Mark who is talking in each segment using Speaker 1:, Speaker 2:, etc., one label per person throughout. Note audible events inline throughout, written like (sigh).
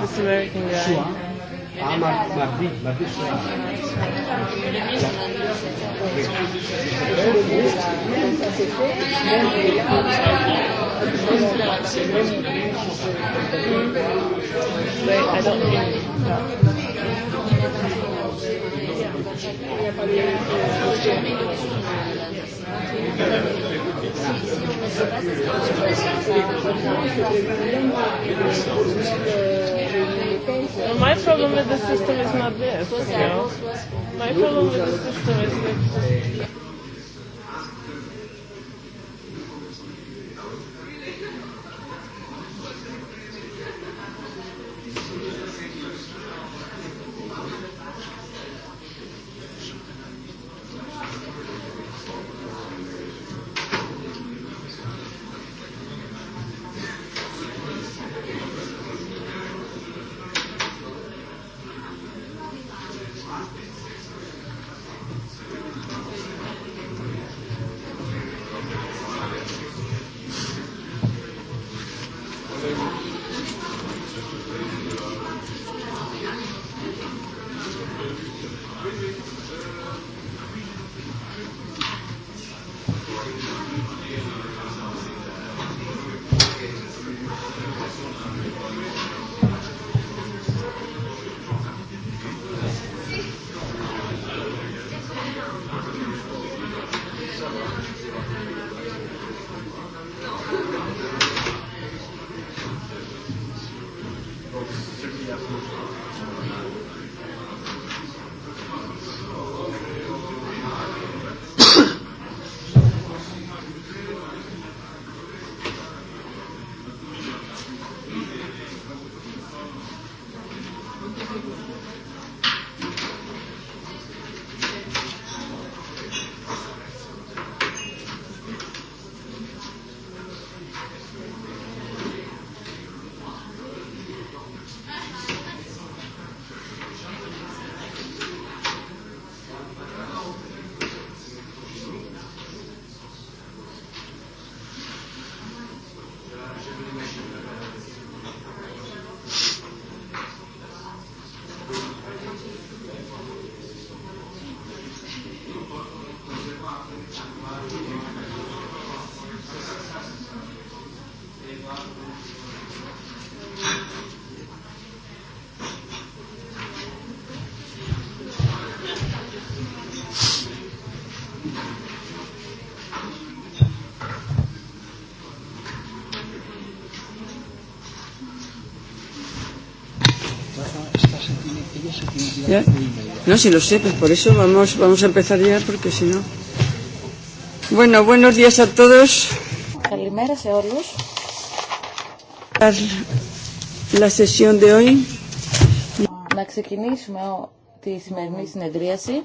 Speaker 1: this American guy. Ah, martedì, martedì sera. Wait, I don't Thank you my problem with the system is not this. You know? My problem with the system is that
Speaker 2: No, si lo sé, por eso vamos, vamos a empezar ya, porque si no... Bueno, buenos días a todos.
Speaker 3: Καλημέρα σε όλους.
Speaker 2: La sesión de hoy.
Speaker 3: Να ξεκινήσουμε τη σημερινή συνεδρίαση.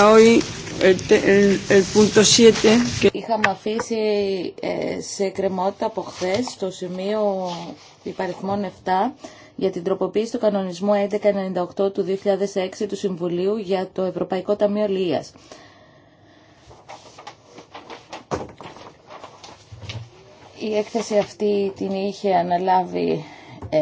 Speaker 4: Hoy el, el, el punto 7.
Speaker 3: Que... Είχαμε αφήσει σε κρεμότητα από χθε το σημείο υπαριθμών 7 για την τροποποίηση του κανονισμού 1198 του 2006 του Συμβουλίου για το Ευρωπαϊκό Ταμείο Λίας. Η έκθεση αυτή την είχε αναλάβει ε,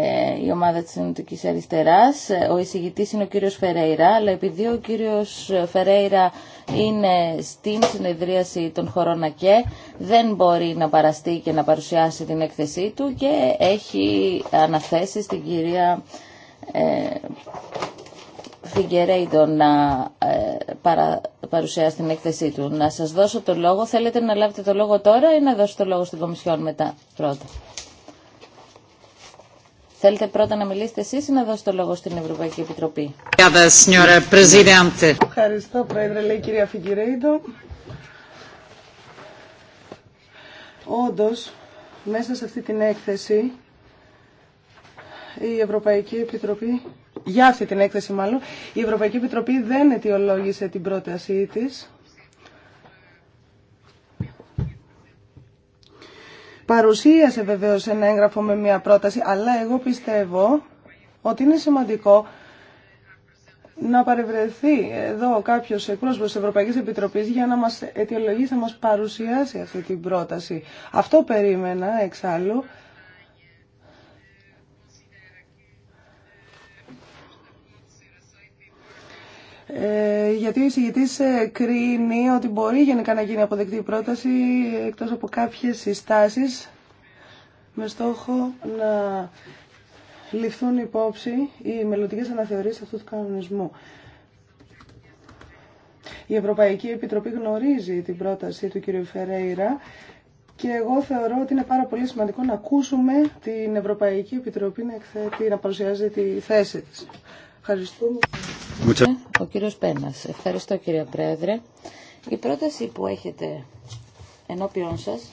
Speaker 3: η ομάδα της Ενωτικής Αριστεράς. Ο εισηγητής είναι ο κύριος Φερέιρα, αλλά επειδή ο κύριος Φερέιρα είναι στην συνεδρίαση των χωρών ΑΚΕ, δεν μπορεί να παραστεί και να παρουσιάσει την έκθεσή του και έχει αναθέσει στην κυρία ε, Φιγκερέιντο να ε, παρα, παρουσιάσει την έκθεσή του. Να σας δώσω το λόγο. Θέλετε να λάβετε το λόγο τώρα ή να δώσετε το λόγο στην Κομισιόν μετά πρώτα. Θέλετε πρώτα να μιλήσετε εσείς ή να δώσετε το εσεί
Speaker 4: η κυρία Φιγκυρέιντο. Όντως, μέσα σε αυτή την έκθεση, η Ευρωπαϊκή Όντω για αυτή την έκθεση μάλλον, η Ευρωπαϊκή Επιτροπή δεν αιτιολόγησε την πρότασή της Παρουσίασε βεβαίω ένα έγγραφο με μια πρόταση, αλλά εγώ πιστεύω ότι είναι σημαντικό να παρευρεθεί εδώ κάποιο εκπρόσωπο τη Ευρωπαϊκή Επιτροπή για να μα αιτιολογήσει, να μα παρουσιάσει αυτή την πρόταση. Αυτό περίμενα εξάλλου. Ε, γιατί ο εισηγητής ε, κρίνει ότι μπορεί γενικά να γίνει αποδεκτή η πρόταση εκτός από κάποιες συστάσεις με στόχο να ληφθούν υπόψη οι μελλοντικές αναθεωρήσεις αυτού του κανονισμού. Η Ευρωπαϊκή Επιτροπή γνωρίζει την πρόταση του κ. Φερέιρα και εγώ θεωρώ ότι είναι πάρα πολύ σημαντικό να ακούσουμε την Ευρωπαϊκή Επιτροπή να, να παρουσιάζει τη θέση της. Ευχαριστούμε. Ο κύριος Πένας. Ευχαριστώ κύριε Πρόεδρε. Η πρόταση που έχετε
Speaker 3: ενώπιόν σας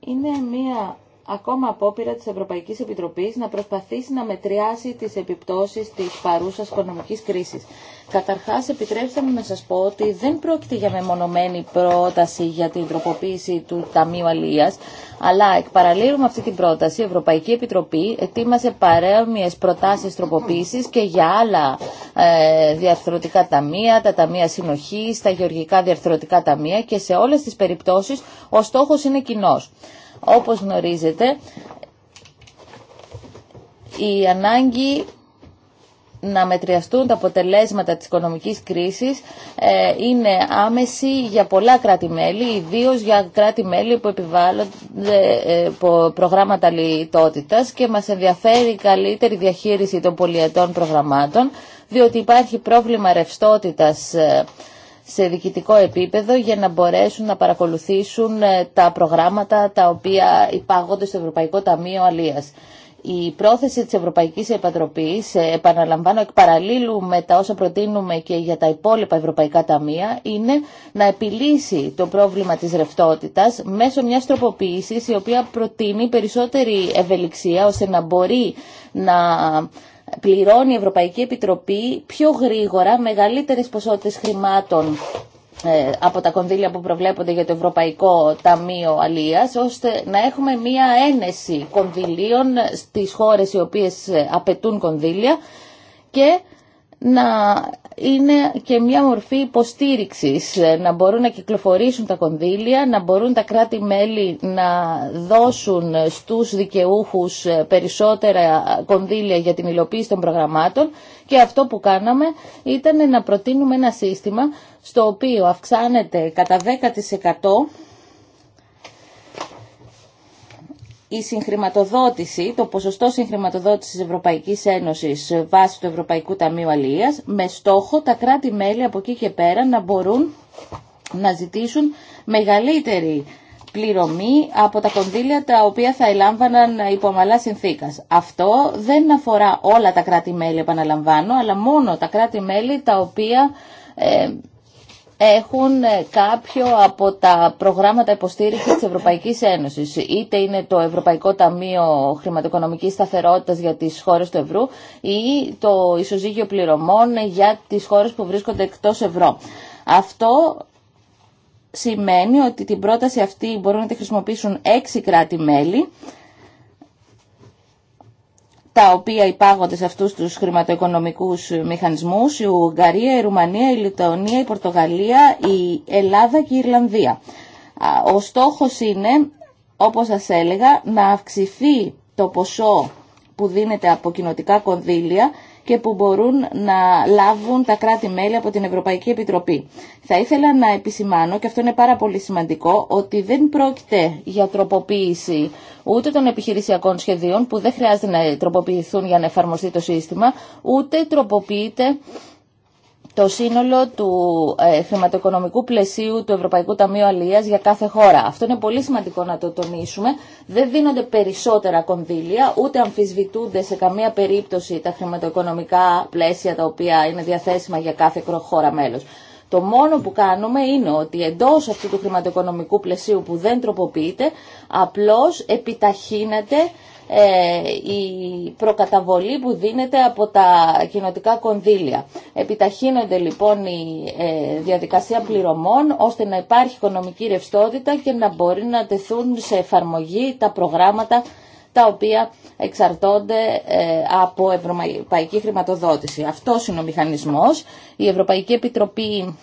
Speaker 3: είναι μία ακόμα απόπειρα της Ευρωπαϊκής Επιτροπής να προσπαθήσει να μετριάσει τις επιπτώσεις της παρούσας οικονομικής κρίσης. Καταρχάς, επιτρέψτε μου να σας πω ότι δεν πρόκειται για μεμονωμένη πρόταση για την τροποποίηση του Ταμείου Αλίας, αλλά εκ παραλήρου με αυτή την πρόταση η Ευρωπαϊκή Επιτροπή ετοίμασε παρέμοιες προτάσεις τροποποίησης και για άλλα ε, διαρθρωτικά ταμεία, τα ταμεία συνοχής, τα γεωργικά διαρθρωτικά ταμεία και σε όλες τις περιπτώσεις ο στόχος είναι κοινός. Όπως γνωρίζετε, η ανάγκη να μετριαστούν τα αποτελέσματα της οικονομικής κρίσης ε, είναι άμεση για πολλά κράτη-μέλη, ιδίως για κράτη-μέλη που επιβάλλονται ε, προγράμματα λιτότητας και μας ενδιαφέρει η καλύτερη διαχείριση των πολιετών προγραμμάτων, διότι υπάρχει πρόβλημα ρευστότητας ε, σε διοικητικό επίπεδο για να μπορέσουν να παρακολουθήσουν ε, τα προγράμματα τα οποία υπάγονται στο Ευρωπαϊκό Ταμείο Αλίας. Η πρόθεση της Ευρωπαϊκής Επιτροπής, ε, επαναλαμβάνω εκ παραλίλου με τα όσα προτείνουμε και για τα υπόλοιπα ευρωπαϊκά ταμεία, είναι να επιλύσει το πρόβλημα της ρευτότητας μέσω μιας τροποποίησης η οποία προτείνει περισσότερη ευελιξία ώστε να μπορεί να πληρώνει η Ευρωπαϊκή Επιτροπή πιο γρήγορα μεγαλύτερες ποσότητες χρημάτων ε, από τα κονδύλια που προβλέπονται για το Ευρωπαϊκό Ταμείο Αλίας ώστε να έχουμε μία ένεση κονδυλίων στις χώρες οι οποίες ε, απαιτούν κονδύλια και να είναι και μια μορφή υποστήριξης, ε, να μπορούν να κυκλοφορήσουν τα κονδύλια, να μπορούν τα κράτη-μέλη να δώσουν στους δικαιούχους ε, περισσότερα κονδύλια για την υλοποίηση των προγραμμάτων και αυτό που κάναμε ήταν να προτείνουμε ένα σύστημα στο οποίο αυξάνεται κατά 10% η συγχρηματοδότηση, το ποσοστό συγχρηματοδότησης Ευρωπαϊκής Ένωσης βάσει του Ευρωπαϊκού Ταμείου Αλληλείας με στόχο τα κράτη-μέλη από εκεί και πέρα να μπορούν να ζητήσουν μεγαλύτερη πληρωμή από τα κονδύλια τα οποία θα ελάμβαναν υπό αμαλά συνθήκα. Αυτό δεν αφορά όλα τα κράτη-μέλη, επαναλαμβάνω, αλλά μόνο τα κράτη-μέλη τα οποία ε, έχουν ε, κάποιο από τα προγράμματα υποστήριξης της Ευρωπαϊκής Ένωσης. Είτε είναι το Ευρωπαϊκό Ταμείο Χρηματοοικονομικής Σταθερότητας για τις χώρες του ευρώ ή το ισοζύγιο πληρωμών για τις χώρες που βρίσκονται εκτός ευρώ. Αυτό σημαίνει ότι την πρόταση αυτή μπορούν να τη χρησιμοποιήσουν έξι κράτη-μέλη τα οποία υπάγονται σε αυτούς τους χρηματοοικονομικούς μηχανισμούς, η Ουγγαρία, η Ρουμανία, η Λιτωνία, η Πορτογαλία, η Ελλάδα και η Ιρλανδία. Ο στόχος είναι, όπως σας έλεγα, να αυξηθεί το ποσό που δίνεται από κοινοτικά κονδύλια και που μπορούν να λάβουν τα κράτη-μέλη από την Ευρωπαϊκή Επιτροπή. Θα ήθελα να επισημάνω, και αυτό είναι πάρα πολύ σημαντικό, ότι δεν πρόκειται για τροποποίηση ούτε των επιχειρησιακών σχεδίων που δεν χρειάζεται να τροποποιηθούν για να εφαρμοστεί το σύστημα, ούτε τροποποιείται το σύνολο του ε, χρηματοοικονομικού πλαισίου του Ευρωπαϊκού Ταμείου Αλίας για κάθε χώρα. Αυτό είναι πολύ σημαντικό να το τονίσουμε. Δεν δίνονται περισσότερα κονδύλια, ούτε αμφισβητούνται σε καμία περίπτωση τα χρηματοοικονομικά πλαίσια τα οποία είναι διαθέσιμα για κάθε χώρα μέλος. Το μόνο που κάνουμε είναι ότι εντός αυτού του χρηματοοικονομικού πλαισίου που δεν τροποποιείται, απλώς επιταχύνεται ε, η προκαταβολή που δίνεται από τα κοινοτικά κονδύλια. Επιταχύνονται λοιπόν η ε, διαδικασία πληρωμών ώστε να υπάρχει οικονομική ρευστότητα και να μπορεί να τεθούν σε εφαρμογή τα προγράμματα τα οποία εξαρτώνται ε, από ευρωπαϊκή χρηματοδότηση. Αυτός είναι ο μηχανισμός. Η Ευρωπαϊκή Επιτροπή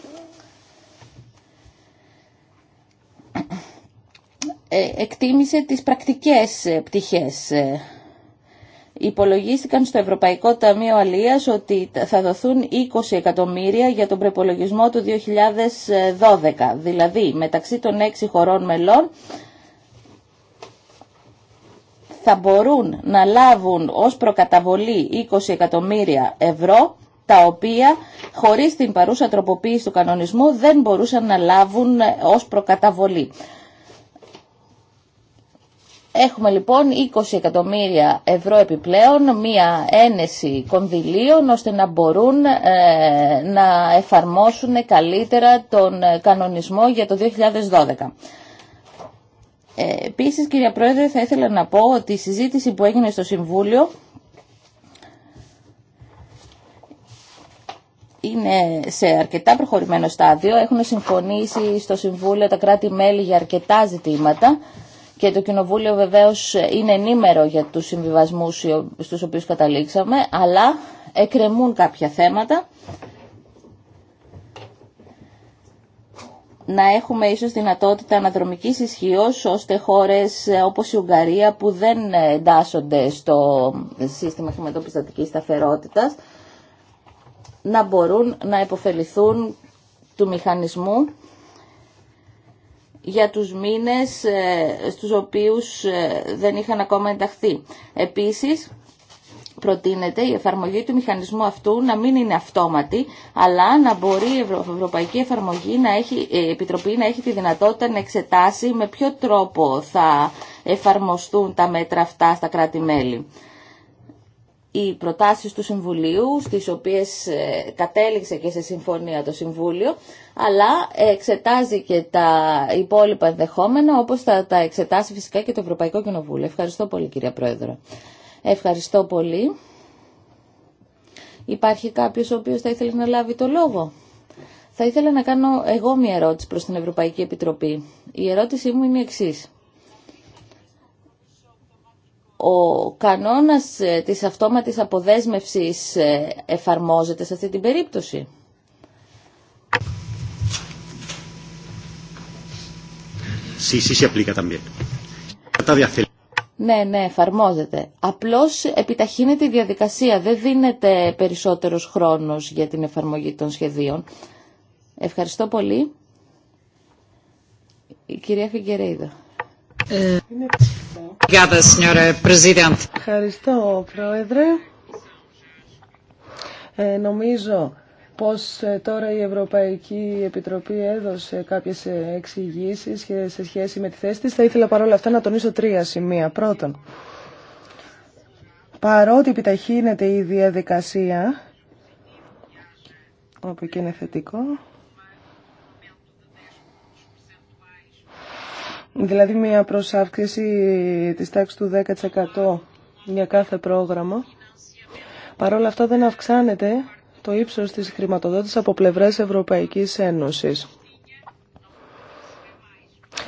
Speaker 3: Ε, εκτίμησε τις πρακτικές ε, πτυχές. Ε, υπολογίστηκαν στο Ευρωπαϊκό Ταμείο Αλίας ότι θα δοθούν 20 εκατομμύρια για τον προπολογισμό του 2012, δηλαδή μεταξύ των έξι χωρών μελών θα μπορούν να λάβουν ως προκαταβολή 20 εκατομμύρια ευρώ, τα οποία χωρίς την παρούσα τροποποίηση του κανονισμού δεν μπορούσαν να λάβουν ως προκαταβολή. Έχουμε λοιπόν 20 εκατομμύρια ευρώ επιπλέον, μία ένεση κονδυλίων ώστε να μπορούν ε, να εφαρμόσουν καλύτερα τον ε, κανονισμό για το 2012. Ε, επίσης κυρία Πρόεδρε θα ήθελα να πω ότι η συζήτηση που έγινε στο Συμβούλιο είναι σε αρκετά προχωρημένο στάδιο. Έχουν συμφωνήσει στο Συμβούλιο τα κράτη-μέλη για αρκετά ζητήματα και το Κοινοβούλιο βεβαίως ε, είναι ενήμερο για τους συμβιβασμούς στους οποίους καταλήξαμε, αλλά εκρεμούν κάποια θέματα. να έχουμε ίσως δυνατότητα αναδρομικής ισχύω ώστε χώρες ε, όπως η Ουγγαρία που δεν εντάσσονται στο σύστημα χρηματοπιστωτικής σταθερότητας να μπορούν να υποφεληθούν του μηχανισμού για τους μήνες ε, στους οποίους ε, δεν είχαν ακόμα ενταχθεί. Επίσης, προτείνεται η εφαρμογή του μηχανισμού αυτού να μην είναι αυτόματη, αλλά να μπορεί η Ευρωπαϊκή εφαρμογή να έχει, ε, Επιτροπή να έχει τη δυνατότητα να εξετάσει με ποιο τρόπο θα εφαρμοστούν τα μέτρα αυτά στα κράτη-μέλη οι προτάσεις του Συμβουλίου, στις οποίες ε, κατέληξε και σε συμφωνία το Συμβούλιο, αλλά εξετάζει και τα υπόλοιπα ενδεχόμενα, όπως θα τα εξετάσει φυσικά και το Ευρωπαϊκό Κοινοβούλιο. Ευχαριστώ πολύ κυρία Πρόεδρο. Ευχαριστώ πολύ. Υπάρχει κάποιος ο οποίος θα ήθελε να λάβει το λόγο. Θα ήθελα να κάνω εγώ μια ερώτηση προς την Ευρωπαϊκή Επιτροπή. Η ερώτησή μου είναι η εξής. Ο κανόνας ε, της αυτόματης αποδέσμευσης ε, εφαρμόζεται σε αυτή την περίπτωση. Ναι, ναι, εφαρμόζεται. Απλώς επιταχύνεται η διαδικασία. Δεν δίνεται περισσότερος χρόνος για την εφαρμογή των σχεδίων. Ευχαριστώ πολύ. Η κυρία Φιγκερέιδα.
Speaker 2: Ε,
Speaker 4: Ευχαριστώ, Πρόεδρε. Ε, νομίζω πως ε, τώρα η Ευρωπαϊκή Επιτροπή έδωσε κάποιες ε, εξηγήσεις σε σχέση με τη θέση της. Θα ήθελα παρόλα αυτά να τονίσω τρία σημεία. Πρώτον, παρότι επιταχύνεται η διαδικασία, όπου και είναι θετικό, δηλαδή μια προσάυξηση της τάξης του 10% για κάθε πρόγραμμα. παρόλα αυτά δεν αυξάνεται το ύψος της χρηματοδότησης από πλευρές Ευρωπαϊκής Ένωσης.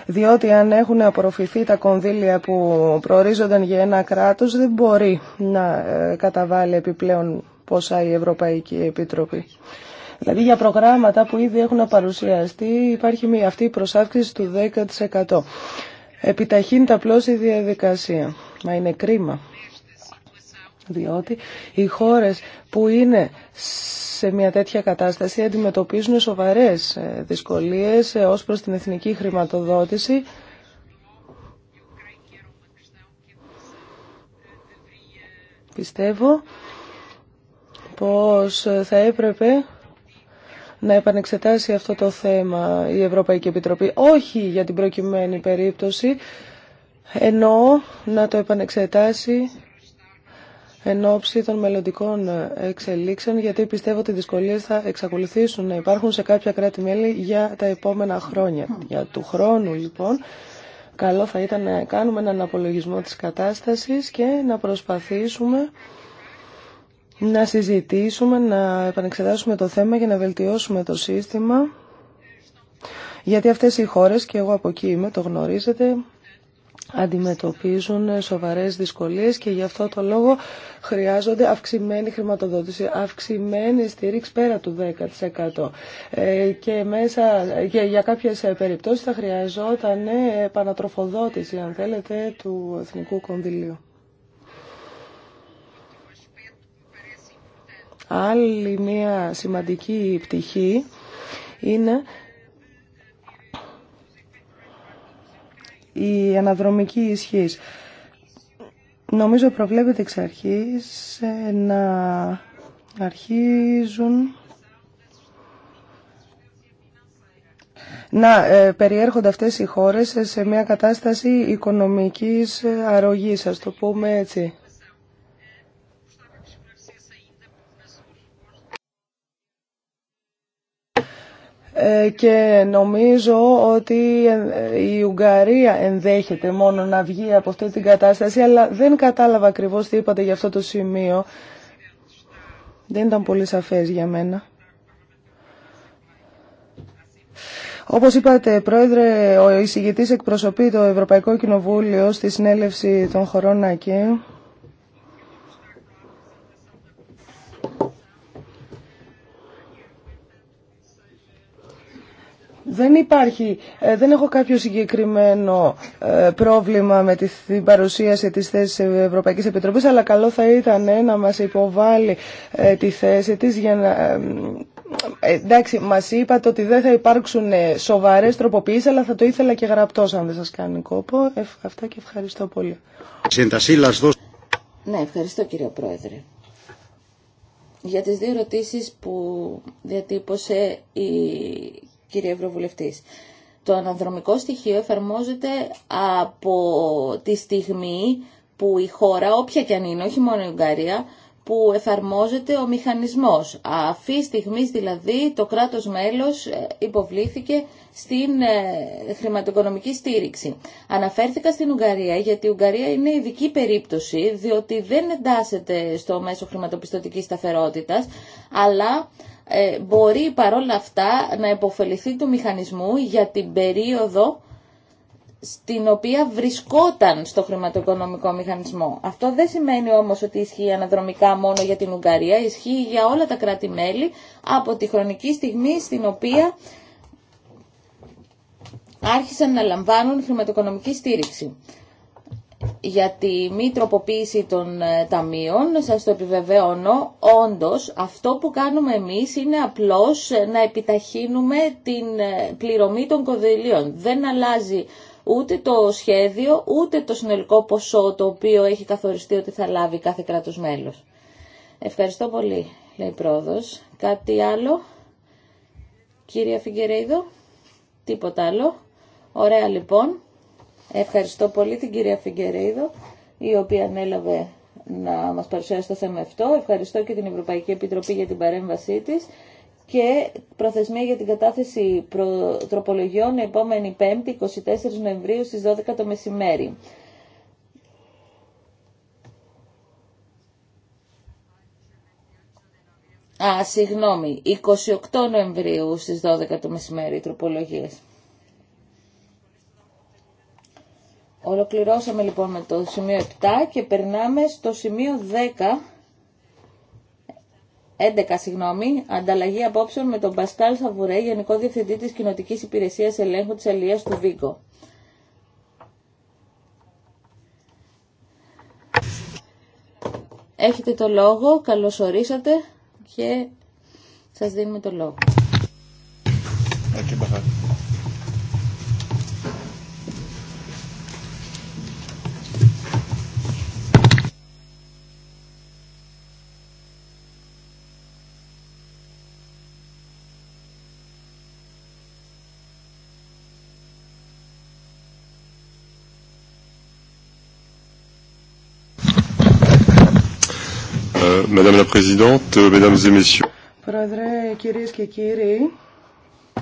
Speaker 4: Διότι αν έχουν απορροφηθεί τα κονδύλια που προορίζονταν για ένα κράτος, δεν μπορεί να ε, καταβάλει επιπλέον πόσα η Ευρωπαϊκή Επίτροπη. Δηλαδή για προγράμματα που ήδη έχουν παρουσιαστεί υπάρχει μια αυτή η προσάυξη του 10%. Επιταχύνεται απλώ η διαδικασία. Μα είναι κρίμα. Διότι οι χώρες που είναι σε μια τέτοια κατάσταση αντιμετωπίζουν σοβαρές ε, δυσκολίες ε, ως προς την εθνική χρηματοδότηση πιστεύω πως θα έπρεπε να επανεξετάσει αυτό το θέμα η Ευρωπαϊκή Επιτροπή. Όχι για την προκειμένη περίπτωση, ενώ να το επανεξετάσει εν ώψη των μελλοντικών εξελίξεων, γιατί πιστεύω ότι οι δυσκολίες θα εξακολουθήσουν να υπάρχουν σε κάποια κράτη-μέλη για τα επόμενα χρόνια. Για του χρόνου, λοιπόν, καλό θα ήταν να κάνουμε έναν απολογισμό της κατάστασης και να προσπαθήσουμε να συζητήσουμε, να επανεξετάσουμε το θέμα για να βελτιώσουμε το σύστημα. Γιατί αυτές οι χώρες, και εγώ από εκεί είμαι, το γνωρίζετε, αντιμετωπίζουν σοβαρές δυσκολίες και γι' αυτό το λόγο χρειάζονται αυξημένη χρηματοδότηση, αυξημένη στήριξη πέρα του 10%. Ε, και, μέσα, για κάποιες περιπτώσεις θα χρειαζόταν επανατροφοδότηση, αν θέλετε, του Εθνικού Κονδυλίου. Άλλη μια σημαντική πτυχή είναι η αναδρομική ισχύ. Νομίζω προβλέπεται εξ αρχής να αρχίζουν να ε, περιέρχονται αυτές οι χώρες σε μια κατάσταση οικονομικής αρρωγής, ας το πούμε έτσι. Ε, και νομίζω ότι ε, η Ουγγαρία ενδέχεται μόνο να βγει από αυτή την κατάσταση, αλλά δεν κατάλαβα ακριβώς τι είπατε για αυτό το σημείο. Δεν ήταν πολύ σαφές για μένα. Όπως είπατε, Πρόεδρε, ο εισηγητής εκπροσωπεί το Ευρωπαϊκό Κοινοβούλιο στη συνέλευση των χωρών ΑΚΕ. Δεν υπάρχει, ε, δεν έχω κάποιο συγκεκριμένο ε, πρόβλημα με την παρουσίαση της θέσης Ευρωπαϊκής Επιτροπής, αλλά καλό θα ήταν ε, να μας υποβάλει τη θέση της για να... Εντάξει, μας είπατε ότι δεν θα υπάρξουν σοβαρές τροποποιήσεις, αλλά θα το ήθελα και γραπτό αν δεν σας κάνει κόπο. Αυτά και ευχαριστώ πολύ.
Speaker 3: Ναι, ευχαριστώ κύριε
Speaker 1: Πρόεδρε
Speaker 4: για τις δύο
Speaker 3: ερωτήσεις που διατύπωσε η κύριε Το αναδρομικό στοιχείο εφαρμόζεται από τη στιγμή που η χώρα, όποια και αν είναι, όχι μόνο η Ουγγαρία, που εφαρμόζεται ο μηχανισμός. Αυτή στιγμή δηλαδή το κράτος μέλος ε, υποβλήθηκε στην ε, χρηματοοικονομική στήριξη. Αναφέρθηκα στην Ουγγαρία γιατί η Ουγγαρία είναι ειδική περίπτωση διότι δεν εντάσσεται στο μέσο χρηματοπιστωτικής σταθερότητας αλλά ε, μπορεί παρόλα αυτά να υποφεληθεί του μηχανισμού για την περίοδο στην οποία βρισκόταν στο χρηματοοικονομικό μηχανισμό. Αυτό δεν σημαίνει όμως ότι ισχύει αναδρομικά μόνο για την Ουγγαρία, ισχύει για όλα τα κράτη-μέλη από τη χρονική στιγμή στην οποία άρχισαν να λαμβάνουν χρηματοοικονομική στήριξη για τη μη τροποποίηση των ε, ταμείων, σας το επιβεβαιώνω, όντως αυτό που κάνουμε εμείς είναι απλώς ε, να επιταχύνουμε την ε, πληρωμή των κονδυλίων. Δεν αλλάζει ούτε το σχέδιο, ούτε το συνολικό ποσό το οποίο έχει καθοριστεί ότι θα λάβει κάθε κράτος μέλος. Ευχαριστώ πολύ, λέει η Κάτι άλλο, κύριε Φιγκερέιδο, τίποτα άλλο. Ωραία λοιπόν. Ευχαριστώ πολύ την κυρία Φιγκερέιδο, η οποία ανέλαβε να μας παρουσιάσει το θέμα αυτό. Ευχαριστώ και την Ευρωπαϊκή Επιτροπή για την παρέμβασή της και προθεσμία για την κατάθεση τροπολογιών Πέμπτη, 24 Νοεμβρίου στις 12 το μεσημέρι. Α, συγγνώμη, 28 Νοεμβρίου στις 12 το μεσημέρι τροπολογίες. Ολοκληρώσαμε λοιπόν με το σημείο 7 και περνάμε στο σημείο 10. 11, συγγνώμη, ανταλλαγή απόψεων με τον Πασκάλ Σαβουρέ, Γενικό Διευθυντή της Κοινοτικής Υπηρεσίας Ελέγχου της Αλίας του ΒΙΚΟ. Έχετε το λόγο, καλώς ορίσατε και σας δίνουμε το λόγο.
Speaker 2: Madame la Présidente, Mesdames et Messieurs.
Speaker 4: Πρόεδρε, κυρίες και κύριοι,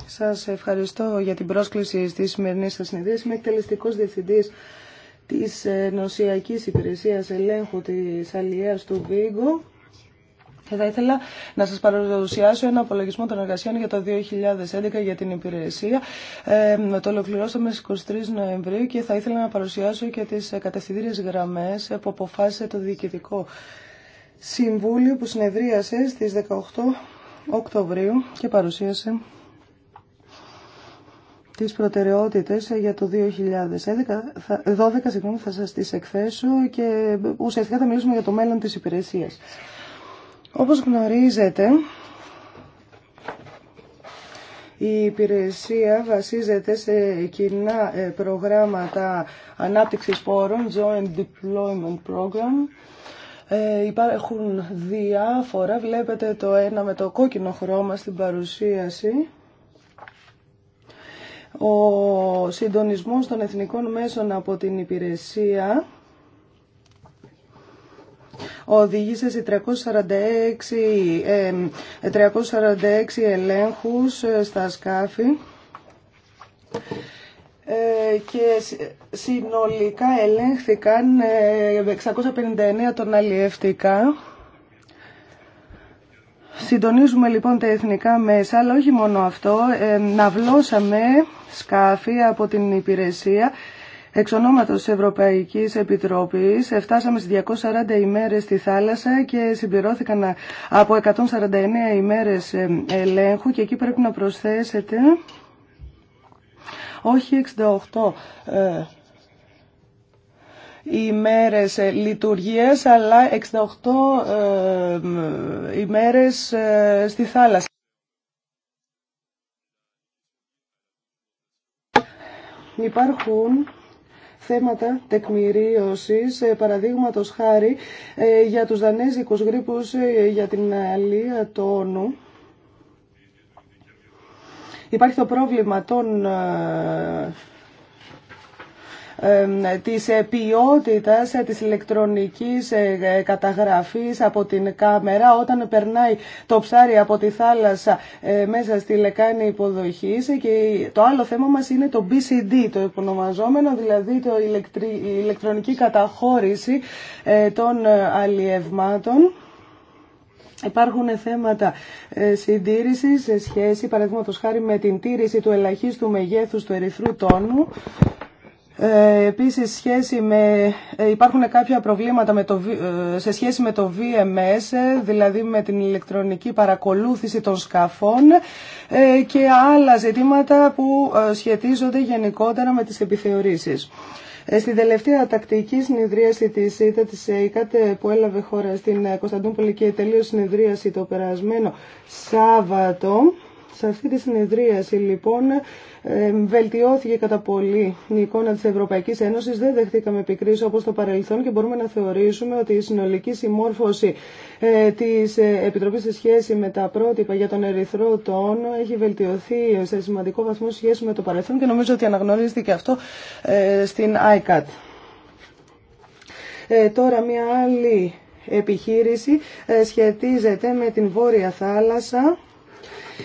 Speaker 4: σας ευχαριστώ για την πρόσκληση στη σημερινή σας συνεδρίαση. Είμαι εκτελεστικός διευθυντής της ε, Νοσιακής Υπηρεσίας Ελέγχου της Αλιέας του Βίγκο και θα ήθελα να σας παρουσιάσω ένα απολογισμό των εργασιών για το 2011 για την υπηρεσία. Ε, το ολοκληρώσαμε στις 23 Νοεμβρίου και θα ήθελα να παρουσιάσω και τις κατευθυντήριες γραμμές που αποφάσισε το Διοικητικό Συμβούλιο που συνεδρίασε στις 18 Οκτωβρίου και παρουσίασε τις προτεραιότητες για το 2012 συγγνώμη, θα σας τις εκθέσω και ουσιαστικά θα μιλήσουμε για το μέλλον της υπηρεσίας. Όπως γνωρίζετε, η υπηρεσία βασίζεται σε κοινά ε, προγράμματα ανάπτυξης πόρων, Joint Deployment Program, ε, υπάρχουν διάφορα, βλέπετε το ένα με το κόκκινο χρώμα στην παρουσίαση. Ο συντονισμός των εθνικών μέσων από την υπηρεσία οδήγησε σε 346, 346 ε, ελέγχους ε, στα σκάφη ε, και συνολικά ελέγχθηκαν 659 ε, τον αλλιευτικά. Συντονίζουμε λοιπόν τα εθνικά μέσα, αλλά όχι μόνο αυτό. Ε, ναυλώσαμε σκάφη από την υπηρεσία εξ ονόματος Ευρωπαϊκής Επιτροπής. Εφτάσαμε στις 240 ημέρες στη θάλασσα και συμπληρώθηκαν από 149 ημέρες ελέγχου και εκεί πρέπει να προσθέσετε όχι 68 ε, ημέρες ε, λειτουργίες, αλλά 68 ε, ημέρες ε, στη θάλασσα. Υπάρχουν θέματα τεκμηρίωσης, ε, παραδείγματος χάρη για τους δανέζικους γρήπους για την αλία τόνου. Υπάρχει το πρόβλημα των ε, ε, της ποιότητας ε, της ηλεκτρονικής καταγραφής από την κάμερα όταν περνάει το ψάρι από τη θάλασσα μέσα στη λεκάνη υποδοχής και το άλλο θέμα μας είναι το BCD το επωνομαζόμενο δηλαδή το η ηλεκτρονική καταχώρηση των αλλιευμάτων Υπάρχουν θέματα ε, συντήρηση σε σχέση, παραδείγματο χάρη, με την τήρηση του ελαχίστου μεγέθου του ερυθρού τόνου. Ε, επίσης σχέση με, ε, υπάρχουν κάποια προβλήματα με το, ε, σε σχέση με το VMS, δηλαδή με την ηλεκτρονική παρακολούθηση των σκαφών και άλλα ζητήματα που σχετίζονται γενικότερα με τις επιθεωρήσεις. Ε, στην τελευταία τακτική συνεδρίαση της ΣΥΤΑ της ΕΙΚΑΤ ε, που έλαβε χώρα στην ε, Κωνσταντινούπολη και τελείωσε συνεδρίαση το περασμένο Σάββατο, σε αυτή τη συνεδρίαση λοιπόν βελτιώθηκε κατά πολύ η εικόνα της Ευρωπαϊκής Ένωσης, δεν δεχτήκαμε επικρίσεις όπως το παρελθόν και μπορούμε να θεωρήσουμε ότι η συνολική συμμόρφωση ε, της ε, Επιτροπής σε σχέση με τα πρότυπα για τον ερυθρό τόνο έχει βελτιωθεί σε σημαντικό βαθμό σχέση με το παρελθόν και νομίζω ότι αναγνωρίζεται και αυτό ε, στην ICAT. Ε, τώρα μια άλλη επιχείρηση σχετίζεται με την Βόρεια Θάλασσα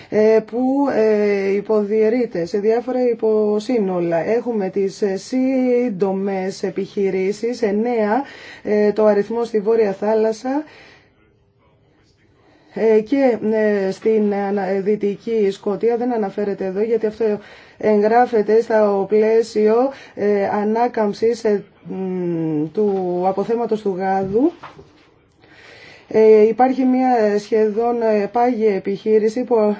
Speaker 4: ε, που ε, υποδιαιρείται σε διάφορα υποσύνολα. Έχουμε τις ε, σύντομε επιχειρήσεις, εννέα, το αριθμό στη Βόρεια Θάλασσα, και στην Δυτική Σκοτία δεν αναφέρεται εδώ γιατί αυτό εγγράφεται στα πλαίσιο ανάκαμψης του αποθέματος του γάδου ε, υπάρχει μια σχεδόν πάγια επιχείρηση που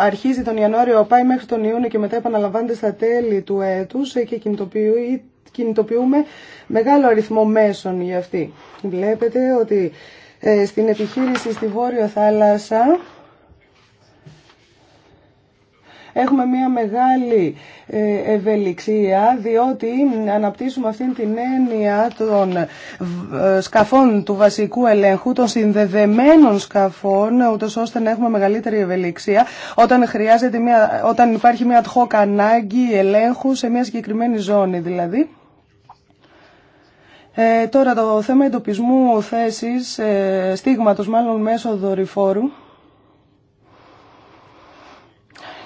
Speaker 4: αρχίζει τον Ιανουάριο, πάει μέχρι τον Ιούνιο και μετά επαναλαμβάνεται στα τέλη του έτους και κινητοποιούμε μεγάλο αριθμό μέσων για αυτή. Βλέπετε ότι ε, στην επιχείρηση στη Βόρεια Θάλασσα έχουμε μια μεγάλη ε, ευελιξία διότι αναπτύσσουμε αυτή την έννοια των ε, σκαφών του βασικού ελέγχου, των συνδεδεμένων σκαφών, ούτω ώστε να έχουμε μεγαλύτερη ευελιξία όταν, χρειάζεται μια, όταν υπάρχει μια ad ανάγκη ελέγχου σε μια συγκεκριμένη ζώνη δηλαδή. Ε, τώρα το θέμα εντοπισμού θέσης, ε, στίγματος μάλλον μέσω δορυφόρου.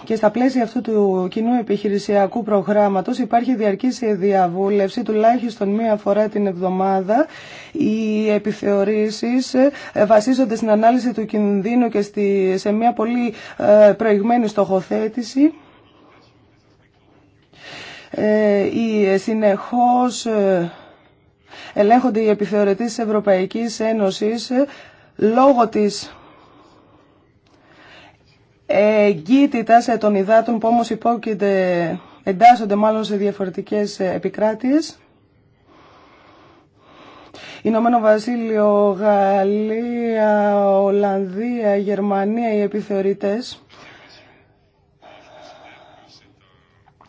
Speaker 4: Και στα πλαίσια αυτού του κοινού επιχειρησιακού προγράμματο υπάρχει διαρκή διαβούλευση τουλάχιστον μία φορά την εβδομάδα. Οι επιθεωρήσεις ε, βασίζονται στην ανάλυση του κινδύνου και στη, σε μία πολύ ε, προηγμένη στοχοθέτηση η ε, συνεχώς ελέγχονται οι επιθεωρητές της Ευρωπαϊκής Ένωσης λόγω της εγκύτητα σε των υδάτων που όμως υπόκειται, εντάσσονται μάλλον σε διαφορετικές ε, επικράτειες. Ηνωμένο Βασίλειο, Γαλλία, Ολλανδία, Γερμανία, οι επιθεωρητές.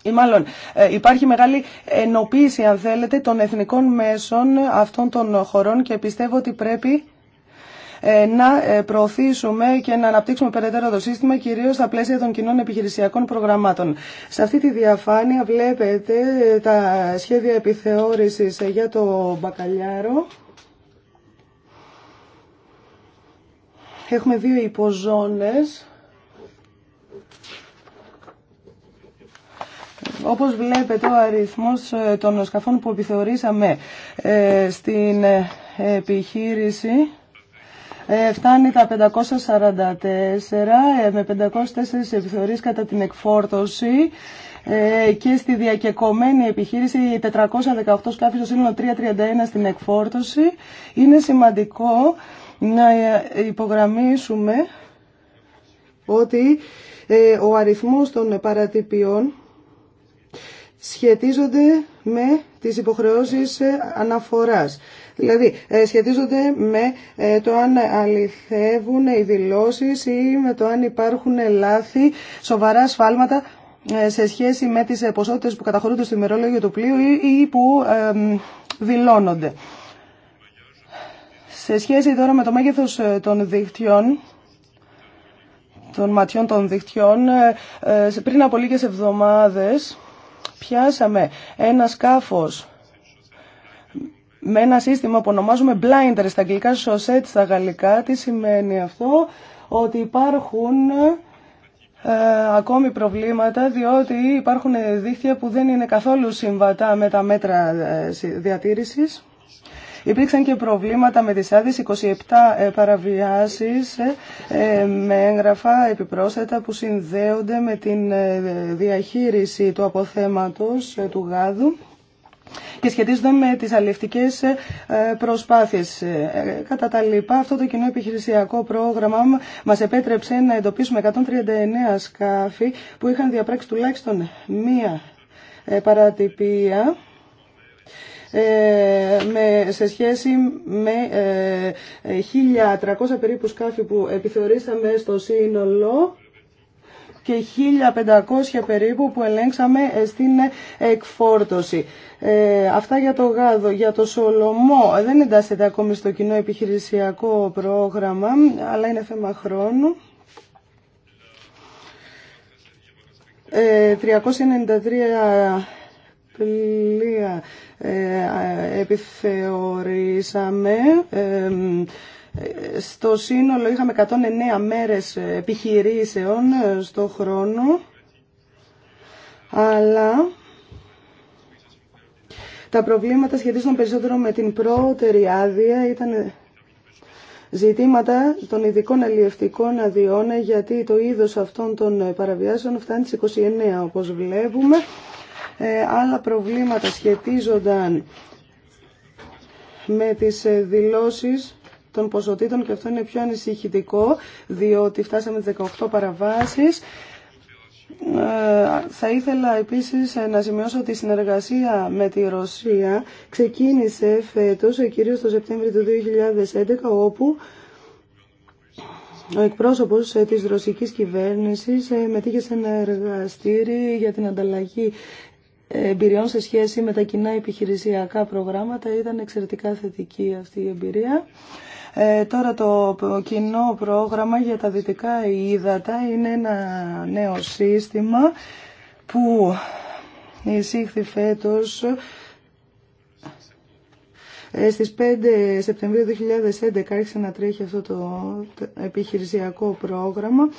Speaker 4: Ή μάλλον ε, υπάρχει μεγάλη ενοποίηση, αν θέλετε, των εθνικών μέσων αυτών των χωρών και πιστεύω ότι πρέπει ε, να ε, προωθήσουμε και να αναπτύξουμε περαιτέρω το σύστημα, κυρίω στα πλαίσια των κοινών επιχειρησιακών προγραμμάτων. Σε αυτή τη διαφάνεια βλέπετε ε, τα σχέδια επιθεώρηση για το μπακαλιάρο. Έχουμε δύο υποζώνες. Όπως βλέπετε, ο αριθμός των σκαφών που επιθεωρήσαμε στην επιχείρηση ε, φτάνει τα 544 ε, με 504 επιθεωρήσεις κατά την εκφόρτωση ε, και στη διακεκομένη επιχείρηση 418 σκάφη στο σύνολο 331 στην εκφόρτωση. Είναι σημαντικό να υπογραμμίσουμε ότι ο αριθμός των παρατυπιών σχετίζονται με τις υποχρεώσεις αναφοράς. Δηλαδή, ε, σχετίζονται με ε, το αν αληθεύουν οι δηλώσεις ή με το αν υπάρχουν λάθη, σοβαρά σφάλματα ε, σε σχέση με τις ποσότητες που καταχωρούνται στο ημερόλογιο του πλοίου ή που δηλώνονται. Σε σχέση τώρα με το μέγεθος των δίχτυων, των ματιών των δίχτυων, πριν από λίγες εβδομάδες πιάσαμε ένα σκάφος με ένα σύστημα που ονομάζουμε blinders στα αγγλικά, σωσέτ στα γαλλικά. Τι σημαίνει αυτό, ότι υπάρχουν ε, ακόμη προβλήματα διότι υπάρχουν δίχτυα που δεν είναι καθόλου συμβατά με τα μέτρα ε, διατήρησης. Υπήρξαν και προβλήματα με τις άδειες 27 ε, παραβιάσεις με έγγραφα επιπρόσθετα που συνδέονται με την διαχείριση του αποθέματος του γάδου και σχετίζονται με τις αλληλευτικές ε, προσπάθειες. Ε, κατά τα λοιπά, αυτό το κοινό επιχειρησιακό πρόγραμμα μας επέτρεψε να εντοπίσουμε 139 σκάφη που είχαν διαπράξει τουλάχιστον μία ε, παρατυπία με, σε σχέση με 1.300 περίπου σκάφη που επιθεωρήσαμε στο σύνολο και 1500 περίπου που ελέγξαμε ε, στην ε, εκφόρτωση. Ε, αυτά για το γάδο. Για το σολομό δεν εντάσσεται ακόμη στο κοινό επιχειρησιακό πρόγραμμα, αλλά είναι θέμα χρόνου. 393 πλοία επιθεωρήσαμε στο σύνολο είχαμε 109 μέρες επιχειρήσεων ε, στο χρόνο, αλλά τα προβλήματα σχετίζονταν περισσότερο με την πρώτερη άδεια, ήταν ζητήματα των ειδικών αλλιευτικών αδειών, γιατί το είδος αυτών των παραβιάσεων φτάνει στις 29, όπως βλέπουμε. Ε, άλλα προβλήματα σχετίζονταν με τις ε, δηλώσεις των ποσοτήτων και αυτό είναι πιο ανησυχητικό διότι φτάσαμε 18 παραβάσεις. Ε, θα ήθελα επίσης ε, να σημειώσω ότι η συνεργασία με τη Ρωσία ξεκίνησε φέτος, ε, κυρίως το Σεπτέμβριο του 2011, όπου ο εκπρόσωπος της ρωσικής κυβέρνησης μετήχε σε ένα εργαστήρι για την ανταλλαγή εμπειριών σε σχέση με τα κοινά επιχειρησιακά προγράμματα. Ήταν εξαιρετικά θετική αυτή η εμπειρία. Ε, τώρα το κοινό πρόγραμμα για τα δυτικά ύδατα είναι ένα νέο σύστημα που εισήχθη φέτος ε, στις 5 Σεπτεμβρίου 2011 άρχισε να τρέχει αυτό το επιχειρησιακό πρόγραμμα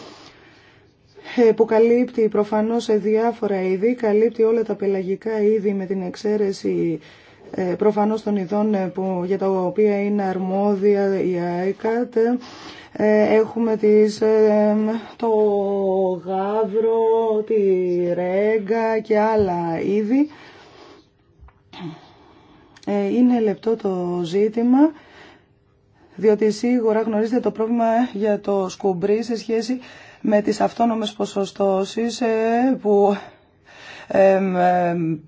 Speaker 4: ε, που καλύπτει προφανώς σε διάφορα είδη, καλύπτει όλα τα πελαγικά είδη με την εξαίρεση ε, προφανώς των ειδών ε, που, για τα οποία είναι αρμόδια η ΑΕΚΑΤ. Ε, έχουμε τις, το γάβρο, τη ρέγγα και άλλα είδη. Είναι λεπτό το ζήτημα, διότι σίγουρα γνωρίζετε το πρόβλημα για το σκουμπρί σε σχέση με τις αυτόνομες ποσοστώσεις που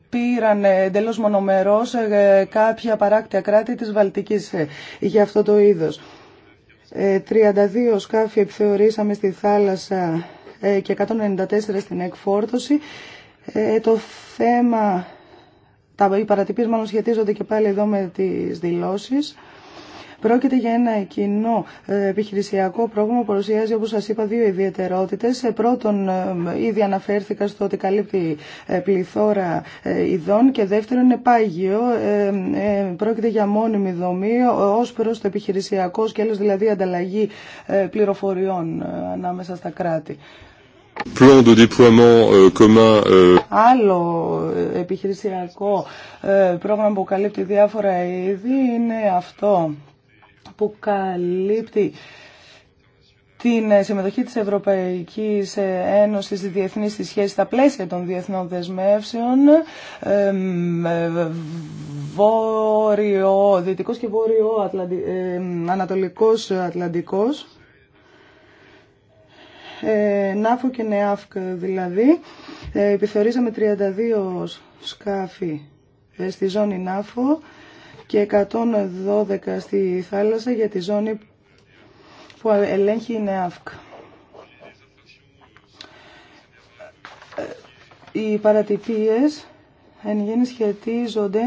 Speaker 4: πήραν εντελώ μονομερός ε, κάποια παράκτια κράτη της Βαλτικής ε, για αυτό το είδος. 32 ε, σκάφη επιθεωρήσαμε στη θάλασσα και 194 στην εκφόρτωση. Το θέμα, τα, οι παρατυπίες μάλλον σχετίζονται και πάλι εδώ με τις δηλώσεις. Πρόκειται για ένα κοινό ε, επιχειρησιακό πρόγραμμα που παρουσιάζει, όπω σα είπα, δύο ιδιαιτερότητε. Ε, πρώτον, ε, ήδη αναφέρθηκα στο ότι καλύπτει πληθώρα ειδών και δεύτερον, είναι πάγιο. Πρόκειται για μόνιμη δομή ω προ το επιχειρησιακό σκέλο, δηλαδή ανταλλαγή πληροφοριών ανάμεσα στα κράτη. Euh, euh, Άλλο επιχειρησιακό πρόγραμμα που καλύπτει διάφορα είδη είναι αυτό που καλύπτει την συμμετοχή της Ευρωπαϊκής Ένωσης στη διεθνή στη σχέση στα πλαίσια των διεθνών δεσμεύσεων ε, βόρειο, δυτικός και βόρειο Ατλαντι, ανατολικός Ατλαντικός ε, ΝΑΦΟ και ΝΕΑΦΚ δηλαδή ε, επιθεωρήσαμε 32 σκάφη ε, στη ζώνη ΝΑΦΟ και 112 στη θάλασσα για τη ζώνη που ελέγχει η ΝΕΑΦΚ. Ε, οι παρατυπίες εν γέννη σχετίζονται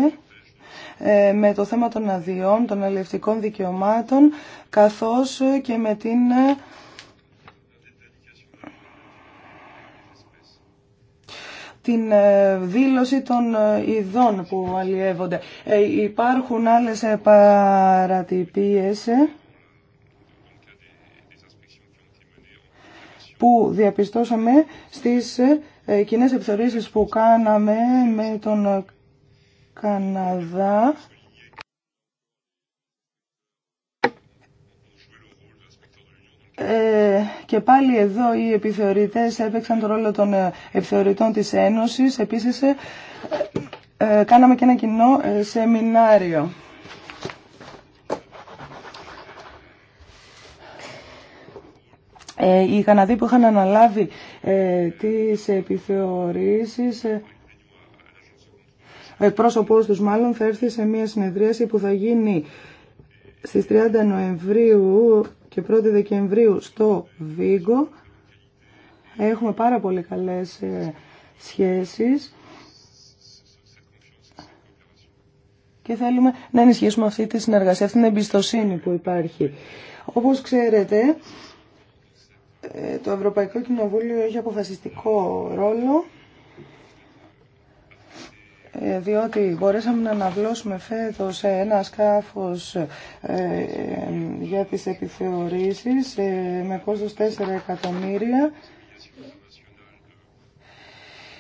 Speaker 4: ε, με το θέμα των αδειών, των αλληλευτικών δικαιωμάτων, καθώς και με την ε, την ε, δήλωση των ε, ειδών που αλλιεύονται. Ε, υπάρχουν άλλες παρατυπίες που διαπιστώσαμε στις κοινές επιθεωρήσεις που κάναμε με τον Καναδά. Ε, και πάλι εδώ οι επιθεωρητές έπαιξαν τον ρόλο των ε, επιθεωρητών της Ένωσης. Επίσης ε, κάναμε και ένα κοινό σεμινάριο. οι Καναδοί που είχαν αναλάβει ε, τις επιθεωρήσεις, ε, πρόσωπός τους μάλλον θα έρθει σε μια συνεδρίαση που θα γίνει στις 30 Νοεμβρίου και 1 Δεκεμβρίου στο Βίγκο. Έχουμε πάρα πολύ καλές ε, σχέσεις και θέλουμε να ενισχύσουμε αυτή τη συνεργασία, αυτή την εμπιστοσύνη που υπάρχει. Όπως ξέρετε, ε, το Ευρωπαϊκό Κοινοβούλιο έχει αποφασιστικό ρόλο ε, διότι μπορέσαμε να αναβλώσουμε φέτος ένα σκάφος ε, για τις επιθεωρήσεις ε, με κόστος 4 εκατομμύρια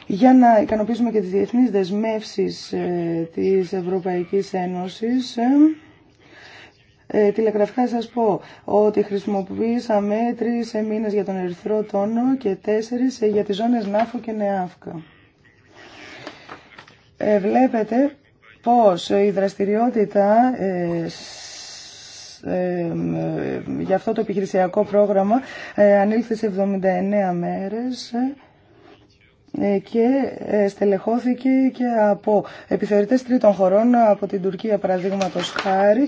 Speaker 4: για να ικανοποιήσουμε και τις διεθνείς δεσμεύσεις της Ευρωπαϊκής Ένωσης. Ε, τηλεγραφικά σας πω ότι χρησιμοποιήσαμε τρεις μήνες για τον ερυθρό τόνο και τέσσερις για τις ζώνες ΝΑΦΟ και ΝΕΑΦΚΑ. Ε, βλέπετε πως η δραστηριότητα ε, ε, για αυτό το επιχειρησιακό πρόγραμμα ανήλθε σε 79 μέρες και στελεχώθηκε και από επιθεωρητές τρίτων χωρών, από την Τουρκία παραδείγματος χάρη,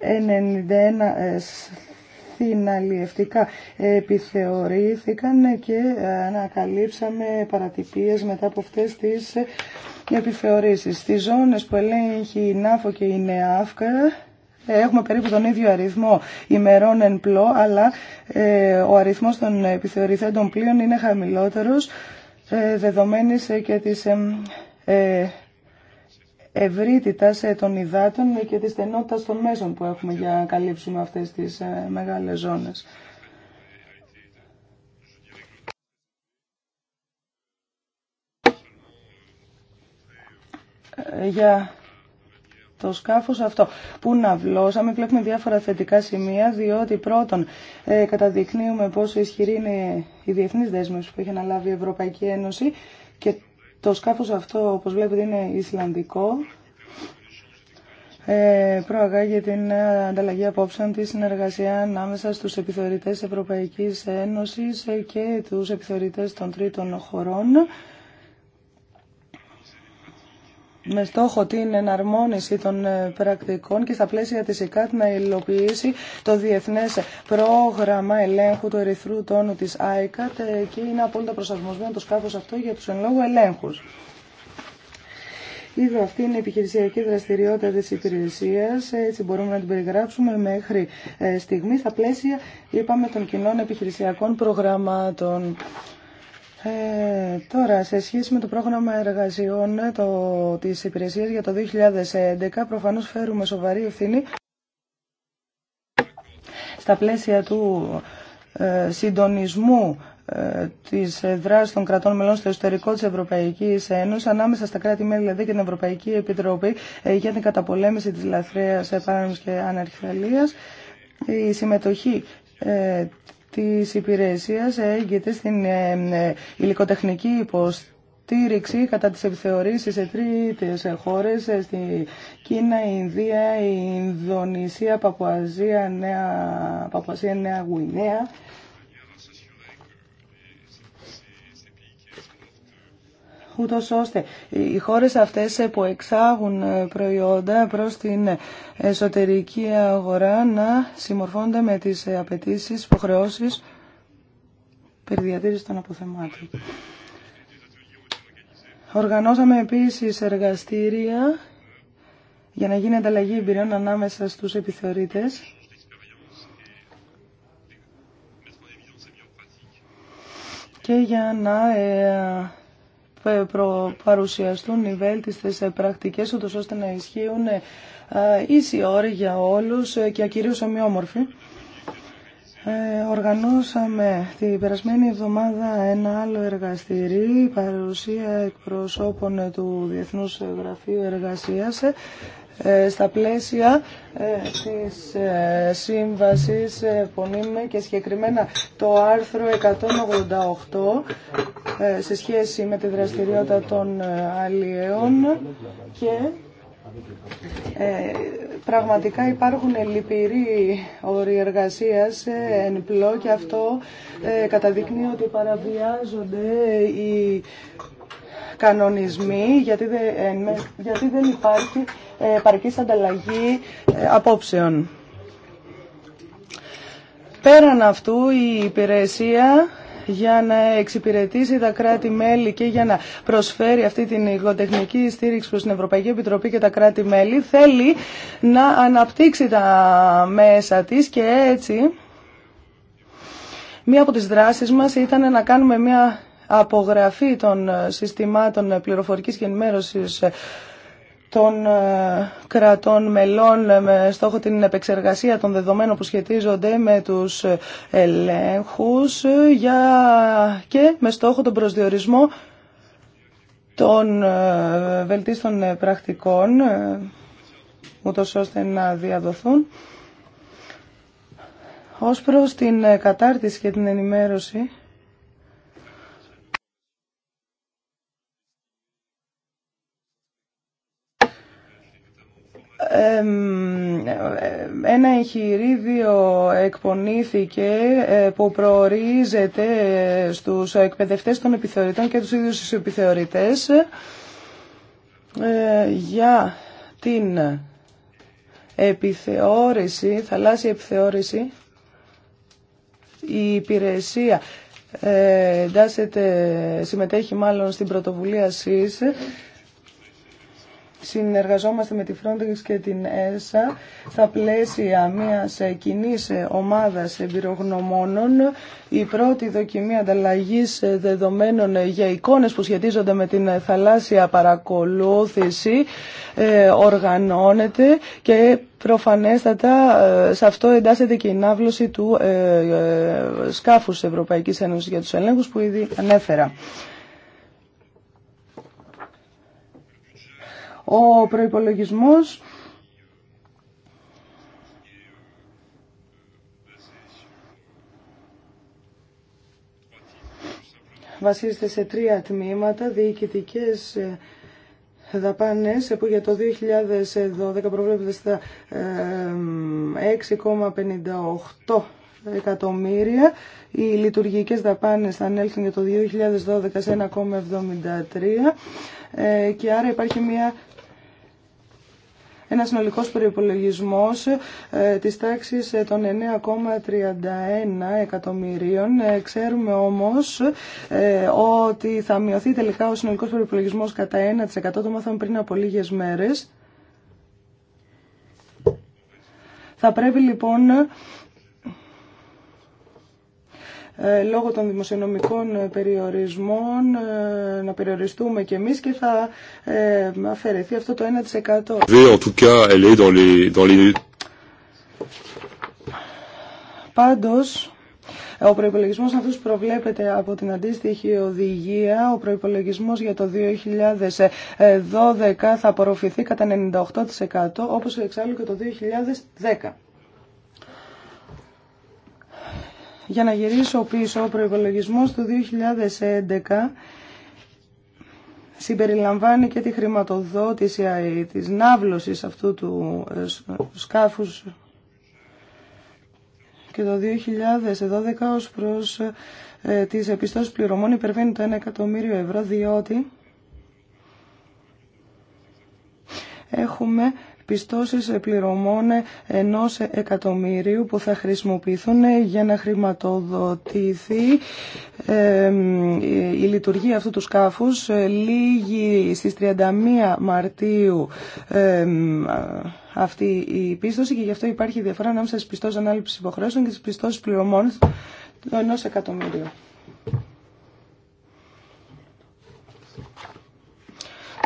Speaker 4: 91 συναλλιευτικά επιθεωρήθηκαν και ανακαλύψαμε παρατυπίες μετά από αυτές τις επιθεωρήσεις. Στις ζώνες που ελέγχει η ΝΑΦΟ και η ΝΕΑΦΚΑ ε, Έχουμε περίπου τον ίδιο αριθμό ημερών εν πλώ, αλλά ε, ο αριθμός των επιθεωρηθέντων πλοίων είναι χαμηλότερος, ε, δεδομένης και της Ευρύτητα των υδάτων και τη στενότητα των μέσων που έχουμε για να καλύψουμε αυτές τις ε, μεγάλες ζώνες. Ε, για το σκάφος αυτό που ναυλώσαμε βλέπουμε διάφορα θετικά σημεία διότι πρώτον ε, καταδεικνύουμε πόσο ισχυρή είναι η διεθνής δέσμευση που έχει αναλάβει η Ευρωπαϊκή Ένωση και το σκάφος αυτό, όπως βλέπετε, είναι Ισλανδικό. Ε, προαγάγει την ανταλλαγή απόψεων τη συνεργασία ανάμεσα στους επιθεωρητές Ευρωπαϊκής Ένωσης και τους επιθεωρητές των τρίτων χωρών με στόχο την εναρμόνιση των ε, πρακτικών και στα πλαίσια της ΕΚΑΤ να υλοποιήσει το Διεθνές Πρόγραμμα Ελέγχου του Ερυθρού Τόνου της ΑΕΚΑΤ ε, και είναι απόλυτα προσαρμοσμένο το σκάφος αυτό για τους εν λόγω ελέγχους. Ήδη αυτή είναι η επιχειρησιακή δραστηριότητα της υπηρεσίας, έτσι μπορούμε να την περιγράψουμε μέχρι ε, στιγμή στα πλαίσια, είπαμε, των κοινών επιχειρησιακών προγραμμάτων. Ε, τώρα, σε σχέση με το πρόγραμμα εργασιών ε, το, της υπηρεσίας για το 2011, προφανώς φέρουμε σοβαρή ευθύνη στα πλαίσια του ε, συντονισμού τη ε, της δράσης των κρατών μελών στο εσωτερικό της Ευρωπαϊκής Ένωσης, ανάμεσα στα κράτη-μέλη δηλαδή και την Ευρωπαϊκή Επιτροπή ε, για την καταπολέμηση της λαθρέας επάνωσης και αναρχιθαλίας. Η συμμετοχή της υπηρεσίας έγκυται στην ε, ε, υλικοτεχνική υποστήριξη κατά τις επιθεωρήσεις σε τρίτες χώρες, ε, στη Κίνα, Ινδία, Ινδονησία, Παπουασία, Νέα, Παπουασία, Νέα Γουινέα. ούτω ώστε οι χώρες αυτές που εξάγουν ε, προϊόντα προς την εσωτερική αγορά να συμμορφώνονται με τις απαιτήσει υποχρεώσει περί διατήρηση των αποθεμάτων. Οργανώσαμε επίσης εργαστήρια για να γίνει ανταλλαγή εμπειριών ανάμεσα στους επιθεωρητές. και για να ε, παρουσιαστούν οι βέλτιστες ε, πρακτικές, ούτως ώστε να ισχύουν ε, ίσοι όροι για όλους ε, και κυρίως ομοιόμορφοι. Οργανώσαμε την περασμένη εβδομάδα ένα άλλο εργαστηρί, παρουσία εκπροσώπων του Διεθνούς Γραφείου Εργασίας ε, στα πλαίσια ε, της ε, σύμβασης πονήμε και συγκεκριμένα το άρθρο 188 σε σχέση με τη δραστηριότητα των αλλιέων και ε, πραγματικά υπάρχουν λυπηροί όροι εργασία εν πλώ και αυτό ε, καταδεικνύει ότι παραβιάζονται οι κανονισμοί γιατί δεν, γιατί δεν υπάρχει ε, παρκής ανταλλαγή ε, απόψεων. Πέραν αυτού η υπηρεσία για να εξυπηρετήσει τα κράτη-μέλη και για να προσφέρει αυτή την υγροτεχνική στήριξη προς την Ευρωπαϊκή Επιτροπή και τα κράτη-μέλη θέλει να αναπτύξει τα μέσα της και έτσι μία από τις δράσεις μας ήταν να κάνουμε μία απογραφή των συστημάτων πληροφορικής και ενημέρωσης των ε, κρατών μελών με στόχο την επεξεργασία των δεδομένων που σχετίζονται με τους ε, ελέγχους ε, για... και με στόχο τον προσδιορισμό των βελτίστων πρακτικών ούτως ώστε να διαδοθούν. Ως προς την κατάρτιση και την ενημέρωση ένα εγχειρίδιο εκπονήθηκε ε, που προορίζεται ε, στους εκπαιδευτές των επιθεωρητών και τους ίδιους τους επιθεωρητές ε, για την επιθεώρηση, θαλάσσια επιθεώρηση, η υπηρεσία εντάσσεται, συμμετέχει μάλλον στην πρωτοβουλία ΣΥΣ συνεργαζόμαστε με τη Frontex και την ΕΣΑ στα πλαίσια μιας ε, κοινή ε, ομάδας εμπειρογνωμόνων. Η πρώτη δοκιμή ανταλλαγής ε, δεδομένων για εικόνες που σχετίζονται με την θαλάσσια παρακολούθηση οργανώνεται και Προφανέστατα σε αυτό εντάσσεται και η ναύλωση του σκάφους Ευρωπαϊκής Ένωσης για τους ελέγχους που ήδη ανέφερα. Ο προϋπολογισμός βασίζεται σε τρία τμήματα, διοικητικές ε, δαπάνες που για το 2012 προβλέπεται στα 6,58 ε, εκατομμύρια. Οι λειτουργικές δαπάνες θα ανέλθουν για το 2012 σε 1,73 ε, και άρα υπάρχει μια ένα συνολικός προϋπολογισμός ε, της τάξης ε, των 9,31 εκατομμυρίων. Ε, ξέρουμε όμως ότι θα μειωθεί τελικά ο συνολικό προπολογισμό κατά 1%. Το μάθαμε πριν από λίγε μέρες. Θα πρέπει λοιπόν ε, λόγω των δημοσιονομικών ε, περιορισμών ε, να περιοριστούμε κι εμείς και θα αφαιρεθεί αυτό το 1%. Πάντως, ο προϋπολογισμός αυτό προβλέπεται από την αντίστοιχη οδηγία, ο προπολογισμό για το 2012 θα απορροφηθεί κατά 98% όπως εξάλλου και το 2010. Για να γυρίσω πίσω, ο προϋπολογισμός του 2011 συμπεριλαμβάνει και τη χρηματοδότηση ε, της ναύλωσης αυτού του ε, σκάφους και το 2012 ως προς ε, τις επιστώσεις πληρωμών υπερβαίνει το 1 εκατομμύριο ευρώ διότι έχουμε πιστώσεις πληρωμών ενός εκατομμυρίου που θα χρησιμοποιηθούν για να χρηματοδοτηθεί η λειτουργία αυτού του σκάφους ε, λίγη στις 31 Μαρτίου αυτή η πίστοση και γι' αυτό υπάρχει διαφορά ανάμεσα στις πιστώσεις ανάληψης υποχρέωσεων και τις πιστώσεις πληρωμών ενός εκατομμυρίου.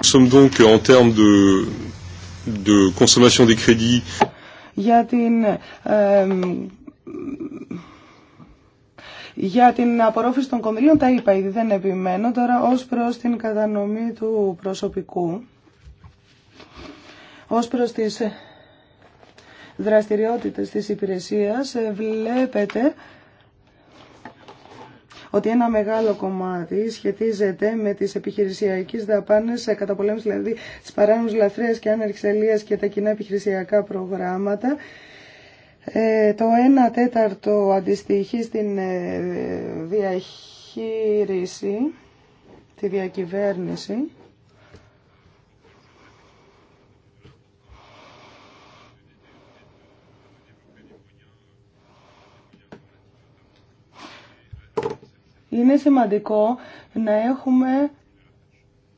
Speaker 2: Nous sommes donc en de
Speaker 4: για την, ε, για την απορρόφηση των κομιλίων τα είπα ήδη, δεν επιμένω τώρα ως προς την κατανομή του προσωπικού, ως προς τις δραστηριότητες της υπηρεσίας ε, βλέπετε ότι ένα μεγάλο κομμάτι σχετίζεται με τις επιχειρησιακές δαπάνες, ε, καταπολέμηση δηλαδή τις παράνομες λαθρέες και ανερξελίας και τα κοινά επιχειρησιακά προγράμματα. Ε, το 1 τέταρτο αντιστοιχεί στην ε, διαχείριση, τη διακυβέρνηση. Είναι σημαντικό να έχουμε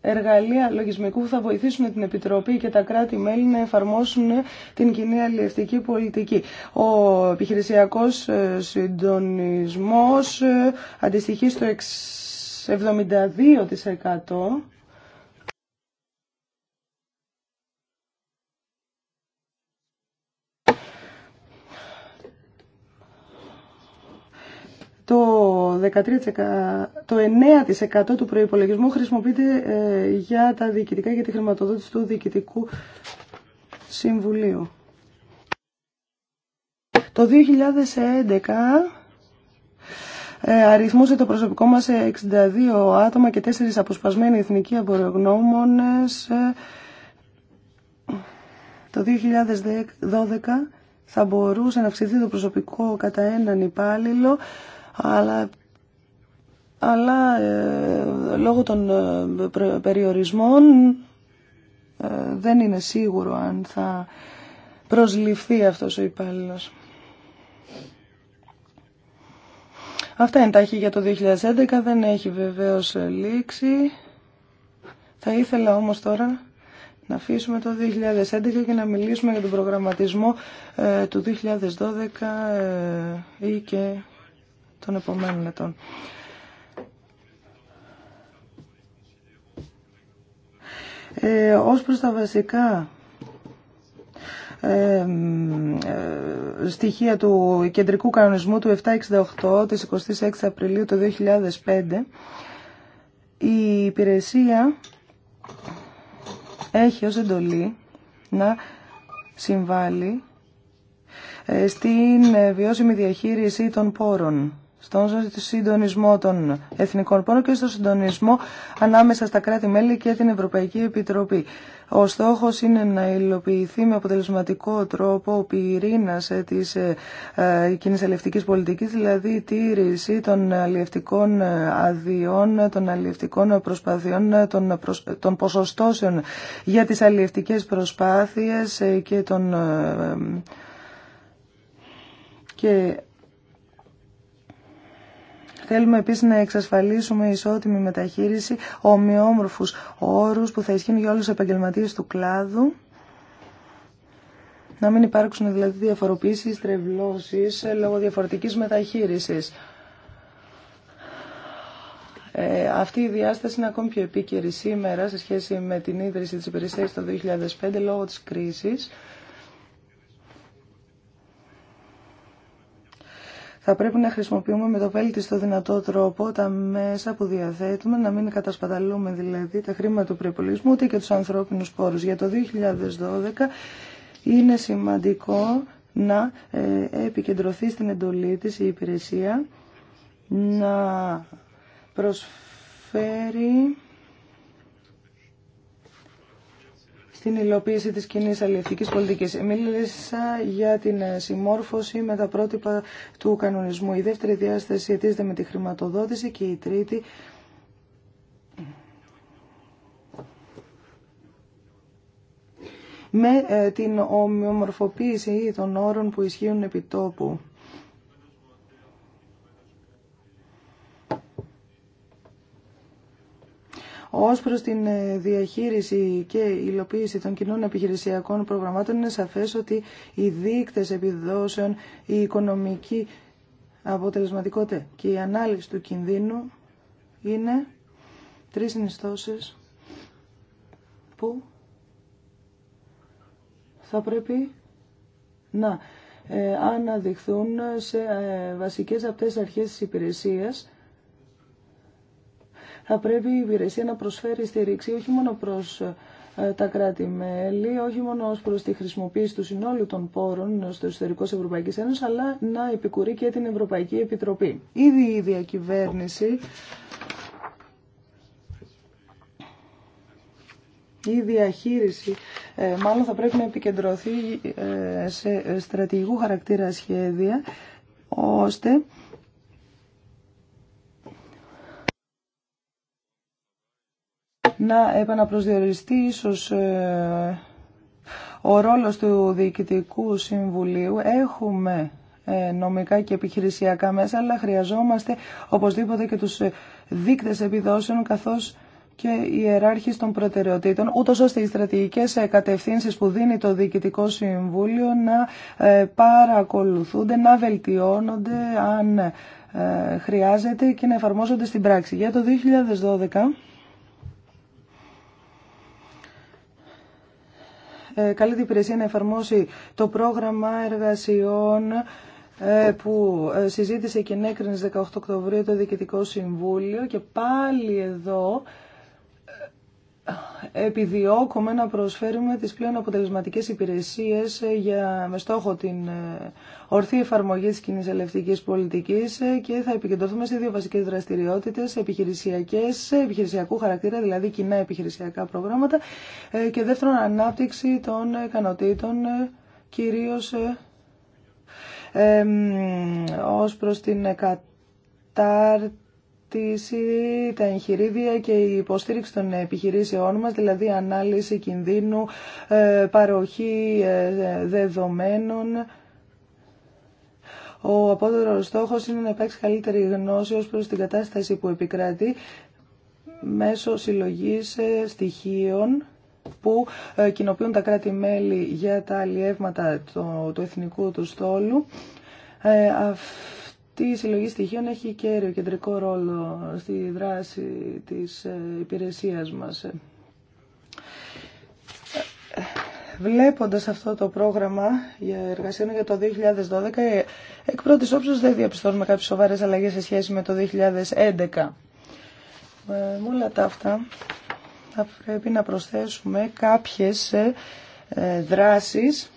Speaker 4: εργαλεία λογισμικού που θα βοηθήσουν την Επιτροπή και τα κράτη-μέλη να εφαρμόσουν την κοινή αλληλευτική πολιτική. Ο επιχειρησιακός ε, συντονισμός ε, αντιστοιχεί στο 72% το 13%, το 9% του προϋπολογισμού χρησιμοποιείται ε, για τα διοικητικά για τη χρηματοδότηση του Διοικητικού Συμβουλίου. Το 2011 ε, αριθμούσε το προσωπικό μας 62 άτομα και 4 αποσπασμένοι εθνικοί απορρογνώμονες. Ε, το 2012 θα μπορούσε να αυξηθεί το προσωπικό κατά έναν υπάλληλο αλλά, αλλά ε, λόγω των ε, περιορισμών ε, δεν είναι σίγουρο αν θα προσληφθεί αυτός ο υπάλληλο. Αυτά εντάχει για το 2011, δεν έχει βεβαίως λήξει. Θα ήθελα όμως τώρα να αφήσουμε το 2011 και να μιλήσουμε για τον προγραμματισμό του 2012 ή και των επόμενων ετών. Ε, ως προς τα βασικά ε, ε, στοιχεία του κεντρικού κανονισμού του 768 της 26 Απριλίου του 2005 η υπηρεσία έχει ως εντολή να συμβάλλει ε, στην βιώσιμη διαχείριση των πόρων στον συντονισμό των εθνικών πόρων και στο συντονισμό ανάμεσα στα κράτη-μέλη και την Ευρωπαϊκή Επιτροπή. Ο στόχος είναι να υλοποιηθεί με αποτελεσματικό τρόπο ο πυρήνας ε, της ε, ε, κοινής αλληλευτικής πολιτικής, δηλαδή η τήρηση των αλληλευτικών αδειών, των αλληλευτικών προσπαθειών, των, προσ... ποσοστώσεων για τις αλληλευτικές προσπάθειες και των... Και Θέλουμε επίσης να εξασφαλίσουμε ισότιμη μεταχείριση, ομοιόμορφου όρου που θα ισχύουν για όλου του επαγγελματίες του κλάδου. Να μην υπάρξουν δηλαδή διαφοροποίησεις, τρευλώσεις ε, λόγω διαφορετικής μεταχείρισης. Ε, αυτή η διάσταση είναι ακόμη πιο επίκαιρη σήμερα σε σχέση με την ίδρυση της υπηρεσίας το 2005 λόγω της κρίσης. Θα πρέπει να χρησιμοποιούμε με το βέλτιστο δυνατό τρόπο τα μέσα που διαθέτουμε, να μην κατασπαταλούμε δηλαδή τα χρήματα του προπολογισμού ούτε και τους ανθρώπινους πόρους. Για το 2012 είναι σημαντικό να ε, επικεντρωθεί στην εντολή της η υπηρεσία, να προσφέρει στην υλοποίηση της κοινή αλληλευτικής πολιτικής. Μίλησα για την ε, συμμόρφωση με τα πρότυπα του κανονισμού. Η δεύτερη διάσταση σχετίζεται με τη χρηματοδότηση και η τρίτη με ε, την ομοιομορφοποίηση των όρων που ισχύουν επί τόπου. Ως προς την ε, διαχείριση και υλοποίηση των κοινών επιχειρησιακών προγραμμάτων είναι σαφές ότι οι δείκτες επιδόσεων, η οικονομική αποτελεσματικότητα και η ανάλυση του κινδύνου είναι τρεις συνιστώσεις που θα πρέπει να ε, αναδειχθούν σε ε, βασικές αυτές αρχές της υπηρεσίας θα πρέπει η υπηρεσία να προσφέρει στήριξη όχι μόνο προς ε, τα κράτη-μέλη, όχι μόνο ως προς τη χρησιμοποίηση του συνόλου των πόρων στο εσωτερικό της Ευρωπαϊκής Ένωσης, αλλά να επικουρεί και την Ευρωπαϊκή Επιτροπή. Ήδη η διακυβέρνηση η διαχείριση ε, μάλλον θα πρέπει να επικεντρωθεί ε, σε στρατηγικού χαρακτήρα σχέδια ώστε να επαναπροσδιοριστεί ίσως ε, ο ρόλος του Διοικητικού Συμβουλίου. Έχουμε ε, νομικά και επιχειρησιακά μέσα, αλλά χρειαζόμαστε οπωσδήποτε και τους ε, δείκτες επιδόσεων καθώς και η ιεράρχη των προτεραιοτήτων, ούτως ώστε οι στρατηγικές κατευθύνσεις που δίνει το Διοικητικό Συμβούλιο να παρακολουθούνται, να βελτιώνονται αν χρειάζεται και να εφαρμόζονται στην πράξη. Για το 2012 Ε, καλή την υπηρεσία να εφαρμόσει το πρόγραμμα εργασιών ε, που ε, συζήτησε και ενέκρινε 18 Οκτωβρίου το Διοικητικό Συμβούλιο και πάλι εδώ επιδιώκουμε να προσφέρουμε τις πλέον αποτελεσματικές υπηρεσίες ε, για, με στόχο την ε, ορθή εφαρμογή της κοινής ελευτικής πολιτικής ε, και θα επικεντρωθούμε σε δύο βασικές δραστηριότητες, επιχειρησιακές, επιχειρησιακού χαρακτήρα, δηλαδή κοινά επιχειρησιακά προγράμματα και δεύτερον ανάπτυξη των ικανοτήτων κυρίως ε, ως προς την κατάρτιση τα εγχειρίδια και η υποστήριξη των επιχειρήσεών μας, δηλαδή ανάλυση κινδύνου, ε, παροχή ε, δεδομένων. Ο απότερο στόχος είναι να υπάρξει καλύτερη γνώση ως προς την κατάσταση που επικράτει μέσω συλλογής ε, στοιχείων που κοινοποιούν τα κράτη-μέλη για τα αλλιεύματα του εθνικού του στόλου αυτή η συλλογή στοιχείων έχει κέριο κεντρικό ρόλο στη δράση της ε, υπηρεσίας μας. Ε, βλέποντας αυτό το πρόγραμμα για εργασίες για το 2012, ε, εκ πρώτης όψης δεν διαπιστώνουμε κάποιες σοβαρές αλλαγές σε σχέση με το 2011. Με όλα τα αυτά θα πρέπει να προσθέσουμε κάποιες δράσεις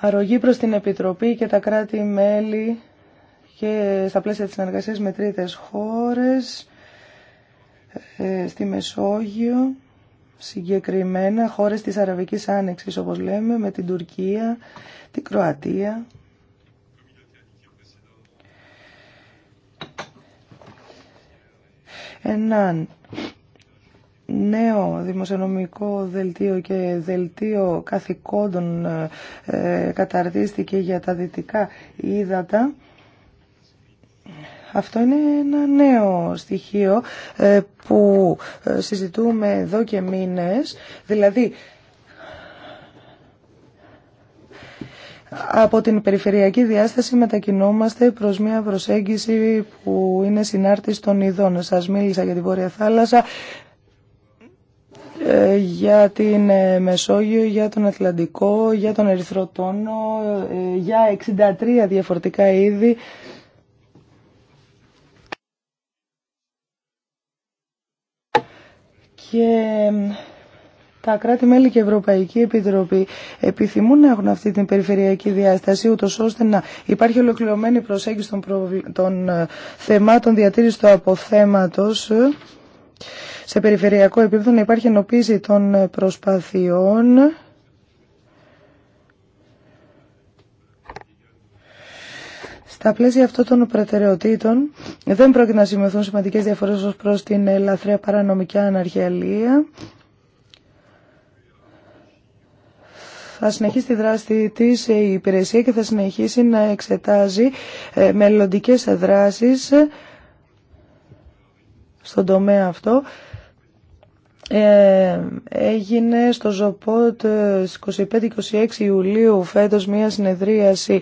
Speaker 4: αρρωγή προς την Επιτροπή και τα κράτη-μέλη και στα πλαίσια της συνεργασίας με τρίτες χώρες, ε, στη Μεσόγειο, συγκεκριμένα χώρες της Αραβικής Άνοιξης όπως λέμε, με την Τουρκία, την Κροατία. Ενάν, νέο δημοσιονομικό δελτίο και δελτίο καθηκόντων ε, καταρτίστηκε για τα δυτικά ύδατα. Αυτό είναι ένα νέο στοιχείο ε, που ε, συζητούμε εδώ και μήνες. Δηλαδή, από την περιφερειακή διάσταση μετακινόμαστε προς μια προσέγγιση που είναι συνάρτηση των ειδών. Σας μίλησα για την Βόρεια Θάλασσα, ε, για την ε, Μεσόγειο, για τον Ατλαντικό, για τον Ερυθροτόνο, ε, για 63 διαφορετικά είδη. Και τα κράτη-μέλη και η Ευρωπαϊκή Επιτροπή επιθυμούν να έχουν αυτή την περιφερειακή διάσταση, ούτω ώστε να υπάρχει ολοκληρωμένη προσέγγιση των, των θεμάτων διατήρηση του αποθέματος σε περιφερειακό επίπεδο να υπάρχει ενοποίηση των προσπαθειών Στα πλαίσια αυτών των προτεραιοτήτων δεν πρόκειται να σημειωθούν σημαντικές διαφορές ως προς την λαθρέα παρανομική αναρχιαλία. Θα συνεχίσει τη δράση της η υπηρεσία και θα συνεχίσει να εξετάζει ε, μελλοντικές δράσεις στον τομέα αυτό. Ε, έγινε στο Ζοπότ στις 25-26 Ιουλίου φέτος μία συνεδρίαση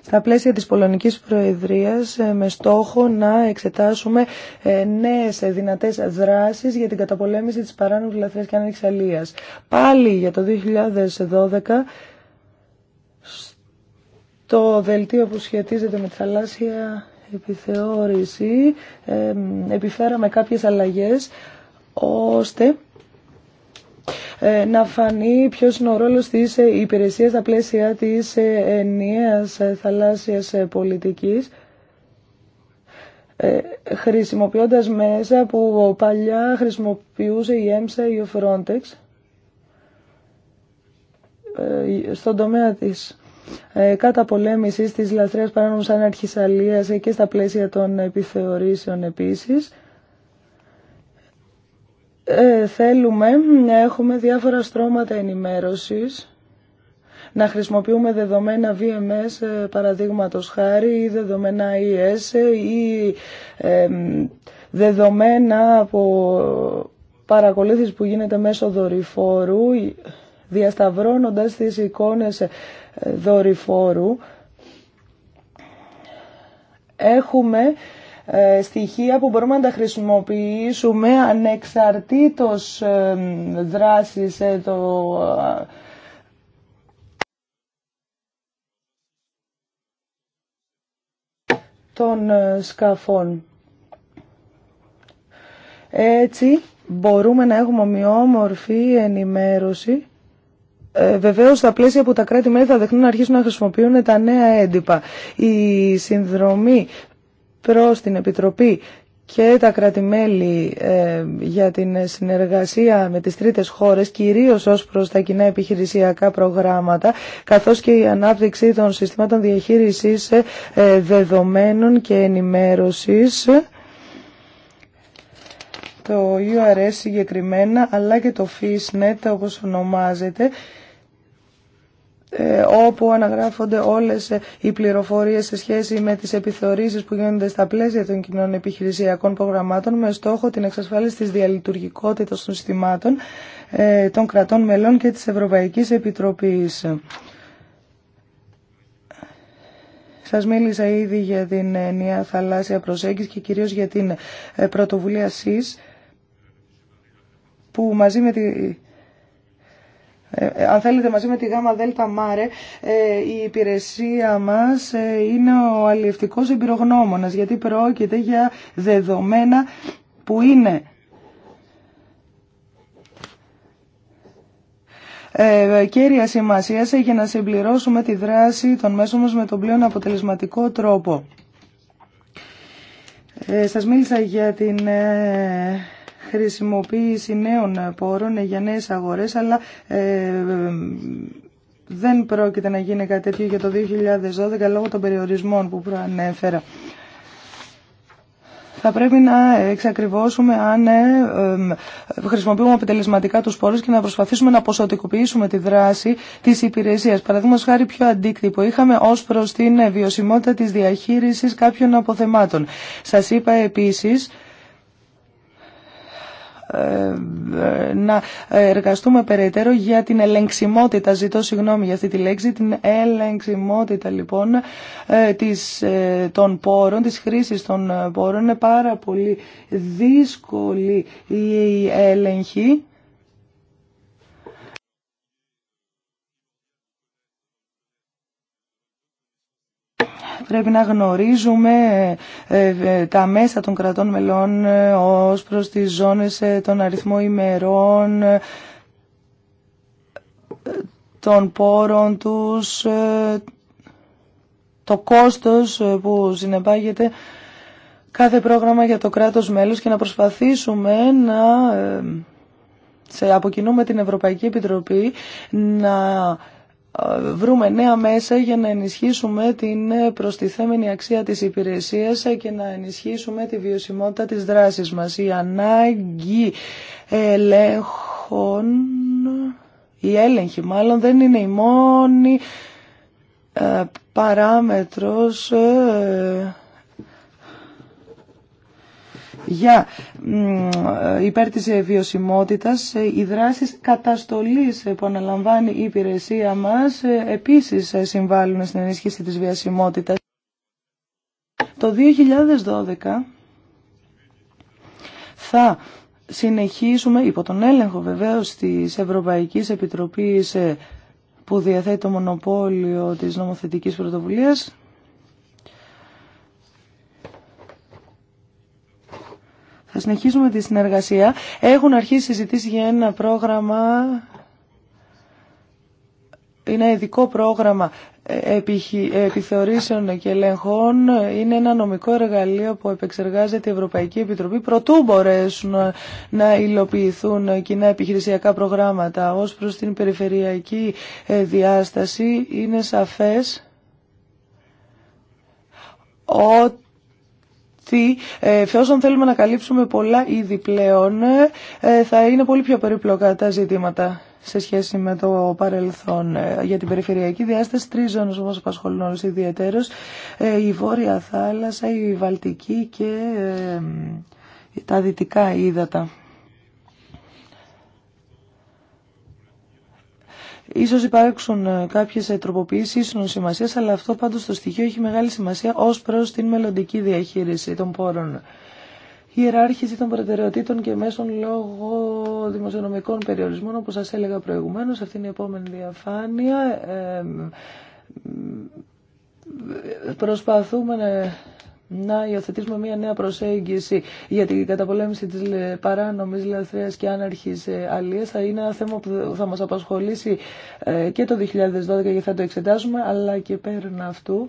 Speaker 4: στα πλαίσια της Πολωνικής Προεδρίας ε, με στόχο να εξετάσουμε ε, νέες δυνατές δράσεις για την καταπολέμηση της παράνομης λαθρείας και ανεξαλίας. Πάλι για το 2012 το δελτίο που σχετίζεται με τη θαλάσσια επιθεώρηση επιφέραμε κάποιες αλλαγές ώστε ε, να φανεί ποιος είναι ο ρόλος της ε, υπηρεσίας στα πλαίσια της ε, ενιαίας θαλάσσιας πολιτικής χρησιμοποιώντας μέσα που παλιά χρησιμοποιούσε η ΕΜΣΑ ή ο Frontex στον τομέα της ε, κατά πολέμησης της λαθρέας παράνομης αναρχισαλίας ε, και στα πλαίσια των επιθεωρήσεων επίσης. Ε, θέλουμε να έχουμε διάφορα στρώματα ενημέρωσης να χρησιμοποιούμε δεδομένα VMS παραδείγματος χάρη ή δεδομένα ES ή δεδομένα από παρακολούθηση που γίνεται μέσω δορυφόρου διασταυρώνοντας τις εικόνες δορυφόρου έχουμε ε, στοιχεία που μπορούμε να τα χρησιμοποιήσουμε ανεξαρτήτως ε, δράσης ε, το των σκαφών. Έτσι μπορούμε να έχουμε ομοιόμορφη ενημέρωση ε, Βεβαίω, στα πλαίσια που τα κράτη-μέλη θα δεχνούν να αρχίσουν να χρησιμοποιούν τα νέα έντυπα. Η συνδρομή προ την Επιτροπή και τα κράτη-μέλη ε, για την συνεργασία με τις τρίτες χώρες, κυρίως ως προς τα κοινά επιχειρησιακά προγράμματα, καθώς και η ανάπτυξη των συστημάτων διαχείρισης ε, δεδομένων και ενημέρωσης, το URS συγκεκριμένα, αλλά και το FISNET όπως ονομάζεται, ε, όπου αναγράφονται όλες ε, οι πληροφορίες σε σχέση με τις επιθεωρήσεις που γίνονται στα πλαίσια των κοινών επιχειρησιακών προγραμμάτων με στόχο την εξασφάλιση της διαλειτουργικότητας των συστημάτων ε, των κρατών μελών και της Ευρωπαϊκής Επιτροπής. Σας μίλησα ήδη για την νέα θαλάσσια προσέγγιση και κυρίως για την πρωτοβουλία ΣΥΣ που μαζί με τη ε, αν θέλετε μαζί με τη ΓΑΜΑ ΔΕΛΤΑ ΜΑΡΕ ε, η υπηρεσία μας ε, είναι ο αλληλευτικός εμπειρογνώμονας γιατί πρόκειται για δεδομένα που είναι κέρια σημασία για να συμπληρώσουμε τη δράση των μέσων μας με τον πλέον αποτελεσματικό τρόπο. Σας μίλησα για την χρησιμοποίηση νέων πόρων για νέες αγορές, αλλά ε, δεν πρόκειται να γίνει κάτι τέτοιο για το 2012 λόγω των περιορισμών που προανέφερα. Θα πρέπει να εξακριβώσουμε αν ε, ε, χρησιμοποιούμε αποτελεσματικά τους πόρους και να προσπαθήσουμε να ποσοτικοποιήσουμε τη δράση της υπηρεσίας. Παραδείγματος χάρη πιο αντίκτυπο είχαμε ως προς την βιωσιμότητα της διαχείρισης κάποιων αποθεμάτων. Σας είπα επίσης να εργαστούμε περαιτέρω για την ελεγξιμότητα, ζητώ συγγνώμη για αυτή τη λέξη, την ελεγξιμότητα λοιπόν ε, της, ε, των πόρων, της χρήσης των πόρων. Είναι πάρα πολύ δύσκολη η έλεγχη Πρέπει να γνωρίζουμε ε, ε, τα μέσα των κρατών μελών ε, ως προς τις ζώνες, τον αριθμό ημερών, των πόρων τους, το κόστος που συνεπάγεται κάθε πρόγραμμα για το κράτος μέλος και να προσπαθήσουμε να σε, την Ευρωπαϊκή Επιτροπή να βρούμε νέα μέσα για να ενισχύσουμε την προστιθέμενη αξία της υπηρεσίας και να ενισχύσουμε τη βιωσιμότητα της δράσης μας. Η ανάγκη ελέγχων, η έλεγχη μάλλον δεν είναι η μόνη ε, παράμετρος ε, για ε, υπέρ της ε, βιωσιμότητας ε, οι δράσεις καταστολής που αναλαμβάνει η υπηρεσία μας επίσης συμβάλλουν στην ενίσχυση της βιωσιμότητας. Το 2012 θα συνεχίσουμε υπό τον έλεγχο βεβαίως της Ευρωπαϊκής Επιτροπής που διαθέτει το μονοπόλιο της νομοθετικής πρωτοβουλίας Θα συνεχίσουμε τη συνεργασία. Έχουν αρχίσει συζητήσει για ένα πρόγραμμα, ένα ειδικό πρόγραμμα ε, επιθεωρήσεων και ελεγχών είναι ένα νομικό εργαλείο που επεξεργάζεται η Ευρωπαϊκή Επιτροπή προτού μπορέσουν να υλοποιηθούν κοινά επιχειρησιακά προγράμματα ως προς την περιφερειακή ε, διάσταση είναι σαφές ότι ότι ε, εφόσον θέλουμε να καλύψουμε πολλά είδη πλέον, ε, ε, θα είναι πολύ πιο περίπλοκα τα ζητήματα σε σχέση με το παρελθόν. Για την περιφερειακή διάσταση, τρει ζώνε όμω απασχολούν όλου ιδιαίτερω. Η Βόρεια Θάλασσα, η Βαλτική και τα δυτικά Ήδατα. Ίσως υπάρξουν κάποιες τροποποιήσεις ίσως σημασίας, αλλά αυτό πάντως το στοιχείο έχει μεγάλη σημασία ως προς την μελλοντική διαχείριση των πόρων. Η ιεράρχηση των προτεραιοτήτων και μέσων λόγω δημοσιονομικών περιορισμών, όπως σας έλεγα προηγουμένως, αυτή είναι η επόμενη διαφάνεια. Ε, προσπαθούμε να να υιοθετήσουμε μια νέα προσέγγιση για την καταπολέμηση της παράνομης λαθρέας και άναρχης ε, αλίας. Θα είναι ένα θέμα που θα μας απασχολήσει ε, και το 2012 και θα το εξετάσουμε, αλλά και πέραν αυτού.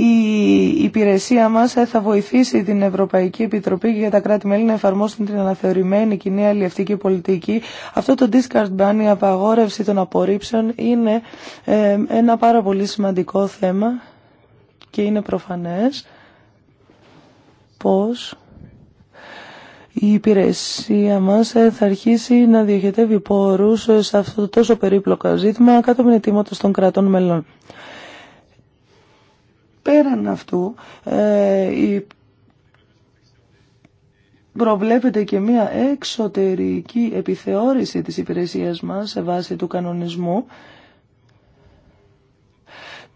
Speaker 4: η υπηρεσία μας ε, θα βοηθήσει την Ευρωπαϊκή Επιτροπή και για τα κράτη-μέλη να εφαρμόσουν την αναθεωρημένη κοινή αλληλευτική πολιτική. Αυτό το discard ban, η απαγόρευση των απορρίψεων, είναι ε, ένα πάρα πολύ σημαντικό θέμα και είναι προφανές πως η υπηρεσία μας ε, θα αρχίσει να διοχετεύει πόρους σε αυτό το τόσο περίπλοκο ζήτημα κάτω την ετοιμότητα των κρατών μελών. Πέραν αυτού, ε, προβλέπεται και μια εξωτερική επιθεώρηση της υπηρεσίας μας σε βάση του κανονισμού.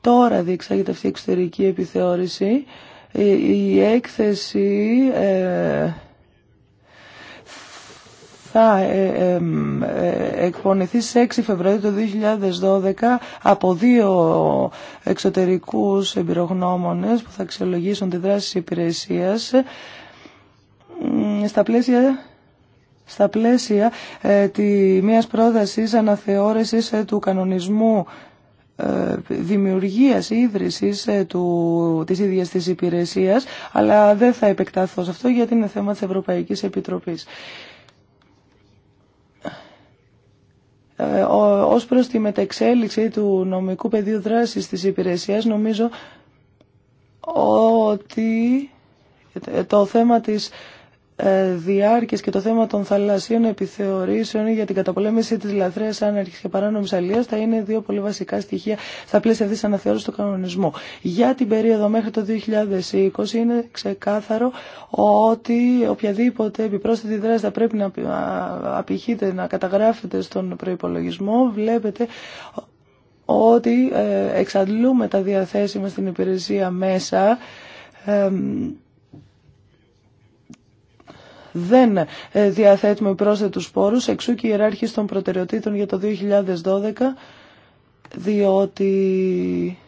Speaker 4: Τώρα διεξάγεται αυτή η εξωτερική επιθεώρηση. Η, η έκθεση... Ε, θα ε, ε, ε, εκπονηθεί σε 6 Φεβρουαρίου του 2012 από δύο εξωτερικούς εμπειρογνώμονες που θα αξιολογήσουν τη δράση της υπηρεσίας στα πλαίσια στα πλαίσια τη, μιας πρότασης αναθεώρησης του κανονισμού δημιουργίας ή ίδρυσης του, της ίδιας της υπηρεσίας, αλλά δεν θα επεκταθώ σε αυτό γιατί είναι θέμα της Ευρωπαϊκής Επιτροπής. Ε, ως προς τη μετεξέλιξη του νομικού πεδίου δράσης της υπηρεσίας νομίζω ότι το θέμα της ε, διάρκεια και το θέμα των θαλασσίων επιθεωρήσεων για την καταπολέμηση τη λαθρέα άνερχη και παράνομη αλίας θα είναι δύο πολύ βασικά στοιχεία στα πλαίσια αυτή τη του κανονισμού. Για την περίοδο μέχρι το 2020 είναι ξεκάθαρο ότι οποιαδήποτε επιπρόσθετη δράση θα πρέπει να απηχείται, να καταγράφεται στον προπολογισμό. Βλέπετε ότι ε, εξαντλούμε τα διαθέσιμα στην υπηρεσία μέσα δεν ε, διαθέτουμε πρόσθετους πόρους, εξού και η ιεράρχηση των προτεραιοτήτων για το 2012, διότι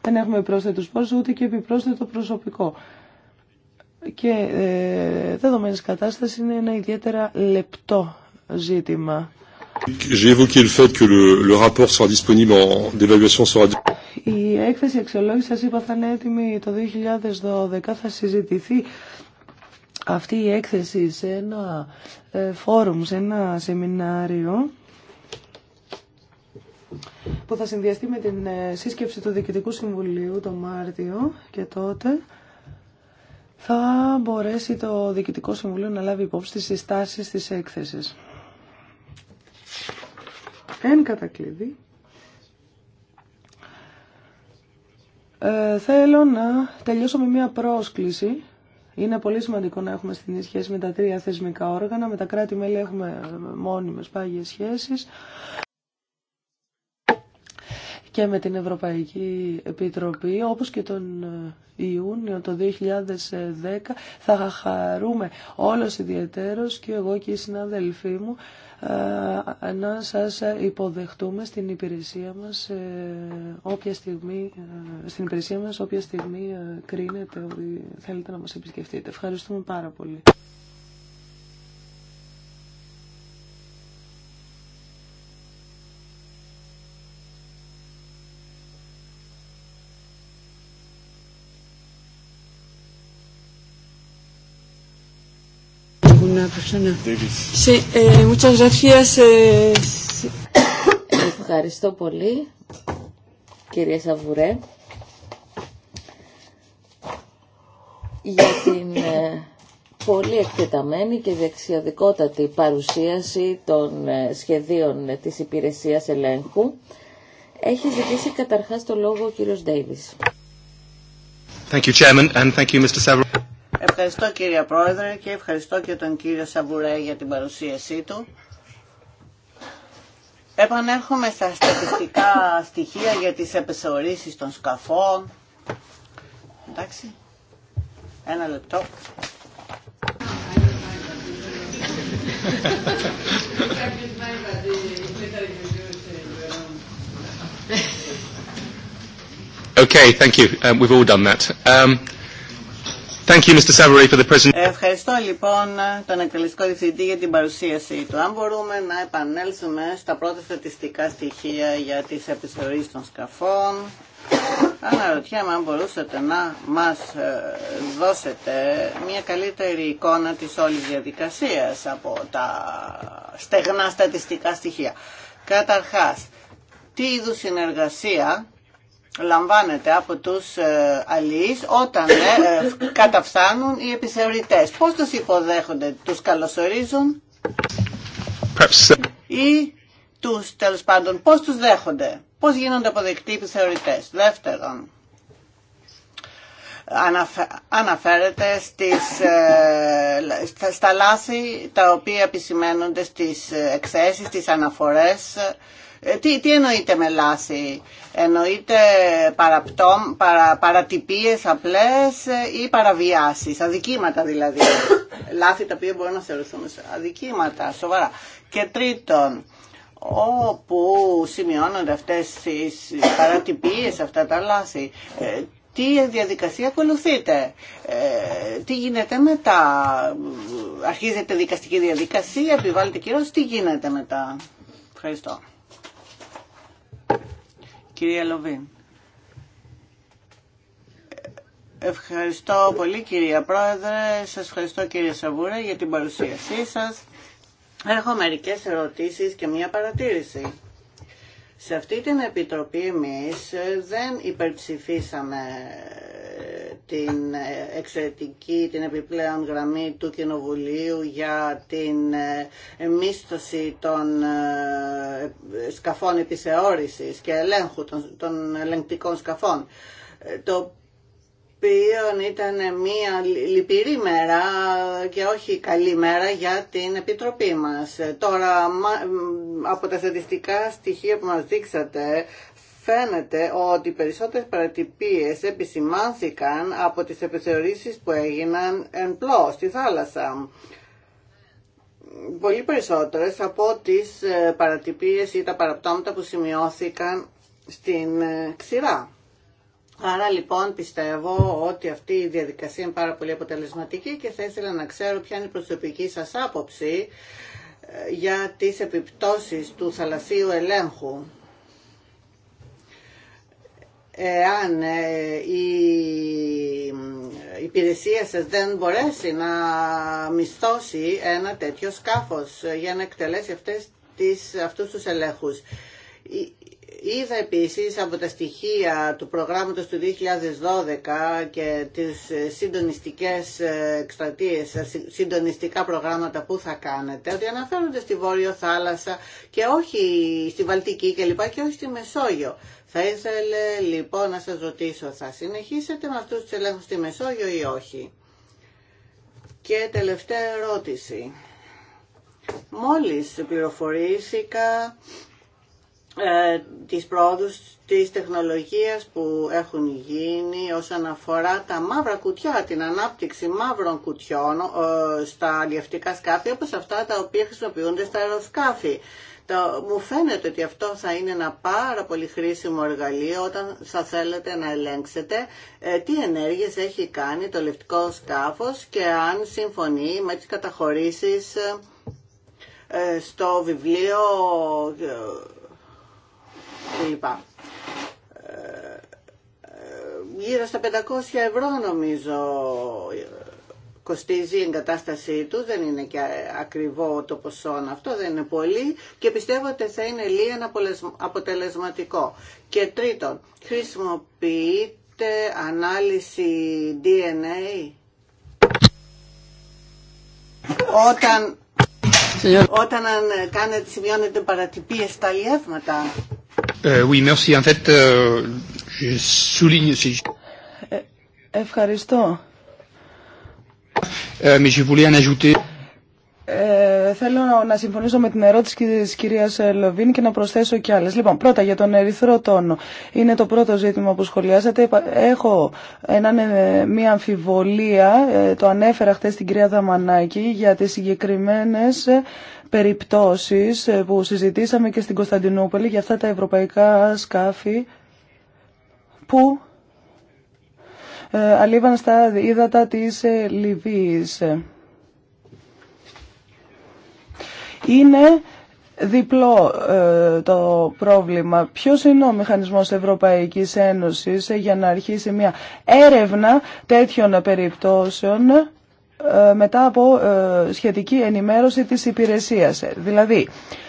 Speaker 4: δεν έχουμε πρόσθετους πόρους ούτε και επιπρόσθετο προσωπικό. Και ε, δεδομένης κατάσταση είναι ένα ιδιαίτερα λεπτό ζήτημα. le fait que le, rapport sera disponible en sera Η έκθεση αξιολόγηση σας είπα θα είναι έτοιμη το 2012, θα συζητηθεί αυτή η έκθεση σε ένα ε, φόρουμ, σε ένα σεμινάριο που θα συνδυαστεί με την ε, σύσκεψη του Διοικητικού Συμβουλίου το Μάρτιο και τότε θα μπορέσει το Διοικητικό Συμβουλίο να λάβει υπόψη τις συστάσεις της έκθεσης. Εν κατακλείδη, ε, θέλω να τελειώσω με μια πρόσκληση είναι πολύ σημαντικό να έχουμε στην σχέση με τα τρία θεσμικά όργανα. Με τα κράτη-μέλη έχουμε ε, μόνιμες πάγιες σχέσεις και με την Ευρωπαϊκή Επιτροπή, όπως και τον ε, Ιούνιο το 2010, θα χαρούμε όλος ιδιαιτέρως και εγώ και οι συναδελφοί μου να σας υποδεχτούμε στην υπηρεσία μας ε, όποια στιγμή, ε, στην υπηρεσία μας όποια στιγμή ε, κρίνετε ότι θέλετε να μας επισκεφτείτε. Ευχαριστούμε πάρα πολύ.
Speaker 1: una ε,
Speaker 2: ε,
Speaker 3: Ευχαριστώ πολύ, κυρία Σαβουρέ, για την ε, πολύ εκτεταμένη και δεξιοδικότατη παρουσίαση των σχεδίων της υπηρεσίας ελέγχου. Έχει ζητήσει καταρχάς το λόγο ο κύριος Ντέιβις.
Speaker 4: Thank you, Chairman,
Speaker 2: Ευχαριστώ κύριε Πρόεδρε και ευχαριστώ και τον κύριο Σαβουρέ για την παρουσίασή του. Επανέρχομαι στα στατιστικά στοιχεία για τις επεσορίσεις των σκαφών. Εντάξει. Ένα λεπτό.
Speaker 4: Okay, thank you. Um, we've all done that. Um...
Speaker 2: Ευχαριστώ λοιπόν τον εκτελεστικό διευθυντή για την παρουσίαση του. Αν μπορούμε να επανέλθουμε στα πρώτα στατιστικά στοιχεία για τις επιστολές των σκαφών. Αναρωτιέμαι αν μπορούσατε να μας ε, δώσετε μια καλύτερη εικόνα της όλης διαδικασίας από τα στεγνά στατιστικά στοιχεία. Καταρχάς, τι είδους συνεργασία λαμβάνεται από τους ε, όταν ε, ε, καταφθάνουν οι επιθεωρητές. Πώς τους υποδέχονται, τους καλωσορίζουν ή τους τέλος πάντων πώς τους δέχονται, πώς γίνονται αποδεκτοί οι επιθεωρητές. Δεύτερον, αναφέρεται στις, ε, στα λάθη τα οποία επισημαίνονται στις ε, εκθέσεις, στις αναφορές ε, τι, τι εννοείται με λάση, εννοείται παραπτώ, παρα, παρατυπίες απλές ε, ή παραβιάσεις, αδικήματα δηλαδή, (coughs) λάθη τα οποία μπορούν να θεωρηθούν αδικήματα, σοβαρά. Και τρίτον, όπου σημειώνονται αυτές τις παρατυπίες, αυτά τα λάθη, ε, τι διαδικασία ακολουθείτε, τι γίνεται μετά, αρχίζεται δικαστική διαδικασία, επιβάλλεται κυρώσεις, τι γίνεται μετά. Ευχαριστώ. Κυρία Λοβίν. Ευχαριστώ πολύ κυρία Πρόεδρε, σας ευχαριστώ κύριε Σαβούρα για την παρουσίασή σας. Έχω μερικές ερωτήσεις και μια παρατήρηση. Σε αυτή την επιτροπή εμείς δεν υπερψηφίσαμε την εξαιρετική, την επιπλέον γραμμή του Κοινοβουλίου για την ε, μίσθωση των ε, σκαφών επιθεώρησης και ελέγχου των ελεγκτικών σκαφών, ε, το οποίο ήταν μια λυπηρή μέρα και όχι καλή μέρα για την Επιτροπή μας. Τώρα, από τα στατιστικά στοιχεία που μας δείξατε, φαίνεται ότι οι περισσότερες παρατυπίες επισημάνθηκαν από τις επιθεωρήσεις που έγιναν εν πλώ στη θάλασσα. Πολύ περισσότερες από τις ε, παρατυπίες ή τα παραπτώματα που σημειώθηκαν στην ε, ξηρά. Άρα λοιπόν πιστεύω ότι αυτή η διαδικασία είναι πάρα πολύ αποτελεσματική και θα ήθελα να ξέρω ποια είναι η προσωπική σας άποψη ε, για τις επιπτώσεις του θαλασσίου ελέγχου εάν ε, η υπηρεσία σας δεν μπορέσει να μισθώσει ένα τέτοιο σκάφος για να εκτελέσει αυτές τις, αυτούς τους ελέγχους. Είδα επίσης από τα στοιχεία του προγράμματος του 2012 και τις ε, συντονιστικές ε, εκστρατείες, ε, συντονιστικά προγράμματα που θα κάνετε, ότι αναφέρονται στη Βόρειο Θάλασσα και όχι στη Βαλτική λοιπά και όχι στη Μεσόγειο. Θα ήθελε λοιπόν να σας ρωτήσω, θα συνεχίσετε με αυτούς τους ελέγχους στη Μεσόγειο ή όχι. Και τελευταία ερώτηση. Μόλις πληροφορήθηκα ε, της πρόοδους της τεχνολογίας που έχουν γίνει όσον αφορά τα μαύρα κουτιά, την ανάπτυξη μαύρων κουτιών ε, στα αλλιευτικά σκάφη όπως αυτά τα οποία χρησιμοποιούνται στα αεροσκάφη. Το, μου φαίνεται ότι αυτό θα είναι ένα πάρα πολύ χρήσιμο εργαλείο όταν θα θέλετε να ελέγξετε ε, τι ενέργειες έχει κάνει το λευτικό σκάφος και αν συμφωνεί με τις καταχωρήσεις στο βιβλίο κλπ. Ε, γύρω στα 500 ευρώ νομίζω κοστίζει η εγκατάστασή του δεν είναι και ακριβό το ποσό αυτό, δεν είναι πολύ και πιστεύω ότι θα είναι λίγαν αποτελεσματικό. Και τρίτον, χρησιμοποιείται ανάλυση DNA όταν, όταν κάνετε, σημειώνετε παρατυπίες στα
Speaker 4: λιεύματα ευχαριστώ. Euh, ε, θέλω να συμφωνήσω με την ερώτηση της κυρίας Λοβίν και να προσθέσω κι άλλες. Λοιπόν, πρώτα για τον ερυθρό τόνο. Είναι το πρώτο ζήτημα που σχολιάσατε. Έχω ε, μια αμφιβολία, ε, το ανέφερα χθε στην κυρία Δαμανάκη, για τις συγκεκριμένες περιπτώσεις ε, που συζητήσαμε και στην Κωνσταντινούπολη για αυτά τα ευρωπαϊκά σκάφη που ε, αλείβαν στα ύδατα της ε, Λιβύης. Είναι διπλό το πρόβλημα. Ποιος είναι ο μηχανισμός Ευρωπαϊκής Ένωσης για να αρχίσει μια έρευνα τέτοιων περιπτώσεων ε, μετά από ε, σχετική ενημέρωση της υπηρεσίας. Δηλαδή,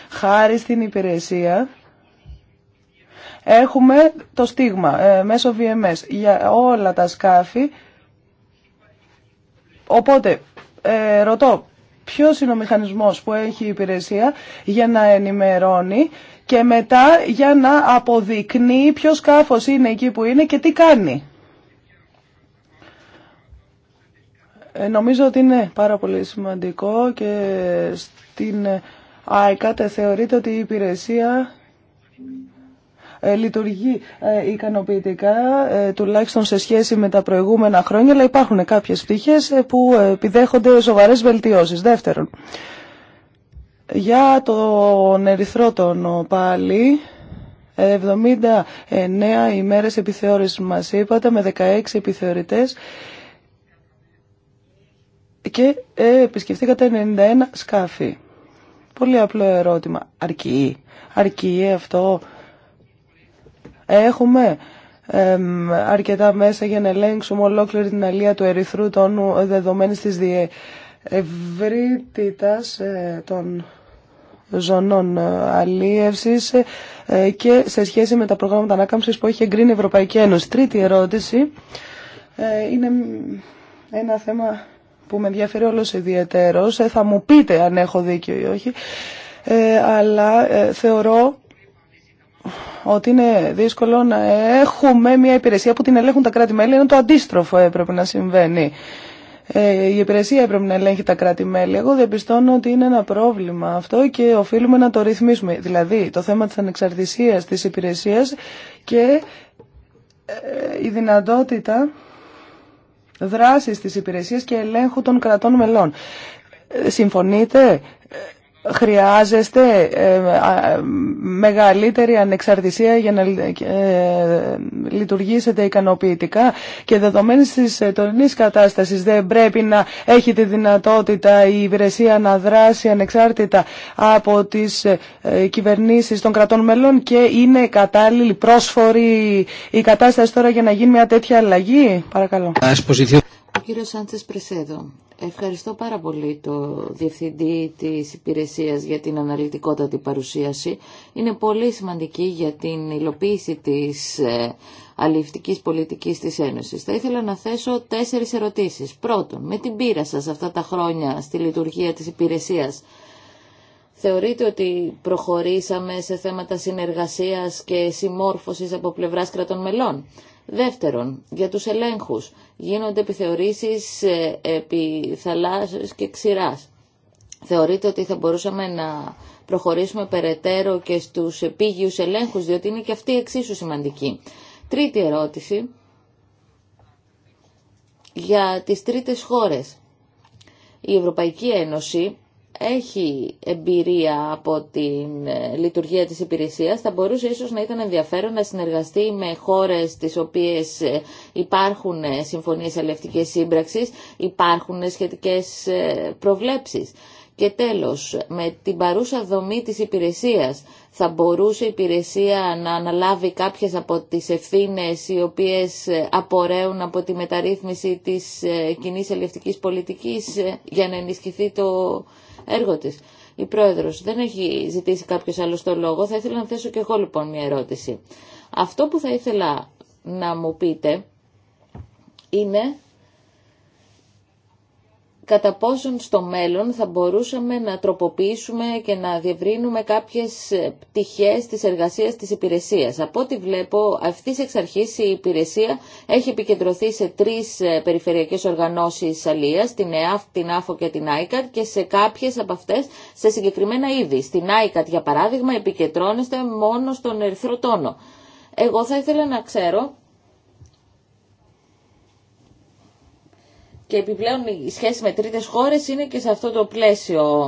Speaker 4: χάρη στην υπηρεσία έχουμε το στίγμα ε, μέσω VMS για όλα τα σκάφη. Οπότε, ρωτώ, ποιος είναι ο μηχανισμός που έχει η υπηρεσία για να ενημερώνει και μετά για να αποδεικνύει ποιο σκάφος είναι εκεί που είναι και τι κάνει. Ε, νομίζω ότι είναι πάρα πολύ σημαντικό και στην ΑΕΚΑΤΕ θεωρείται ότι η υπηρεσία ε, λειτουργεί ε, ικανοποιητικά, τουλάχιστον σε σχέση με τα προηγούμενα χρόνια, αλλά υπάρχουν κάποιες πτυχές που επιδέχονται σοβαρές βελτιώσεις. Δεύτερον, για τον ερυθρό πάλι, 79 ημέρες επιθεώρησης μας είπατε, με 16 επιθεωρητές και ε, επισκεφθήκατε 91 σκάφη. Πολύ απλό ερώτημα. Αρκεί. Αρκεί αυτό. Έχουμε αρκετά μέσα για να ελέγξουμε ολόκληρη την αλία του ερυθρού τόνου δεδομένη της ευρύτητας ε, των ζωνών ε, αλίευσης ε, και σε σχέση με τα προγράμματα ανάκαμψης που έχει εγκρίνει η Ευρωπαϊκή Ένωση. Τρίτη ερώτηση είναι ένα θέμα που με ενδιαφέρει όλος ιδιαίτερος, ε, θα μου πείτε αν έχω δίκιο ή όχι, ε, αλλά ε, θεωρώ ότι είναι δύσκολο να έχουμε μια υπηρεσία που την ελέγχουν τα κράτη-μέλη, ενώ το αντίστροφο έπρεπε να συμβαίνει. η υπηρεσία έπρεπε να ελέγχει τα κράτη-μέλη. Εγώ διαπιστώνω ότι είναι ένα πρόβλημα αυτό και οφείλουμε να το ρυθμίσουμε. Δηλαδή, το θέμα της ανεξαρτησίας της υπηρεσίας και η δυνατότητα δράσης της υπηρεσίας και ελέγχου των κρατών μελών. Ε, συμφωνείτε Χρειάζεστε ε, μεγαλύτερη ανεξαρτησία για να ε, λειτουργήσετε ικανοποιητικά και δεδομένης της τωρινής κατάστασης δεν πρέπει να έχει τη δυνατότητα η υπηρεσία να δράσει ανεξάρτητα από τις ε, κυβερνήσεις των κρατών μελών και είναι κατάλληλη, πρόσφορη η κατάσταση τώρα για να γίνει μια τέτοια αλλαγή. Παρακαλώ.
Speaker 3: Κύριο Σάντσες Πρεσέδο. Ευχαριστώ πάρα πολύ το Διευθυντή της Υπηρεσίας για την αναλυτικότατη παρουσίαση. Είναι πολύ σημαντική για την υλοποίηση της ε, αλληλευτικής πολιτικής της Ένωσης. Θα ήθελα να θέσω τέσσερις ερωτήσεις. Πρώτον, με την πείρα σας αυτά τα χρόνια στη λειτουργία της υπηρεσίας, Θεωρείτε ότι προχωρήσαμε σε θέματα συνεργασίας και συμμόρφωσης από πλευράς κρατών μελών. Δεύτερον, για τους ελέγχους γίνονται επιθεωρήσεις ε, επί θαλάσσης και ξηράς. Θεωρείτε ότι θα μπορούσαμε να προχωρήσουμε περαιτέρω και στους επίγειους ελέγχους, διότι είναι και αυτή εξίσου σημαντική. Τρίτη ερώτηση, για τις τρίτες χώρες. Η Ευρωπαϊκή Ένωση έχει εμπειρία από τη ε, λειτουργία της υπηρεσίας, θα μπορούσε ίσως να ήταν ενδιαφέρον να συνεργαστεί με χώρες τις οποίες ε, υπάρχουν ε, συμφωνίες αλληλευτικής σύμπραξης, υπάρχουν σχετικές προβλέψεις. Και τέλος, με την παρούσα δομή της υπηρεσίας, θα μπορούσε η υπηρεσία να αναλάβει κάποιες από τις ευθύνες οι οποίες απορρέουν από τη μεταρρύθμιση της κοινή ελευτικής πολιτικής για να ενισχυθεί το έργο τη. Η Πρόεδρος δεν έχει ζητήσει κάποιο άλλο το λόγο. Θα ήθελα να θέσω και εγώ λοιπόν μια ερώτηση. Αυτό που θα ήθελα να μου πείτε είναι κατά πόσον στο μέλλον θα μπορούσαμε να τροποποιήσουμε και να διευρύνουμε κάποιες πτυχές της εργασίας της υπηρεσίας. Από ό,τι βλέπω, αυτή εξ αρχής η υπηρεσία έχει επικεντρωθεί σε τρεις ε, περιφερειακές οργανώσεις αλίας, την ΕΑΦ, την ΑΦΟ και την ΆΙΚΑΤ και σε κάποιες από αυτές σε συγκεκριμένα είδη. Στην ΆΙΚΑΤ, για παράδειγμα, επικεντρώνεστε μόνο στον ερυθρό Εγώ θα ήθελα να ξέρω και επιπλέον η σχέση με τρίτες χώρες είναι και σε αυτό το πλαίσιο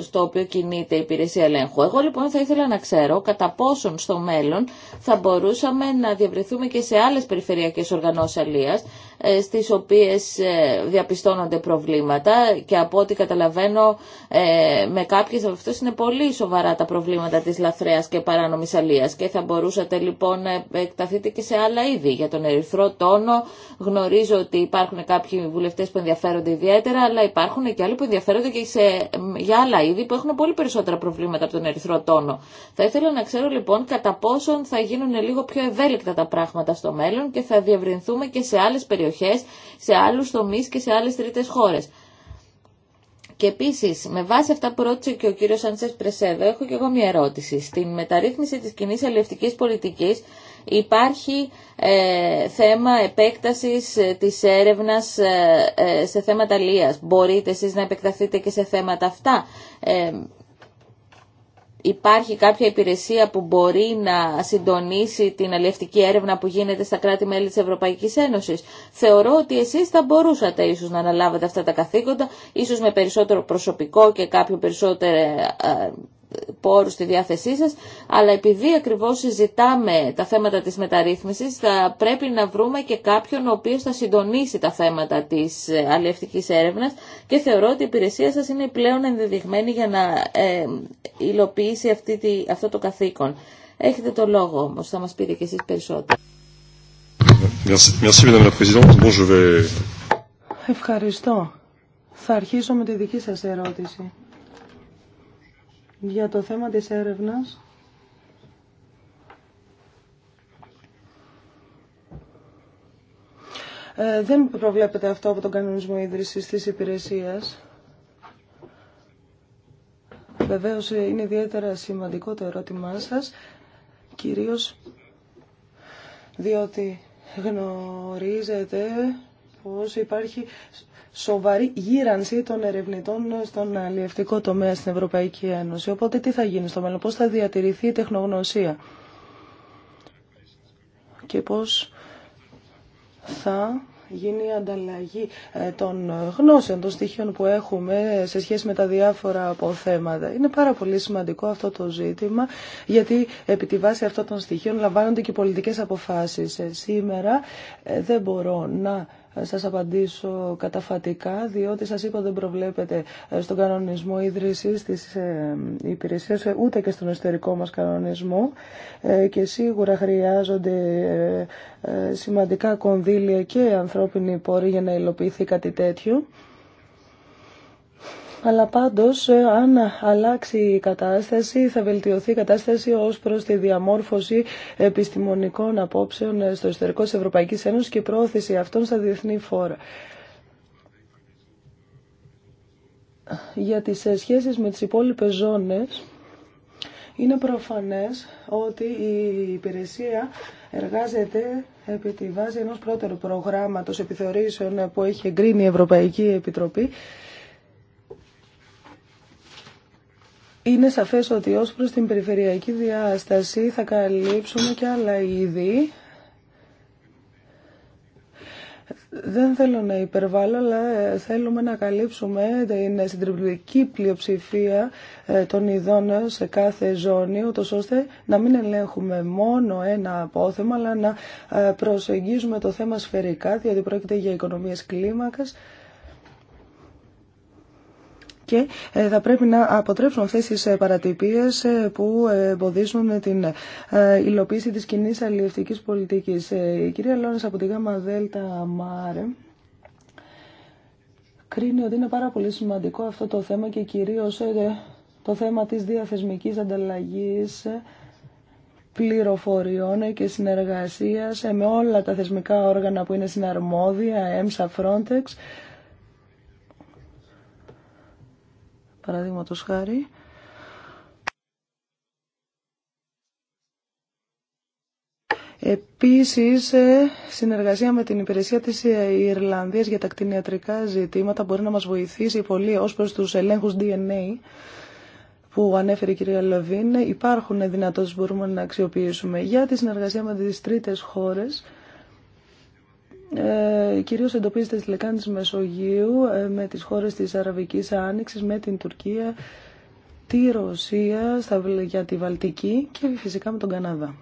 Speaker 3: στο οποίο κινείται η υπηρεσία ελέγχου. Εγώ λοιπόν θα ήθελα να ξέρω κατά πόσον στο μέλλον θα μπορούσαμε να διαβρεθούμε και σε άλλες περιφερειακές οργανώσεις αλίας ε, στις οποίες ε, διαπιστώνονται προβλήματα και από ό,τι καταλαβαίνω ε, με κάποιες από αυτές είναι πολύ σοβαρά τα προβλήματα της λαθρέας και παράνομης αλίας και θα μπορούσατε λοιπόν να εκταθείτε και σε άλλα είδη για τον ερυθρό τόνο γνωρίζω ότι υπάρχουν κάποιοι βουλευτές που ενδιαφέρονται ιδιαίτερα αλλά υπάρχουν και άλλοι που ενδιαφέρονται και σε, για άλλα είδη που έχουν πολύ περισσότερα προβλήματα από τον ερυθρό τόνο. Θα ήθελα να ξέρω λοιπόν κατά πόσον θα γίνουν λίγο πιο ευέλικτα τα πράγματα στο μέλλον και θα διευρυνθούμε και σε άλλες περιοχές σε άλλους τομείς και σε άλλες τρίτες χώρες. Και επίση, με βάση αυτά που ρώτησε και ο κύριο Σάντσε Πρεσέδο, έχω και εγώ μια ερώτηση. Στην μεταρρύθμιση τη κοινή αλληλευτική πολιτική υπάρχει ε, θέμα επέκτασης ε, της έρευνας ε, σε θέματα λίας. Μπορείτε εσείς να επεκταθείτε και σε θέματα αυτά υπάρχει κάποια υπηρεσία που μπορεί να συντονίσει την αλληλευτική έρευνα που γίνεται στα κράτη-μέλη της Ευρωπαϊκής Ένωσης. Θεωρώ ότι εσείς θα μπορούσατε ίσως να αναλάβετε αυτά τα καθήκοντα, ίσως με περισσότερο προσωπικό και κάποιο περισσότερο ε, πόρους στη διάθεσή σας, αλλά επειδή ακριβώς συζητάμε τα θέματα της μεταρρύθμισης, θα πρέπει να βρούμε και κάποιον ο οποίος θα συντονίσει τα θέματα της ε, αλληλευτικής έρευνας και θεωρώ ότι η υπηρεσία σας είναι πλέον ενδεδειγμένη για να ε, υλοποιήσει αυτή τη, αυτό το καθήκον. Έχετε το λόγο όμως, θα μας πείτε και εσείς περισσότερο.
Speaker 4: Ευχαριστώ. Θα αρχίσω με τη δική σας ερώτηση για το θέμα της έρευνας. Ε, δεν προβλέπεται αυτό από τον κανονισμό ίδρυσης της υπηρεσίας. Βεβαίως είναι ιδιαίτερα σημαντικό το ερώτημά σας, κυρίως διότι γνωρίζετε πως υπάρχει σοβαρή γύρανση των ερευνητών στον αλλιευτικό τομέα στην Ευρωπαϊκή Ένωση. Οπότε τι θα γίνει στο μέλλον, πώς θα διατηρηθεί η τεχνογνωσία και πώς θα γίνει η ανταλλαγή ε, των γνώσεων, των στοιχείων που έχουμε σε σχέση με τα διάφορα αποθέματα. Είναι πάρα πολύ σημαντικό αυτό το ζήτημα, γιατί επί τη βάση αυτών των στοιχείων λαμβάνονται και πολιτικές αποφάσεις. Ε, σήμερα ε, δεν μπορώ να σας απαντήσω καταφατικά, διότι σας είπα δεν προβλέπεται ε, στον κανονισμό ίδρυσης της ε, υπηρεσίας, ε, ούτε και στον εσωτερικό μας κανονισμό και σίγουρα χρειάζονται σημαντικά κονδύλια και ανθρώπινη πόροι για να υλοποιηθεί κάτι τέτοιο. Αλλά πάντως, ε, αν αλλάξει η κατάσταση, θα βελτιωθεί η κατάσταση ως προς τη διαμόρφωση επιστημονικών απόψεων ε, στο εσωτερικό της Ευρωπαϊκής Ένωσης και η πρόθεση αυτών στα διεθνή φόρα. Για τις σχέσεις με τις υπόλοιπες ζώνες, είναι προφανές ότι η υπηρεσία εργάζεται επί τη βάση ενός πρώτερου προγράμματος επιθεωρήσεων που έχει εγκρίνει η Ευρωπαϊκή Επιτροπή Είναι σαφές ότι ως προς την περιφερειακή διάσταση θα καλύψουμε και άλλα είδη. Δεν θέλω να υπερβάλλω, αλλά ε, θέλουμε να καλύψουμε την συντριπτική πλειοψηφία ε, των ειδών σε κάθε ζώνη, ούτως ώστε να μην ελέγχουμε μόνο ένα απόθεμα, αλλά να ε, προσεγγίζουμε το θέμα σφαιρικά, διότι πρόκειται για οικονομίες κλίμακας, και ε, θα πρέπει να αποτρέψουν αυτές τις ε, παρατυπίες ε, που εμποδίζουν την υλοποίηση της κοινή αλληλευτικής πολιτικής. Η κυρία Λόνες από τη ΓΑΜΑ ΔΕΛΤΑ ΜΑΡΕ κρίνει ότι είναι πάρα πολύ σημαντικό αυτό το θέμα και κυρίως το θέμα της διαθεσμικής ανταλλαγής πληροφοριών και συνεργασίας με όλα τα θεσμικά όργανα που είναι συναρμόδια, ΕΜΣΑ, Frontex, Παραδείγματο χάρη, Επίσης, συνεργασία με την υπηρεσία της Ιρλανδίας για τα κτηνιατρικά ζητήματα μπορεί να μας βοηθήσει πολύ ως προς τους ελέγχους DNA που ανέφερε η κυρία Λαβίν. Υπάρχουν δυνατότητες που μπορούμε να αξιοποιήσουμε για τη συνεργασία με τις τρίτες χώρες ε, κυρίως εντοπίζεται στη λεκάνη Μεσογείου ε, με τις χώρες της Αραβικής Άνοιξης, με την Τουρκία, τη Ρωσία στα, για τη Βαλτική και φυσικά με τον Καναδά.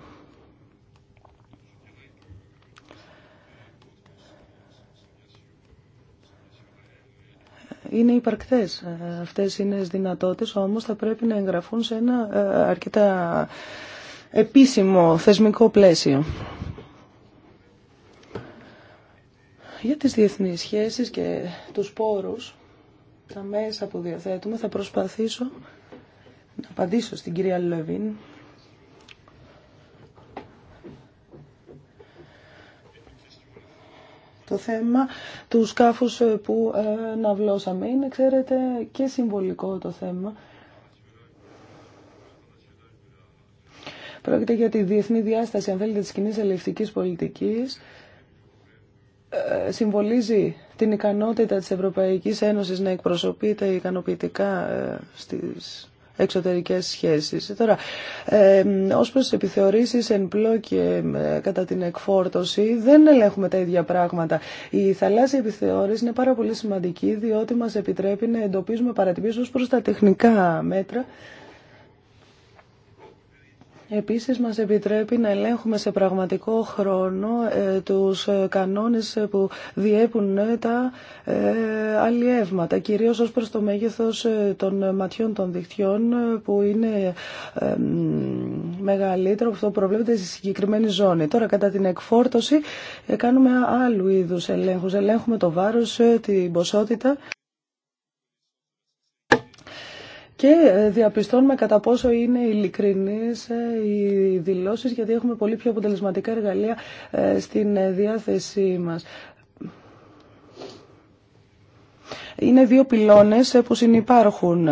Speaker 4: είναι υπαρκτές ε, αυτές είναι δυνατότητες, όμως θα πρέπει να εγγραφούν σε ένα ε, αρκετά επίσημο θεσμικό πλαίσιο. Για τις διεθνείς σχέσεις και τους πόρους, τα μέσα που διαθέτουμε, θα προσπαθήσω να απαντήσω στην κυρία Λεβίν. Το θέμα του σκάφους που ε, ναυλώσαμε είναι, ξέρετε, και συμβολικό το θέμα. Πρόκειται για τη διεθνή διάσταση, αν θέλετε, της κοινής ελευθερικής πολιτικής. Ε, συμβολίζει την ικανότητα της Ευρωπαϊκής Ένωσης να εκπροσωπείται ικανοποιητικά ε, στις εξωτερικές σχέσεις. Τώρα, ε, ως προς επιθεωρήσεις εν πλώ και ε, κατά την εκφόρτωση, δεν ελέγχουμε τα ίδια πράγματα. Η θαλάσσια επιθεώρηση είναι πάρα πολύ σημαντική, διότι μας επιτρέπει να εντοπίζουμε παρατυπίες ως προς τα τεχνικά μέτρα Επίσης μας επιτρέπει να ελέγχουμε σε πραγματικό χρόνο ε, τους ε, κανόνες που διέπουν ε, τα αλλιεύματα, κυρίως ως προς το μέγεθος των ματιών των δικτυών που είναι μεγαλύτερο που προβλέπεται στη συγκεκριμένη ζώνη. Τώρα κατά την εκφόρτωση κάνουμε άλλου είδους ελέγχους. Ελέγχουμε το βάρος, την ποσότητα και ε, διαπιστώνουμε κατά πόσο είναι ειλικρινείς ε, οι δηλώσεις γιατί έχουμε πολύ πιο αποτελεσματικά εργαλεία ε, στην διάθεσή μας. Είναι δύο πυλώνες που συνυπάρχουν,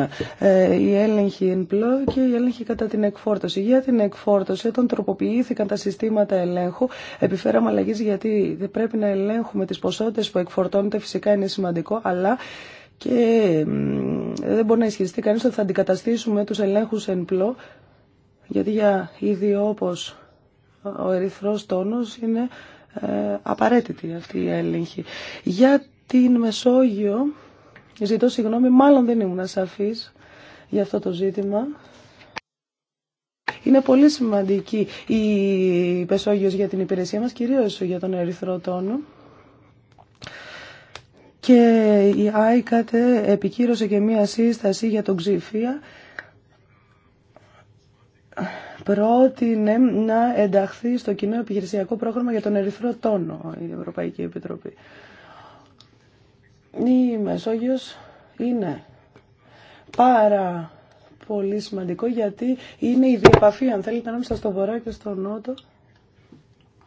Speaker 4: η έλεγχη εν πλώ και η έλεγχη κατά την εκφόρτωση. Για την εκφόρτωση, όταν τροποποιήθηκαν τα συστήματα ελέγχου, επιφέραμε αλλαγή, γιατί δεν πρέπει να ελέγχουμε τις ποσότητες που εκφορτώνεται, φυσικά είναι σημαντικό, αλλά και δεν μπορεί να ισχυριστεί κανείς ότι θα αντικαταστήσουμε τους ελέγχους εν πλώ, γιατί για ήδη όπως ο ερυθρός τόνος είναι ε, απαραίτητη αυτή η έλεγχη. Για την Μεσόγειο, ζητώ συγγνώμη, μάλλον δεν ήμουν σαφής για αυτό το ζήτημα. Είναι πολύ σημαντική η Μεσόγειος για την υπηρεσία μας, κυρίως για τον ερυθρό τόνο και η ΆΙΚΑΤΕ επικύρωσε και μία σύσταση για τον Ξηφία πρότεινε να ενταχθεί στο κοινό επιχειρησιακό πρόγραμμα για τον ερυθρό τόνο η Ευρωπαϊκή Επιτροπή. Η Μεσόγειος είναι πάρα πολύ σημαντικό γιατί είναι η διεπαφή αν θέλετε ανάμεσα στο βορρά και στο νότο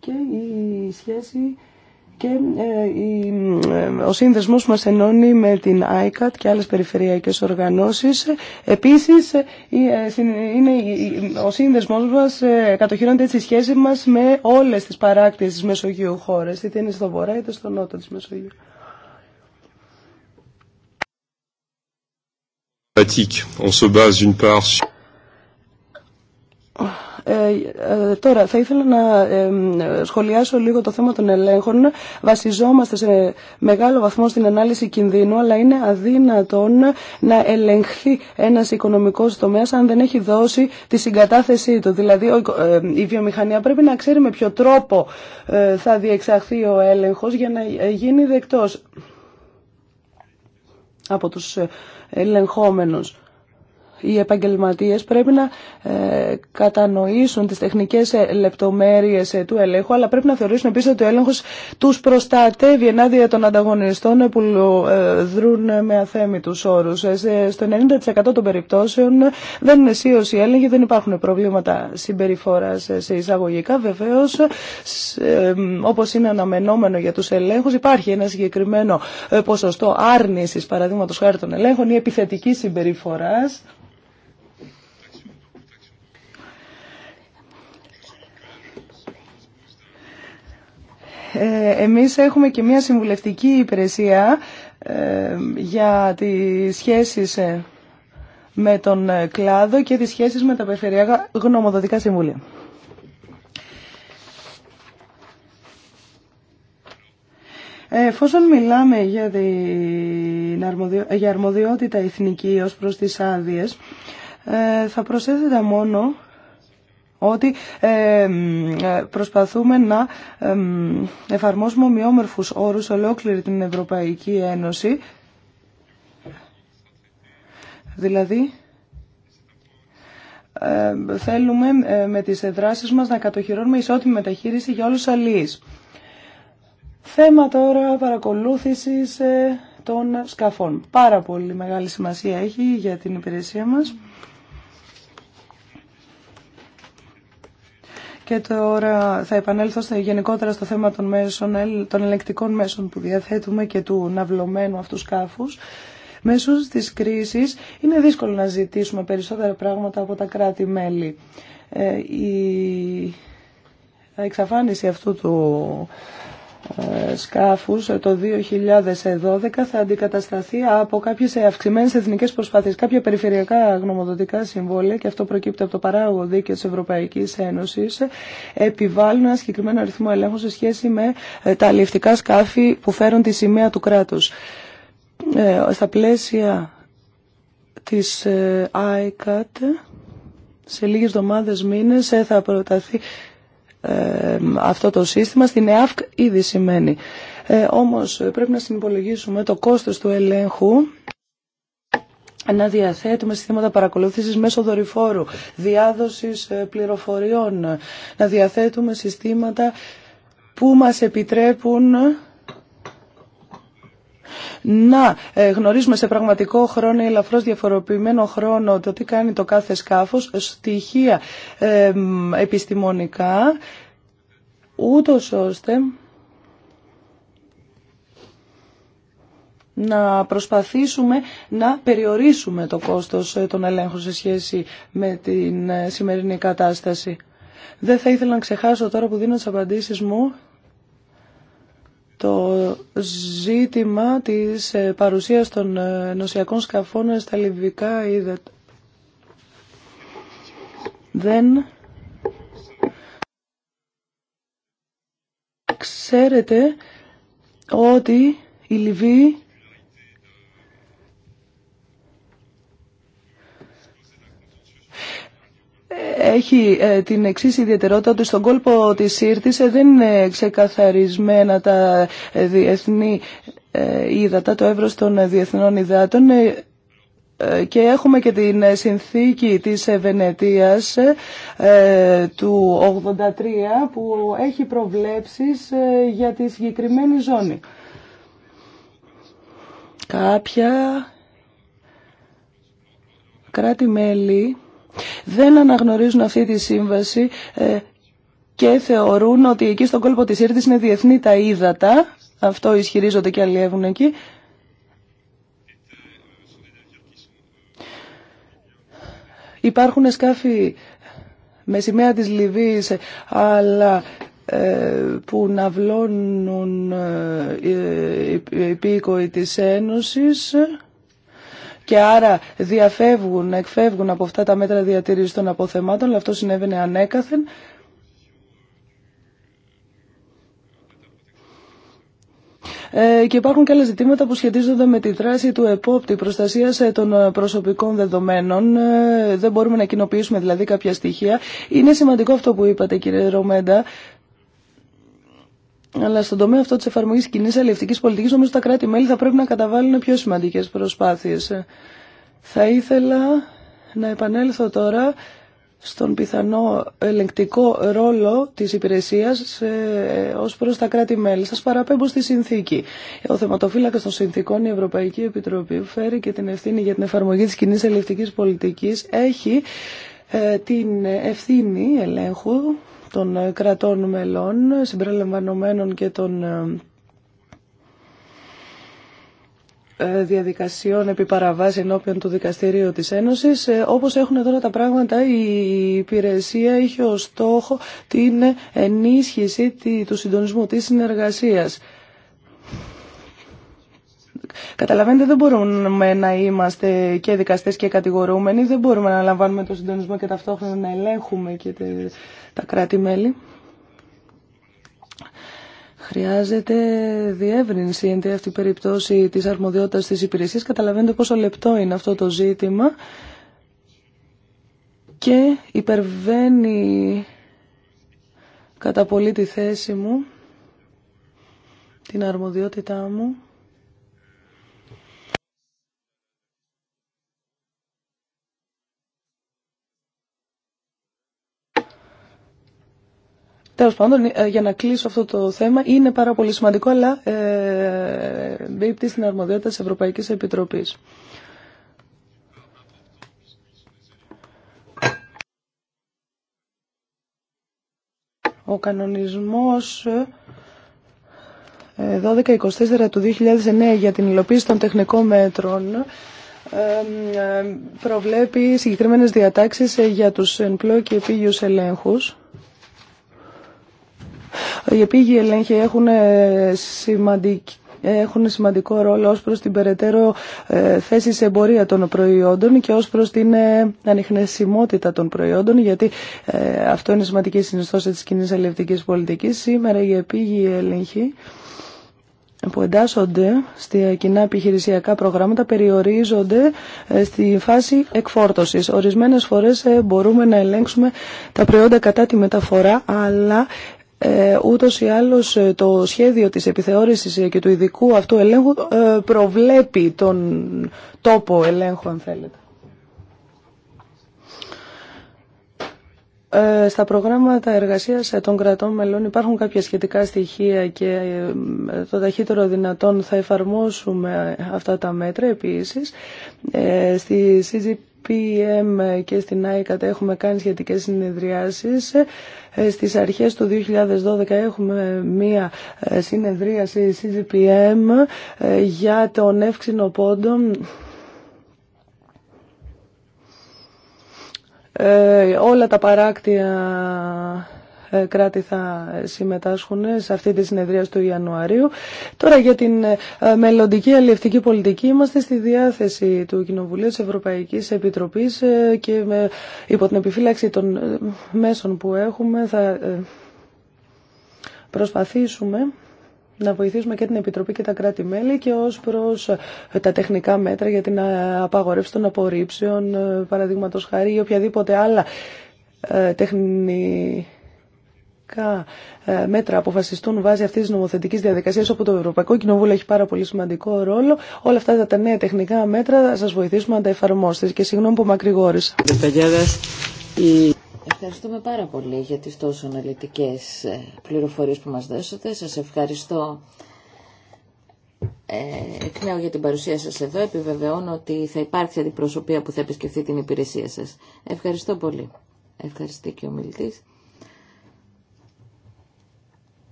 Speaker 4: και η σχέση και ε, ε, ο σύνδεσμός μας ενώνει με την ICAT και άλλες περιφερειακές οργανώσεις. Επίσης, ε, είναι, ο σύνδεσμός μας κατοχυρώνεται έτσι σχέση μας με όλες τις παράκτιες της Μεσογείου χώρες, είτε είναι στο βορρά είτε στο νότο της Μεσογείου.
Speaker 2: On se base part
Speaker 4: ε, ε, τώρα, θα ήθελα να ε, σχολιάσω λίγο το θέμα των ελέγχων. Βασιζόμαστε σε μεγάλο βαθμό στην ανάλυση κινδύνου, αλλά είναι αδύνατον να ελεγχθεί ένας οικονομικός τομέας αν δεν έχει δώσει τη συγκατάθεσή του. Δηλαδή, η βιομηχανία πρέπει να ξέρει με ποιο τρόπο θα διεξαχθεί ο έλεγχος για να γίνει δεκτός από τους ελεγχόμενους οι επαγγελματίες πρέπει να ε, κατανοήσουν τις τεχνικές ε, λεπτομέρειες ε, του ελέγχου, αλλά πρέπει να θεωρήσουν επίσης ότι ο έλεγχος τους προστατεύει ενάντια των ανταγωνιστών που δρούν με αθέμητους όρους. Στο 90% των περιπτώσεων δεν είναι σίωση έλεγχοι, δεν υπάρχουν προβλήματα συμπεριφοράς σε εισαγωγικά. Βεβαίως, όπως είναι αναμενόμενο για τους ελέγχους, υπάρχει ένα συγκεκριμένο ποσοστό άρνησης, παραδείγματος χάρη των ελέγχων ή επιθετική συμπεριφοράς Ε, εμείς έχουμε και μια συμβουλευτική υπηρεσία ε, για τις σχέσεις ε, με τον κλάδο και τις σχέσεις με τα περιφερειακά γνωμοδοτικά συμβούλια. Εφόσον μιλάμε για, την αρμοδιότητα εθνική ως προς τις άδειες, θα προσέθετα μόνο ότι ε, ε, προσπαθούμε να ε, εφαρμόσουμε ομοιόμορφους όρους ολόκληρη την Ευρωπαϊκή Ένωση. Δηλαδή, θέλουμε με τις δράσεις μας να κατοχυρώνουμε ισότιμη μεταχείριση για όλους αλληλείς. Θέμα τώρα παρακολούθησης των σκαφών. Πάρα πολύ μεγάλη σημασία έχει για την υπηρεσία μας. Και τώρα θα επανέλθω γενικότερα στο θέμα των, μέσων, των ελεκτικών μέσων που διαθέτουμε και του ναυλωμένου αυτού σκάφους. Μέσω της κρίσης είναι δύσκολο να ζητήσουμε περισσότερα πράγματα από τα κράτη-μέλη. Ε, η εξαφάνιση αυτού του ε, σκάφους ε, το 2012 θα αντικατασταθεί από κάποιες ε, αυξημένες εθνικές προσπάθειες, κάποια περιφερειακά γνωμοδοτικά συμβόλαια και αυτό προκύπτει από το παράγωγο δίκαιο της Ευρωπαϊκής Ένωσης επιβάλλουν ένα συγκεκριμένο αριθμό ελέγχου σε σχέση με τα αλληλευτικά σκάφη που φέρουν τη σημαία του κράτους. Στα πλαίσια της ICAT σε λίγες εβδομάδες μήνες θα προταθεί αυτό το σύστημα. Στην ΕΑΦΚ ήδη σημαίνει. Ε, όμως πρέπει να συνυπολογίσουμε το κόστος του ελέγχου να διαθέτουμε συστήματα παρακολούθησης μέσω δορυφόρου, διάδοσης ε, πληροφοριών, να διαθέτουμε συστήματα που μας επιτρέπουν να ε, γνωρίζουμε σε πραγματικό χρόνο ή ελαφρώς διαφοροποιημένο χρόνο το τι κάνει το κάθε σκάφος, στοιχεία ε, επιστημονικά, ούτως ώστε να προσπαθήσουμε να περιορίσουμε το κόστος ε, των ελέγχων σε σχέση με την σημερινή κατάσταση. Δεν θα ήθελα να ξεχάσω τώρα που δίνω τις απαντήσεις μου το ζήτημα της ε, παρουσίας των ε, νοσιακών σκαφών στα λιβικά είδατε. Δεν ξέρετε ότι η Λιβύη έχει ε, την εξή ιδιαιτερότητα ότι στον κόλπο της Σύρτης ε, δεν είναι ξεκαθαρισμένα τα ε, διεθνή ύδατα, το εύρος των διεθνών υδάτων και έχουμε και την συνθήκη της Βενετίας του 83 που έχει προβλέψεις για τη συγκεκριμένη ζώνη. Κάποια κράτη-μέλη δεν αναγνωρίζουν αυτή τη σύμβαση ε, και θεωρούν ότι εκεί στον κόλπο της Ήρτης είναι διεθνή τα ύδατα. Αυτό ισχυρίζονται και αλλιεύουν εκεί. Υπάρχουν σκάφη με σημαία της Λιβύης, αλλά ε, που ναυλώνουν ε, οι υπήκοοι της Ένωσης και άρα διαφεύγουν, εκφεύγουν από αυτά τα μέτρα διατήρησης των αποθεμάτων, αλλά αυτό συνέβαινε ανέκαθεν. Ε, και υπάρχουν και άλλα ζητήματα που σχετίζονται με τη δράση του επόπτη προστασία ε, των ε, προσωπικών δεδομένων. δεν μπορούμε να κοινοποιήσουμε δηλαδή κάποια στοιχεία. Είναι σημαντικό αυτό που είπατε κύριε Ρομέντα αλλά στον τομέα αυτό τη εφαρμογή κοινή αλληλευτική πολιτική, νομίζω τα κράτη-μέλη θα πρέπει να καταβάλουν πιο σημαντικέ προσπάθειες. Θα ήθελα να επανέλθω τώρα στον πιθανό ελεγκτικό ρόλο της υπηρεσίας ως προς τα κράτη-μέλη. Σας παραπέμπω στη συνθήκη. Ο θεματοφύλακας των συνθήκων, η Ευρωπαϊκή Επιτροπή, φέρει και την ευθύνη για την εφαρμογή της κοινής ελευθερικής πολιτικής, έχει ε, την ευθύνη ελέγχου των ε, κρατών μελών, συμπεριλαμβανομένων και των ε, ε, διαδικασιών επί παραβάση ενώπιον του Δικαστηρίου της Ένωσης. Όπως έχουν τώρα τα πράγματα, η υπηρεσία είχε ως στόχο την ενίσχυση του συντονισμού της συνεργασίας. Καταλαβαίνετε, δεν μπορούμε να είμαστε και δικαστές και κατηγορούμενοι, δεν μπορούμε να λαμβάνουμε το συντονισμό και ταυτόχρονα να ελέγχουμε και τα κράτη-μέλη. Χρειάζεται διεύρυνση εν αυτή η περιπτώση της αρμοδιότητας της υπηρεσίας. Καταλαβαίνετε πόσο λεπτό είναι αυτό το ζήτημα και υπερβαίνει κατά πολύ τη θέση μου, την αρμοδιότητά μου. Τέλο πάντων, ε, για να κλείσω αυτό το θέμα, είναι πάρα πολύ σημαντικό, αλλά ε, στην αρμοδιότητα τη Ευρωπαϊκή Επιτροπή. Ο κανονισμός 1224 ε, του 2009 για την υλοποίηση των τεχνικών μέτρων ε, προβλέπει συγκεκριμένες διατάξεις για τους εμπλόκοι και επίγειους ελέγχους. Οι επίγειοι ελέγχοι έχουν ε, σημαντική έχουν σημαντικό ρόλο ως προς την περαιτέρω ε, θέση σε εμπορία των προϊόντων και ως προς την ε, ανιχνεσιμότητα των προϊόντων γιατί αυτό είναι σημαντική συνιστόση της κοινής αλληλευτικής πολιτικής. Σήμερα οι επίγειοι έλεγχοι που εντάσσονται στα κοινά επιχειρησιακά προγράμματα περιορίζονται στη φάση εκφόρτωσης. Ορισμένες φορές μπορούμε να ελέγξουμε τα προϊόντα κατά τη μεταφορά, αλλά ε, ούτως ή άλλως ε, το σχέδιο της επιθεώρησης ε, και του ειδικού αυτού ελέγχου προβλέπει τον τόπο ελέγχου αν θέλετε. Στα προγράμματα εργασίας των κρατών μελών υπάρχουν κάποια σχετικά στοιχεία και το ταχύτερο δυνατόν θα εφαρμόσουμε αυτά τα μέτρα επίσης. Στη CGP PM και στην ΆΕΚΑΤ έχουμε κάνει σχετικές συνεδριάσεις. Στις αρχές του 2012 έχουμε μία συνεδρίαση CGPM για τον εύξηνο πόντο όλα τα παράκτια ε, κράτη θα συμμετάσχουν σε αυτή τη συνεδρία του Ιανουαρίου. Τώρα για την ε, μελλοντική αλληλευτική πολιτική είμαστε στη διάθεση του Κοινοβουλίου της Ευρωπαϊκής Επιτροπής ε, και με, υπό την επιφύλαξη των μέσων που έχουμε θα προσπαθήσουμε να βοηθήσουμε και την Επιτροπή και τα κράτη-μέλη και ως προς τα τεχνικά μέτρα για την απαγορεύση των απορρίψεων, παραδείγματος χάρη ή οποιαδήποτε άλλα ε, μέτρα αποφασιστούν βάσει αυτή τη νομοθετική διαδικασία, όπου το Ευρωπαϊκό Κοινοβούλιο έχει πάρα πολύ σημαντικό ρόλο, όλα αυτά τα νέα τεχνικά μέτρα θα σα βοηθήσουμε να τα εφαρμόσετε. Και συγγνώμη που μακρηγόρησα.
Speaker 3: Ευχαριστούμε πάρα
Speaker 4: πολύ για τις
Speaker 3: τόσο αναλυτικές ε, πληροφορίες που μας δώσατε. Σας ευχαριστώ ε, εκ νέου για την παρουσία σας εδώ. Επιβεβαιώνω ότι θα υπάρξει αντιπροσωπεία που θα επισκεφθεί την υπηρεσία σας. Ευχαριστώ πολύ. Ευχαριστή και ο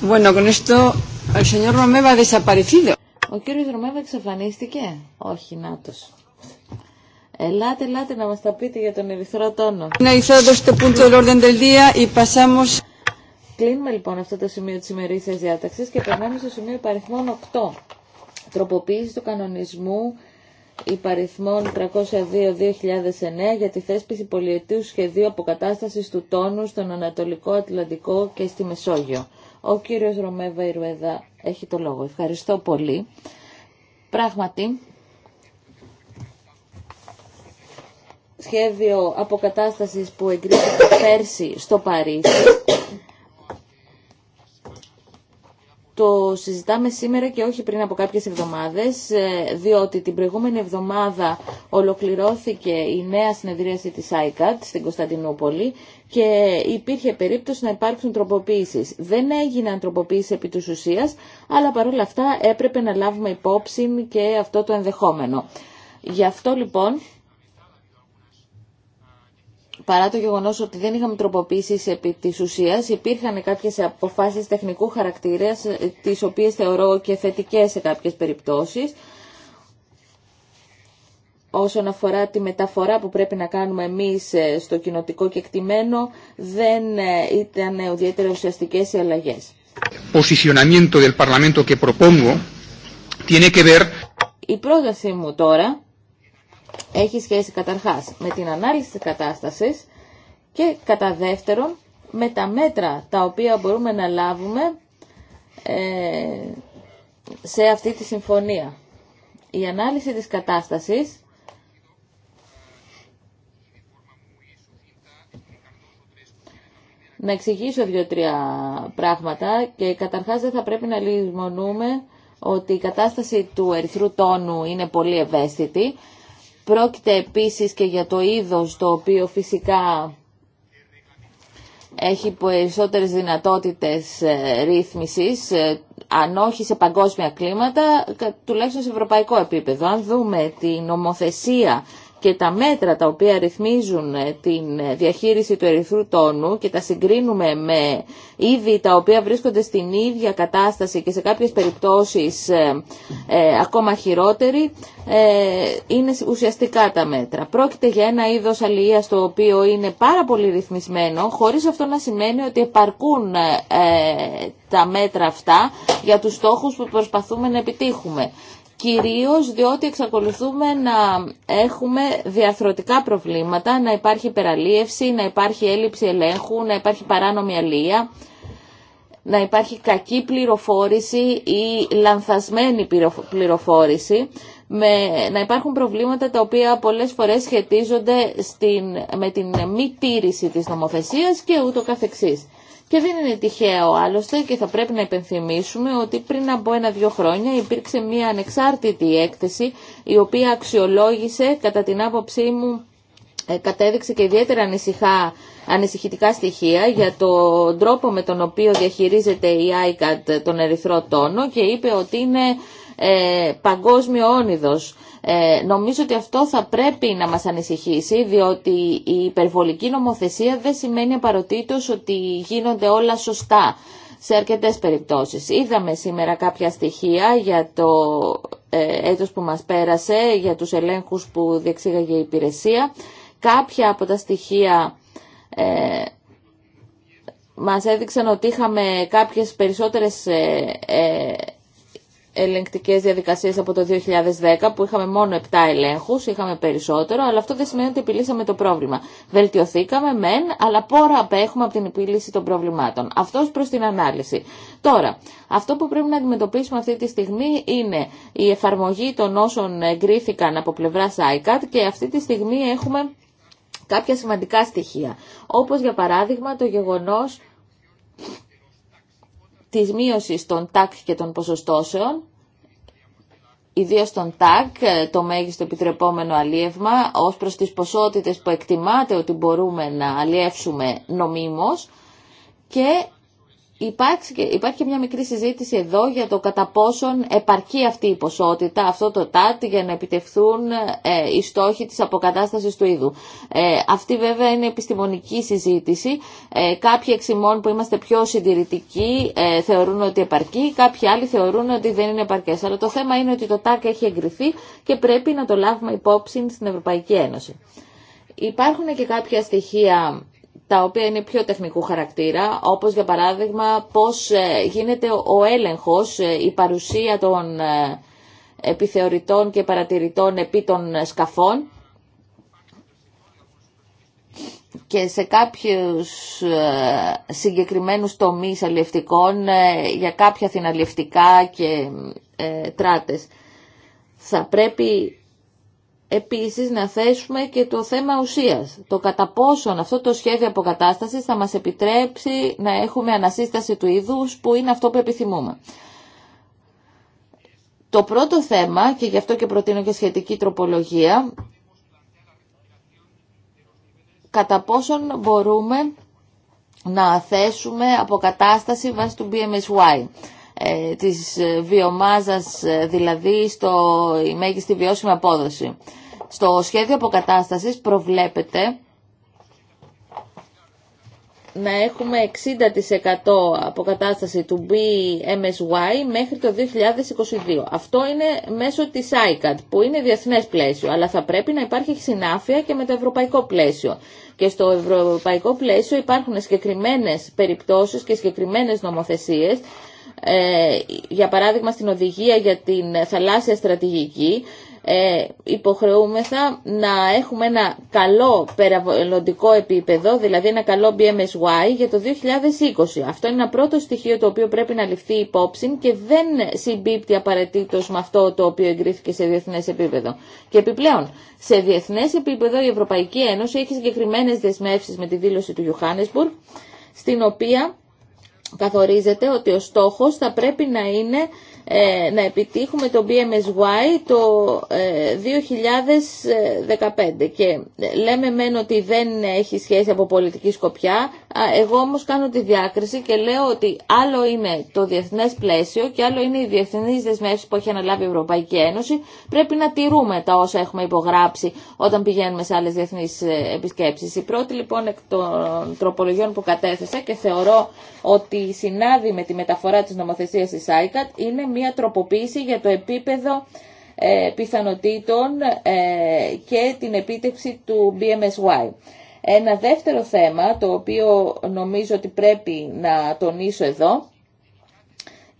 Speaker 2: Bueno, con esto el señor Romeva desaparecido.
Speaker 3: Ο κύριο Ρωμέβα εξαφανίστηκε. Όχι, νάτος. Ελάτε, ελάτε να μα τα πείτε για τον ερυθρό τόνο. Κλείνουμε λοιπόν αυτό το σημείο τη ημερήσια διάταξη και περνάμε στο σημείο υπαριθμών 8. Τροποποίηση του κανονισμού υπαριθμών 302-2009 για τη θέσπιση πολιετίου σχεδίου αποκατάστασης του τόνου στον Ανατολικό Ατλαντικό και στη Μεσόγειο. Ο κύριος Ρωμέβα Ιρουέδα έχει το λόγο. Ευχαριστώ πολύ. Πράγματι, σχέδιο αποκατάστασης που εγκρίθηκε πέρσι στο Παρίσι το συζητάμε σήμερα και όχι πριν από κάποιες εβδομάδες, ε, διότι την προηγούμενη εβδομάδα ολοκληρώθηκε η νέα συνεδρίαση της ICAT στην Κωνσταντινούπολη και υπήρχε περίπτωση να υπάρξουν τροποποίησεις. Δεν έγιναν τροποποίησεις επί της ουσίας, αλλά παρόλα αυτά έπρεπε να λάβουμε υπόψη και αυτό το ενδεχόμενο. Γι' αυτό λοιπόν παρά το γεγονός ότι δεν είχαμε τροποποιήσει επί τη ουσία, υπήρχαν κάποιες αποφάσεις τεχνικού χαρακτήρα, τις οποίες θεωρώ και θετικέ σε κάποιες περιπτώσεις. Όσον αφορά τη μεταφορά που πρέπει να κάνουμε εμείς ε, στο κοινοτικό κεκτημένο, δεν ε, ήταν ιδιαίτερα ουσιαστικέ οι αλλαγέ. Η πρότασή μου τώρα έχει σχέση καταρχάς με την ανάλυση της κατάστασης και κατά δεύτερον με τα μέτρα τα οποία μπορούμε να λάβουμε ε, σε αυτή τη συμφωνία. Η ανάλυση της κατάστασης να εξηγήσω δύο-τρία πράγματα και καταρχάς δεν θα πρέπει να λύσμονουμε ότι η κατάσταση του ερυθρού τόνου είναι πολύ ευαίσθητη Πρόκειται επίσης και για το είδος το οποίο φυσικά έχει περισσότερες δυνατότητες ε, ρύθμισης, ε, αν όχι σε παγκόσμια κλίματα, τουλάχιστον σε ευρωπαϊκό επίπεδο. Αν δούμε την νομοθεσία και τα μέτρα τα οποία ρυθμίζουν ε, την διαχείριση του ερυθρού τόνου και τα συγκρίνουμε με είδη τα οποία βρίσκονται στην ίδια κατάσταση και σε κάποιες περιπτώσεις ε, ε, ακόμα χειρότερη, είναι ουσιαστικά τα μέτρα. Πρόκειται για ένα είδος αλληλείας το οποίο είναι πάρα πολύ ρυθμισμένο, χωρίς αυτό να σημαίνει ότι επαρκούν τα μέτρα αυτά για τους στόχους που προσπαθούμε να επιτύχουμε κυρίως διότι εξακολουθούμε να έχουμε διαθροτικά προβλήματα, να υπάρχει υπεραλίευση, να υπάρχει έλλειψη ελέγχου, να υπάρχει παράνομη αλία, να υπάρχει κακή πληροφόρηση ή λανθασμένη πληροφόρηση, με, να υπάρχουν προβλήματα τα οποία πολλές φορές σχετίζονται στην, με την μη τήρηση της νομοθεσίας και ούτω καθεξής. Και δεν είναι τυχαίο άλλωστε και θα πρέπει να υπενθυμίσουμε ότι πριν από ένα-δύο χρόνια υπήρξε μια ανεξάρτητη έκθεση η οποία αξιολόγησε κατά την άποψή μου ε, κατέδειξε και ιδιαίτερα ανησυχά, ανησυχητικά στοιχεία για τον τρόπο με τον οποίο διαχειρίζεται η ICAT τον ερυθρό τόνο και είπε ότι είναι ε, παγκόσμιο όνειδος ε, νομίζω ότι αυτό θα πρέπει να μας ανησυχήσει, διότι η υπερβολική νομοθεσία δεν σημαίνει απαρατήτως ότι γίνονται όλα σωστά σε αρκετές περιπτώσεις. Είδαμε σήμερα κάποια στοιχεία για το ε, έτος που μας πέρασε, για τους ελέγχους που διεξήγαγε η υπηρεσία. Κάποια από τα στοιχεία ε, μας έδειξαν ότι είχαμε κάποιες περισσότερες ε, ε, ελεγκτικές διαδικασίες από το 2010 που είχαμε μόνο 7 ελέγχους, είχαμε περισσότερο, αλλά αυτό δεν σημαίνει ότι επιλύσαμε το πρόβλημα. Βελτιωθήκαμε μεν, αλλά πόρα απέχουμε από την επίλυση των προβλημάτων. Αυτός προς την ανάλυση. Τώρα, αυτό που πρέπει να αντιμετωπίσουμε αυτή τη στιγμή είναι η εφαρμογή των όσων εγκρίθηκαν από πλευρά ICAT και αυτή τη στιγμή έχουμε κάποια σημαντικά στοιχεία. Όπως για παράδειγμα το γεγονός της μείωσης των τάκ και των ποσοστώσεων ιδίω τον ΤΑΚ, ε, το μέγιστο επιτρεπόμενο αλίευμα, ως προς τις ποσότητες που εκτιμάται ότι μπορούμε να αλλιεύσουμε νομίμως και Υπάρχει, υπάρχει και μια μικρή συζήτηση εδώ για το κατά πόσον επαρκεί αυτή η ποσότητα, αυτό το ΤΑΤ για να επιτευχθούν ε, οι στόχοι της αποκατάστασης του είδου. Ε, αυτή βέβαια είναι επιστημονική συζήτηση. Ε, κάποιοι εξημών που είμαστε πιο συντηρητικοί ε, θεωρούν ότι επαρκεί, κάποιοι άλλοι θεωρούν ότι δεν είναι επαρκές. Αλλά το θέμα είναι ότι το ΤΑΤ έχει εγκριθεί και πρέπει να το λάβουμε υπόψη στην Ευρωπαϊκή Ένωση. Υπάρχουν και κάποια στοιχεία τα οποία είναι πιο τεχνικού χαρακτήρα, όπως για παράδειγμα πώς ε, γίνεται ο έλεγχος, ε, η παρουσία των ε, επιθεωρητών και παρατηρητών επί των σκαφών και σε κάποιους συγκεκριμένους τομείς αλλιευτικών για κάποια θυναλιευτικά και τράτες. Θα πρέπει επίσης να θέσουμε και το θέμα ουσίας. Το κατά πόσον αυτό το σχέδιο αποκατάστασης θα μας επιτρέψει να έχουμε ανασύσταση του είδους που είναι αυτό που επιθυμούμε. Το πρώτο θέμα, και γι' αυτό και προτείνω και σχετική τροπολογία, κατά πόσον μπορούμε να θέσουμε αποκατάσταση βάσει του BMSY ε, της βιομάζας ε, δηλαδή στο μέγιστη βιώσιμη απόδοση στο σχέδιο αποκατάστασης προβλέπεται να έχουμε 60% αποκατάσταση του BMSY μέχρι το 2022. Αυτό είναι μέσω της ICAT που είναι διεθνές πλαίσιο, αλλά θα πρέπει να υπάρχει συνάφεια και με το ευρωπαϊκό πλαίσιο. Και στο ευρωπαϊκό πλαίσιο υπάρχουν συγκεκριμένες περιπτώσεις και συγκεκριμένες νομοθεσίες ε, για παράδειγμα στην οδηγία για την θαλάσσια στρατηγική ε, υποχρεούμεθα να έχουμε ένα καλό περιβαλλοντικό επίπεδο, δηλαδή ένα καλό BMSY για το 2020. Αυτό είναι ένα πρώτο στοιχείο το οποίο πρέπει να ληφθεί υπόψη και δεν συμπίπτει απαραίτητο με αυτό το οποίο εγκρίθηκε σε διεθνές επίπεδο. Και επιπλέον, σε διεθνές επίπεδο η Ευρωπαϊκή Ένωση έχει συγκεκριμένε δεσμεύσεις με τη δήλωση του Johannesburg, στην οποία καθορίζεται ότι ο στόχος θα πρέπει να είναι ε, να επιτύχουμε το BMSY το 2015. Ε, Και ε, λέμε μεν ότι δεν έχει σχέση από πολιτική σκοπιά, εγώ όμως κάνω τη διάκριση και λέω ότι άλλο είναι το διεθνές πλαίσιο και άλλο είναι οι διεθνής δεσμεύσεις που έχει αναλάβει η Ευρωπαϊκή Ένωση. Πρέπει να τηρούμε τα όσα έχουμε υπογράψει όταν πηγαίνουμε σε άλλες διεθνείς ε, επισκέψεις. Η πρώτη λοιπόν εκ των τροπολογιών που κατέθεσα και θεωρώ ότι συνάδει με τη μεταφορά της νομοθεσίας της ICAT είναι μια τροποποίηση για το επίπεδο ε, πιθανοτήτων ε, και την επίτευξη του BMSY. Ένα δεύτερο θέμα, το οποίο νομίζω ότι πρέπει να τονίσω εδώ,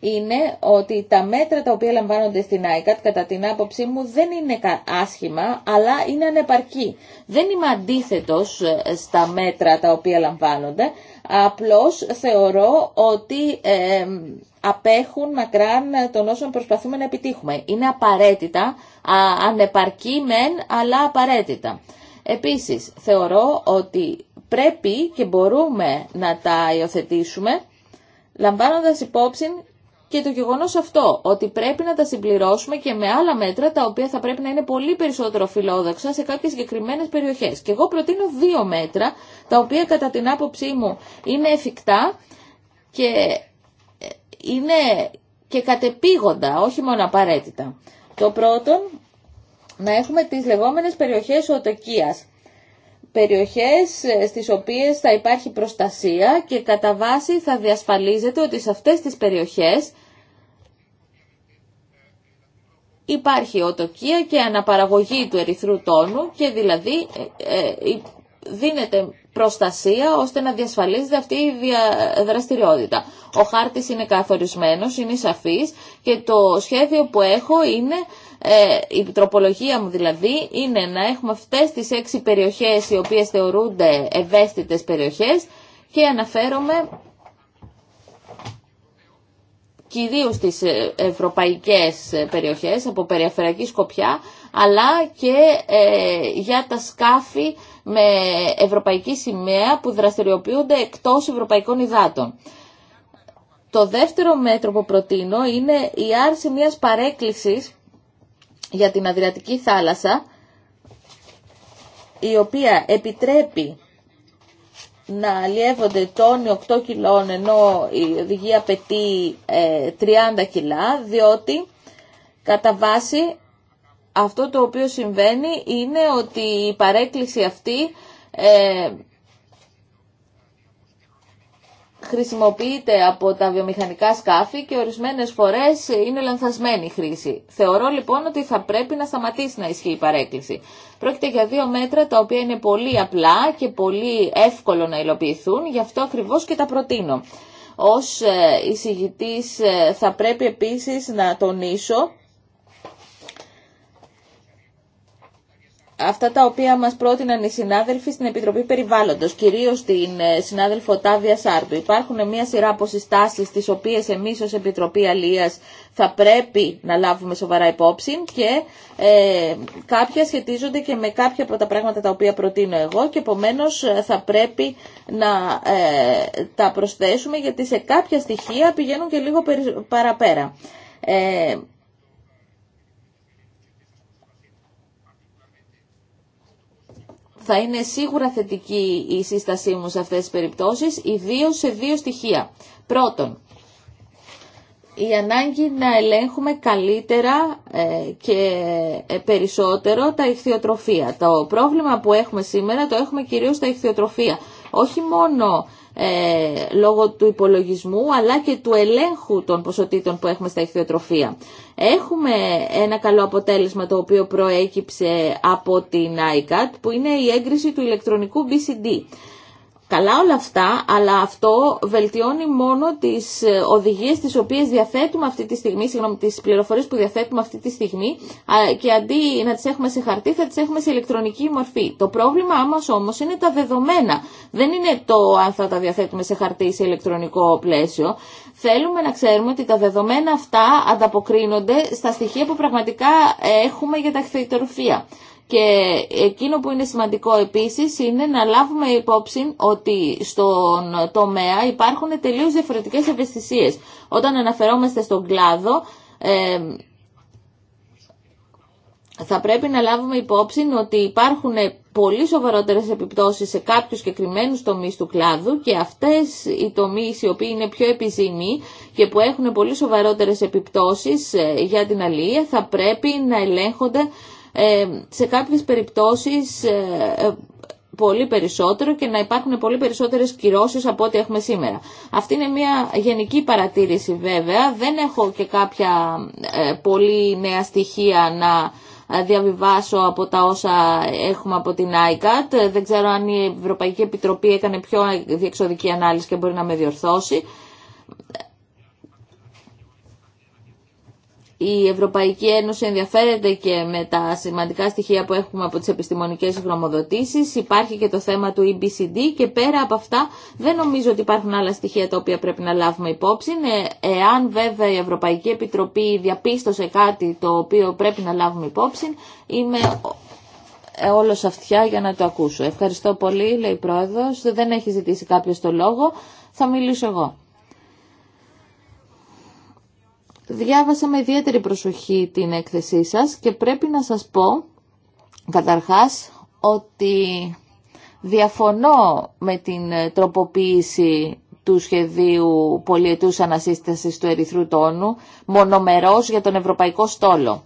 Speaker 3: είναι ότι τα μέτρα τα οποία λαμβάνονται στην ICAT κατά την άποψή μου δεν είναι άσχημα αλλά είναι ανεπαρκή. Δεν είμαι αντίθετος ε, στα μέτρα τα οποία λαμβάνονται, απλώς θεωρώ ότι απέχουν απέχουν μακράν των όσων προσπαθούμε να επιτύχουμε. Είναι απαραίτητα, ανεπαρκή μεν αλλά απαραίτητα. Επίσης, θεωρώ ότι πρέπει και μπορούμε να τα υιοθετήσουμε λαμβάνοντας υπόψη και το γεγονός αυτό, ότι πρέπει να τα συμπληρώσουμε και με άλλα μέτρα τα οποία θα πρέπει να είναι πολύ περισσότερο φιλόδοξα σε κάποιες συγκεκριμένε περιοχές. Και εγώ προτείνω δύο μέτρα, τα οποία κατά την άποψή μου είναι εφικτά και ε, είναι και κατεπήγοντα, όχι μόνο απαραίτητα. Το πρώτο να έχουμε τις λεγόμενες περιοχές οτοκίας. Περιοχές ε, στις οποίες θα υπάρχει προστασία και κατά βάση θα διασφαλίζεται ότι σε αυτές τις περιοχές υπάρχει οτοκία και αναπαραγωγή του ερυθρού τόνου και δηλαδή ε, ε, δίνεται προστασία ώστε να διασφαλίζεται αυτή η δραστηριότητα. Ο χάρτης είναι καθορισμένος, είναι σαφής και το σχέδιο που έχω είναι ε, η τροπολογία μου δηλαδή είναι να έχουμε αυτές τις έξι περιοχές οι οποίες θεωρούνται ευαίσθητες περιοχές και αναφέρομαι κυρίως στις ε, ευρωπαϊκές ε, περιοχές από περιφερειακή σκοπιά αλλά και για τα σκάφη με ευρωπαϊκή σημαία που δραστηριοποιούνται εκτός ευρωπαϊκών υδάτων. Το δεύτερο μέτρο που προτείνω είναι η άρση μιας παρέκκλησης για την Αδριατική θάλασσα, η οποία επιτρέπει να αλλιεύονται τόνοι 8 κιλών ενώ η οδηγία απαιτεί 30 ε, κιλά διότι κατά βάση αυτό το οποίο συμβαίνει είναι ότι η παρέκκληση αυτή ε, χρησιμοποιείται από τα βιομηχανικά σκάφη και ορισμένες φορές είναι λανθασμένη η χρήση. Θεωρώ λοιπόν ότι θα πρέπει να σταματήσει να ισχύει η παρέκκληση. Πρόκειται για δύο μέτρα τα οποία είναι πολύ απλά και πολύ εύκολο να υλοποιηθούν, γι' αυτό ακριβώς και τα προτείνω. Ως ε, εισηγητής ε, θα πρέπει επίσης να τονίσω αυτά τα οποία μας πρότειναν οι συνάδελφοι στην Επιτροπή Περιβάλλοντος, κυρίως την ε, συνάδελφο Τάβια Σάρτου. Υπάρχουν μια σειρά από συστάσεις τις οποίες εμείς ως Επιτροπή Αλίας θα πρέπει να λάβουμε σοβαρά υπόψη και ε, κάποια σχετίζονται και με κάποια από τα πράγματα τα οποία προτείνω εγώ και επομένω ε, θα πρέπει να ε, τα προσθέσουμε γιατί σε κάποια στοιχεία πηγαίνουν και λίγο παραπέρα. Ε, θα είναι σίγουρα θετική η σύστασή μου σε αυτές τις περιπτώσεις, ιδίως σε δύο στοιχεία. Πρώτον, η ανάγκη να ελέγχουμε καλύτερα ε, και ε, περισσότερο τα ηχθειοτροφία. Το πρόβλημα που έχουμε σήμερα το έχουμε κυρίως τα ηχθειοτροφία. Όχι μόνο ε, λόγω του υπολογισμού αλλά και του ελέγχου των ποσοτήτων που έχουμε στα ηχθειοτροφία. Έχουμε ένα καλό αποτέλεσμα το οποίο προέκυψε από την ICAT που είναι η έγκριση του ηλεκτρονικού BCD. Καλά όλα αυτά, αλλά αυτό βελτιώνει μόνο τις ε, οδηγίες τις οποίες διαθέτουμε αυτή τη στιγμή, συγγνώμη, τις πληροφορίες που διαθέτουμε αυτή τη στιγμή και αντί να τις έχουμε σε χαρτί θα τις έχουμε σε ηλεκτρονική μορφή. Το πρόβλημά μα όμως είναι τα δεδομένα. Δεν είναι το αν θα τα διαθέτουμε σε χαρτί ή σε ηλεκτρονικό πλαίσιο. Θέλουμε να ξέρουμε ότι τα δεδομένα αυτά ανταποκρίνονται στα στοιχεία που πραγματικά έχουμε για τα εκθετορφία. Και εκείνο που είναι σημαντικό επίσης είναι να λάβουμε υπόψη ότι στον τομέα υπάρχουν τελείως διαφορετικές ευαισθησίες. Όταν αναφερόμαστε στον κλάδο, ε, θα πρέπει να λάβουμε υπόψη ότι υπάρχουν πολύ σοβαρότερες επιπτώσεις σε κάποιους συγκεκριμένου τομείς του κλάδου και αυτές οι τομείς οι οποίοι είναι πιο επιζήμοι και που έχουν πολύ σοβαρότερες επιπτώσεις ε, για την αλληλεία θα πρέπει να ελέγχονται ε, σε κάποιες περιπτώσεις ε, ε, πολύ περισσότερο και να υπάρχουν πολύ περισσότερες κυρώσεις από ό,τι έχουμε σήμερα. Αυτή είναι μια γενική παρατήρηση βέβαια. Δεν έχω και κάποια πολύ νέα στοιχεία να διαβιβάσω από τα όσα έχουμε από την ICAT. Δεν ξέρω αν η Ευρωπαϊκή Επιτροπή έκανε πιο διεξοδική ανάλυση και μπορεί να με διορθώσει. η Ευρωπαϊκή Ένωση ενδιαφέρεται και με τα σημαντικά στοιχεία που έχουμε από τις επιστημονικές γνωμοδοτήσεις. Υπάρχει και το θέμα του EBCD και πέρα από αυτά δεν νομίζω ότι υπάρχουν άλλα στοιχεία τα οποία πρέπει να λάβουμε υπόψη. Ε, εάν βέβαια η Ευρωπαϊκή Επιτροπή διαπίστωσε κάτι το οποίο πρέπει να λάβουμε υπόψη, είμαι ε, όλος αυτιά για να το ακούσω. Ευχαριστώ πολύ, λέει η Πρόεδρος. Δεν έχει ζητήσει κάποιο το λόγο. Θα μιλήσω εγώ. Διάβασα με ιδιαίτερη προσοχή την έκθεσή σας και πρέπει να σας πω καταρχάς ότι διαφωνώ με την τροποποίηση του σχεδίου πολιετούς ανασύστασης του ερυθρού τόνου μονομερός για τον ευρωπαϊκό στόλο.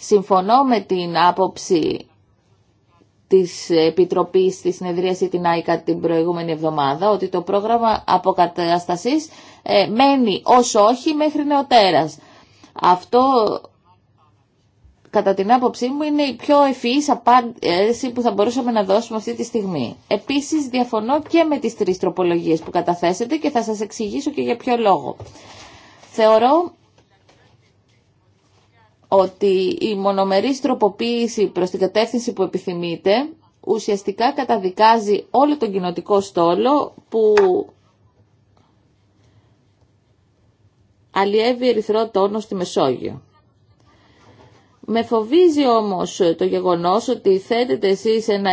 Speaker 3: Συμφωνώ με την άποψη της Επιτροπής στη συνεδρίαση την ΆΙΚΑ την προηγούμενη εβδομάδα ότι το πρόγραμμα αποκαταστασής ε, μένει ως όχι μέχρι νεοτέρας. Αυτό κατά την άποψή μου είναι η πιο ευφυής απάντηση που θα μπορούσαμε να δώσουμε αυτή τη στιγμή. Επίσης διαφωνώ και με τις τρεις τροπολογίες που καταθέσετε και θα σας εξηγήσω και για ποιο λόγο. Θεωρώ ότι η μονομερής τροποποίηση προς την κατεύθυνση που επιθυμείτε ουσιαστικά καταδικάζει όλο τον κοινοτικό στόλο που αλλιεύει ερυθρό τόνο στη Μεσόγειο. Με φοβίζει όμως το γεγονός ότι θέτετε εσείς ένα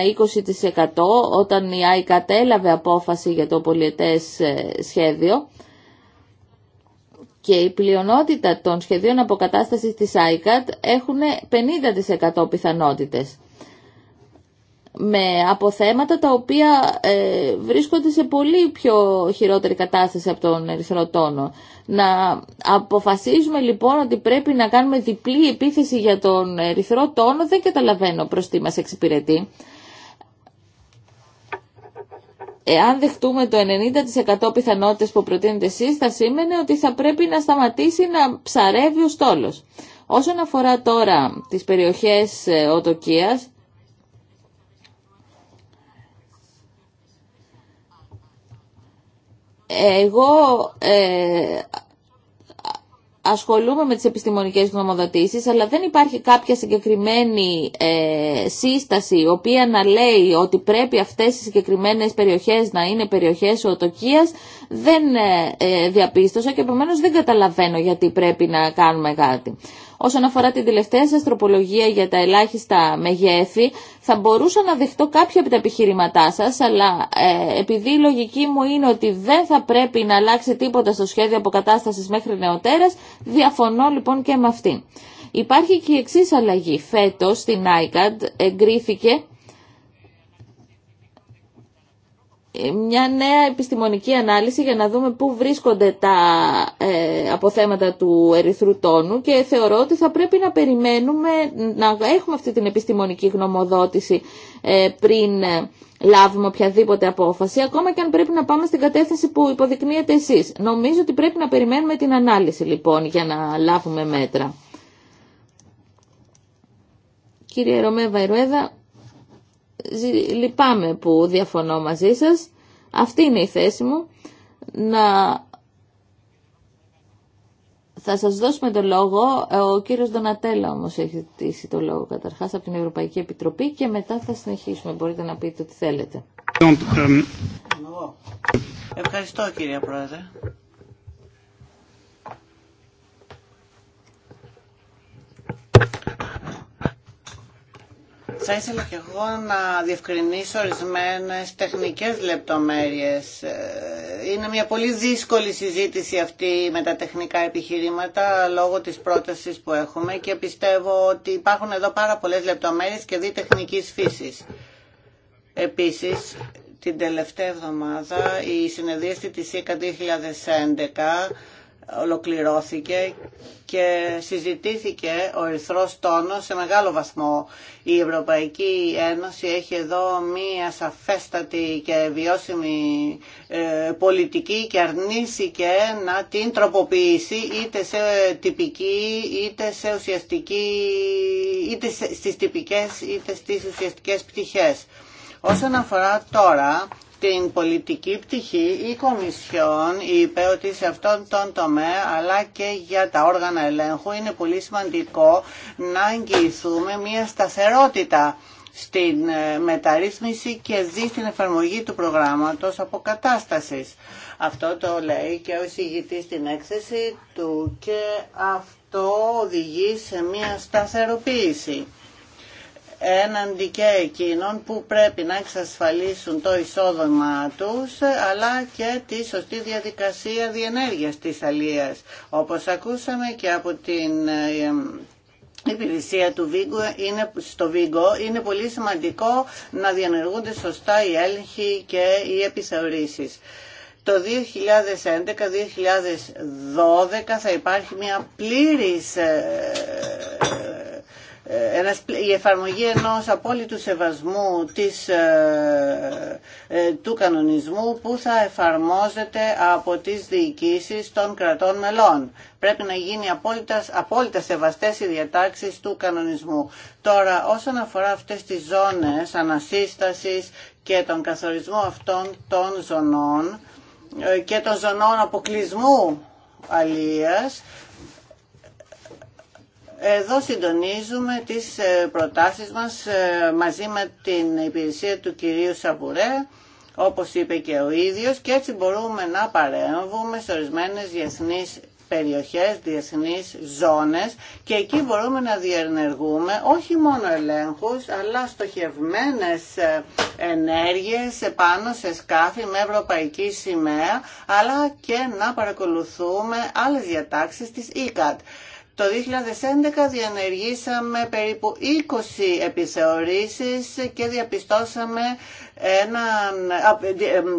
Speaker 3: 20% όταν η ΆΙΚΑΤ κατέλαβε απόφαση για το πολιετές ε, σχέδιο και η πλειονότητα των σχεδίων αποκατάστασης της ICAT έχουν 50% πιθανότητες με αποθέματα τα οποία ε, βρίσκονται σε πολύ πιο χειρότερη κατάσταση από τον ερυθρό τόνο. Να αποφασίζουμε λοιπόν ότι πρέπει να κάνουμε διπλή επίθεση για τον ερυθρό τόνο δεν καταλαβαίνω προς τι μας εξυπηρετεί εάν δεχτούμε το 90% πιθανότητες που προτείνετε εσείς, θα σήμαινε ότι θα πρέπει να σταματήσει να ψαρεύει ο στόλος. Όσον αφορά τώρα τις περιοχές ε, οτοκίας, εγώ ε, ασχολούμαι με τις επιστημονικές γνωμοδοτήσεις, αλλά δεν υπάρχει κάποια συγκεκριμένη ε, σύσταση, η οποία να λέει ότι πρέπει αυτές οι συγκεκριμένες περιοχές να είναι περιοχές οτοκίας, δεν ε, ε, διαπίστωσα και επομένω δεν καταλαβαίνω γιατί πρέπει να κάνουμε κάτι. Όσον αφορά την τελευταία σα τροπολογία για τα ελάχιστα μεγέθη, θα μπορούσα να δεχτώ κάποια από τα επιχειρηματά σα, αλλά ε, επειδή η λογική μου είναι ότι δεν θα πρέπει να αλλάξει τίποτα στο σχέδιο αποκατάσταση μέχρι νεωτέρας διαφωνώ λοιπόν και με αυτήν. Υπάρχει και η εξή αλλαγή. Φέτος στην ICAD εγκρίθηκε μια νέα επιστημονική ανάλυση για να δούμε πού βρίσκονται τα ε, αποθέματα του ερυθρού τόνου και θεωρώ ότι θα πρέπει να περιμένουμε να έχουμε αυτή την επιστημονική γνωμοδότηση ε, πριν ε, λάβουμε οποιαδήποτε απόφαση, ακόμα και αν πρέπει να πάμε στην κατεύθυνση που υποδεικνύετε εσείς. Νομίζω ότι πρέπει να περιμένουμε την ανάλυση λοιπόν για να λάβουμε μέτρα. Κύριε Ρωμέβα Ιρουέδα, λυπάμαι που διαφωνώ μαζί σας. Αυτή είναι η θέση μου. Να... Θα σας δώσουμε το λόγο. Ε, ο κύριος Ντονατέλα όμως έχει ζητήσει το λόγο καταρχάς από την Ευρωπαϊκή Επιτροπή και μετά θα συνεχίσουμε. Μπορείτε να πείτε ό,τι θέλετε.
Speaker 2: Um, Ευχαριστώ κύριε Πρόεδρε. Θα ήθελα και εγώ να διευκρινίσω ορισμένε τεχνικές λεπτομέρειες. Ε, είναι μια πολύ δύσκολη συζήτηση αυτή με τα τεχνικά επιχειρήματα λόγω της πρότασης που έχουμε και πιστεύω ότι υπάρχουν εδώ πάρα πολλές λεπτομέρειες και δι τεχνικής φύσης. Επίσης, την τελευταία εβδομάδα η συνεδρίαση της ΕΚΑ 2011 ολοκληρώθηκε και συζητήθηκε ο ερθρός τόνος σε μεγάλο βαθμό. Η Ευρωπαϊκή Ένωση έχει εδώ μία σαφέστατη και βιώσιμη ε, πολιτική και αρνήθηκε να την τροποποιήσει είτε σε τυπική είτε σε ουσιαστική είτε στις τυπικές είτε στις ουσιαστικές πτυχές. Όσον αφορά τώρα την πολιτική πτυχή η Κομισιόν είπε ότι σε αυτόν τον τομέα αλλά και για τα όργανα ελέγχου είναι πολύ σημαντικό να εγγυηθούμε μια σταθερότητα στην ε, μεταρρύθμιση και δει στην εφαρμογή του προγράμματος αποκατάστασης. Αυτό το λέει και ο εισηγητής στην έκθεση του και αυτό οδηγεί σε μια σταθεροποίηση έναντι και εκείνων που πρέπει να εξασφαλίσουν το εισόδομα τους αλλά και τη σωστή διαδικασία διενέργειας της αλίας. Όπως ακούσαμε και από την η ε, ε, υπηρεσία του Βίγκο είναι, στο Βίγκο είναι πολύ σημαντικό να διανεργούνται σωστά οι έλεγχοι και οι επιθεωρήσεις. Το 2011-2012 θα υπάρχει μια πλήρης ε, ε, η εφαρμογή ενός απόλυτου σεβασμού της, ε, ε, του κανονισμού που θα εφαρμόζεται από τις διοικήσεις των κρατών μελών. Πρέπει να γίνει απόλυτα, απόλυτα σεβαστές οι διατάξεις του κανονισμού. Τώρα, όσον αφορά αυτές τις ζώνες ανασύστασης και τον καθορισμό αυτών των ζωνών και των ζωνών αποκλεισμού αλίας, εδώ συντονίζουμε τις ε, προτάσεις μας ε, μαζί με την υπηρεσία του κυρίου Σαβουρέ, όπως είπε και ο ίδιος, και έτσι μπορούμε να παρέμβουμε σε ορισμένε διεθνείς περιοχές, διεθνείς ζώνες και εκεί μπορούμε να διενεργούμε όχι μόνο ελέγχους αλλά στοχευμένες ε, ενέργειες πάνω σε σκάφη με ευρωπαϊκή σημαία αλλά και να παρακολουθούμε άλλες διατάξεις της ΕΚΑΤ. Το 2011 διενεργήσαμε περίπου 20 επιθεωρήσεις και διαπιστώσαμε ε,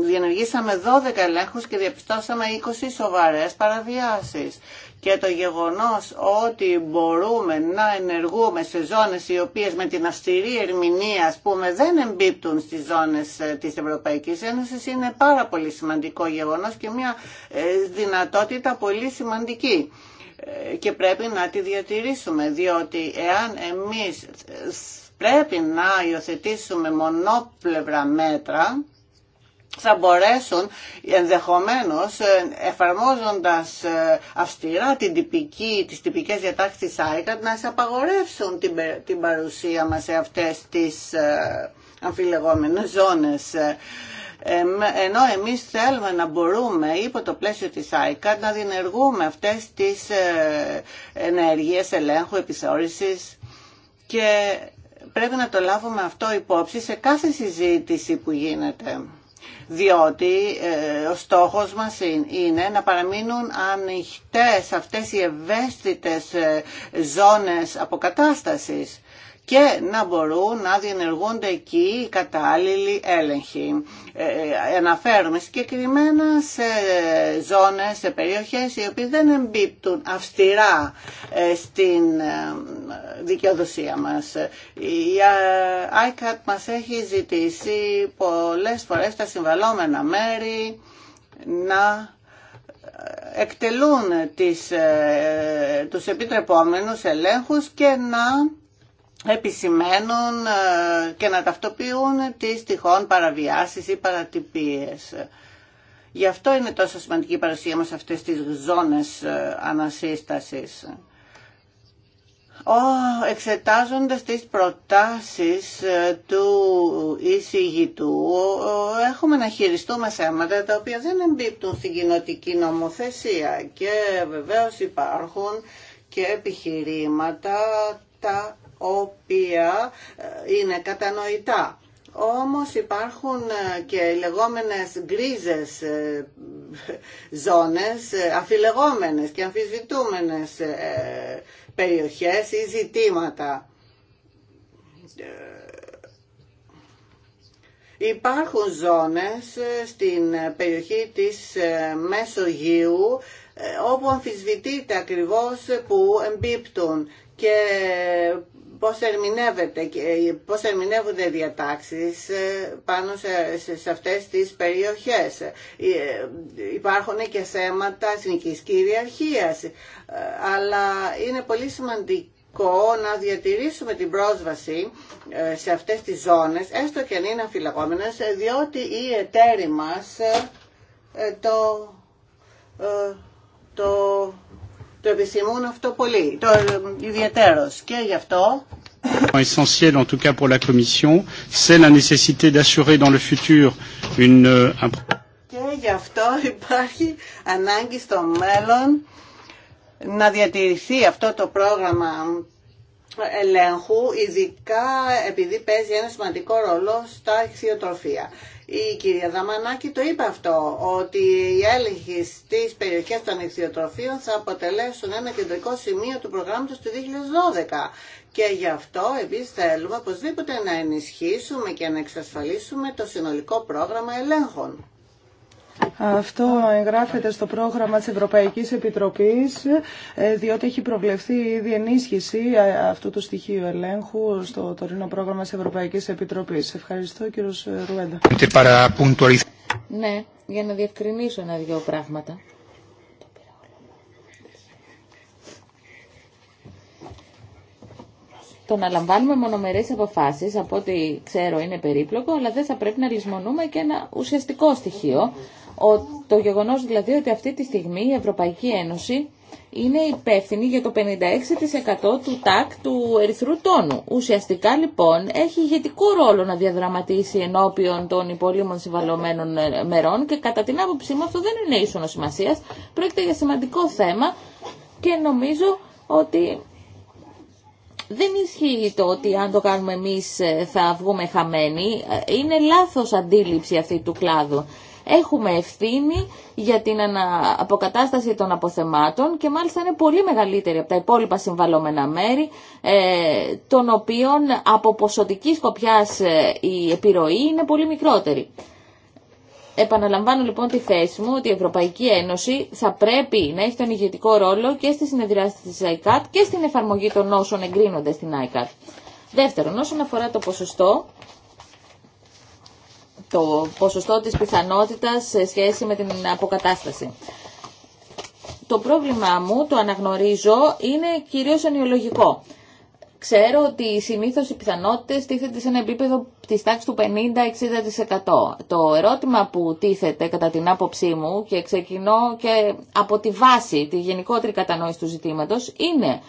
Speaker 2: διενεργήσαμε 12 ελέγχους και διαπιστώσαμε 20 σοβαρές παραβιάσεις. Και το γεγονός ότι μπορούμε να ενεργούμε σε ζώνες οι οποίες με την αυστηρή ερμηνεία ας πούμε δεν εμπίπτουν στις ζώνες ε, της Ευρωπαϊκής Ένωσης είναι πάρα πολύ σημαντικό γεγονός και μια ε, δυνατότητα πολύ σημαντική. Ε, και πρέπει να τη διατηρήσουμε διότι εάν εμείς πρέπει να υιοθετήσουμε μονόπλευρα μέτρα θα μπορέσουν ενδεχομένως ε, εφαρμόζοντας ε, αυστηρά την τυπική, τις τυπικές διατάξεις της να απαγορεύσουν την, την παρουσία μας σε αυτές τις αμφιλεγόμενες ζώνες ενώ εμείς θέλουμε να μπορούμε υπό το πλαίσιο της ΆΙΚΑΤ να διενεργούμε αυτές τις ε, ενέργειες ελέγχου, επισόρησης και πρέπει να το λάβουμε αυτό υπόψη σε κάθε συζήτηση που γίνεται διότι ε, ο στόχος μας είναι να παραμείνουν ανοιχτές αυτές οι ευαίσθητες ε, ζώνες αποκατάστασης και να μπορούν να διενεργούνται εκεί οι κατάλληλοι έλεγχοι. Ε, ε, αναφέρομαι συγκεκριμένα σε ζώνες, σε περιοχές οι οποίες δεν εμπίπτουν αυστηρά ε, στην ε, δικαιοδοσία μας. Η ICAT μας έχει ζητήσει πολλές φορές τα συμβαλόμενα μέρη να εκτελούν τις, τους επιτρεπόμενους ελέγχους και να επισημαίνουν ε, και να ταυτοποιούν τις τυχόν παραβιάσεις ή παρατυπίες. Γι' αυτό είναι τόσο σημαντική η παρουσία μας σε αυτές τις ζώνες ε, ανασύστασης. Ο, εξετάζοντας τις προτάσεις ε, του εισηγητού, έχουμε να χειριστούμε θέματα τα οποία δεν εμπίπτουν στην κοινοτική νομοθεσία και βεβαίως υπάρχουν και επιχειρήματα τα οποία ε, είναι κατανοητά. Όμως υπάρχουν ε, και λεγόμενες γκρίζες ε, ζώνες, αφιλεγόμενες και αμφισβητούμενες περιοχές ή ζητήματα. Υπάρχουν ζώνες στην περιοχή της Μεσογείου όπου αμφισβητείται ακριβώς που εμπίπτουν και πώς ερμηνεύεται και ε, πώς ερμηνεύονται διατάξεις ε, πάνω σε, σε, αυτές τις περιοχές. Ε, υπάρχουν και θέματα εθνικής κυριαρχίας, αλλά είναι πολύ σημαντικό να διατηρήσουμε την πρόσβαση σε αυτές τις ζώνες, έστω και αν είναι αφυλακόμενες, διότι οι εταίροι μας το, το το επισημούν αυτό πολύ, το ε, ιδιαίτερος. Και γι' αυτό
Speaker 1: essentiel en tout cas pour la Commission, c'est la nécessité d'assurer dans le futur une... Euh,
Speaker 2: Και γι' αυτό υπάρχει ανάγκη στο μέλλον να διατηρηθεί αυτό το πρόγραμμα ελέγχου, ειδικά επειδή παίζει ένα σημαντικό ρόλο στα αξιοτροφία. Η κυρία Δαμανάκη το είπε αυτό, ότι οι έλεγχοι στις περιοχές των ιχθυοτροφίων θα αποτελέσουν ένα κεντρικό σημείο του προγράμματος του 2012. Και γι' αυτό επίσης θέλουμε οπωσδήποτε να ενισχύσουμε και να εξασφαλίσουμε το συνολικό πρόγραμμα ελέγχων.
Speaker 4: Αυτό εγγράφεται στο πρόγραμμα της Ευρωπαϊκής Επιτροπής, ε, διότι έχει προβλεφθεί ήδη ενίσχυση ε, αυτού του στοιχείου ελέγχου στο τωρινό πρόγραμμα της Ευρωπαϊκής Επιτροπής. Ευχαριστώ, κύριο Ρουέντα. Ναι, για να διευκρινίσω
Speaker 3: ένα-δυο πράγματα. το να λαμβάνουμε μονομερείς αποφάσεις, από ό,τι ξέρω είναι περίπλοκο, αλλά δεν θα πρέπει να λησμονούμε και ένα ουσιαστικό στοιχείο, το γεγονός δηλαδή ότι αυτή τη στιγμή η Ευρωπαϊκή Ένωση είναι υπεύθυνη για το 56% του τάκ του ερυθρού τόνου. Ουσιαστικά λοιπόν έχει ηγετικό ρόλο να διαδραματίσει ενώπιον των υπολείμων συμβαλωμένων ε, μερών και κατά την άποψή μου αυτό δεν είναι ίσονο σημασία. Πρόκειται για σημαντικό θέμα και νομίζω ότι δεν ισχύει το ότι αν το κάνουμε εμείς ε, θα βγούμε χαμένοι. Ε, είναι λάθος αντίληψη αυτή του κλάδου έχουμε ευθύνη για την αποκατάσταση των αποθεμάτων και μάλιστα είναι πολύ μεγαλύτερη από τα υπόλοιπα συμβαλωμένα μέρη, ε, των οποίων από ποσοτική κοπιάς ε, η επιρροή είναι πολύ μικρότερη. Επαναλαμβάνω λοιπόν τη θέση μου ότι η Ευρωπαϊκή Ένωση θα πρέπει να έχει τον ηγετικό ρόλο και στη συνεδριάση τη ICAT και στην εφαρμογή των όσων εγκρίνονται στην ICAT. Δεύτερον, όσον αφορά το ποσοστό, το ποσοστό της πιθανότητας σε σχέση με την αποκατάσταση. Το πρόβλημά μου, το αναγνωρίζω, είναι κυρίως ονειολογικό. Ξέρω ότι συνήθως οι πιθανότητες τίθεται σε ένα επίπεδο της τάξης του 50-60%. Το ερώτημα που τίθεται κατά την άποψή μου και ξεκινώ και από τη βάση, τη γενικότερη κατανόηση του ζητήματος, είναι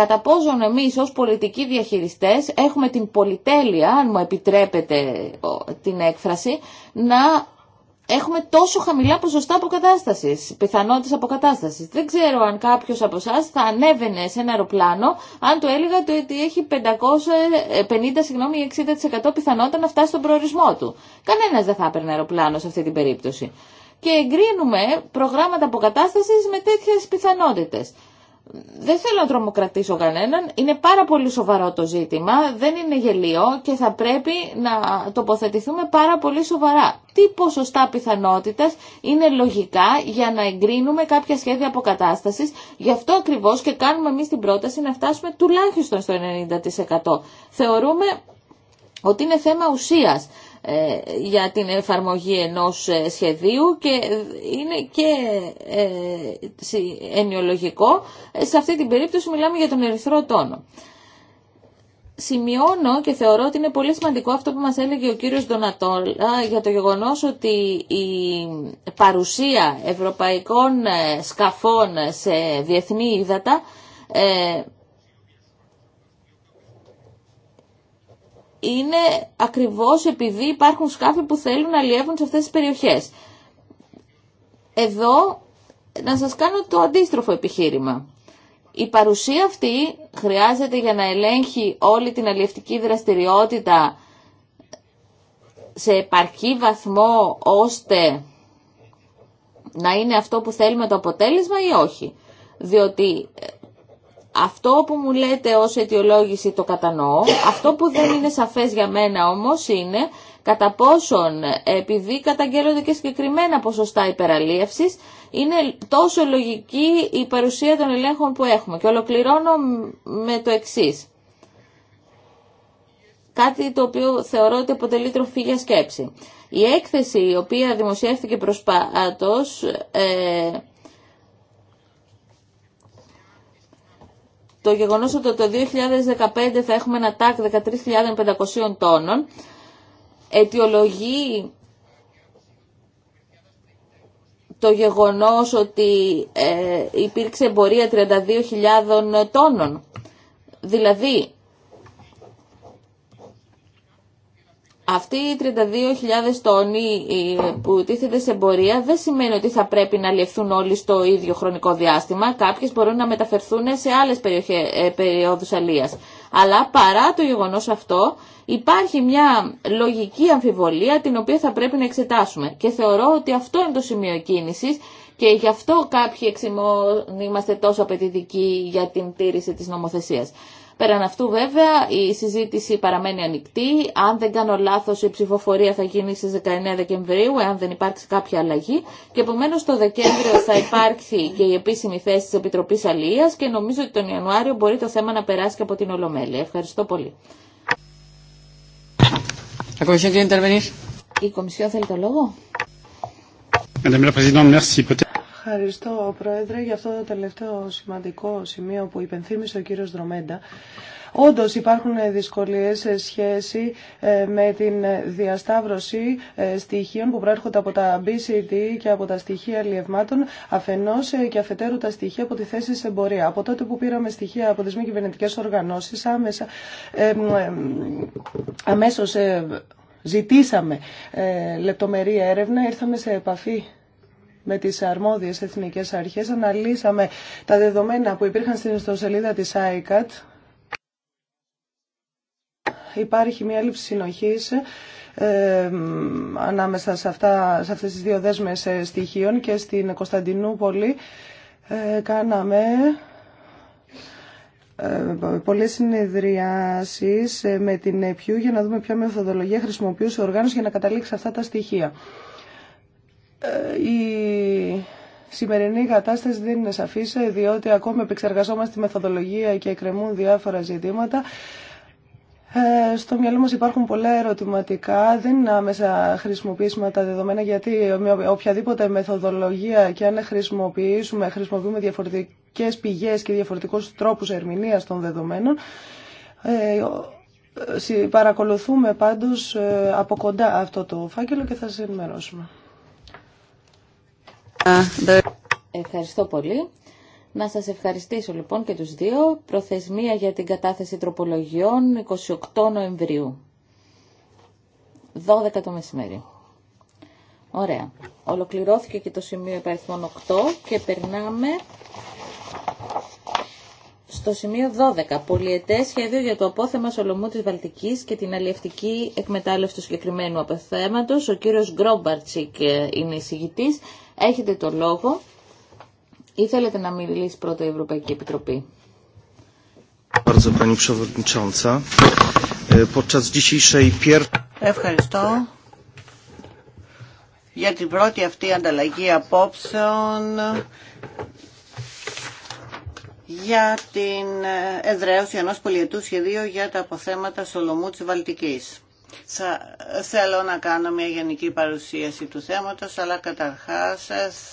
Speaker 3: κατά πόσον εμείς ως πολιτικοί διαχειριστές έχουμε την πολυτέλεια, αν μου επιτρέπετε την έκφραση, να έχουμε τόσο χαμηλά ποσοστά αποκατάστασης, πιθανότητε αποκατάστασης. Δεν ξέρω αν κάποιο από εσά θα ανέβαινε σε ένα αεροπλάνο, αν του έλεγα ότι έχει 550 ε, συγγνώμη, 60% πιθανότητα να φτάσει στον προορισμό του. Κανένας δεν θα έπαιρνε αεροπλάνο σε αυτή την περίπτωση. Και εγκρίνουμε προγράμματα αποκατάστασης με τέτοιες πιθανότητες δεν θέλω να τρομοκρατήσω κανέναν, είναι πάρα πολύ σοβαρό το ζήτημα, δεν είναι γελίο και θα πρέπει να τοποθετηθούμε πάρα πολύ σοβαρά. Τι ποσοστά πιθανότητας είναι λογικά για να εγκρίνουμε κάποια σχέδια αποκατάστασης, γι' αυτό ακριβώς και κάνουμε εμείς την πρόταση να φτάσουμε τουλάχιστον στο 90%. Θεωρούμε ότι είναι θέμα ουσίας ε, για την εφαρμογή ενός ε, σχεδίου και είναι και ε, ενιολογικό. Σε αυτή την περίπτωση μιλάμε για τον ερυθρό τόνο. Σημειώνω και θεωρώ ότι είναι πολύ σημαντικό αυτό που μας έλεγε ο κύριος Ντονατόλα για το γεγονός ότι η παρουσία ευρωπαϊκών σκαφών σε διεθνή ύδατα είναι ακριβώς επειδή υπάρχουν σκάφη που θέλουν να αλλιεύουν σε αυτές τις περιοχές. Εδώ να σας κάνω το αντίστροφο επιχείρημα. Η παρουσία αυτή χρειάζεται για να ελέγχει όλη την αλλιευτική δραστηριότητα σε επαρκή βαθμό ώστε να είναι αυτό που θέλουμε το αποτέλεσμα ή όχι. Διότι ε, αυτό που μου λέτε ως αιτιολόγηση το κατανοώ. Αυτό που δεν είναι σαφές για μένα όμως είναι κατά πόσον επειδή καταγγέλλονται και συγκεκριμένα ποσοστά υπεραλίευσης είναι τόσο λογική η παρουσία των ελέγχων που έχουμε. Και ολοκληρώνω με το εξής. Κάτι το οποίο θεωρώ ότι αποτελεί τροφή για σκέψη. Η έκθεση η οποία δημοσιεύτηκε προσπάτως... Ε, το γεγονός ότι το 2015 θα έχουμε ένα τάκ 13.500 τόνων αιτιολογεί το γεγονός ότι ε, υπήρξε εμπορία 32.000 τόνων. Δηλαδή, Αυτοί οι 32.000 τόνοι ε, που τίθεται σε εμπορία δεν σημαίνει ότι θα πρέπει να ληφθούν όλοι στο ίδιο χρονικό διάστημα. Κάποιες μπορούν να μεταφερθούν σε άλλες περιοχές, ε, περιόδους αλίας. Αλλά παρά το γεγονός αυτό υπάρχει μια λογική αμφιβολία την οποία θα πρέπει να εξετάσουμε. Και θεωρώ ότι αυτό είναι το σημείο κίνησης και γι' αυτό κάποιοι εξημών είμαστε τόσο απαιτητικοί για την τήρηση της νομοθεσίας. Πέραν αυτού βέβαια η συζήτηση παραμένει ανοιχτή. Αν δεν κάνω λάθος η ψηφοφορία θα γίνει στις 19 Δεκεμβρίου εάν δεν υπάρξει κάποια αλλαγή και επομένως το Δεκέμβριο θα υπάρξει και η επίσημη θέση της Επιτροπής Αλίας και νομίζω ότι τον Ιανουάριο μπορεί το θέμα να περάσει και από την Ολομέλεια. Ευχαριστώ πολύ.
Speaker 4: Η Κομισιόν θέλει το λόγο. Ευχαριστώ, Πρόεδρε, για αυτό το τελευταίο σημαντικό σημείο που υπενθύμησε ο κύριος Δρομέντα. Όντω υπάρχουν δυσκολίες σε σχέση ε, με την διασταύρωση ε, στοιχείων που προέρχονται από τα BCD και από τα στοιχεία λιευμάτων, αφενός ε, και αφετέρου τα στοιχεία από τη θέση σε εμπορία. Από τότε που πήραμε στοιχεία από τις μη κυβερνητικές οργανώσεις άμεσα, αμέσως ζητήσαμε λεπτομερή έρευνα, ήρθαμε σε επαφή με τις αρμόδιες εθνικές αρχές. Αναλύσαμε τα δεδομένα που υπήρχαν στην ιστοσελίδα της ICAT. Υπάρχει μια έλλειψη συνοχής ε, ανάμεσα σε, αυτά, σε αυτές τις δύο δέσμες ε, στοιχείων και στην Κωνσταντινούπολη ε, κάναμε ε, πολλές συνεδριάσεις ε, με την ΕΠΙΟΥ για να δούμε ποια μεθοδολογία χρησιμοποιούσε ο οργάνος για να καταλήξει αυτά τα στοιχεία. Ε, η σημερινή κατάσταση δεν είναι σαφής, διότι ακόμη επεξεργαζόμαστε τη μεθοδολογία και εκκρεμούν διάφορα ζητήματα. Ε, στο μυαλό μας υπάρχουν πολλά ερωτηματικά, δεν είναι άμεσα χρησιμοποιήσουμε τα δεδομένα γιατί οποιαδήποτε μεθοδολογία και αν χρησιμοποιήσουμε, χρησιμοποιούμε διαφορετικές πηγές και διαφορετικούς τρόπους ερμηνείας των δεδομένων. Ε, παρακολουθούμε πάντως από κοντά αυτό το φάκελο και θα σας ενημερώσουμε. Ευχαριστώ πολύ. Να σας ευχαριστήσω λοιπόν και τους
Speaker 3: δύο. Προθεσμία για την κατάθεση τροπολογιών 28 Νοεμβρίου. 12 το μεσημέρι. Ωραία. Ολοκληρώθηκε και το σημείο υπαριθμών 8 και περνάμε στο σημείο 12. Πολιετές σχέδιο για το απόθεμα Σολομού της Βαλτικής και την αλλιευτική εκμετάλλευση του συγκεκριμένου αποθέματος. Ο κύριος Γκρόμπαρτσικ ε, είναι εισηγητής. Έχετε το λόγο. η θελετε να μιλήσει πρώτα η Ευρωπαϊκή Επιτροπή.
Speaker 1: Ε,
Speaker 2: Ευχαριστώ για την πρώτη αυτή ανταλλαγή απόψεων για την εδραίωση ενός πολιετού σχεδίου για τα αποθέματα Σολομού της Βαλτικής. Θέλω να κάνω μια γενική παρουσίαση του θέματος, αλλά καταρχάς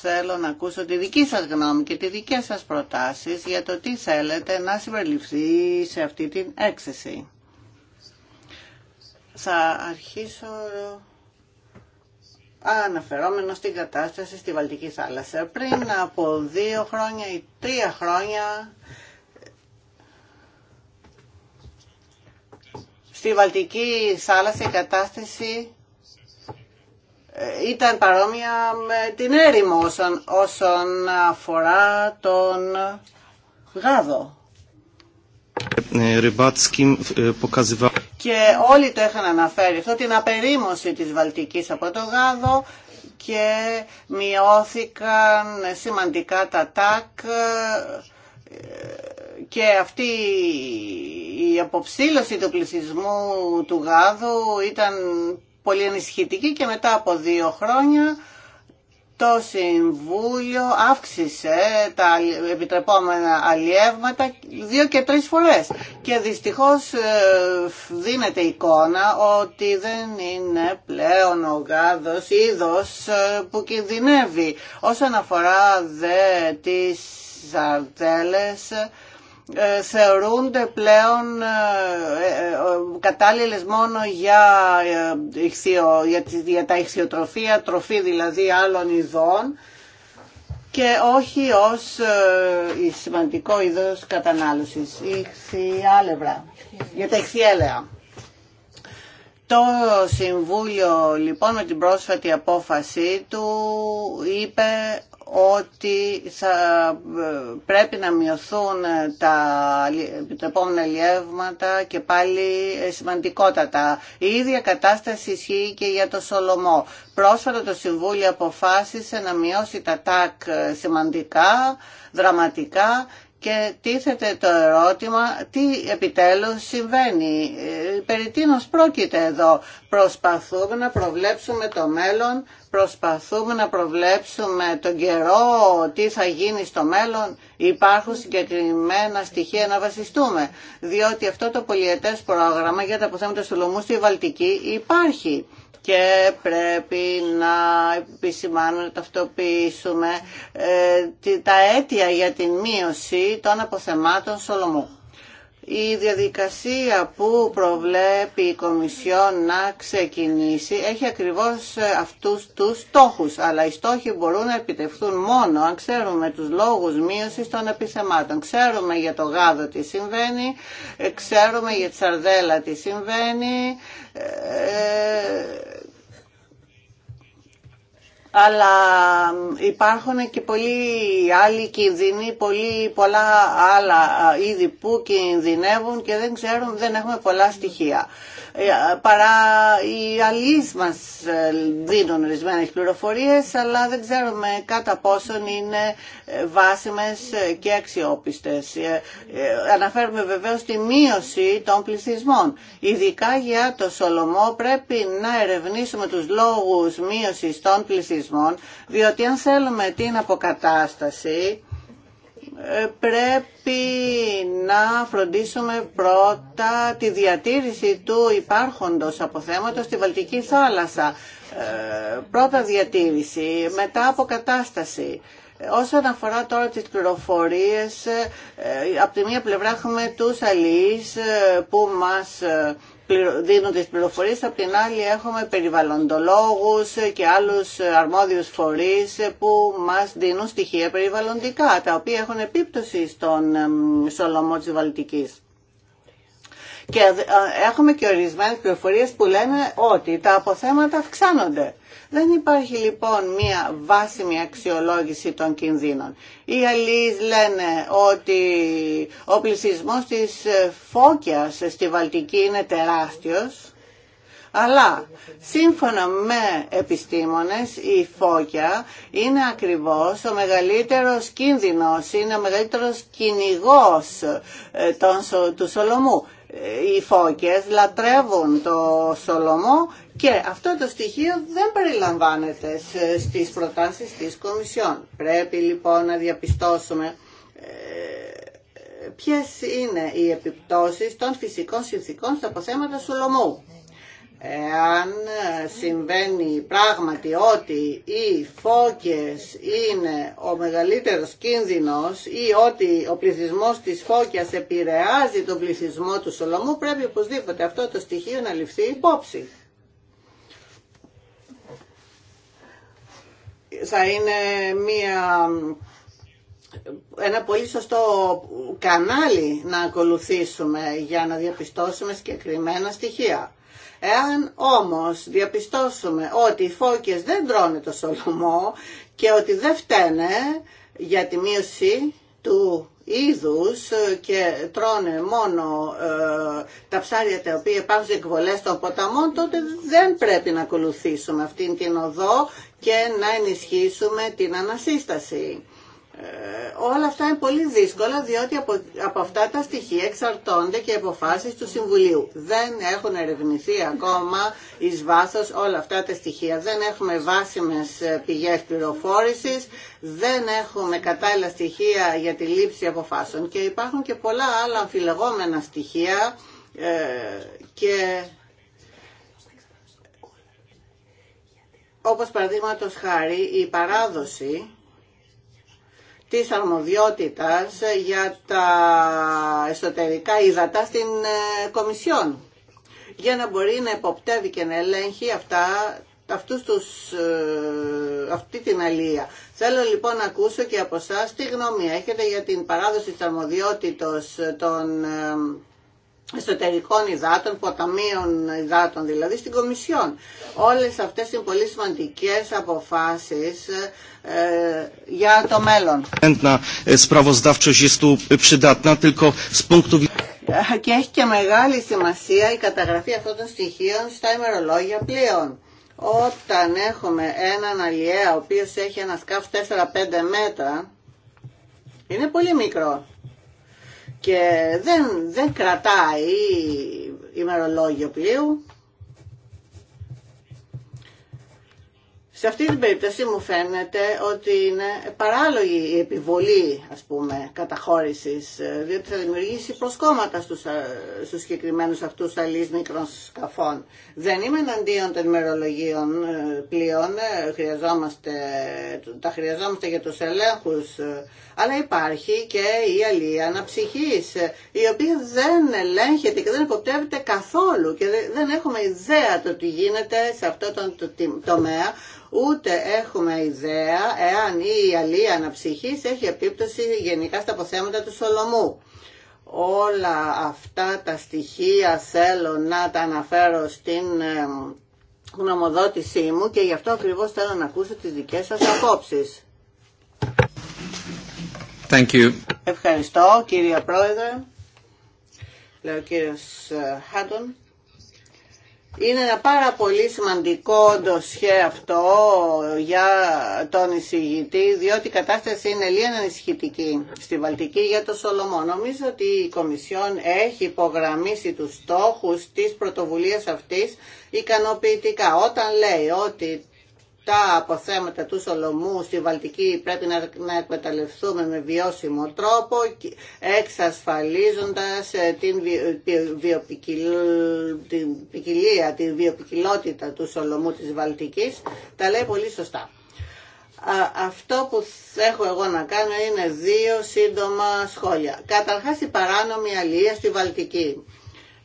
Speaker 2: θέλω να ακούσω τη δική σας γνώμη και τη δική σας προτάσεις για το τι θέλετε να συμπεριληφθεί σε αυτή την έκθεση. Θα αρχίσω αναφερόμενο στην κατάσταση στη Βαλτική θάλασσα. Πριν από δύο χρόνια ή τρία χρόνια Στη Βαλτική θάλασσα η κατάσταση ε, ήταν παρόμοια με την έρημο όσον, αφορά τον γάδο.
Speaker 1: Ε, ε,
Speaker 2: και όλοι το είχαν αναφέρει αυτό, την απερίμωση της Βαλτικής από το γάδο και μειώθηκαν σημαντικά τα τάκ και αυτή η αποψήλωση του πληθυσμού του γάδου ήταν πολύ ενισχυτική και μετά από δύο χρόνια το Συμβούλιο αύξησε τα επιτρεπόμενα αλλιεύματα δύο και τρεις φορές και δυστυχώς ε, δίνεται εικόνα ότι δεν είναι πλέον ο γάδος είδος ε, που κινδυνεύει όσον αφορά δε τις αρτέλες... Ε, θεωρούνται πλέον ε, ε, κατάλληλες μόνο για, για τα ηχθιοτροφία, τροφή δηλαδή άλλων ειδών και όχι ως σημαντικό είδος κατανάλωσης, ηχθιάλευρα, για τα ηχθιέλεα. Το Συμβούλιο λοιπόν με την πρόσφατη απόφαση του είπε ότι θα ε, πρέπει να μειωθούν τα, τα επόμενα λιεύματα και πάλι ε, σημαντικότατα. Η ίδια κατάσταση ισχύει και για το Σολομό. Πρόσφατα το Συμβούλιο αποφάσισε να μειώσει τα ΤΑΚ ε, σημαντικά, δραματικά και τίθεται το ερώτημα τι επιτέλους συμβαίνει. Περί πρόκειται εδώ. Προσπαθούμε να προβλέψουμε το μέλλον προσπαθούμε να προβλέψουμε τον καιρό, τι θα γίνει στο μέλλον, υπάρχουν συγκεκριμένα στοιχεία να βασιστούμε. Διότι αυτό το πολιετές πρόγραμμα για τα αποθέματα του λωμού στη Βαλτική υπάρχει και πρέπει να επισημάνουμε, να ταυτοποιήσουμε ε, τα αίτια για την μείωση των αποθεμάτων σολομού. Η διαδικασία που προβλέπει η Κομισιόν να ξεκινήσει έχει ακριβώς αυτούς τους στόχους, αλλά οι στόχοι μπορούν να επιτευχθούν μόνο αν ξέρουμε τους λόγους μείωσης των επιθεμάτων. Ξέρουμε για το γάδο τι συμβαίνει, ε, ξέρουμε για τη σαρδέλα τι συμβαίνει, ε, ε, αλλά υπάρχουν και πολλοί άλλοι κινδυνοί, πολλά άλλα είδη που κινδυνεύουν και δεν ξέρουν, δεν έχουμε πολλά στοιχεία παρά οι αλλοί μας ε, δίνουν ορισμένες πληροφορίες, αλλά δεν ξέρουμε κατά πόσον είναι ε, βάσιμες ε, και αξιόπιστες. Αναφέρουμε βεβαίως τη μείωση των πληθυσμών. Ειδικά για το Σολομό πρέπει να ερευνήσουμε τους λόγους μείωσης των πληθυσμών, διότι αν θέλουμε την αποκατάσταση, ε, πρέπει να φροντίσουμε πρώτα τη διατήρηση του υπάρχοντος αποθέματος στη Βαλτική θάλασσα. Ε, πρώτα διατήρηση, μετά αποκατάσταση. Όσον αφορά τώρα τις πληροφορίες, ε, από τη μία πλευρά έχουμε τους αλείς που μας δίνουν τις πληροφορίες, απ' την άλλη έχουμε περιβαλλοντολόγους και άλλους αρμόδιους φορείς που μας δίνουν στοιχεία περιβαλλοντικά, τα οποία έχουν επίπτωση στον σολομό της Βαλτικής. Και ε, έχουμε και ορισμένες πληροφορίες που λένε ότι τα αποθέματα αυξάνονται. Δεν υπάρχει λοιπόν μία βάσιμη αξιολόγηση των κινδύνων. Οι αλλοί λένε ότι ο πληθυσμό της ε, φώκιας ε, στη Βαλτική είναι τεράστιος, αλλά σύμφωνα με επιστήμονες η φώκια είναι ακριβώς ο μεγαλύτερος κίνδυνος, είναι ο μεγαλύτερος κυνηγός του Σολομού οι φώκες λατρεύουν το Σολομό και αυτό το στοιχείο δεν περιλαμβάνεται στις προτάσεις της Κομισιόν. Πρέπει λοιπόν να διαπιστώσουμε ε, ε, ποιες είναι οι επιπτώσεις των φυσικών συνθήκων στα αποθέματα Σολομού εάν ε, συμβαίνει πράγματι ότι οι φώκες είναι ο μεγαλύτερος κίνδυνος ή ότι ο πληθυσμός της φώκιας επηρεάζει τον πληθυσμό του Σολομού, πρέπει οπωσδήποτε αυτό το στοιχείο να ληφθεί υπόψη. Θα είναι μια, ένα πολύ σωστό κανάλι να ακολουθήσουμε για να διαπιστώσουμε συγκεκριμένα στοιχεία. Εάν όμως διαπιστώσουμε ότι οι φώκες δεν τρώνε το σολομό και ότι δεν φταίνε για τη μείωση του είδους και τρώνε μόνο ε, τα ψάρια τα οποία υπάρχουν σε εκβολές των ποταμών, τότε δεν πρέπει να ακολουθήσουμε αυτήν την οδό και να ενισχύσουμε την ανασύσταση. Ε, όλα αυτά είναι πολύ δύσκολα διότι από, από αυτά τα στοιχεία εξαρτώνται και οι αποφάσεις του Συμβουλίου. Δεν έχουν ερευνηθεί ακόμα εις βάθος όλα αυτά τα στοιχεία. Δεν έχουμε βάσιμες ε, πηγές πληροφόρησης, δεν έχουμε κατάλληλα στοιχεία για τη λήψη αποφάσεων και υπάρχουν και πολλά άλλα αμφιλεγόμενα στοιχεία ε, και όπως παραδείγματος χάρη η παράδοση της αρμοδιότητας για τα εσωτερικά ύδατα στην ε, Κομισιόν για να μπορεί να εποπτεύει και να ελέγχει αυτά, αυτούς τους, ε, αυτή την αλία. Θέλω λοιπόν να ακούσω και από εσά τι γνώμη έχετε για την παράδοση της αρμοδιότητος των ε, εσωτερικών υδάτων, ποταμίων υδάτων δηλαδή στην Κομισιόν. Όλες αυτές είναι πολύ σημαντικές αποφάσεις ε, για το μέλλον. E, και έχει και μεγάλη σημασία η καταγραφή αυτών των στοιχείων στα ημερολόγια πλοίων. Όταν έχουμε έναν αλιέα ο οποίος έχει ένα σκάφος 4-5 μέτρα, είναι πολύ μικρό και δεν, δεν κρατάει ημερολόγιο πλοίου Σε αυτή την περίπτωση μου φαίνεται ότι είναι παράλογη η επιβολή, ας πούμε, καταχώρησης, ε, διότι θα δημιουργήσει προσκόμματα στους, ε, στους συγκεκριμένους αυτούς μικρών σκαφών. Δεν είμαι εναντίον των μερολογίων ε, πλοίων, χρειαζόμαστε, τα χρειαζόμαστε για τους ελέγχους, αλλά υπάρχει και η αλία αναψυχής, η οποία δεν ελέγχεται και δεν υποπτεύεται καθόλου και δεν έχουμε ιδέα το τι γίνεται σε αυτό το τομέα ούτε έχουμε ιδέα εάν η αλία αναψυχή έχει επίπτωση γενικά στα αποθέματα του Σολομού. Όλα αυτά τα στοιχεία θέλω να τα αναφέρω στην ε, γνωμοδότησή μου και γι' αυτό ακριβώς θέλω να ακούσω τις δικές σας απόψεις. Thank you. Ευχαριστώ κύριε Πρόεδρε. Λέω κύριος ε, Χάντον. Είναι ένα πάρα πολύ σημαντικό ντοσχέ αυτό για τον εισηγητή, διότι η κατάσταση είναι λίγο ανησυχητική στη Βαλτική για το Σολομό. Νομίζω ότι η Κομισιόν έχει υπογραμμίσει τους στόχους της πρωτοβουλίας αυτής ικανοποιητικά. Όταν λέει ότι τα αποθέματα του Σολομού στη Βαλτική πρέπει να, να εκμεταλλευτούμε με βιώσιμο τρόπο εξασφαλίζοντας ε, την, βιο, την ποικιλία, την βιοπικιλότητα του Σολομού της Βαλτικής. Τα λέει πολύ σωστά. Αυτό που έχω εγώ να κάνω είναι δύο σύντομα σχόλια. Καταρχάς η παράνομη αλληλεία στη Βαλτική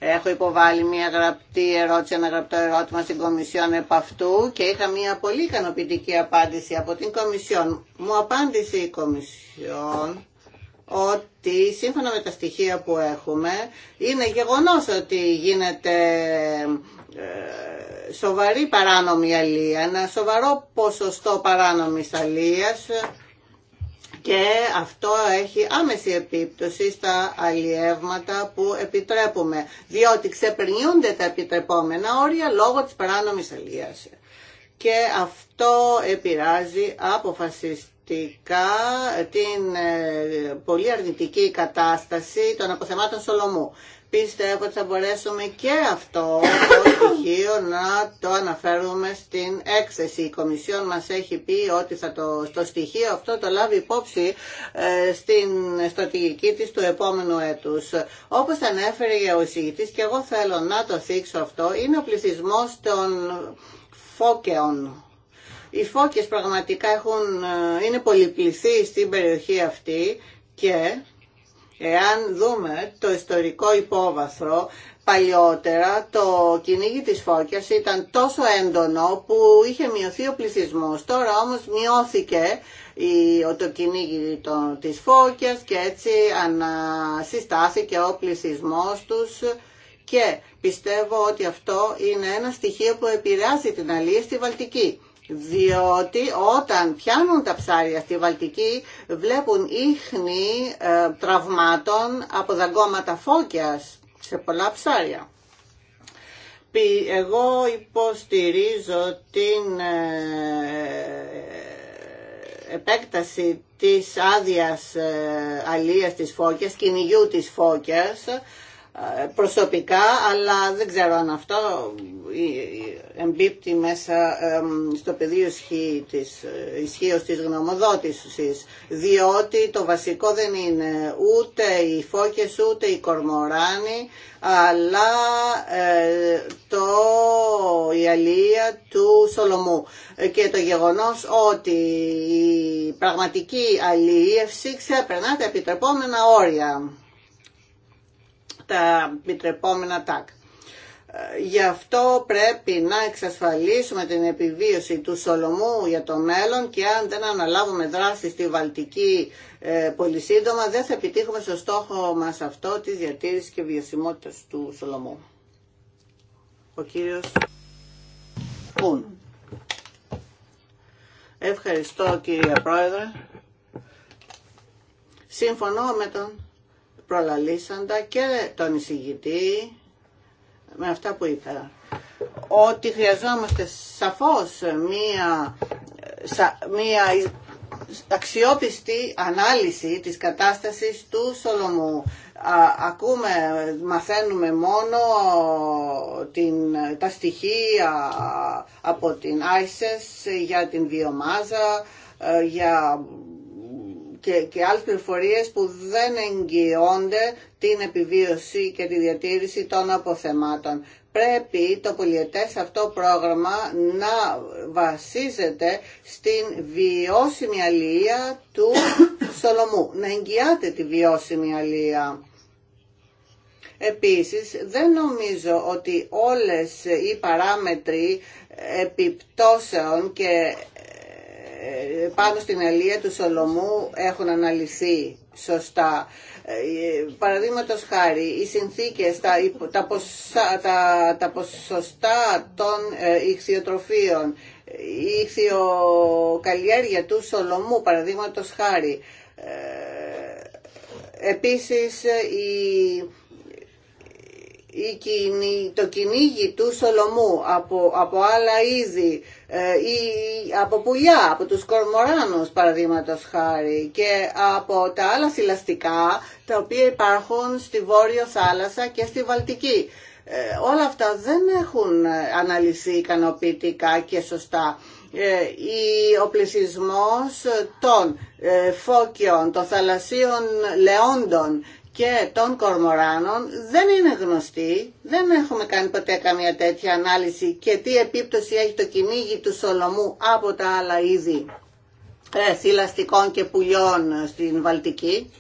Speaker 2: Έχω υποβάλει μια γραπτή ερώτηση, ένα γραπτό ερώτημα στην Κομισιόν επ' αυτού και είχα μια πολύ ικανοποιητική απάντηση από την Κομισιόν. Μου απάντησε η Κομισιόν ότι σύμφωνα με τα στοιχεία που έχουμε είναι γεγονός ότι γίνεται ε, σοβαρή παράνομη αλία, ένα σοβαρό ποσοστό παράνομης αλίας και αυτό έχει άμεση επίπτωση στα αλλιεύματα που επιτρέπουμε, διότι ξεπερνιούνται τα επιτρεπόμενα όρια λόγω της παράνομης αλλίας. Και αυτό επηράζει αποφασιστικά την ε, πολύ αρνητική κατάσταση των αποθεμάτων Σολομού πιστεύω ότι θα μπορέσουμε και αυτό το στοιχείο να το αναφέρουμε στην έκθεση. Η Κομισιόν μας έχει πει ότι θα το, το στοιχείο αυτό το λάβει υπόψη ε, στην στρατηγική της του επόμενου έτους. Όπως ανέφερε ο εισηγητής και εγώ θέλω να το θίξω αυτό, είναι ο πληθυσμό των φώκεων. Οι φώκες πραγματικά έχουν, ε, είναι πολυπληθείς στην περιοχή αυτή και Εάν δούμε το ιστορικό υπόβαθρο, παλιότερα το κυνήγι της φώκιας ήταν τόσο έντονο που είχε μειωθεί ο πληθυσμός. Τώρα όμως μειώθηκε το κυνήγι της φώκιας και έτσι ανασυστάθηκε ο πληθυσμός τους και πιστεύω ότι αυτό είναι ένα στοιχείο που επηρεάζει την αλήθεια στη Βαλτική διότι όταν πιάνουν τα ψάρια στη Βαλτική βλέπουν ίχνη ε, τραυμάτων από δαγκώματα φώκιας σε πολλά ψάρια. Εγώ υποστηρίζω την ε, επέκταση της άδειας ε, αλίας της φώκιας, κυνηγιού της φώκιας, προσωπικά, αλλά δεν ξέρω αν αυτό ε, ε, εμπίπτει μέσα στο πεδίο ισχύω της, ε, ισχύως της γνωμοδότησης, διότι το βασικό δεν είναι ούτε οι φώκες ούτε οι κορμοράνοι, αλλά το, η αλληλεία του Σολομού και το γεγονός ότι η πραγματική αλληλευσή ξέπερνα τα επιτρεπόμενα όρια τα επιτρεπόμενα τάκ. Ε, γι' αυτό πρέπει να εξασφαλίσουμε την επιβίωση του Σολομού για το μέλλον και αν δεν αναλάβουμε δράση στη Βαλτική ε, πολύ σύντομα δεν θα επιτύχουμε στο στόχο μας αυτό της διατήρησης και βιωσιμότητας του Σολομού. Ο κύριος Πούν. Ευχαριστώ κύριε Πρόεδρε. συμφωνώ με τον προλαλήσαντα και τον εισηγητή με αυτά που είπα. Ότι χρειαζόμαστε σαφώς μία, μία αξιόπιστη ανάλυση της κατάστασης του Σολομού. ακούμε, μαθαίνουμε μόνο την, τα στοιχεία από την ΆΙΣΕΣ για την βιομάζα, ε, για και, και άλλες πληροφορίες που δεν εγγυώνται την επιβίωση και τη διατήρηση των αποθεμάτων. Πρέπει το πολιετές αυτό πρόγραμμα να βασίζεται στην βιώσιμη αλληλεία του (coughs) Σολομού, να εγγυάται τη βιώσιμη αλληλεία. Επίσης, δεν νομίζω ότι όλες οι παράμετροι επιπτώσεων και πάνω στην αλία του Σολομού έχουν αναλυθεί σωστά. Ε, παραδείγματο χάρη, οι συνθήκε, τα, τα, τα, τα ποσοστά των ε, ηχθειοτροφίων, η ηχθειοκαλλιέργεια του Σολομού, παραδείγματο χάρη. Ε, επίσης, ε, η το κυνήγι του σολομού από, από άλλα είδη ε, ή από πουλιά, από τους κορμοράνους παραδείγματο χάρη και από τα άλλα θηλαστικά τα οποία υπάρχουν στη Βόρειο Θάλασσα και στη Βαλτική. Ε, όλα αυτά δεν έχουν ε, αναλυθεί ικανοποιητικά και σωστά. ο πλησισμός των φώκιων, των θαλασσίων λεόντων και των κορμοράνων δεν είναι γνωστή, δεν έχουμε κάνει ποτέ καμία τέτοια ανάλυση και τι επίπτωση έχει το κυνήγι του Σολομού από τα άλλα είδη ε, θηλαστικών και πουλιών στην Βαλτική.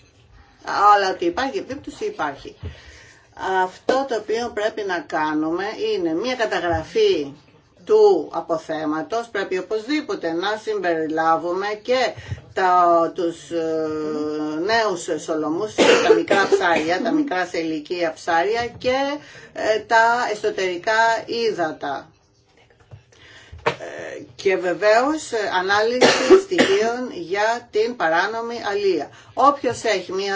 Speaker 2: Αλλά ότι υπάρχει επίπτωση υπάρχει. Αυτό το οποίο πρέπει να κάνουμε είναι μια καταγραφή του αποθέματος πρέπει οπωσδήποτε να συμπεριλάβουμε και τα, τους ε, νέους σολομούς, τα μικρά ψάρια, τα μικρά σε ηλικία ψάρια και ε, τα εσωτερικά ύδατα. Ε, και βεβαίως ε, ανάλυση στοιχείων για την παράνομη αλία. Όποιος έχει μία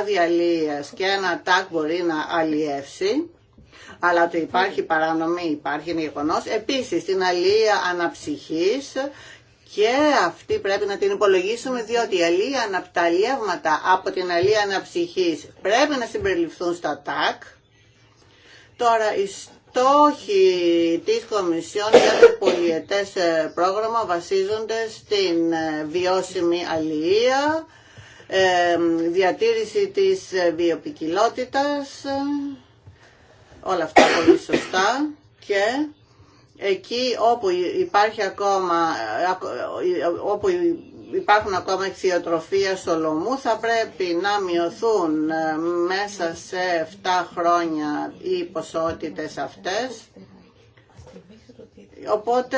Speaker 2: άδεια αλίας και ένα τάκ μπορεί να αλλιεύσει, αλλά ότι υπάρχει παρανομή, υπάρχει είναι γεγονό. Επίση, την αλληλεία αναψυχή και αυτή πρέπει να την υπολογίσουμε διότι η αλία, τα από την αλληλεία αναψυχής πρέπει να συμπεριληφθούν στα ΤΑΚ. Τώρα οι στόχοι τη Κομισιόν για το πολιετέ ε, πρόγραμμα βασίζονται στην ε, βιώσιμη αλληλεία, ε, διατήρηση της βιοπικιλότητας όλα αυτά πολύ σωστά και εκεί όπου υπάρχει ακόμα, όπου υπάρχουν ακόμα εξιοτροφία στο θα πρέπει να μειωθούν ε, μέσα σε 7 χρόνια οι ποσότητες αυτές. Οπότε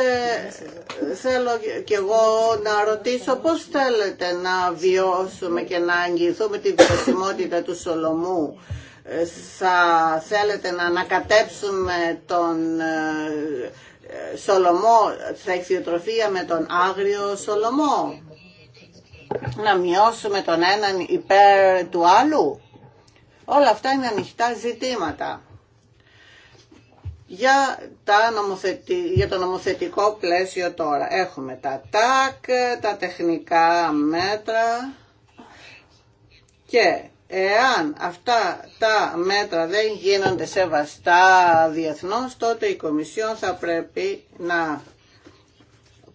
Speaker 2: θέλω και εγώ να ρωτήσω πώς θέλετε να βιώσουμε και να αγγιθούμε τη βιωσιμότητα του Σολομού θα θέλετε να ανακατέψουμε τον ε, Σολομό θα εξιοτροφία με τον άγριο Σολομό. Να μειώσουμε τον έναν υπέρ του άλλου. Όλα αυτά είναι ανοιχτά ζητήματα. Για, τα για το νομοθετικό πλαίσιο τώρα έχουμε τα ΤΑΚ, τα τεχνικά μέτρα και Εάν αυτά τα μέτρα δεν γίνονται σεβαστά διεθνώς, τότε η Κομισιόν θα πρέπει να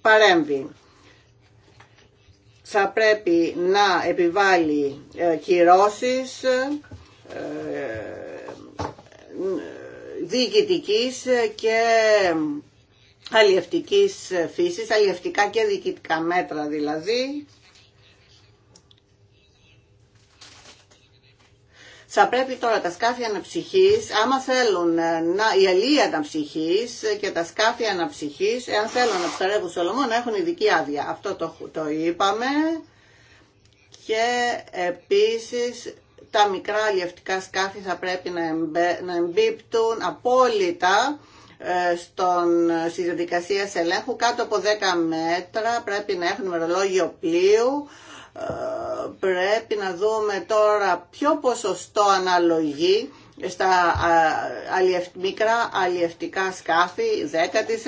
Speaker 2: παρέμβει. Θα πρέπει να επιβάλλει ε, κυρώσεις ε, διοικητικής και αλλιευτικής φύσης, αλλιευτικά και διοικητικά μέτρα δηλαδή, Θα πρέπει τώρα τα σκάφη αναψυχής, άμα θέλουν ε, να, η αλία αναψυχής ε, και τα σκάφη αναψυχής, εάν θέλουν να ψαρεύουν σολομό, να έχουν ειδική άδεια. Αυτό το, το είπαμε. Και επίσης τα μικρά αλλιευτικά σκάφη θα πρέπει να, εμπε, εμπίπτουν απόλυτα ε, στον, στις διαδικασίες ελέγχου κάτω από 10 μέτρα πρέπει να έχουν μερολόγιο πλοίου πρέπει να δούμε τώρα ποιο ποσοστό αναλογεί στα μικρά αλλιευτικά σκάφη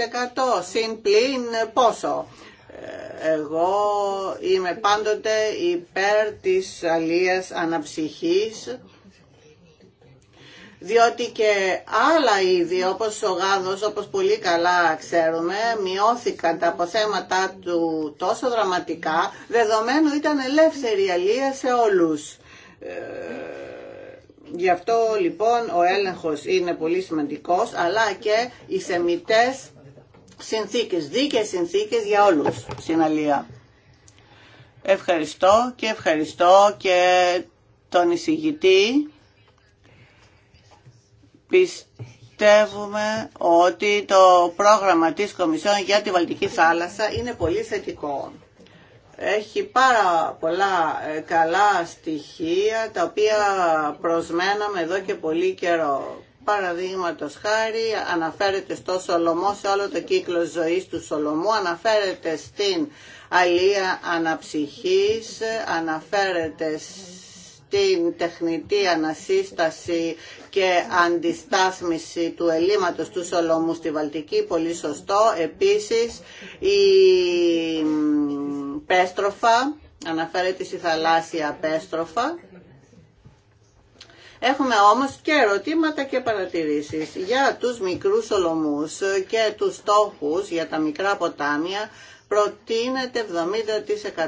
Speaker 2: 10% συν πλήν πόσο. Ε, εγώ είμαι πάντοτε υπέρ της αλίας αναψυχής διότι και άλλα είδη όπως ο γάδος, όπως πολύ καλά ξέρουμε, μειώθηκαν τα αποθέματα του τόσο δραματικά, δεδομένου ήταν ελεύθερη αλία σε όλους. Ε, γι' αυτό λοιπόν ο έλεγχος είναι πολύ σημαντικός, αλλά και οι σεμιτές συνθήκες, δίκαιες συνθήκες για όλους στην αλία. Ευχαριστώ και ευχαριστώ και τον εισηγητή Πιστεύουμε ότι το πρόγραμμα της Κομισιόν για τη Βαλτική Θάλασσα είναι πολύ θετικό. Έχει πάρα πολλά ε, καλά στοιχεία τα οποία προσμέναμε εδώ και πολύ καιρό. Παραδείγματο χάρη αναφέρεται στο Σολομό, σε όλο το κύκλο ζωής του Σολομού, αναφέρεται στην αλία αναψυχής, αναφέρεται την τεχνητή ανασύσταση και αντιστάθμιση του ελλείμματος του Σολομού στη Βαλτική, πολύ σωστό. Επίσης, η πέστροφα, αναφέρεται στη θαλάσσια πέστροφα. Έχουμε όμως και ερωτήματα και παρατηρήσεις για τους μικρούς Σολομούς και τους στόχους για τα μικρά ποτάμια προτείνεται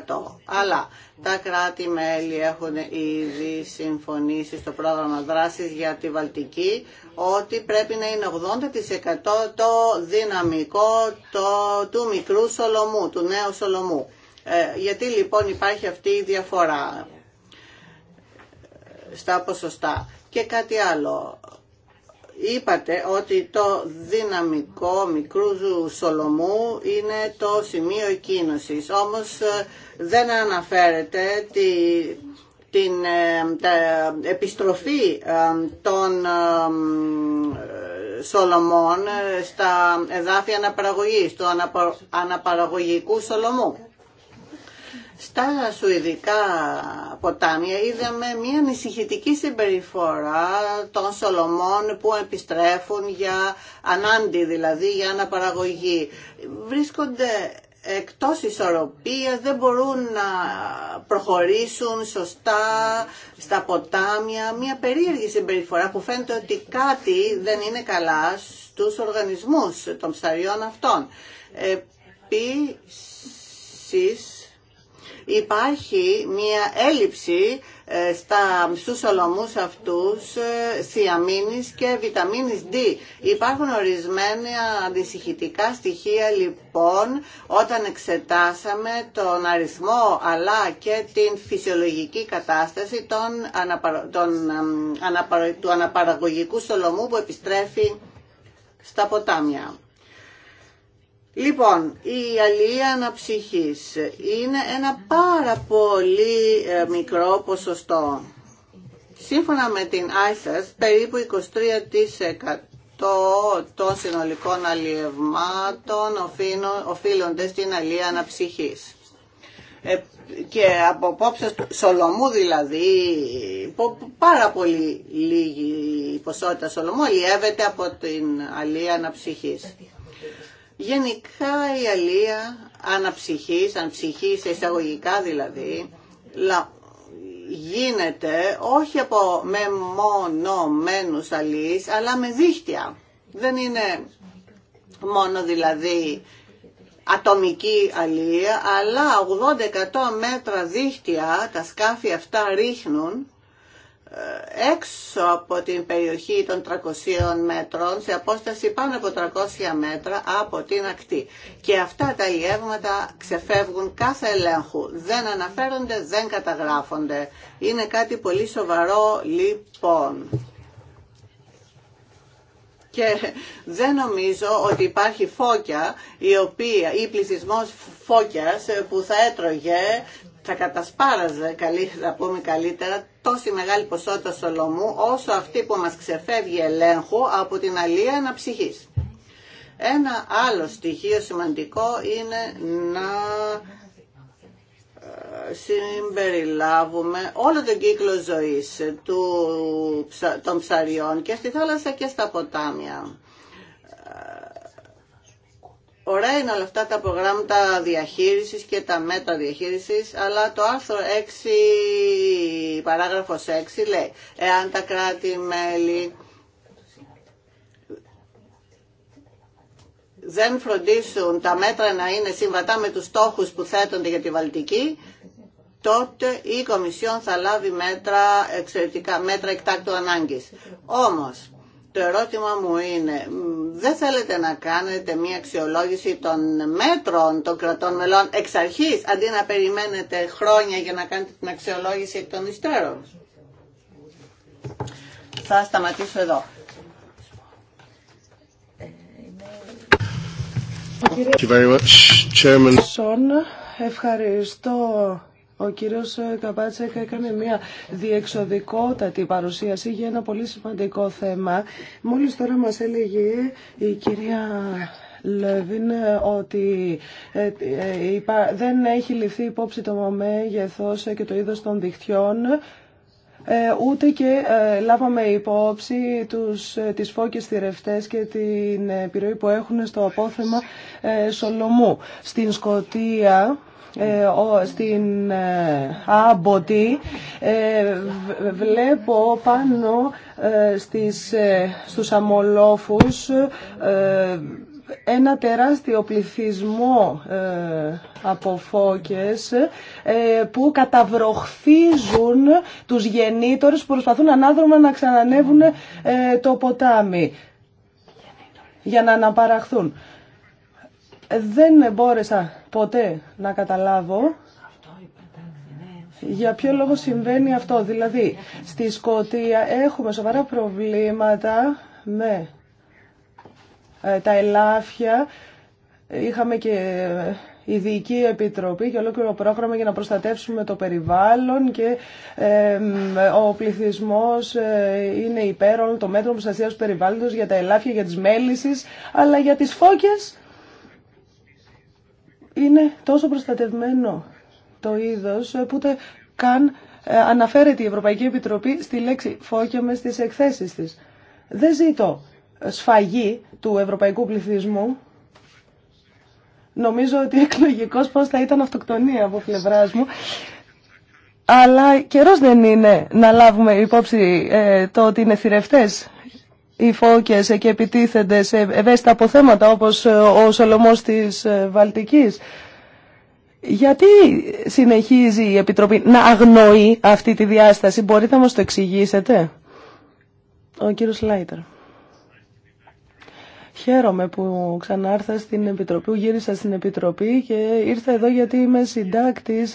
Speaker 2: 70%. Αλλά τα κράτη-μέλη έχουν ήδη συμφωνήσει στο πρόγραμμα δράσης για τη Βαλτική ότι πρέπει να είναι 80% το δυναμικό το, του μικρού Σολομού, του νέου Σολομού. Ε, γιατί λοιπόν υπάρχει αυτή η διαφορά στα ποσοστά. Και κάτι άλλο, είπατε ότι το δυναμικό μικρού Σολομού είναι το σημείο εκκίνωσης. Όμως ε, δεν αναφέρεται την ε, επιστροφή ε, των Σολομών στα εδάφια αναπαραγωγής, του αναπαραγωγικού Σολομού. Στα σουηδικά ποτάμια είδαμε μια ανησυχητική συμπεριφορά των Σολομών που επιστρέφουν για ανάντι, δηλαδή για αναπαραγωγή. Βρίσκονται εκτός ισορροπίας, δεν μπορούν να προχωρήσουν σωστά στα ποτάμια. Μια περίεργη συμπεριφορά που φαίνεται ότι κάτι δεν είναι καλά στους οργανισμούς των ψαριών αυτών. Επίσης, υπάρχει μία έλλειψη ε, στα, στους σολομούς αυτούς ε, θιαμίνης και βιταμίνης D. Υπάρχουν ορισμένα αντισυχητικά στοιχεία λοιπόν όταν εξετάσαμε τον αριθμό αλλά και την φυσιολογική κατάσταση των των... του αναπαραγωγικού σολομού που επιστρέφει στα ποτάμια. Λοιπόν, η αλληλεία αναψυχής είναι ένα πάρα πολύ ε, μικρό ποσοστό. Σύμφωνα με την ISIS, περίπου 23% των συνολικών αλλιευμάτων οφείλονται στην αλληλεία αναψυχής. Ε, και από απόψε Σολομού δηλαδή, πάρα πολύ λίγη η ποσότητα Σολομού αλλιεύεται από την αλληλεία αναψυχής. Γενικά η αλία αναψυχής, ανψυχής σε εισαγωγικά δηλαδή, γίνεται όχι από μένους αλείς, αλλά με δίχτυα. Δεν είναι μόνο δηλαδή ατομική αλία, αλλά μέτρα δίχτυα τα σκάφη αυτά ρίχνουν ε, έξω από την περιοχή των 300 μέτρων σε απόσταση πάνω από 300 μέτρα από την ακτή. Και αυτά τα λιεύματα ξεφεύγουν κάθε ελέγχου. Δεν αναφέρονται, δεν καταγράφονται. Είναι κάτι πολύ σοβαρό λοιπόν. Και δεν νομίζω ότι υπάρχει φώκια η οποία, ή φώκιας που θα έτρωγε θα κατασπάραζε, θα πούμε καλύτερα, τόση μεγάλη ποσότητα σολομού όσο αυτή που μας ξεφεύγει ελέγχου από την αλία αναψυχής. Ένα άλλο στοιχείο σημαντικό είναι να ε, συμπεριλάβουμε όλο τον κύκλο ζωής του, των ψαριών και στη θάλασσα και στα ποτάμια. Ωραία είναι όλα αυτά τα προγράμματα διαχείρισης και τα μέτρα διαχείρισης, αλλά το άρθρο 6, παράγραφος 6 λέει, εάν τα κράτη-μέλη δεν φροντίσουν τα μέτρα να είναι συμβατά με τους στόχους που θέτονται για τη Βαλτική, τότε η Κομισιόν θα λάβει μέτρα, εξαιρετικά, μέτρα εκτάκτου ανάγκης. Όμως, το ερώτημα μου είναι, δεν θέλετε να κάνετε μια αξιολόγηση των μέτρων των κρατών μελών εξ αρχής, αντί να περιμένετε χρόνια για να κάνετε την αξιολόγηση εκ των υστέρων. Θα σταματήσω εδώ.
Speaker 4: Thank you very
Speaker 1: much, Chairman.
Speaker 4: Ευχαριστώ ο κύριος ε, Καπάτσεκ έκανε μια διεξοδικότατη παρουσίαση για ένα πολύ σημαντικό θέμα. Μόλις τώρα μας έλεγε η κυρία Λεβίν ε, ότι ε, δεν έχει ληφθεί υπόψη το μεγεθό και το είδος των δικτυών ε, ούτε και ε, λάβαμε υπόψη τους, ε, τις φώκες θηρευτές και την επιρροή που έχουν στο απόθεμα Σολομού. Στην Σκοτία στην Άμποτη βλέπω πάνω στις, στους αμολόφους ένα τεράστιο πληθυσμό ε, από φώκες ε, που καταβροχθίζουν τους γεννήτορες που προσπαθούν ανάδρομα να ξανανεύουν ε, το ποτάμι για να αναπαραχθούν. Δεν μπόρεσα ποτέ να καταλάβω για ποιο λόγο συμβαίνει αυτό. Δηλαδή, στη Σκοτία έχουμε σοβαρά προβλήματα με ε, τα ελάφια. Είχαμε και ειδική επιτροπή και ολόκληρο πρόγραμμα για να προστατεύσουμε το περιβάλλον και ε, ο πληθυσμός ε, είναι υπέρ όλων των μέτρων προστασίας του περιβάλλοντος για τα ελάφια, για τις μέλισσες αλλά για τις φώκες είναι τόσο προστατευμένο το είδος που ούτε καν αναφέρεται η Ευρωπαϊκή Επιτροπή στη λέξη φώκια με στις εκθέσεις της. Δεν ζητώ σφαγή του ευρωπαϊκού πληθυσμού. Νομίζω ότι εκλογικός πώς θα ήταν αυτοκτονία από πλευρά μου. Αλλά καιρός δεν είναι να λάβουμε υπόψη ε, το ότι είναι θηρευτές οι φώκες και επιτίθενται σε ευαίσθητα αποθέματα όπως ε, ο Σολομός της ε, Βαλτικής. Γιατί συνεχίζει η Επιτροπή να αγνοεί αυτή τη διάσταση, μπορείτε να το εξηγήσετε. Ο κύριος Λάιτερ. Χαίρομαι που ξανάρθα στην Επιτροπή, που γύρισα στην Επιτροπή και ήρθα εδώ γιατί είμαι συντάκτη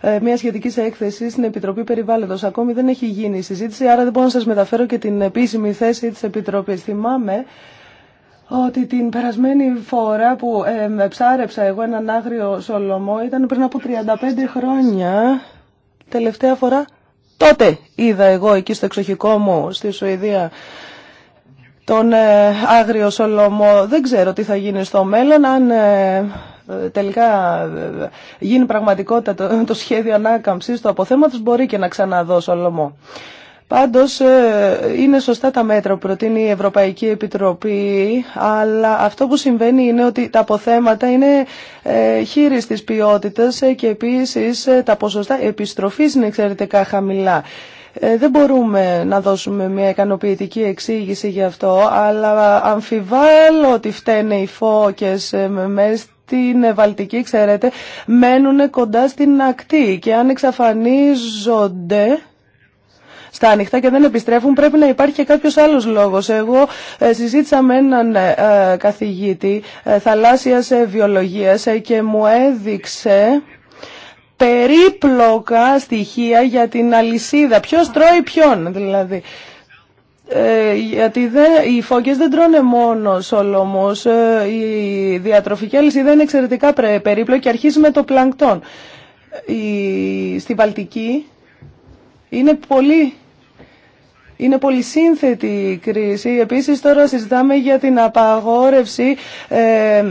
Speaker 4: ε, μια σχετική έκθεση στην Επιτροπή Περιβάλλοντο. Ακόμη δεν έχει γίνει η συζήτηση, άρα δεν μπορώ να σα μεταφέρω και την επίσημη θέση τη Επιτροπή. Θυμάμαι ότι την περασμένη φορά που ε, ψάρεψα εγώ έναν άγριο σολομό ήταν πριν από 35 χρόνια. Τελευταία φορά τότε είδα εγώ εκεί στο εξοχικό μου στη Σουηδία τον ε, Άγριο Σολομό. Δεν ξέρω τι θα γίνει στο μέλλον, αν ε, ε, τελικά γίνει πραγματικότητα το σχέδιο ανάκαμψης του αποθέματος, μπορεί και να ξαναδώ Σολομό. Πάντως είναι σωστά τα μέτρα που προτείνει η Ευρωπαϊκή Επιτροπή, αλλά αυτό που συμβαίνει είναι ότι τα αποθέματα είναι χείρις της ποιότητας και επίσης τα ποσοστά επιστροφής είναι εξαιρετικά χαμηλά. Ε, δεν μπορούμε να δώσουμε μια ικανοποιητική εξήγηση γι' αυτό, αλλά αμφιβάλλω ότι φταίνε οι φώκες ε, μέσα στην Βαλτική, ξέρετε, μένουν κοντά στην ακτή και αν εξαφανίζονται στα ανοιχτά και δεν επιστρέφουν, πρέπει να υπάρχει και κάποιος άλλος λόγος. Εγώ ε, συζήτησα με έναν καθηγήτη θαλάσσιας βιολογίας και μου έδειξε περίπλοκα στοιχεία για την αλυσίδα. Ποιος τρώει ποιον δηλαδή. Ε, γιατί οι φώκες δεν τρώνε μόνο ε, η διατροφική αλυσίδα είναι εξαιρετικά περίπλοκη και αρχίζει με το πλανκτόν. Η, στη Βαλτική είναι πολύ είναι η κρίση. Επίσης τώρα συζητάμε για την απαγόρευση ε,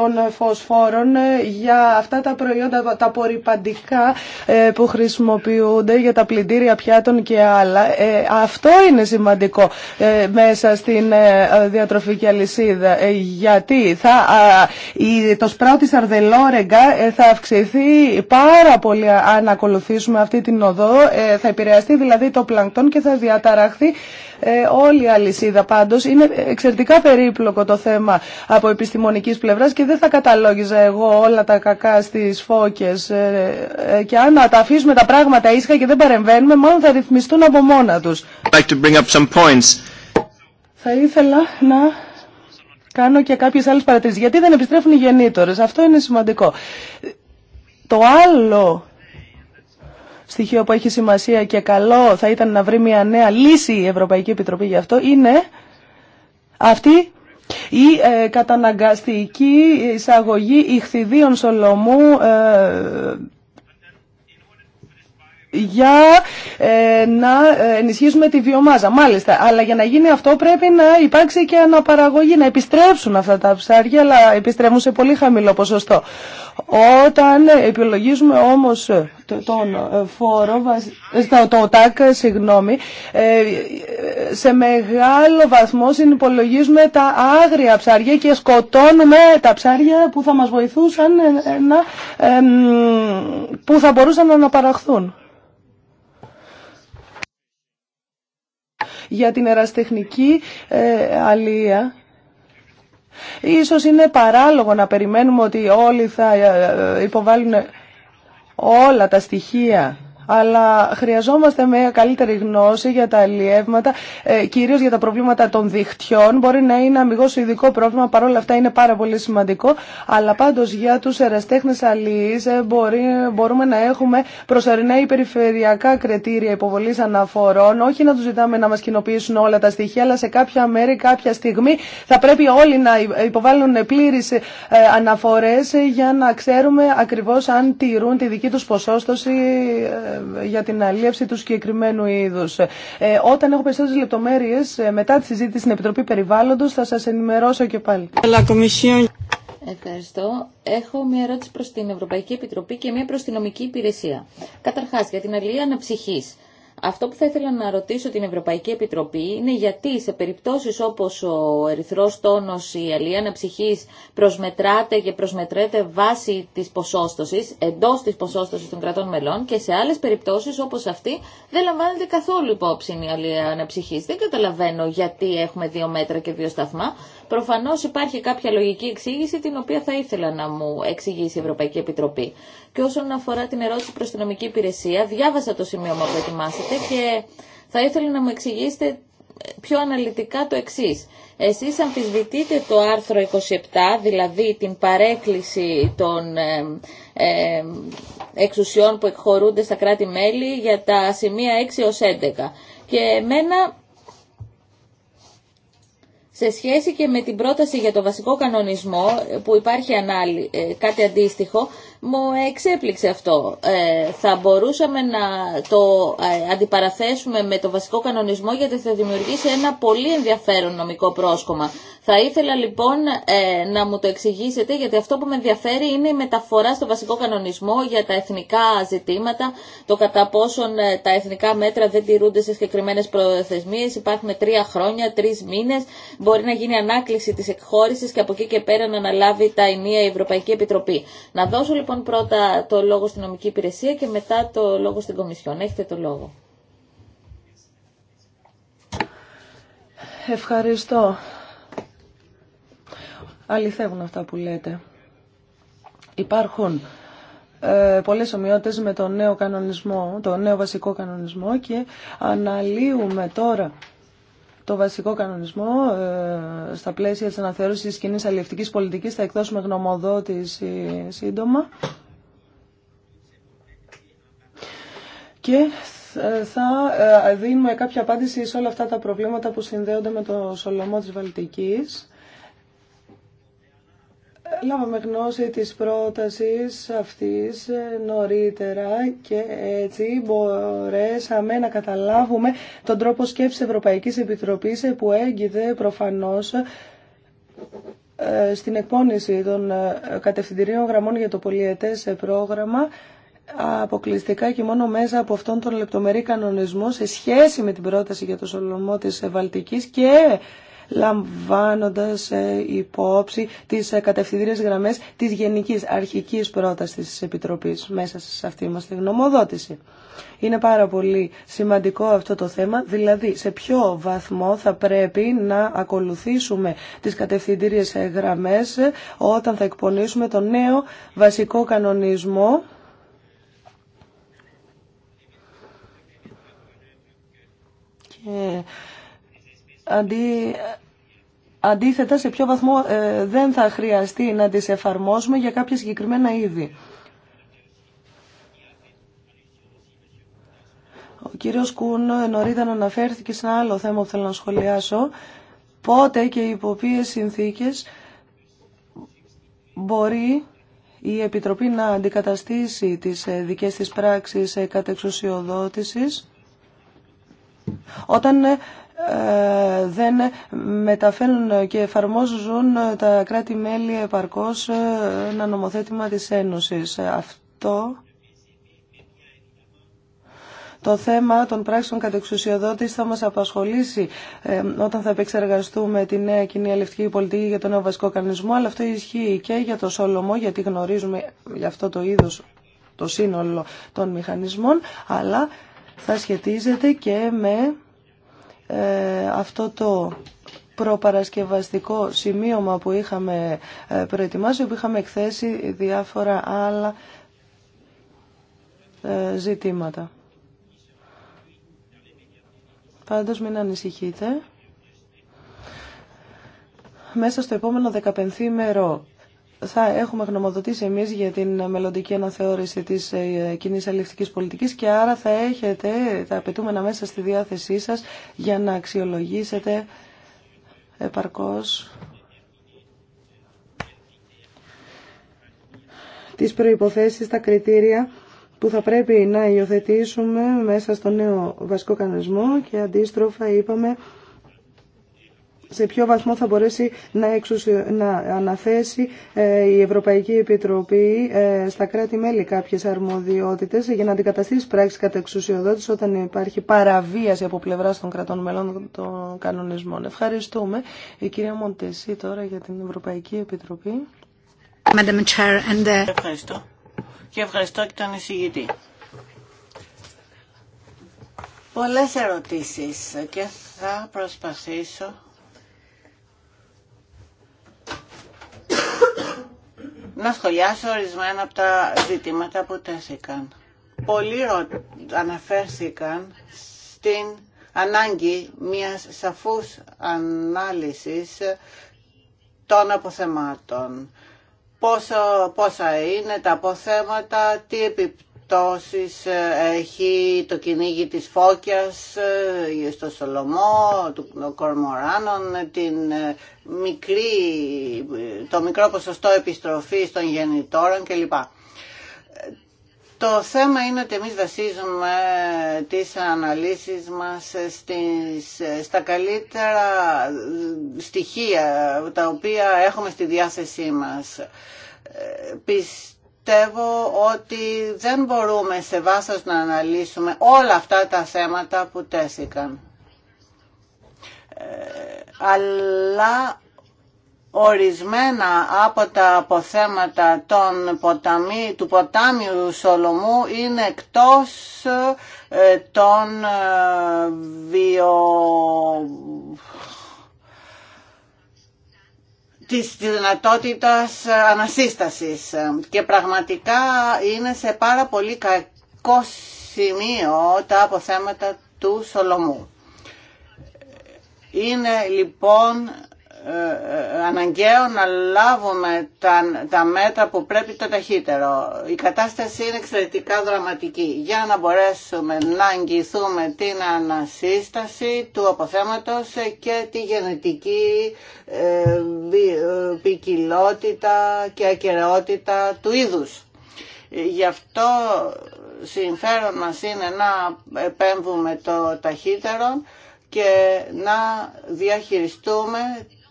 Speaker 4: των φωσφόρων για αυτά τα προϊόντα, τα απορριπαντικά ε, που χρησιμοποιούνται για τα πλυντήρια πιάτων και άλλα. Ε, αυτό είναι σημαντικό ε, μέσα στην διατροφική αλυσίδα. Γιατί θα, το σπράου της Αρδελόρεγκα θα αυξηθεί πάρα πολύ αν ακολουθήσουμε αυτή την οδό. Θα επηρεαστεί δηλαδή το πλανκτόν και θα διαταραχθεί ε, όλη η αλυσίδα πάντως. Είναι εξαιρετικά περίπλοκο το θέμα από επιστημονικής πλευράς και δεν θα καταλόγιζα εγώ όλα τα κακά στις φώκες. Ε, ε, και αν τα αφήσουμε τα πράγματα ήσυχα και δεν παρεμβαίνουμε, μάλλον θα ρυθμιστούν από μόνα τους. Θα ήθελα να κάνω και κάποιες άλλες παρατηρήσεις. Γιατί δεν επιστρέφουν οι γεννήτωρες, Αυτό είναι σημαντικό. Το άλλο στοιχείο που έχει σημασία και καλό θα ήταν να βρει μια νέα λύση η Ευρωπαϊκή Επιτροπή για αυτό είναι αυτή η ε, καταναγκαστική εισαγωγή ηχθιδίων σολομού ε, για ε, να ε, ενισχύσουμε τη βιομάζα. Μάλιστα, αλλά για να γίνει αυτό πρέπει να υπάρξει και αναπαραγωγή, να επιστρέψουν αυτά τα ψάρια, αλλά επιστρέφουν σε πολύ χαμηλό ποσοστό. Όταν επιλογίζουμε όμως ε, τον φόρο, το ΤΑΚ, συγγνώμη, σε μεγάλο βαθμό συνυπολογίζουμε τα άγρια ψάρια και σκοτώνουμε τα ψάρια που θα μας βοηθούσαν να, που θα μπορούσαν να αναπαραχθούν. για την εραστεχνική ε, αλία. Ίσως είναι παράλογο να περιμένουμε ότι όλοι θα ε, ε, υποβάλουν όλα τα στοιχεία αλλά χρειαζόμαστε μια καλύτερη γνώση για τα αλλιεύματα, ε, κυρίω για τα προβλήματα των δικτυών. Μπορεί να είναι αμυγό ειδικό πρόβλημα, παρόλα αυτά είναι πάρα πολύ σημαντικό, αλλά πάντω για τους εραστέχνες ε, μπορούμε να έχουμε προσωρινά ή περιφερειακά κριτήρια υποβολή αναφορών, όχι να του ζητάμε να μα κοινοποιήσουν όλα τα στοιχεία, αλλά σε κάποια μέρη, κάποια στιγμή θα πρέπει όλοι να υποβάλουν πλήρε ε, αναφορές για να ξέρουμε ακριβώ αν τηρούν τη δική του ποσόστοση ε, για την αλίευση του συγκεκριμένου είδους. Ε, όταν έχω περισσότερε λεπτομέρειες, ε, μετά τη συζήτηση στην Επιτροπή Περιβάλλοντος, θα σας ενημερώσω και πάλι.
Speaker 3: Ευχαριστώ. Έχω μια ερώτηση προς την Ευρωπαϊκή Επιτροπή και μια προς την Νομική Υπηρεσία. Καταρχάς, για την αλληλεία αναψυχή. Αυτό που θα ήθελα να ρωτήσω την Ευρωπαϊκή Επιτροπή είναι γιατί σε περιπτώσεις όπως ο ερυθρός τόνος, η αλληλεία ψυχής προσμετράται και προσμετρέται βάσει της ποσόστοσης, εντός της ποσόστοσης των κρατών μελών και σε άλλες περιπτώσεις όπως αυτή δεν λαμβάνεται καθόλου υπόψη η αλληλεία ψυχής. Δεν καταλαβαίνω γιατί έχουμε δύο μέτρα και δύο σταθμά. Προφανώς υπάρχει κάποια λογική εξήγηση την οποία θα ήθελα να μου εξηγήσει η Ευρωπαϊκή Επιτροπή. Και όσον αφορά την ερώτηση προ την νομική υπηρεσία, διάβασα το σημείο που προετοιμάσατε και θα ήθελα να μου εξηγήσετε ε, πιο αναλυτικά το εξή. Εσείς αμφισβητείτε το άρθρο 27, δηλαδή την παρέκκληση των ε, ε, εξουσιών που εκχωρούνται στα κράτη-μέλη για τα σημεία 6 έως 11. Και εμένα σε σχέση και με την πρόταση για το βασικό κανονισμό που υπάρχει ανάλυ, ε, κάτι αντίστοιχο μου εξέπληξε αυτό. Ε, θα μπορούσαμε να το ε, αντιπαραθέσουμε με το βασικό κανονισμό γιατί θα δημιουργήσει ένα πολύ ενδιαφέρον νομικό πρόσκομα. Θα ήθελα λοιπόν ε, να μου το εξηγήσετε γιατί αυτό που με ενδιαφέρει είναι η μεταφορά στο βασικό κανονισμό για τα εθνικά ζητήματα, το κατά πόσον ε, τα εθνικά μέτρα δεν τηρούνται σε συγκεκριμένε προθεσμίε, υπάρχουν τρία χρόνια, τρει μήνε, μπορεί να γίνει ανάκληση τη εκχώρηση και από εκεί και πέρα να αναλάβει τα ενία η Ευρωπαϊκή Επιτροπή. Να δώσω λοιπόν, λοιπόν πρώτα το λόγο στην νομική υπηρεσία και μετά το λόγο στην Κομισιόν. Έχετε το λόγο.
Speaker 4: Ευχαριστώ. Αληθεύουν αυτά που λέτε. Υπάρχουν ε, πολλές ομοιότητες με τον νέο κανονισμό, τον νέο βασικό κανονισμό και αναλύουμε τώρα το βασικό κανονισμό ε, στα πλαίσια της αναθεώρησης της κοινής αλληλευτικής πολιτικής. Θα εκδώσουμε γνωμοδότηση σύντομα. Και θα ε, δίνουμε κάποια απάντηση σε όλα αυτά τα προβλήματα που συνδέονται με το Σολομό της Βαλτικής. Λάβαμε γνώση της πρότασης αυτής νωρίτερα και έτσι μπορέσαμε να καταλάβουμε τον τρόπο σκέψης Ευρωπαϊκής Επιτροπής που έγκυδε προφανώς ε, στην εκπόνηση των ε, κατευθυντηρίων γραμμών για το πολιετές πρόγραμμα αποκλειστικά και μόνο μέσα από αυτόν τον λεπτομερή κανονισμό σε σχέση με την πρόταση για το Σολομό της Βαλτικής και λαμβάνοντας ε, υπόψη τις ε, κατευθυντήριες γραμμές της γενικής αρχικής πρότασης της Επιτροπής μέσα σε αυτή μας τη γνωμοδότηση. Είναι πάρα πολύ σημαντικό αυτό το θέμα, δηλαδή σε ποιο βαθμό θα πρέπει να ακολουθήσουμε τις κατευθυντήριες ε, γραμμές όταν θα εκπονήσουμε το νέο βασικό κανονισμό αντί Αντίθετα, σε ποιο βαθμό ε, δεν θα χρειαστεί να τις εφαρμόσουμε για κάποια συγκεκριμένα είδη. Ο κύριος Κούν νωρίτερα αναφέρθηκε σε ένα άλλο θέμα που θέλω να σχολιάσω. Πότε και υπό ποιες συνθήκες μπορεί η Επιτροπή να αντικαταστήσει τις ε, δικές της πράξεις ε, κατεξουσιοδότησης όταν δεν μεταφέρουν και εφαρμόζουν τα κράτη-μέλη επαρκώς ένα νομοθέτημα της Ένωσης. Αυτό το θέμα των πράξεων κατεξουσιοδότης θα μας απασχολήσει όταν θα επεξεργαστούμε τη νέα κοινή αλληλευτική πολιτική για τον νέο βασικό κανονισμό, αλλά αυτό ισχύει και για το Σόλωμο, γιατί γνωρίζουμε γι' αυτό το είδος, το σύνολο των μηχανισμών, αλλά θα σχετίζεται και με ε, αυτό το προπαρασκευαστικό σημείωμα που είχαμε ε, προετοιμάσει, που είχαμε εκθέσει διάφορα άλλα ε, ζητήματα. Πάντως μην ανησυχείτε. Μέσα στο επόμενο δεκαπενθήμερο θα έχουμε γνωμοδοτήσει εμείς για την μελλοντική αναθεώρηση της ε, κοινή αλληλευτικής πολιτικής και άρα θα έχετε τα απαιτούμενα μέσα στη διάθεσή σας για να αξιολογήσετε επαρκώς τις προϋποθέσεις, τα κριτήρια που θα πρέπει να υιοθετήσουμε μέσα στο νέο βασικό κανονισμό και αντίστροφα είπαμε σε ποιο βαθμό θα μπορέσει να, εξουσιο... να αναθέσει ε, η Ευρωπαϊκή Επιτροπή ε, στα κράτη-μέλη κάποιες αρμοδιότητες για να αντικαταστήσει πράξη κατά εξουσιοδότηση όταν υπάρχει παραβίαση από πλευρά των κρατών μελών των κανονισμών. Ευχαριστούμε. Η κυρία Μοντεσί τώρα για την Ευρωπαϊκή Επιτροπή. Uh, ευχαριστώ.
Speaker 2: Και ευχαριστώ και τον εισηγητή. Πολλές ερωτήσεις και θα προσπαθήσω να σχολιάσω ορισμένα από τα ζητήματα που τέθηκαν. Πολλοί αναφέρθηκαν στην ανάγκη μιας σαφούς ανάλυσης των αποθεμάτων. Πόσο, πόσα είναι τα αποθέματα, τι επιπτώσεις περιπτώσεις ε, έχει το κυνήγι της Φώκιας ε, στο Σολομό, του Κορμοράνων, την ε, μικρή, το μικρό ποσοστό επιστροφής των γεννητόρων κλπ. Το θέμα είναι ότι εμείς βασίζουμε τις αναλύσεις μας στα καλύτερα στοιχεία τα οποία έχουμε στη διάθεσή μας πιστεύω ότι δεν μπορούμε σε βάσος να αναλύσουμε όλα αυτά τα θέματα που τέθηκαν. Ε, αλλά ορισμένα από τα αποθέματα των ποταμί, του ποτάμιου Σολομού είναι εκτός ε, των ε, βιο της δυνατότητας ε, ανασύστασης και πραγματικά είναι σε πάρα πολύ κακό σημείο τα αποθέματα του Σολομού. Είναι λοιπόν ε, ε, αναγκαίο να λάβουμε τα, τα μέτρα που πρέπει το ταχύτερο. Η κατάσταση είναι εξαιρετικά δραματική. Για να μπορέσουμε να αγγιθούμε την ανασύσταση του αποθέματος και τη γενετική ε, ποικιλότητα και ακαιρεότητα του είδους. Γι' αυτό συμφέρον μας είναι να επέμβουμε το ταχύτερο και να διαχειριστούμε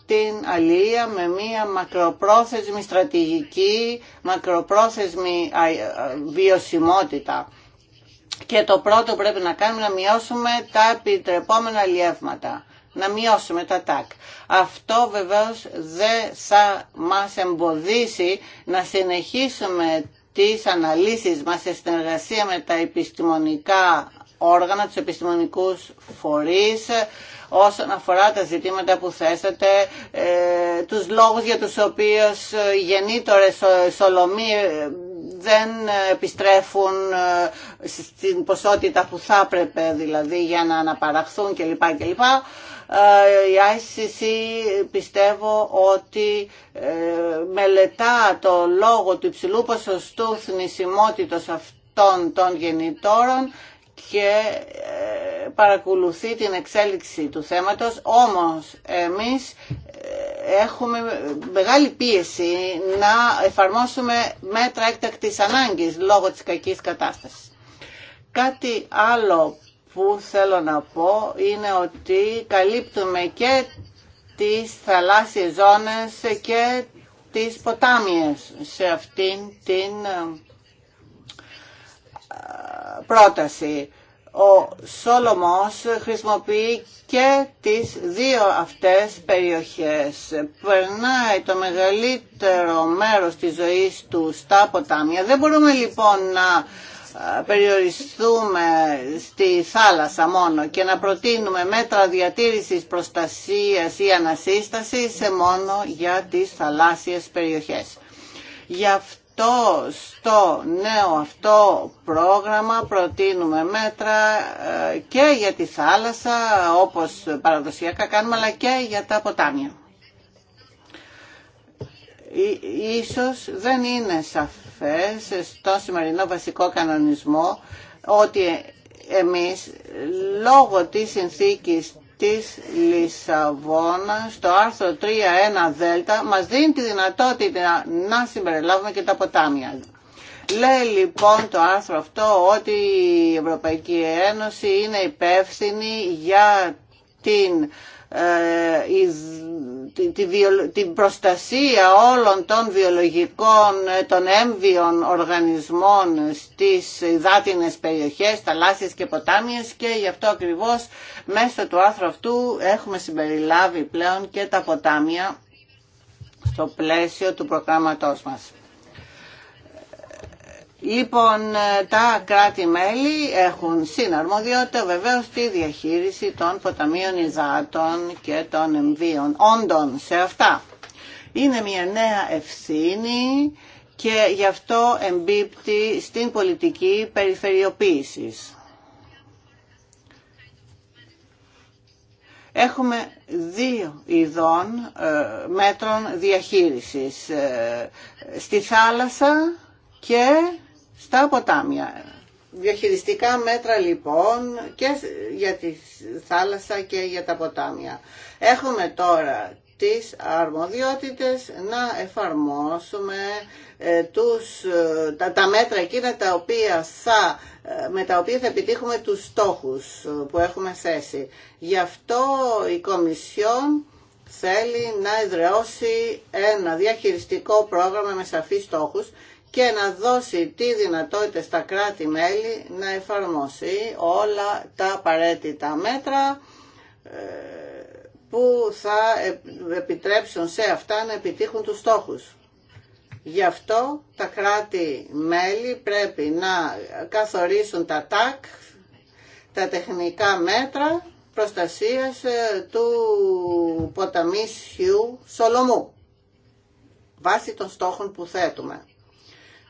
Speaker 2: την αλία με μία μακροπρόθεσμη στρατηγική, μακροπρόθεσμη βιωσιμότητα. Και το πρώτο πρέπει να κάνουμε να μειώσουμε τα επιτρεπόμενα λιεύματα, Να μειώσουμε τα τάκ. Αυτό βεβαίως δεν θα μας εμποδίσει να συνεχίσουμε τις αναλύσεις μας σε συνεργασία με τα επιστημονικά όργανα, τους επιστημονικούς φορείς όσον αφορά τα ζητήματα που θέσατε, ε, τους λόγους για τους οποίους ε, οι γεννήτωρες Σολομή ε, δεν επιστρέφουν στην ποσότητα που θα έπρεπε δηλαδή για να αναπαραχθούν κλπ. κλπ. Η ICC πιστεύω ότι μελετά το λόγο του υψηλού ποσοστού θνησιμότητος αυτών των γεννητόρων και ε, παρακολουθεί την εξέλιξη του θέματος, όμως εμείς ε, έχουμε μεγάλη πίεση να εφαρμόσουμε μέτρα έκτακτης ανάγκης λόγω της κακής κατάστασης. Κάτι άλλο που θέλω να πω είναι ότι καλύπτουμε και τις θαλάσσιες ζώνες και τις ποτάμιες σε αυτήν την ε, πρόταση. Ο Σόλομος χρησιμοποιεί και τις δύο αυτές περιοχές. Περνάει το μεγαλύτερο μέρος της ζωής του στα ποτάμια. Δεν μπορούμε λοιπόν να περιοριστούμε στη θάλασσα μόνο και να προτείνουμε μέτρα διατήρησης προστασίας ή ανασύστασης σε μόνο για τις θαλάσσιες περιοχές. Γι' αυτό στο νέο αυτό πρόγραμμα προτείνουμε μέτρα ε, και για τη θάλασσα όπως παραδοσιακά κάνουμε αλλά και για τα ποτάμια. Ίσως δεν είναι σαφές στο σημερινό βασικό κανονισμό ότι εμείς λόγω της συνθήκης της Λισαβόνα στο άρθρο 3.1 Δέλτα μας δίνει τη δυνατότητα να συμπεριλάβουμε και τα ποτάμια. Λέει λοιπόν το άρθρο αυτό ότι η Ευρωπαϊκή Ένωση είναι υπεύθυνη για την ε, την προστασία όλων των βιολογικών, ε, των έμβιων οργανισμών στις υδάτινες περιοχές, θαλάσσιες και ποτάμιες και γι' αυτό ακριβώς μέσα του άρθρου αυτού έχουμε συμπεριλάβει πλέον και τα ποτάμια στο πλαίσιο του προγράμματός μας. Λοιπόν, ε, τα κράτη-μέλη έχουν συναρμοδιότητα βεβαίως στη διαχείριση των ποταμίων υδάτων και των εμβίων όντων σε αυτά. Είναι μια νέα ευθύνη και γι' αυτό εμπίπτει στην πολιτική περιφερειοποίησης. Έχουμε δύο ειδών ε, μέτρων διαχείρισης. Ε, στη θάλασσα και στα ποτάμια. Διαχειριστικά μέτρα λοιπόν και για τη θάλασσα και για τα ποτάμια. Έχουμε τώρα τις αρμοδιότητες να εφαρμόσουμε ε, τους, ε, τα, μέτρα εκείνα τα οποία θα, ε, με τα οποία θα επιτύχουμε τους στόχους που έχουμε θέσει. Γι' αυτό η Κομισιόν θέλει να εδραιώσει ένα διαχειριστικό πρόγραμμα με σαφείς στόχους και να δώσει τη δυνατότητα στα κράτη-μέλη να εφαρμόσει όλα τα απαραίτητα μέτρα ε, που θα επιτρέψουν σε αυτά να επιτύχουν τους στόχους. Γι' αυτό τα κράτη-μέλη πρέπει να καθορίσουν τα ΤΑΚ, τα τεχνικά μέτρα προστασίας ε, του ποταμίσιου Σολομού, βάσει των στόχων που θέτουμε.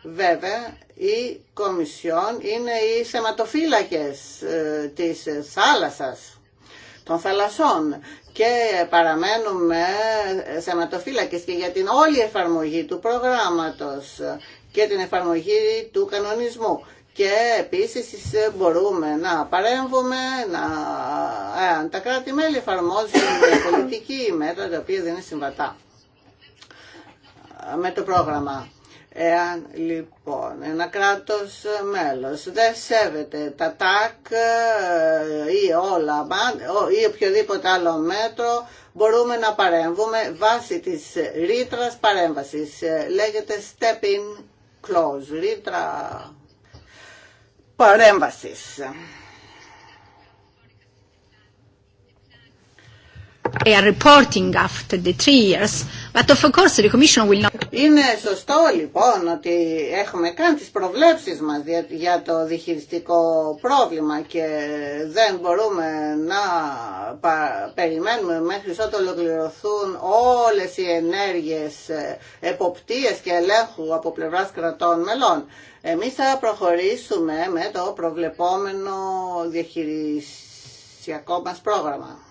Speaker 2: Βέβαια, οι Κομισιόν είναι οι σεματοφύλακες ε, της θάλασσας, των θαλασσών και παραμένουμε θεματοφύλακες και για την όλη εφαρμογή του προγράμματος και την εφαρμογή του κανονισμού. Και επίσης ε, μπορούμε να παρέμβουμε, να... Ε, αν τα κράτη-μέλη εφαρμόζουν πολιτική μέτρα τα οποία δεν είναι συμβατά με το πρόγραμμα. Εάν λοιπόν ένα κράτος μέλος δεν σέβεται τα ΤΑΚ ε, ή όλα ή οποιοδήποτε άλλο μέτρο μπορούμε να παρέμβουμε βάσει της ρήτρα παρέμβασης. Ε, λέγεται stepping close, clause, ρήτρα παρέμβασης. Είναι σωστό λοιπόν ότι έχουμε κάνει τις προβλέψεις μας για το διχειριστικό πρόβλημα και δεν μπορούμε να περιμένουμε μέχρι ότου ολοκληρωθούν όλες οι ενέργειες ε, εποπτείες και ελέγχου από πλευράς κρατών μελών. Εμείς θα προχωρήσουμε με το προβλεπόμενο διαχειριστικό μας πρόγραμμα.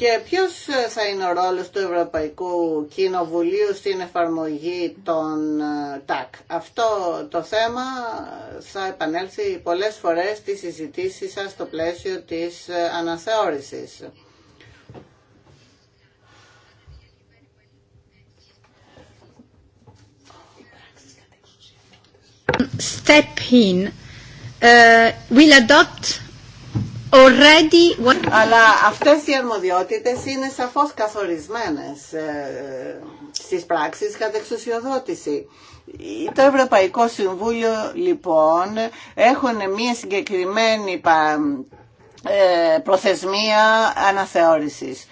Speaker 2: Και ποιος θα είναι ο ρόλος του Ευρωπαϊκού Κοινοβουλίου στην εφαρμογή των ε, ΤΑΚ. Αυτό το θέμα θα επανέλθει πολλές φορές στις συζητήσεις σας στο πλαίσιο της ε, αναθεώρησης. Step in. Uh, adopt αλλά αυτές οι αρμοδιότητες είναι σαφώς καθορισμένες ε, στις πράξεις κατά εξουσιοδότηση. Το Ευρωπαϊκό Συμβούλιο λοιπόν έχουν μια συγκεκριμένη ε, προθεσμία αναθεώρησης.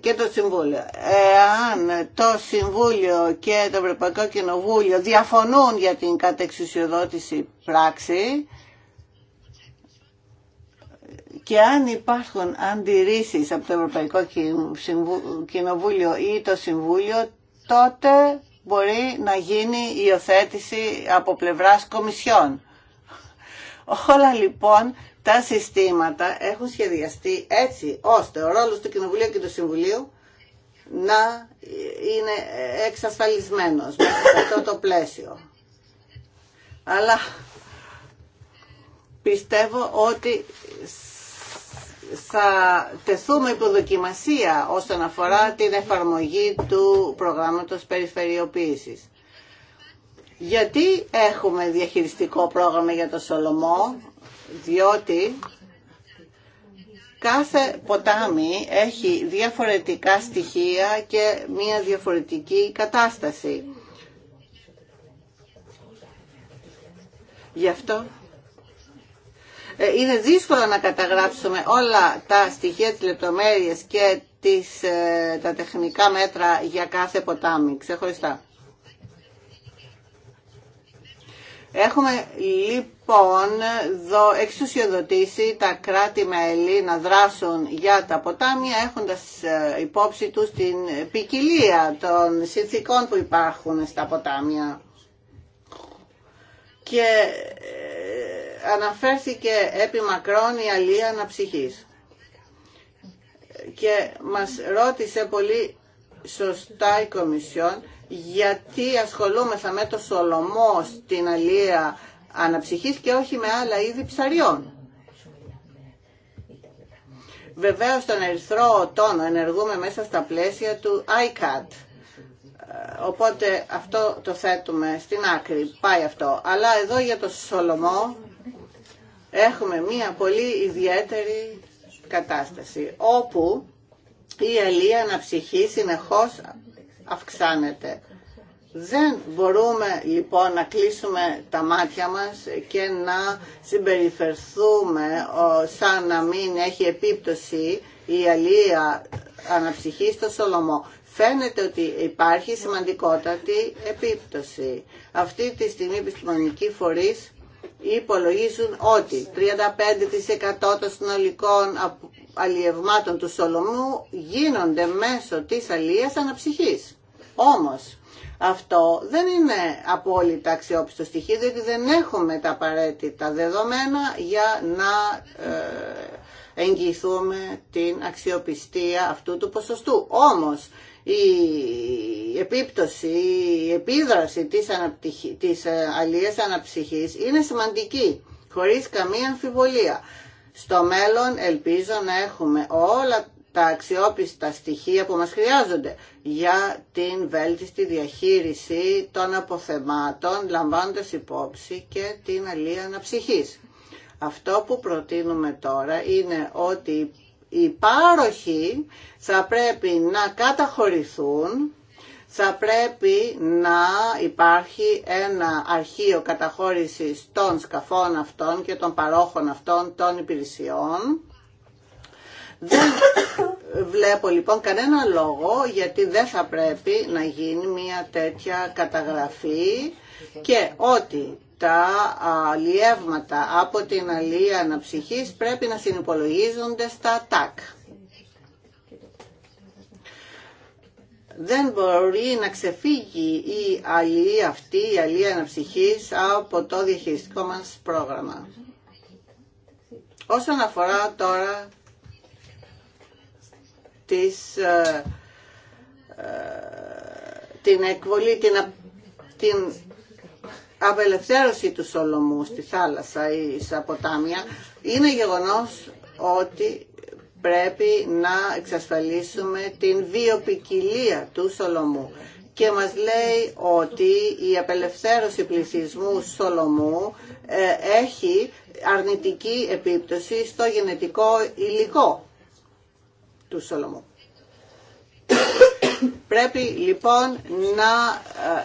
Speaker 2: και το Συμβούλιο. Εάν το Συμβούλιο και το Ευρωπαϊκό Κοινοβούλιο διαφωνούν για την κατεξουσιοδότηση πράξη, και αν υπάρχουν αντιρρήσεις από το Ευρωπαϊκό Κοινοβούλιο ή το Συμβούλιο, τότε μπορεί να γίνει η υιοθέτηση από πλευράς κομισιών. Όλα λοιπόν τα συστήματα έχουν σχεδιαστεί έτσι ώστε ο ρόλος του Κοινοβουλίου και του Συμβουλίου να είναι εξασφαλισμένος με αυτό το πλαίσιο. Αλλά πιστεύω ότι θα τεθούμε υποδοκιμασία όσον αφορά την εφαρμογή του προγράμματος περιφερειοποίησης. Γιατί έχουμε διαχειριστικό πρόγραμμα για το Σολομό, διότι κάθε ποτάμι έχει διαφορετικά στοιχεία και μία διαφορετική κατάσταση. Γι' αυτό ε, είναι δύσκολο να καταγράψουμε όλα τα στοιχεία, τις λεπτομέρειες και τις, ε, τα τεχνικά μέτρα για κάθε ποτάμι ξεχωριστά. Έχουμε λοιπόν δο, εξουσιοδοτήσει τα κράτη-μέλη να δράσουν για τα ποτάμια έχοντας ε, υπόψη τους την ποικιλία των συνθήκων που υπάρχουν στα ποτάμια. Και αναφέρθηκε επί μακρόν η αλία αναψυχής και μας ρώτησε πολύ σωστά η Κομισιόν γιατί ασχολούμεθα με το σολομό στην αλία αναψυχής και όχι με άλλα είδη ψαριών. Βεβαίως τον ερυθρό τόνο ενεργούμε μέσα στα πλαίσια του ICAT. Οπότε αυτό το θέτουμε στην άκρη, πάει αυτό. Αλλά εδώ για το Σολομό έχουμε μία πολύ ιδιαίτερη κατάσταση όπου η αλία αναψυχή συνεχώς αυξάνεται. Δεν μπορούμε λοιπόν να κλείσουμε τα μάτια μας και να συμπεριφερθούμε σαν να μην έχει επίπτωση η αλία αναψυχή στο Σολομό. Φαίνεται ότι υπάρχει σημαντικότατη επίπτωση. Αυτή τη στιγμή οι επιστημονικοί φορείς υπολογίζουν ότι 35% των συνολικών αλλιευμάτων του Σολομού γίνονται μέσω της αλλίας αναψυχής. Όμως, αυτό δεν είναι απόλυτα αξιόπιστο στοιχείο, διότι δεν έχουμε τα απαραίτητα δεδομένα για να ε, εγγυηθούμε την αξιοπιστία αυτού του ποσοστού. Όμως, η επίπτωση, η επίδραση της, αναψυχή, της ε, αλίας αναψυχής είναι σημαντική, χωρίς καμία αμφιβολία. Στο μέλλον ελπίζω να έχουμε όλα τα αξιόπιστα στοιχεία που μας χρειάζονται για την βέλτιστη διαχείριση των αποθεμάτων, λαμβάνοντας υπόψη και την αλία αναψυχής. Αυτό που προτείνουμε τώρα είναι ότι οι πάροχοι θα πρέπει να καταχωρηθούν, θα πρέπει να υπάρχει ένα αρχείο καταχώρησης των σκαφών αυτών και των παρόχων αυτών των υπηρεσιών. Δεν βλέπω λοιπόν κανένα λόγο γιατί δεν θα πρέπει να γίνει μια τέτοια καταγραφή και ότι τα αλλιεύματα από την αλλία αναψυχής πρέπει να συνυπολογίζονται στα ΤΑΚ. δεν μπορεί να ξεφύγει η αλληλεία αυτή, η αλληλεία αναψυχής από το διαχειριστικό μας πρόγραμμα. Όσον αφορά τώρα τις, ε, ε, την εκβολή, την, την απελευθέρωση του Σολομού στη θάλασσα ή στα ποτάμια είναι γεγονός ότι πρέπει να εξασφαλίσουμε την βιοπικιλία του Σολομού και μας λέει ότι η απελευθέρωση πληθυσμού Σολομού ε, έχει αρνητική επίπτωση στο γενετικό υλικό του Σολομού. Πρέπει λοιπόν να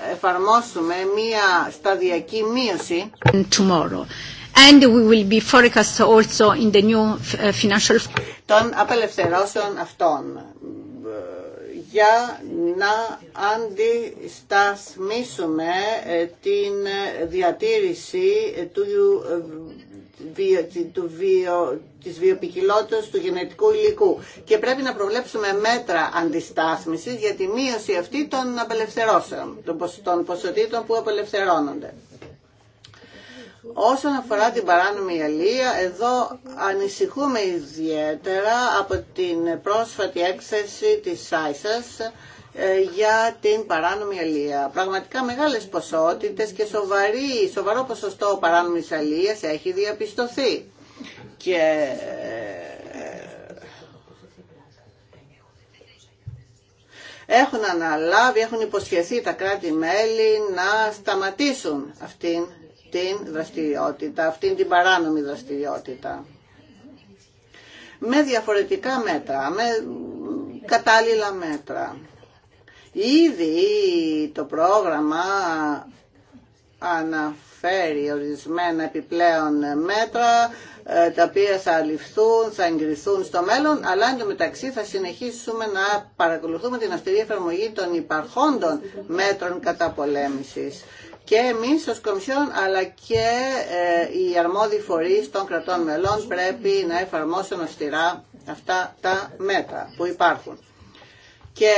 Speaker 2: ε, εφαρμόσουμε μία σταδιακή μείωση. Tomorrow. And we will be forecast also in the new ε, financial... των απελευθερώσεων αυτών ε, για να αντιστασμίσουμε την διατήρηση του του βιο, της βιοπικιλότητας του γενετικού υλικού και πρέπει να προβλέψουμε μέτρα αντιστάθμισης για τη μείωση αυτή των απελευθερώσεων, των ποσοτήτων που απελευθερώνονται. Όσον αφορά την παράνομη αλία, εδώ ανησυχούμε ιδιαίτερα από την πρόσφατη έκθεση της ΣΑΙΣΑΣ ε, για την παράνομη αλία. Πραγματικά μεγάλες ποσότητες και σοβαρή, σοβαρό ποσοστό παράνομης αλίας έχει διαπιστωθεί. Και ε, έχουν αναλάβει, έχουν υποσχεθεί τα κράτη-μέλη να σταματήσουν αυτήν την δραστηριότητα, αυτήν την παράνομη δραστηριότητα. Με διαφορετικά μέτρα, με κατάλληλα μέτρα. Ήδη το πρόγραμμα αναφέρει ορισμένα επιπλέον μέτρα ε, τα οποία θα ληφθούν, θα εγκριθούν στο μέλλον, αλλά εντωμεταξύ θα συνεχίσουμε να παρακολουθούμε την αυστηρή εφαρμογή των υπαρχόντων μέτρων καταπολέμησης και εμείς ως Κομισιόν αλλά και ε, οι αρμόδιοι φορείς των κρατών μελών πρέπει να εφαρμόσουν αυστηρά αυτά τα μέτρα που υπάρχουν. Και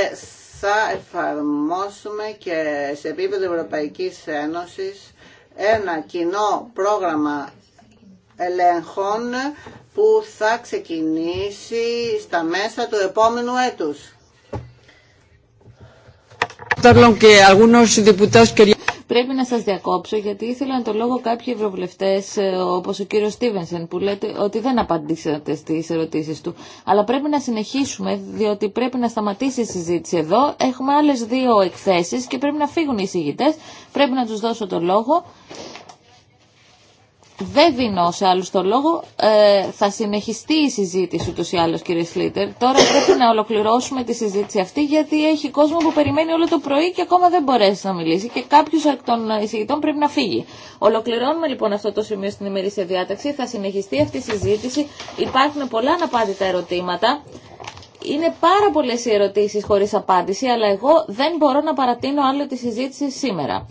Speaker 2: θα εφαρμόσουμε και σε επίπεδο Ευρωπαϊκής Ένωσης ένα κοινό πρόγραμμα ελέγχων που θα ξεκινήσει στα μέσα του επόμενου έτους. Πρέπει να σας διακόψω γιατί
Speaker 3: ήθελα να το λόγο κάποιοι ευρωβουλευτές ε, όπως ο κύριος Στίβενσεν που λέτε ότι δεν απαντήσατε στις ερωτήσεις του. Αλλά πρέπει να συνεχίσουμε διότι πρέπει να σταματήσει η συζήτηση εδώ. Έχουμε άλλες δύο εκθέσεις και πρέπει να φύγουν οι συγητές. Πρέπει να τους δώσω το λόγο δεν δίνω σε άλλους το λόγο. Ε, θα συνεχιστεί η συζήτηση του ή άλλως κύριε Σλίτερ. Τώρα πρέπει να ολοκληρώσουμε τη συζήτηση αυτή γιατί έχει κόσμο που περιμένει όλο το πρωί και ακόμα δεν μπορέσει να μιλήσει και κάποιος εκ των εισηγητών πρέπει να φύγει. Ολοκληρώνουμε λοιπόν αυτό το σημείο στην ημερήσια διάταξη. Θα συνεχιστεί αυτή η συζήτηση. Υπάρχουν πολλά αναπάντητα ερωτήματα. Είναι πάρα πολλέ οι ερωτήσει χωρί απάντηση, αλλά εγώ δεν μπορώ να παρατείνω άλλο τη συζήτηση σήμερα.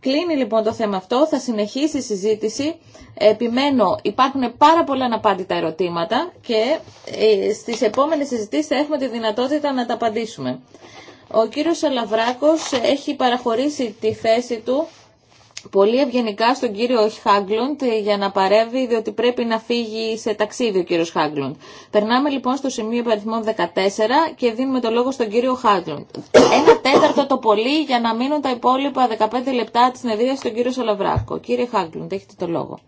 Speaker 3: Κλείνει λοιπόν το θέμα αυτό, θα συνεχίσει η συζήτηση. Επιμένω, υπάρχουν πάρα πολλά αναπάντητα ερωτήματα και ε, στις επόμενες συζητήσεις θα έχουμε τη δυνατότητα να τα απαντήσουμε. Ο κύριος Αλαβράκος έχει παραχωρήσει τη θέση του πολύ ευγενικά στον κύριο Χάγκλοντ για να παρεύει, διότι πρέπει να φύγει σε ταξίδι ο κύριος Χάγκλοντ. Περνάμε λοιπόν στο σημείο υπαριθμών 14 και δίνουμε το λόγο στον κύριο Χάγκλοντ. Ένα τέταρτο το πολύ για να μείνουν τα υπόλοιπα 15 λεπτά της συνεδρίας στον κύριο Σολαβράκο. Κύριε Χάγκλοντ, έχετε το λόγο.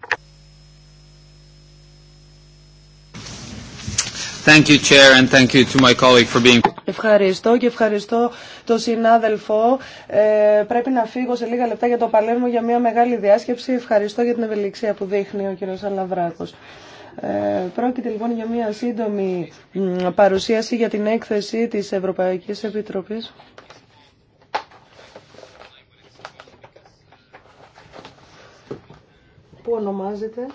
Speaker 4: Ευχαριστώ και ευχαριστώ τον συνάδελφο. Ε, πρέπει να φύγω σε λίγα λεπτά για το Παλέρμο για μια μεγάλη διάσκεψη. Ευχαριστώ για την ευελιξία που δείχνει ο κύριος Αλαβράκος. Ε, πρόκειται λοιπόν για μια σύντομη παρουσίαση για την έκθεση της Ευρωπαϊκής Επιτροπής. Που ονομάζεται...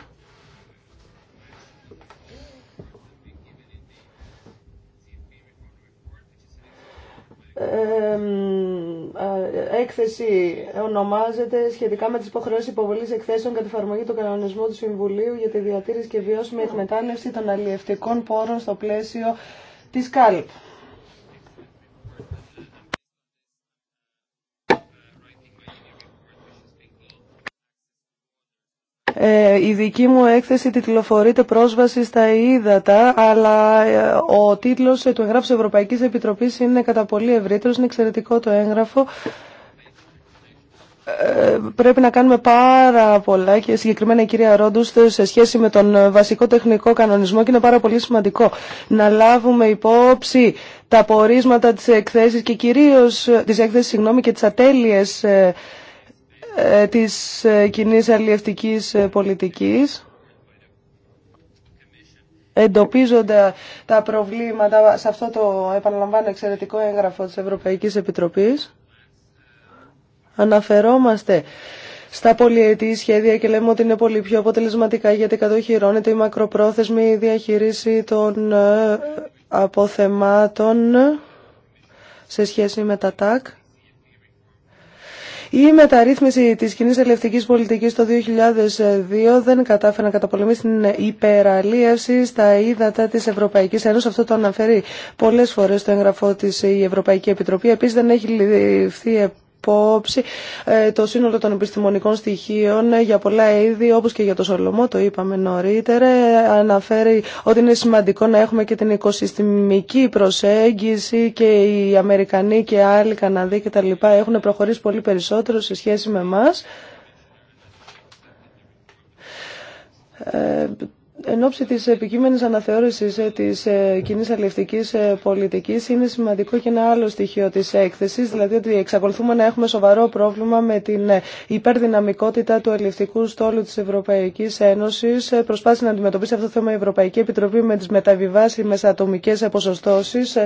Speaker 4: έκθεση ονομάζεται σχετικά με τις υποχρεώσεις υποβολής εκθέσεων κατά εφαρμογή του κανονισμού του Συμβουλίου για τη διατήρηση και βιώσιμη εκμετάλλευση των αλλιευτικών πόρων στο πλαίσιο της ΚΑΛΠ. Ε, η δική μου έκθεση τιτλοφορείται «Πρόσβαση στα ύδατα», αλλά ε, ο τίτλος του εγγράφου Ευρωπαϊκής Επιτροπής είναι κατά πολύ ευρύτερος, είναι εξαιρετικό το έγγραφο. Ε, πρέπει να κάνουμε πάρα πολλά και συγκεκριμένα η κυρία Ρόντους σε σχέση με τον βασικό τεχνικό κανονισμό και είναι πάρα πολύ σημαντικό να λάβουμε υπόψη τα πορίσματα της εκθέσης και κυρίως της έκθεσης συγγνώμη, και τις ατέλειες ε, της ε, κοινή αλλιευτικής ε, πολιτικής Εντοπίζονται τα προβλήματα σε αυτό το επαναλαμβάνω εξαιρετικό έγγραφο της Ευρωπαϊκής Επιτροπής αναφερόμαστε στα πολυετή σχέδια και λέμε ότι είναι πολύ πιο αποτελεσματικά γιατί κατοχυρώνεται η μακροπρόθεσμη διαχείριση των αποθεμάτων σε σχέση με τα ΤΑΚ. Η μεταρρύθμιση της κοινή ελευθερικής πολιτικής το 2002 δεν κατάφερε να καταπολεμήσει την υπεραλίευση στα ύδατα της Ευρωπαϊκής Ένωση. Αυτό το αναφέρει πολλές φορές το έγγραφό της η Ευρωπαϊκή Επιτροπή. Επίσης δεν έχει ληφθεί υπόψη ε, το σύνολο των επιστημονικών στοιχείων για πολλά είδη, όπως και για το Σολομό, το είπαμε νωρίτερα. Αναφέρει ότι είναι σημαντικό να έχουμε και την οικοσυστημική προσέγγιση και οι Αμερικανοί και άλλοι Καναδοί και τα λοιπά έχουν προχωρήσει πολύ περισσότερο σε σχέση με εμάς. Ε, Εν ώψη της επικείμενης αναθεώρησης ε, της ε, κοινή αλληλευτικής ε, πολιτικής είναι σημαντικό και ένα άλλο στοιχείο της έκθεσης, δηλαδή ότι εξακολουθούμε να έχουμε σοβαρό πρόβλημα με την υπερδυναμικότητα του αλληλευτικού στόλου της Ευρωπαϊκής Ένωσης. Προσπάθησε να αντιμετωπίσει αυτό το θέμα η Ευρωπαϊκή Επιτροπή με τις μεταβιβάσιμες ατομικές ποσοστώσεις,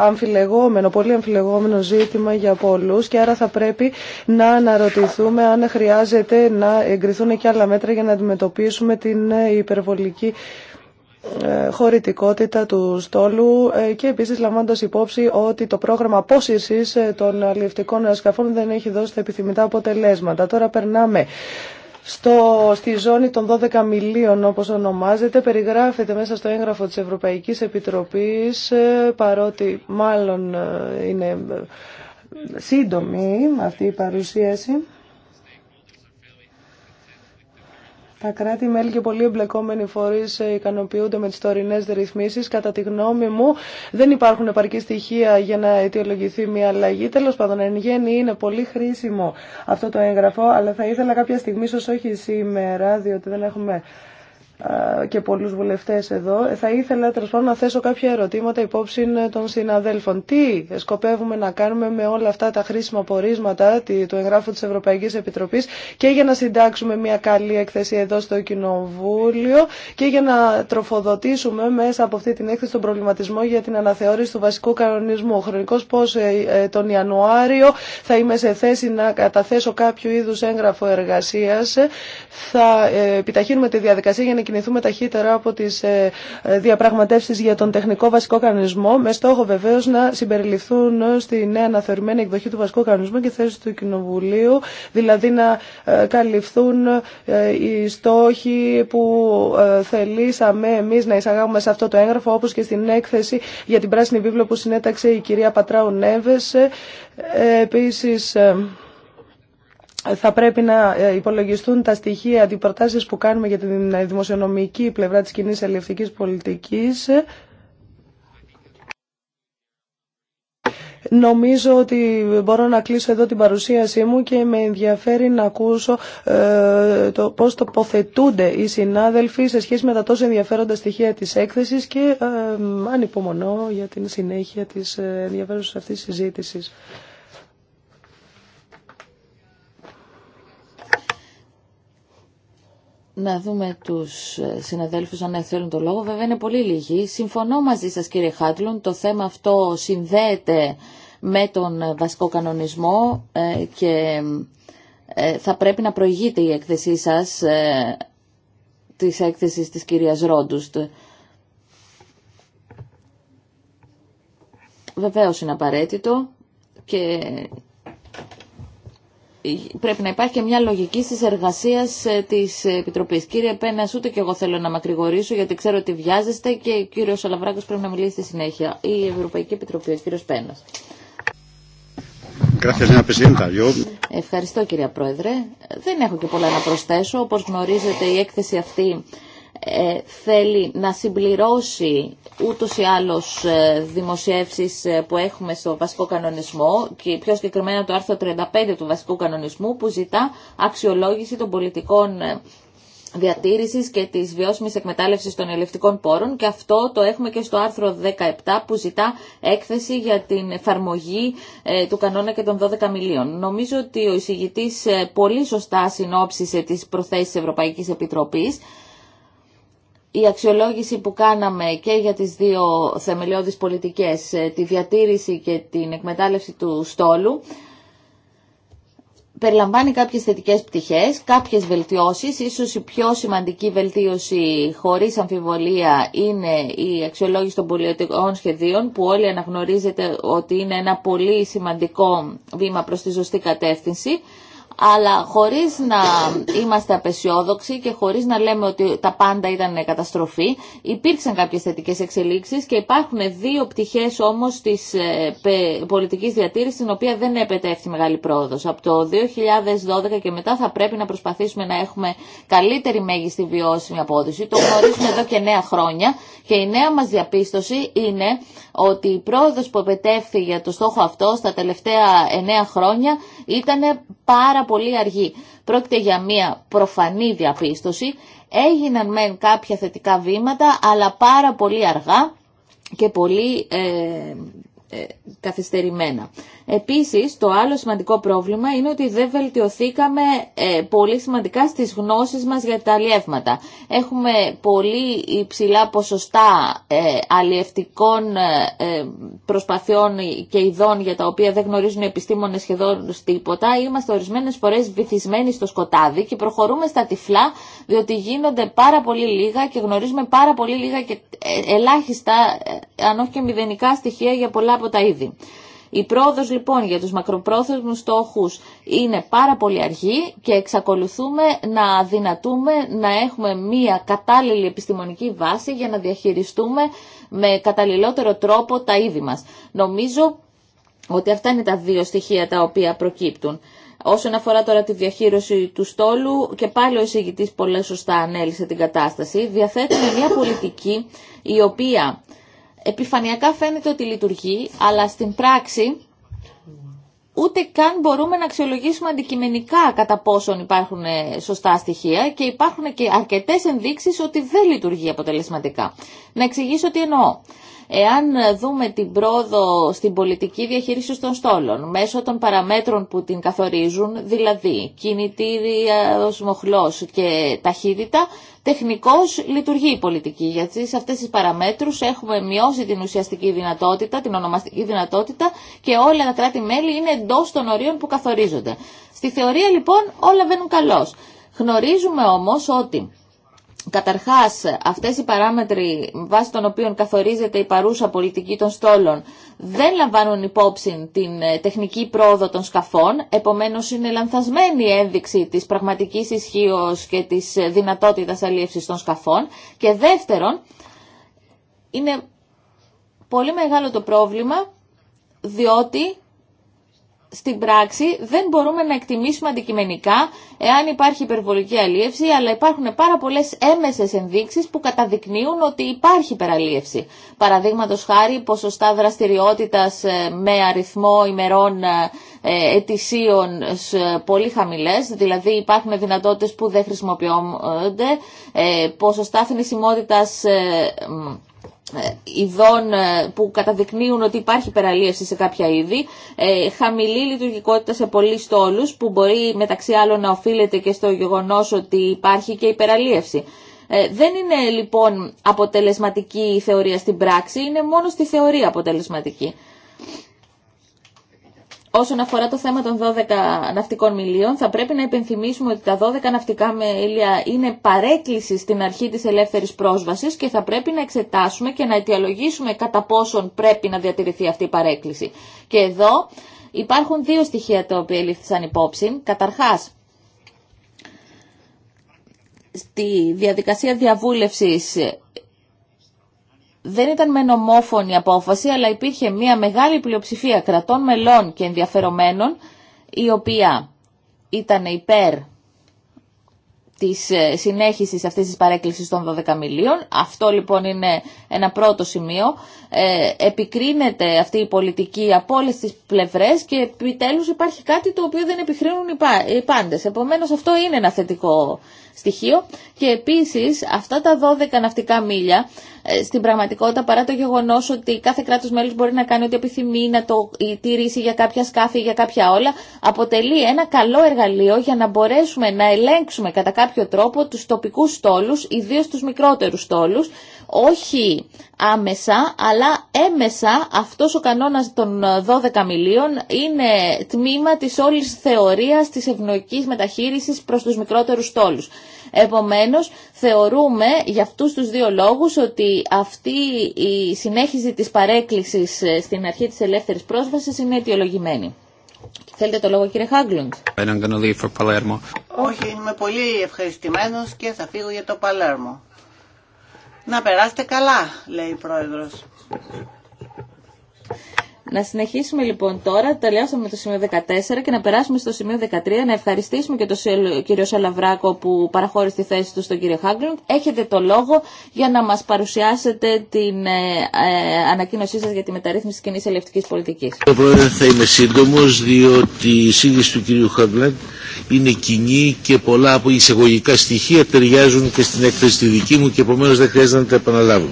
Speaker 4: αμφιλεγόμενο, πολύ αμφιλεγόμενο ζήτημα για πολλούς και άρα θα πρέπει να αναρωτηθούμε αν χρειάζεται να εγκριθούν και άλλα μέτρα για να αντιμετωπίσουμε την υπερβολή υπερβολική ε, χωρητικότητα του στόλου ε, και επίσης λαμβάνοντας υπόψη ότι το πρόγραμμα απόσυρσης ε, των αλληλευτικών σκαφών δεν έχει δώσει τα επιθυμητά αποτελέσματα. Τώρα περνάμε στο, στη ζώνη των 12 μιλίων όπως ονομάζεται περιγράφεται μέσα στο έγγραφο της Ευρωπαϊκής Επιτροπής παρότι μάλλον είναι σύντομη αυτή η παρουσίαση Τα κράτη-μέλη και πολλοί εμπλεκόμενοι φορεί ε, ικανοποιούνται με τι τωρινέ ρυθμίσει. Κατά τη γνώμη μου, δεν υπάρχουν επαρκή στοιχεία για να αιτιολογηθεί μια αλλαγή. Τέλο πάντων, εν γέννη είναι πολύ χρήσιμο αυτό το έγγραφο, αλλά θα ήθελα κάποια στιγμή, ίσω όχι σήμερα, διότι δεν έχουμε και πολλούς βουλευτές εδώ. Ε, θα ήθελα τέλο να θέσω κάποια ερωτήματα υπόψη των συναδέλφων. Τι σκοπεύουμε να κάνουμε με όλα αυτά τα χρήσιμα πορίσματα του εγγράφου της Ευρωπαϊκής Επιτροπής και για να συντάξουμε μια καλή έκθεση εδώ στο Κοινοβούλιο και για να τροφοδοτήσουμε μέσα από αυτή την έκθεση τον προβληματισμό για την αναθεώρηση του βασικού κανονισμού. Χρονικός πώς ε, ε, τον Ιανουάριο θα είμαι σε θέση να καταθέσω κάποιο είδους έγγραφο εργασίας. Θα επιταχύνουμε τη διαδικασία για να κινηθούμε ταχύτερα από τι ε, ε, διαπραγματεύσει για τον τεχνικό βασικό κανονισμό, με στόχο βεβαίω να συμπεριληφθούν ε, στη νέα αναθεωρημένη εκδοχή του βασικού κανονισμού και θέση του Κοινοβουλίου, δηλαδή να καλυφθούν οι στόχοι που θελήσαμε εμεί να εισαγάγουμε σε αυτό το έγγραφο, όπω και στην έκθεση για την πράσινη βίβλο που συνέταξε η κυρία Πατράου Νέβε θα πρέπει να ε, υπολογιστούν τα στοιχεία, οι προτάσει που κάνουμε για την δημοσιονομική πλευρά της κοινή ελευθερικής πολιτικής. Νομίζω ότι μπορώ να κλείσω εδώ την παρουσίασή μου και με ενδιαφέρει να ακούσω ε, το πώς τοποθετούνται οι συνάδελφοι σε σχέση με τα τόσο ενδιαφέροντα στοιχεία της έκθεσης και ε, ε, ανυπομονώ για την συνέχεια της ε, ενδιαφέρουσας αυτής της συζήτησης.
Speaker 3: να δούμε τους ε, συναδέλφους αν θέλουν το λόγο. Βέβαια είναι πολύ λίγοι. Συμφωνώ μαζί σας κύριε Χάτλουν, το θέμα αυτό συνδέεται με τον ε, βασικό κανονισμό ε, και θα πρέπει να προηγείται η έκθεσή σας της έκθεσης της κυρίας Ρόντουστ. Βεβαίως είναι απαραίτητο και πρέπει να υπάρχει και μια λογική στις εργασίες ε, της Επιτροπής. Κύριε Πένας, ούτε και εγώ θέλω να μακρηγορήσω γιατί ξέρω ότι βιάζεστε και ο κύριος Αλαβράκος πρέπει να μιλήσει στη συνέχεια. Η Ευρωπαϊκή Επιτροπή, ο κύριος Πένας. Ευχαριστώ κύριε Πρόεδρε. Δεν έχω και πολλά να προσθέσω. Όπως γνωρίζετε η έκθεση αυτή ε, θέλει να συμπληρώσει ούτως ή άλλως ε, δημοσιεύσεις ε, που έχουμε στο βασικό κανονισμό και πιο συγκεκριμένα το άρθρο 35 του βασικού κανονισμού που ζητά αξιολόγηση των πολιτικών διατήρησης και της βιώσιμης εκμετάλλευσης των ελευτικών πόρων και αυτό το έχουμε και στο άρθρο 17 που ζητά έκθεση για την εφαρμογή του κανόνα και των 12 μιλίων. Νομίζω ότι ο εισηγητής πολύ σωστά συνόψισε τις προθέσεις της Ευρωπαϊκής Επιτροπής η αξιολόγηση που κάναμε και για τις δύο θεμελιώδεις πολιτικές, ε, τη διατήρηση και την εκμετάλλευση του στόλου, περιλαμβάνει κάποιες θετικές πτυχές, κάποιες βελτιώσεις. Ίσως η πιο σημαντική βελτίωση χωρίς αμφιβολία είναι η αξιολόγηση των πολιτικών σχεδίων που όλοι αναγνωρίζετε ότι είναι ένα πολύ σημαντικό βήμα προς τη ζωστή κατεύθυνση αλλά χωρίς να είμαστε απεσιόδοξοι και χωρίς να λέμε ότι τα πάντα ήταν καταστροφή, υπήρξαν κάποιες θετικές εξελίξεις και υπάρχουν δύο πτυχές όμως της ε, πολιτικής διατήρησης, στην οποία δεν επετεύχθη μεγάλη πρόοδος. Από το 2012 και μετά θα πρέπει να προσπαθήσουμε να έχουμε καλύτερη μέγιστη βιώσιμη απόδοση. Το γνωρίζουμε εδώ και νέα χρόνια και η νέα μας διαπίστωση είναι ότι η πρόοδος που επετεύχθη για το στόχο αυτό στα τελευταία 9 χρόνια ήταν πάρα πολύ αργή. Πρόκειται για μια προφανή διαπίστωση. Έγιναν μεν κάποια θετικά βήματα, αλλά πάρα πολύ αργά και πολύ ε, ε, καθυστερημένα. Επίσης, το άλλο σημαντικό πρόβλημα είναι ότι δεν βελτιωθήκαμε ε, πολύ σημαντικά στις γνώσεις μας για τα αλλιεύματα. Έχουμε πολύ υψηλά ποσοστά ε, αλλιευτικών προσπαθειών και ειδών για τα οποία δεν γνωρίζουν οι επιστήμονες σχεδόν τίποτα. Είμαστε ορισμένες φορές βυθισμένοι στο σκοτάδι και προχωρούμε στα τυφλά διότι γίνονται πάρα πολύ λίγα και γνωρίζουμε πάρα πολύ λίγα και ε, ελάχιστα, ε, αν όχι και μηδενικά στοιχεία για πολλά από τα είδη. Η πρόοδος λοιπόν για τους μακροπρόθεσμους στόχους είναι πάρα πολύ αργή και εξακολουθούμε να δυνατούμε να έχουμε μία κατάλληλη επιστημονική βάση για να διαχειριστούμε με καταλληλότερο τρόπο τα είδη μας. Νομίζω ότι αυτά είναι τα δύο στοιχεία τα οποία προκύπτουν. Όσον αφορά τώρα τη διαχείριση του στόλου, και πάλι ο εισηγητή πολύ σωστά ανέλησε την κατάσταση, διαθέτουμε μια πολιτική η οποία επιφανειακά φαίνεται ότι λειτουργεί, αλλά στην πράξη ούτε καν μπορούμε να αξιολογήσουμε αντικειμενικά κατά πόσον υπάρχουν ε, σωστά στοιχεία και υπάρχουν και αρκετές ενδείξεις ότι δεν λειτουργεί αποτελεσματικά. Να εξηγήσω τι εννοώ. Εάν δούμε την πρόοδο στην πολιτική διαχείριση των στόλων μέσω των παραμέτρων που την καθορίζουν, δηλαδή κινητήρια, μοχλός και ταχύτητα, τεχνικώς λειτουργεί η πολιτική. Γιατί σε αυτές τις παραμέτρους έχουμε μειώσει την ουσιαστική δυνατότητα, την ονομαστική δυνατότητα και όλα τα κράτη-μέλη είναι εντός των ορίων που καθορίζονται. Στη θεωρία λοιπόν όλα βαίνουν καλώς. Γνωρίζουμε όμως ότι Καταρχάς, αυτές οι παράμετροι βάσει των οποίων καθορίζεται η παρούσα πολιτική των στόλων δεν λαμβάνουν υπόψη την ε, τεχνική πρόοδο των σκαφών, επομένως είναι λανθασμένη η ένδειξη της πραγματικής ισχύω και της ε, δυνατότητας αλίευσης των σκαφών. Και δεύτερον, είναι πολύ μεγάλο το πρόβλημα διότι στην πράξη δεν μπορούμε να εκτιμήσουμε αντικειμενικά εάν υπάρχει υπερβολική αλίευση, αλλά υπάρχουν πάρα πολλέ έμεσε ενδείξει που καταδεικνύουν ότι υπάρχει υπεραλίευση. Παραδείγματο χάρη, ποσοστά δραστηριότητα ε, με αριθμό ημερών ε, ε, ετησίων πολύ χαμηλέ, δηλαδή υπάρχουν δυνατότητε που δεν χρησιμοποιούνται, ποσοστά θνησιμότητα ε, ειδών ε, που καταδεικνύουν ότι υπάρχει υπεραλίευση σε κάποια είδη, ε, χαμηλή λειτουργικότητα σε πολλοί στόλους που μπορεί μεταξύ άλλων να οφείλεται και στο γεγονός ότι υπάρχει και υπεραλίευση. δεν είναι λοιπόν αποτελεσματική η θεωρία στην πράξη, είναι μόνο στη θεωρία αποτελεσματική. Όσον αφορά το θέμα των 12 ναυτικών μιλίων, θα πρέπει να υπενθυμίσουμε ότι τα 12 ναυτικά μίλια είναι παρέκκληση στην αρχή της ελεύθερης πρόσβασης και θα πρέπει να εξετάσουμε και να αιτιολογήσουμε κατά πόσον πρέπει να διατηρηθεί αυτή η παρέκκληση. Και εδώ υπάρχουν δύο στοιχεία τα οποία λήφθησαν υπόψη. Καταρχάς, στη διαδικασία διαβούλευσης δεν ήταν με νομόφωνη απόφαση, αλλά υπήρχε μια μεγάλη πλειοψηφία κρατών μελών και ενδιαφερομένων, η οποία ήταν υπέρ της ε, συνέχισης αυτής της παρέκκλησης των 12 μιλίων. Αυτό λοιπόν είναι ένα πρώτο σημείο. Ε, επικρίνεται αυτή η πολιτική από όλε τις πλευρές και επιτέλους υπάρχει κάτι το οποίο δεν επιχρίνουν οι πάντες. Επομένως αυτό είναι ένα θετικό στοιχείο. Και επίσης αυτά τα 12 ναυτικά μίλια ε, στην πραγματικότητα παρά το γεγονό ότι κάθε κράτος μέλο μπορεί να κάνει ό,τι επιθυμεί, να το ε, τηρήσει για κάποια σκάφη, για κάποια όλα, αποτελεί ένα καλό εργαλείο για να μπορέσουμε να ελέγξουμε κατά κάποιο τρόπο τους τοπικούς στόλου, ιδίω τους μικρότερους στόλου όχι άμεσα, αλλά έμεσα αυτός ο κανόνας των 12 ε, μιλίων είναι τμήμα της όλης θεωρίας της ευνοϊκής μεταχείρισης προς τους μικρότερους τόλους. Επομένως, θεωρούμε για αυτούς τους δύο λόγους ότι αυτή η συνέχιση της παρέκκλησης ε, στην αρχή της ελεύθερης πρόσβασης είναι
Speaker 2: αιτιολογημένη. Θέλετε το λόγο κύριε Χάγκλουντ. Όχι, είμαι πολύ ευχαριστημένος και θα φύγω για το Παλέρμο. Να περάσετε καλά, λέει η πρόεδρος.
Speaker 3: Να συνεχίσουμε λοιπόν τώρα, τελειώσαμε με το σημείο 14 και να περάσουμε στο σημείο 13, να ευχαριστήσουμε και τον κύριο Σαλαβράκο που παραχώρησε τη θέση του στον κύριο Χάγκλουντ. Έχετε το λόγο για να μας παρουσιάσετε την ε, ε ανακοίνωσή σας για τη μεταρρύθμιση της κοινής πολιτική. πολιτικής.
Speaker 1: Πρόεδρε, θα είμαι σύντομο διότι η σύγκριση του κύριου Χάγκλουντ είναι κοινή και πολλά από εισαγωγικά στοιχεία ταιριάζουν και στην έκθεση τη δική μου και επομένω δεν χρειάζεται να τα επαναλάβω.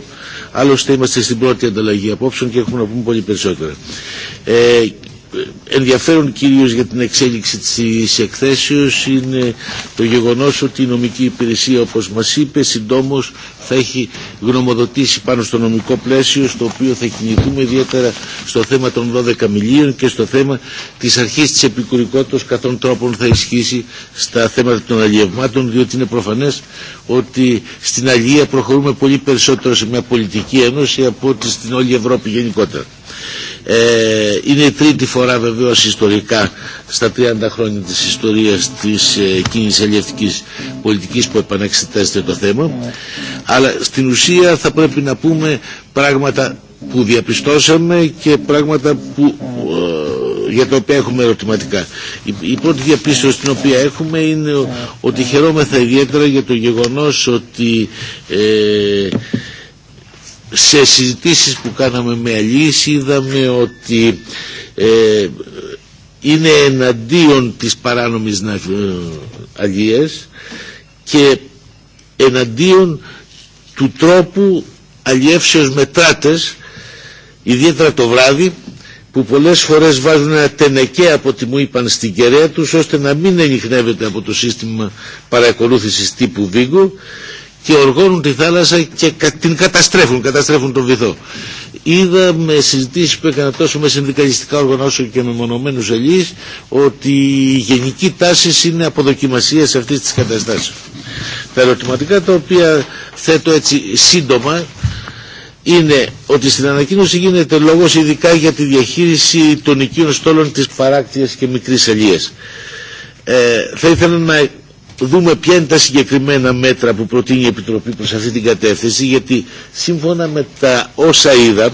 Speaker 1: Άλλωστε είμαστε στην πρώτη ανταλλαγή απόψεων και έχουμε να πούμε πολύ περισσότερα. Ε, ενδιαφέρον κυρίως για την εξέλιξη της εκθέσεως είναι το γεγονός ότι η νομική υπηρεσία όπως μας είπε συντόμως θα έχει γνωμοδοτήσει πάνω στο νομικό πλαίσιο στο οποίο θα κινηθούμε ιδιαίτερα στο θέμα των 12 μιλίων και στο θέμα της αρχής της επικουρικότητας καθόν τρόπων θα ισχύσει στα θέματα των αλλιευμάτων διότι είναι προφανές ότι στην αλληλεία προχωρούμε πολύ περισσότερο σε μια πολιτική ένωση από ότι στην όλη Ευρώπη γενικότερα. Ε, είναι η τρίτη φορά βεβαίως ιστορικά στα 30 χρόνια της ιστορίας της ε, κίνησης αλληλευτικής πολιτικής που επανεξετάζεται το θέμα αλλά στην ουσία θα πρέπει να πούμε πράγματα που διαπιστώσαμε και πράγματα που, ε, για τα οποία έχουμε ερωτηματικά. Η, πρώτη διαπίστωση την οποία έχουμε είναι ότι χαιρόμεθα ιδιαίτερα για το γεγονός ότι ε, σε συζητήσεις που κάναμε με αλληλείς είδαμε ότι ε, είναι εναντίον της παράνομης ε, αλλιέ και εναντίον του τρόπου αλλιεύσεως μετράτες ιδιαίτερα το βράδυ που πολλές φορές βάζουν ένα τενεκέ από ό,τι μου είπαν στην κεραία τους ώστε να μην ενιχνεύεται από το σύστημα παρακολούθησης τύπου Βίγκο και οργώνουν τη θάλασσα και την καταστρέφουν, καταστρέφουν τον βυθό. Είδα με συζητήσεις που έκανα τόσο με συνδικαλιστικά όργανα όσο και με μονομένους ότι η γενική τάση είναι αποδοκιμασία σε αυτή τη καταστάση. Τα ερωτηματικά τα οποία θέτω έτσι σύντομα είναι ότι στην ανακοίνωση γίνεται λόγος ειδικά για τη διαχείριση των οικείων στόλων της παράκτειας και μικρής Ε, θα ήθελα να δούμε ποια είναι τα συγκεκριμένα μέτρα που προτείνει η Επιτροπή προς αυτή την κατεύθυνση γιατί σύμφωνα με τα όσα είδα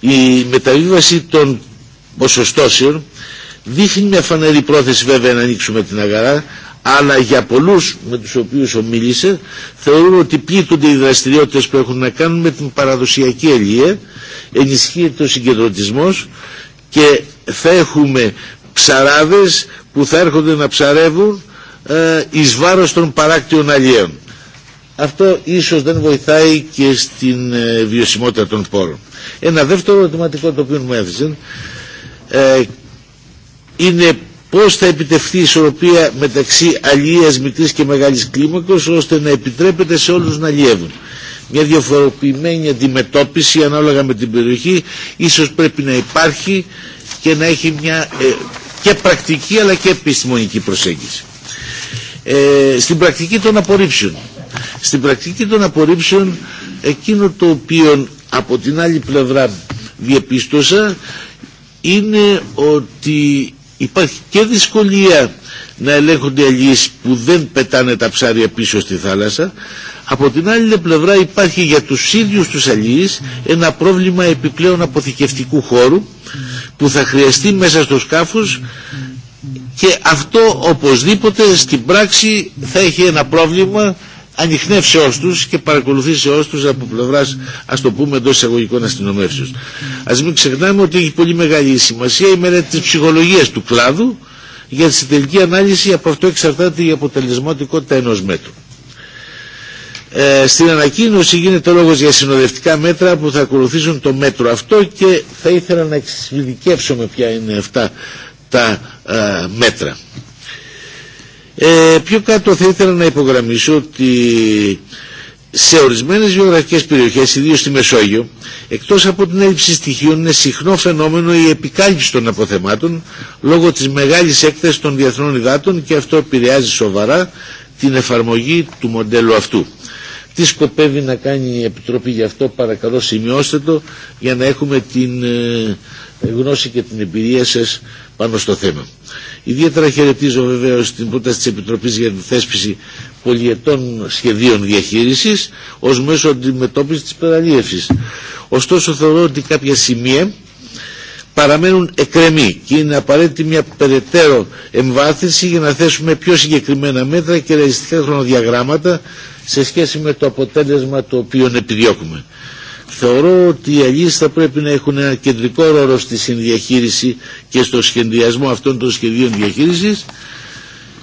Speaker 1: η μεταβίβαση των ποσοστώσεων δείχνει μια φανερή πρόθεση βέβαια να ανοίξουμε την αγαρά αλλά για πολλούς με τους οποίους ομίλησε θεωρούν ότι πλήττονται οι δραστηριότητες που έχουν να κάνουν με την παραδοσιακή αιλία ενισχύεται ο συγκεντρωτισμός και θα έχουμε ψαράδες που θα έρχονται να ψαρεύουν ε, εις βάρος των παράκτιων αλλιέων. Αυτό ίσως δεν βοηθάει και στην ε, βιωσιμότητα των πόρων. Ένα δεύτερο ερωτηματικό το οποίο μου έθεσαν ε, είναι πώς θα επιτευχθεί η ισορροπία μεταξύ αλλιέας μικρής και μεγάλης κλίμακος ώστε να επιτρέπεται σε όλους να αλλιεύουν. Μια διαφοροποιημένη αντιμετώπιση ανάλογα με την περιοχή ίσως πρέπει να υπάρχει και να έχει μια ε, και πρακτική αλλά και επιστημονική προσέγγιση ε, στην πρακτική των απορρίψεων. Στην πρακτική των απορρίψεων εκείνο το οποίο από την άλλη πλευρά διεπίστωσα είναι ότι υπάρχει και δυσκολία να ελέγχονται αλλιείς που δεν πετάνε τα ψάρια πίσω στη θάλασσα από την άλλη πλευρά υπάρχει για τους ίδιους τους αλλιείς ένα πρόβλημα επιπλέον αποθηκευτικού χώρου που θα χρειαστεί μέσα στο σκάφος και αυτό οπωσδήποτε στην πράξη θα έχει ένα πρόβλημα ανοιχνεύσεώς τους και παρακολουθήσει τους από πλευράς ας το πούμε εντός εισαγωγικών αστυνομεύσεως. Ας μην ξεχνάμε ότι έχει πολύ μεγάλη σημασία η μελέτη της ψυχολογίας του κλάδου για τη τελική ανάλυση από αυτό εξαρτάται η αποτελεσματικότητα ενός μέτρου. Ε, στην ανακοίνωση γίνεται λόγος για συνοδευτικά μέτρα που θα ακολουθήσουν το μέτρο αυτό και θα ήθελα να εξειδικεύσουμε ποια είναι αυτά τα ε, μέτρα. Ε, πιο κάτω θα ήθελα να υπογραμμίσω ότι σε ορισμένες γεωγραφικές περιοχές, ιδίως στη Μεσόγειο, εκτός από την έλλειψη στοιχείων είναι συχνό φαινόμενο η επικάλυψη των αποθεμάτων λόγω της μεγάλης έκθεσης των διεθνών υδάτων και αυτό επηρεάζει σοβαρά την εφαρμογή του μοντέλου αυτού. Τι σκοπεύει να κάνει η Επιτροπή γι' αυτό παρακαλώ σημειώστε το για να έχουμε την ε, γνώση και την εμπειρία σας πάνω στο θέμα. Ιδιαίτερα χαιρετίζω βεβαίω την πρόταση τη Επιτροπή για την θέσπιση πολιετών σχεδίων διαχείριση ω μέσο αντιμετώπιση τη παραλίευση. Ωστόσο, θεωρώ ότι κάποια σημεία παραμένουν εκκρεμή και είναι απαραίτητη μια περαιτέρω εμβάθυνση για να θέσουμε πιο συγκεκριμένα μέτρα και ρεαλιστικά χρονοδιαγράμματα σε σχέση με το αποτέλεσμα το οποίο επιδιώκουμε. Θεωρώ ότι οι αλληλείς θα πρέπει να έχουν ένα κεντρικό ρόλο στη συνδιαχείριση και στο σχεδιασμό αυτών των σχεδίων διαχείρισης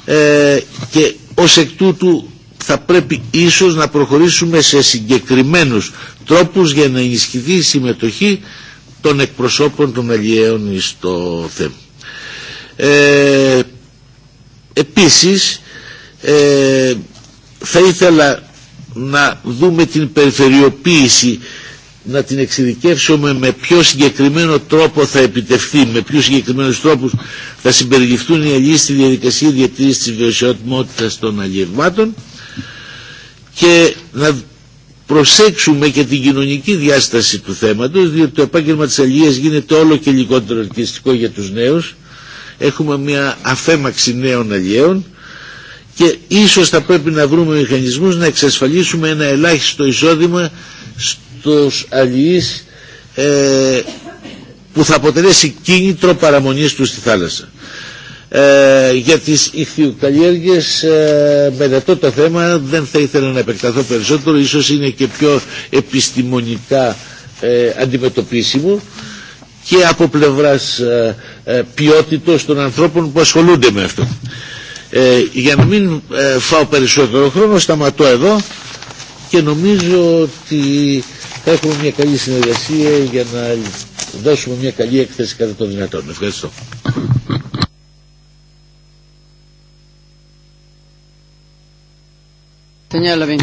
Speaker 1: ε, και ως εκ τούτου θα πρέπει ίσως να προχωρήσουμε σε συγκεκριμένους τρόπους για να ενισχυθεί η συμμετοχή των εκπροσώπων των αλλιέων στο θέμα. Ε, επίσης ε, θα ήθελα να δούμε την περιφερειοποίηση να την εξειδικεύσουμε με ποιο συγκεκριμένο τρόπο θα επιτευχθεί, με ποιους συγκεκριμένους τρόπους θα συμπεριληφθούν οι αλλιείς στη διαδικασία διατήρηση τη βιωσιμότητα των αλλιευμάτων και να προσέξουμε και την κοινωνική διάσταση του θέματος διότι το επάγγελμα της αλληλείας γίνεται όλο και λιγότερο ελκυστικό για τους νέους έχουμε μια αφέμαξη νέων αλλιέων και ίσως θα πρέπει να βρούμε μηχανισμούς να εξασφαλίσουμε ένα ελάχιστο εισόδημα στους αλληλείς ε, που θα αποτελέσει κίνητρο παραμονής του στη θάλασσα. Ε, για τις ηχθιοκαλλιέργειες ε, το θέμα, δεν θα ήθελα να επεκταθώ περισσότερο, ίσως είναι και πιο επιστημονικά ε, αντιμετωπίσιμο και από πλευράς ε, ε των ανθρώπων που ασχολούνται με αυτό. Ε, για να μην ε, φάω περισσότερο χρόνο σταματώ εδώ και νομίζω ότι θα έχουμε μια καλή συνεργασία για να δώσουμε μια καλή έκθεση κατά το δυνατόν. Ευχαριστώ.
Speaker 2: Ε,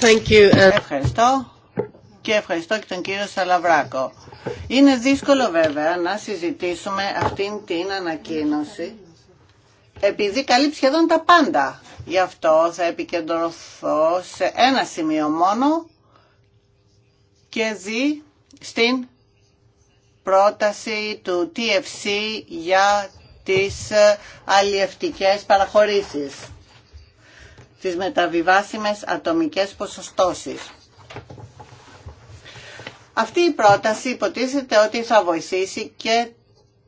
Speaker 2: Thank you. Ε, Ευχαριστώ και ευχαριστώ και τον κύριο Σαλαβράκο. Είναι δύσκολο βέβαια να συζητήσουμε αυτήν την ανακοίνωση επειδή καλύπτει σχεδόν τα πάντα. Γι' αυτό θα επικεντρωθώ σε ένα σημείο μόνο και δι στην πρόταση του TFC για τις ε, αλλιευτικές παραχωρήσεις, τις μεταβιβάσιμες ατομικές ποσοστώσεις. Αυτή η πρόταση υποτίθεται ότι θα βοηθήσει και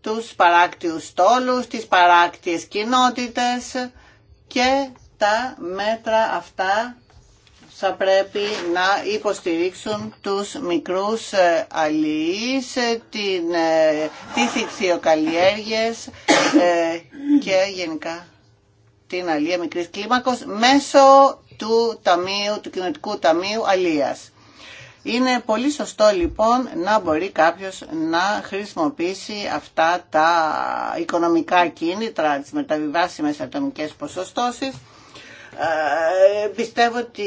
Speaker 2: τους παράκτιους τόλους, τις παράκτιες κοινότητες και τα μέτρα αυτά θα πρέπει να υποστηρίξουν τους μικρούς ε, αλληλείς, ε, την, ε, τις και γενικά την αλληλεία μικρής κλίμακος μέσω του, ταμείου, του Κοινοτικού Ταμείου Αλίας. Είναι πολύ σωστό λοιπόν να μπορεί κάποιος να χρησιμοποιήσει αυτά τα οικονομικά κίνητρα, τις μεταβιβάσιμε ατομικές ποσοστώσεις. Ε, πιστεύω ότι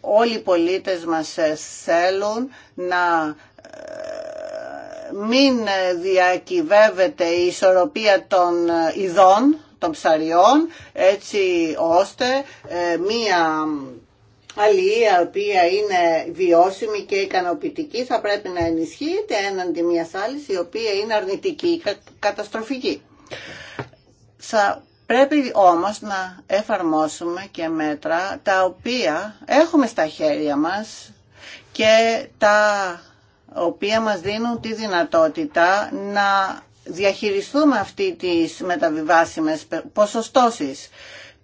Speaker 2: όλοι οι πολίτες μας ε, θέλουν να ε, μην διακυβεύεται η ισορροπία των ε, ειδών, των ψαριών, έτσι ώστε μία αλληλεία η οποία είναι βιώσιμη και ικανοποιητική θα πρέπει να ενισχύεται έναντι μια άλλη η οποία είναι αρνητική, καταστροφική. Θα πρέπει όμως να εφαρμόσουμε και μέτρα τα οποία έχουμε στα χέρια μας και τα οποία μας δίνουν τη δυνατότητα να διαχειριστούμε αυτή τις μεταβιβάσιμες ποσοστώσεις.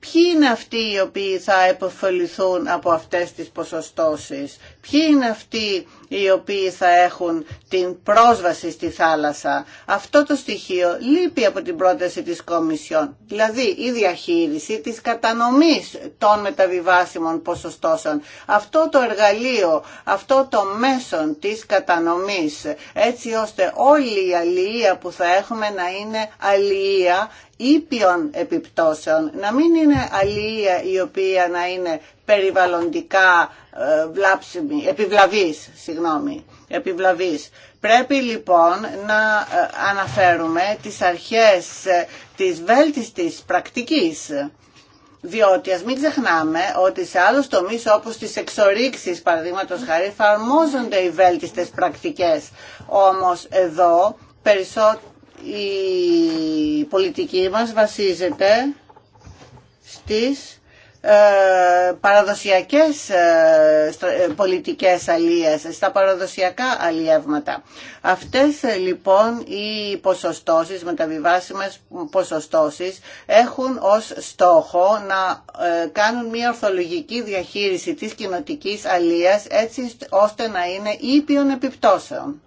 Speaker 2: Ποιοι είναι αυτοί οι οποίοι θα επωφεληθούν από αυτές τις ποσοστώσεις, ποιοι είναι αυτοί οι οποίοι θα έχουν την πρόσβαση στη θάλασσα. Αυτό το στοιχείο λείπει από την πρόταση της Κομισιόν, δηλαδή η διαχείριση της κατανομής των μεταβιβάσιμων ποσοστώσεων. Αυτό το εργαλείο, αυτό το μέσον της κατανομής, έτσι ώστε όλη η αλληλεία που θα έχουμε να είναι αλληλεία ήπιων επιπτώσεων, να μην είναι αλληλεία η οποία να είναι περιβαλλοντικά ε, βλάψιμη, επιβλαβής, συγγνώμη, επιβλαβής. Πρέπει λοιπόν να ε, αναφέρουμε τις αρχές ε, της βέλτιστης πρακτικής. Διότι ας μην ξεχνάμε ότι σε άλλους τομείς όπως τις εξορίξεις παραδείγματος χάρη εφαρμόζονται οι βέλτιστες πρακτικές. Όμως εδώ περισσότερο η πολιτική μας βασίζεται στις ε, παραδοσιακές ε, ε, πολιτικές αλίες, στα παραδοσιακά αλιεύματα. Αυτές λοιπόν οι ποσοστώσεις, μεταβιβάσιμες ποσοστώσεις έχουν ως στόχο να κάνουν μια ορθολογική διαχείριση της κοινοτικής αλίας έτσι ώστε να είναι ήπιον επιπτώσεων.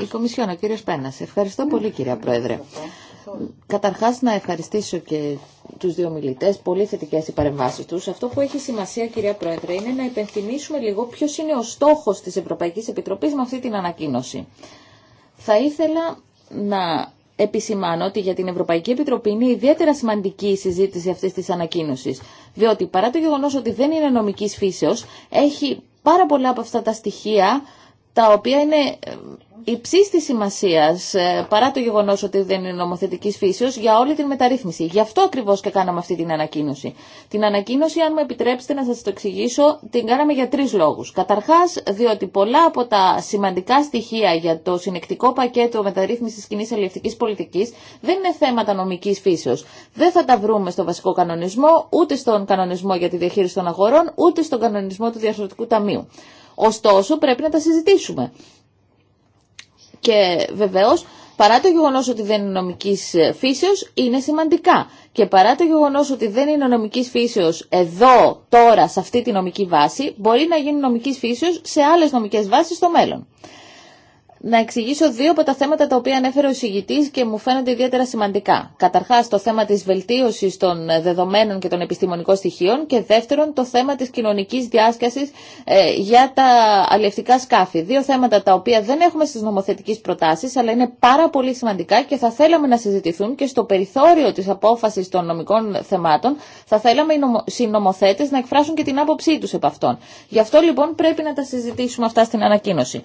Speaker 2: Η Κομισιόν, κύριος Πένας.
Speaker 3: Ευχαριστώ πολύ κύριε Πρόεδρε. Καταρχά να ευχαριστήσω και του δύο μιλητέ πολύ θετικέ οι παρεμβάσει του. Αυτό που έχει σημασία κυρία Πρόεδρε είναι να υπενθυμίσουμε λίγο ποιο είναι ο στόχο τη Ευρωπαϊκή Επιτροπή με αυτή την ανακοίνωση. Θα ήθελα να επισημάνω ότι για την Ευρωπαϊκή Επιτροπή είναι ιδιαίτερα σημαντική η συζήτηση αυτή τη ανακοίνωση. Διότι παρά το γεγονό ότι δεν είναι νομική φύσεω, έχει πάρα πολλά από αυτά τα στοιχεία τα οποία είναι ε, υψίστης σημασία, ε, παρά το γεγονός ότι δεν είναι νομοθετικής φύσεως, για όλη την μεταρρύθμιση. Γι' αυτό ακριβώς και κάναμε αυτή την ανακοίνωση. Την ανακοίνωση, αν μου επιτρέψετε να σας το εξηγήσω, την κάναμε για τρεις λόγους. Καταρχάς, διότι πολλά από τα σημαντικά στοιχεία για το συνεκτικό πακέτο μεταρρύθμισης κοινή αλληλευτικής πολιτικής δεν είναι θέματα νομικής φύσεως. Δεν θα τα βρούμε στο βασικό κανονισμό, ούτε στον κανονισμό για τη διαχείριση των αγορών, ούτε στον κανονισμό του Διαρθρωτικού Ταμείου. Ωστόσο, πρέπει να τα συζητήσουμε και βεβαίως παρά το γεγονός ότι δεν είναι νομικής ε, φύσεως είναι σημαντικά και παρά το γεγονός ότι δεν είναι νομικής φύσεως εδώ, τώρα, σε αυτή τη νομική βάση μπορεί να γίνει νομικής φύσεως σε άλλες νομικές βάσεις στο μέλλον να εξηγήσω δύο από τα θέματα τα οποία ανέφερε ο εισηγητή και μου φαίνονται ιδιαίτερα σημαντικά. Καταρχά, το θέμα τη βελτίωση των δεδομένων και των επιστημονικών στοιχείων και δεύτερον, το θέμα τη κοινωνική διάσκαση ε, για τα αλληλευτικά σκάφη. Δύο θέματα τα οποία δεν έχουμε στι νομοθετικέ προτάσει, αλλά είναι πάρα πολύ σημαντικά και θα θέλαμε να συζητηθούν και στο περιθώριο τη απόφαση των νομικών θεμάτων θα θέλαμε οι συνομοθέτε να εκφράσουν και την άποψή του επ' αυτών. Γι' αυτό λοιπόν πρέπει να τα συζητήσουμε αυτά στην ανακοίνωση.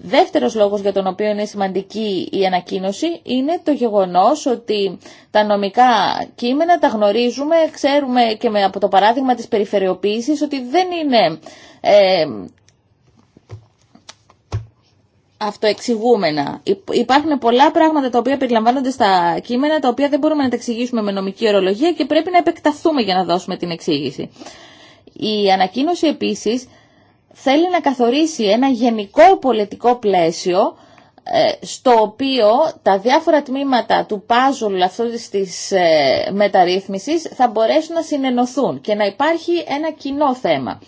Speaker 3: Δεύτερος λόγος για τον οποίο είναι σημαντική η ανακοίνωση είναι το γεγονός ότι τα νομικά κείμενα τα γνωρίζουμε, ξέρουμε και με, από το παράδειγμα της περιφερειοποίησης ότι δεν είναι ε, αυτοεξηγούμενα. Υπάρχουν πολλά πράγματα τα οποία περιλαμβάνονται στα κείμενα, τα οποία δεν μπορούμε να τα εξηγήσουμε με νομική ορολογία και πρέπει να επεκταθούμε για να δώσουμε την εξήγηση. Η ανακοίνωση επίσης θέλει να καθορίσει ένα γενικό πολιτικό πλαίσιο ε, στο οποίο τα διάφορα τμήματα του πάζουλ αυτής της ε, μεταρρύθμισης θα μπορέσουν να συνενωθούν και να υπάρχει ένα κοινό θέμα.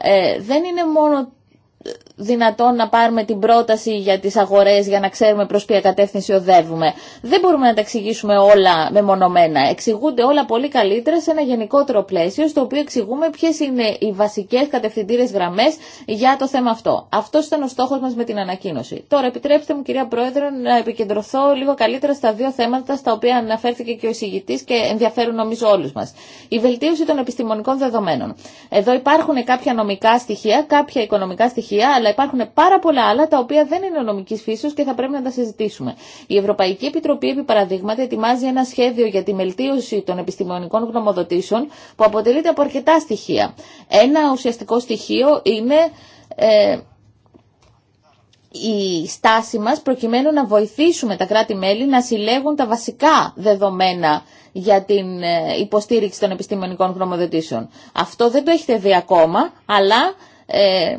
Speaker 3: Ε, δεν είναι μόνο δυνατόν να πάρουμε την πρόταση για τις αγορές για να ξέρουμε προς ποια κατεύθυνση οδεύουμε. Δεν μπορούμε να τα εξηγήσουμε όλα μεμονωμένα. Εξηγούνται όλα πολύ καλύτερα σε ένα γενικότερο πλαίσιο στο οποίο εξηγούμε ποιες είναι οι βασικές κατευθυντήρες γραμμές για το θέμα αυτό. Αυτό ήταν ο στόχος μας με την ανακοίνωση. Τώρα επιτρέψτε μου κυρία Πρόεδρε να επικεντρωθώ λίγο καλύτερα στα δύο θέματα στα οποία αναφέρθηκε και ο εισηγητή και ενδιαφέρουν νομίζω όλου μα. Η βελτίωση των επιστημονικών δεδομένων. Εδώ υπάρχουν κάποια νομικά στοιχεία, κάποια οικονομικά στοιχεία, αλλά υπάρχουν πάρα πολλά άλλα τα οποία δεν είναι νομική φύση και θα πρέπει να τα συζητήσουμε. Η Ευρωπαϊκή Επιτροπή, επί παραδείγματα, ετοιμάζει ένα σχέδιο για τη μελτίωση των επιστημονικών γνωμοδοτήσεων που αποτελείται από αρκετά στοιχεία. Ένα ουσιαστικό στοιχείο είναι ε, η στάση μας προκειμένου να βοηθήσουμε τα κράτη-μέλη να συλλέγουν τα βασικά δεδομένα για την ε, υποστήριξη των επιστημονικών γνωμοδοτήσεων. Αυτό δεν το έχετε δει ακόμα, αλλά ε,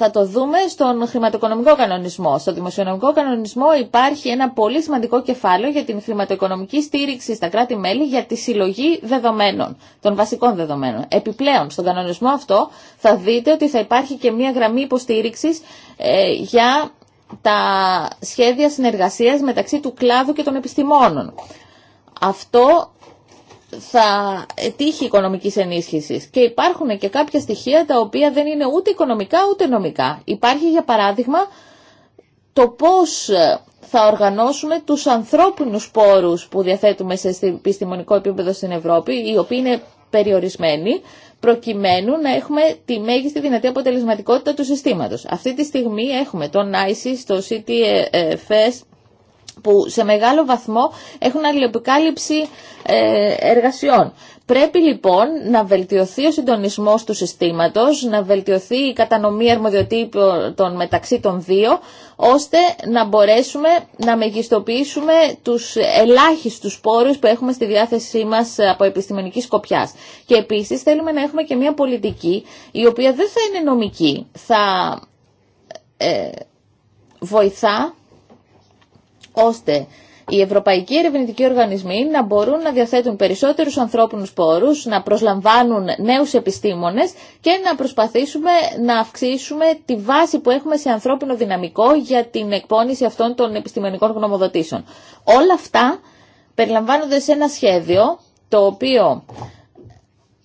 Speaker 3: θα το δούμε στον χρηματοοικονομικό κανονισμό. Στο δημοσιονομικό κανονισμό υπάρχει ένα πολύ σημαντικό κεφάλαιο για την χρηματοοικονομική στήριξη στα κράτη-μέλη για τη συλλογή δεδομένων, των βασικών δεδομένων. Επιπλέον, στον κανονισμό αυτό θα δείτε ότι θα υπάρχει και μια γραμμή υποστήριξη ε, για τα σχέδια συνεργασίας μεταξύ του κλάδου και των επιστημόνων. Αυτό θα τύχει οικονομικής ενίσχυσης και υπάρχουν και κάποια στοιχεία τα οποία δεν είναι ούτε οικονομικά ούτε νομικά. Υπάρχει για παράδειγμα το πώς ε, θα οργανώσουμε τους ανθρώπινους πόρους που διαθέτουμε σε επιστημονικό επίπεδο στην Ευρώπη, οι οποίοι είναι περιορισμένοι, προκειμένου να έχουμε τη μέγιστη δυνατή αποτελεσματικότητα του συστήματος. Αυτή τη στιγμή έχουμε τον ICE, το CTFS, που σε μεγάλο βαθμό έχουν αλληλεπικάλυψη ε, εργασιών. Πρέπει λοιπόν να βελτιωθεί ο συντονισμός του συστήματος, να βελτιωθεί η κατανομή αρμοδιοτήτων μεταξύ των δύο, ώστε να μπορέσουμε να μεγιστοποιήσουμε τους ελάχιστους πόρους που έχουμε στη διάθεσή μας από επιστημονική σκοπιά. Και επίσης θέλουμε να έχουμε και μια πολιτική η οποία δεν θα είναι νομική, θα ε, βοηθά ώστε οι ευρωπαϊκοί ερευνητικοί οργανισμοί να μπορούν να διαθέτουν περισσότερους ανθρώπινους πόρους, να προσλαμβάνουν νέους επιστήμονες και να προσπαθήσουμε να αυξήσουμε τη βάση που έχουμε σε ανθρώπινο δυναμικό για την εκπόνηση αυτών των επιστημονικών γνωμοδοτήσεων. Όλα αυτά περιλαμβάνονται σε ένα σχέδιο το οποίο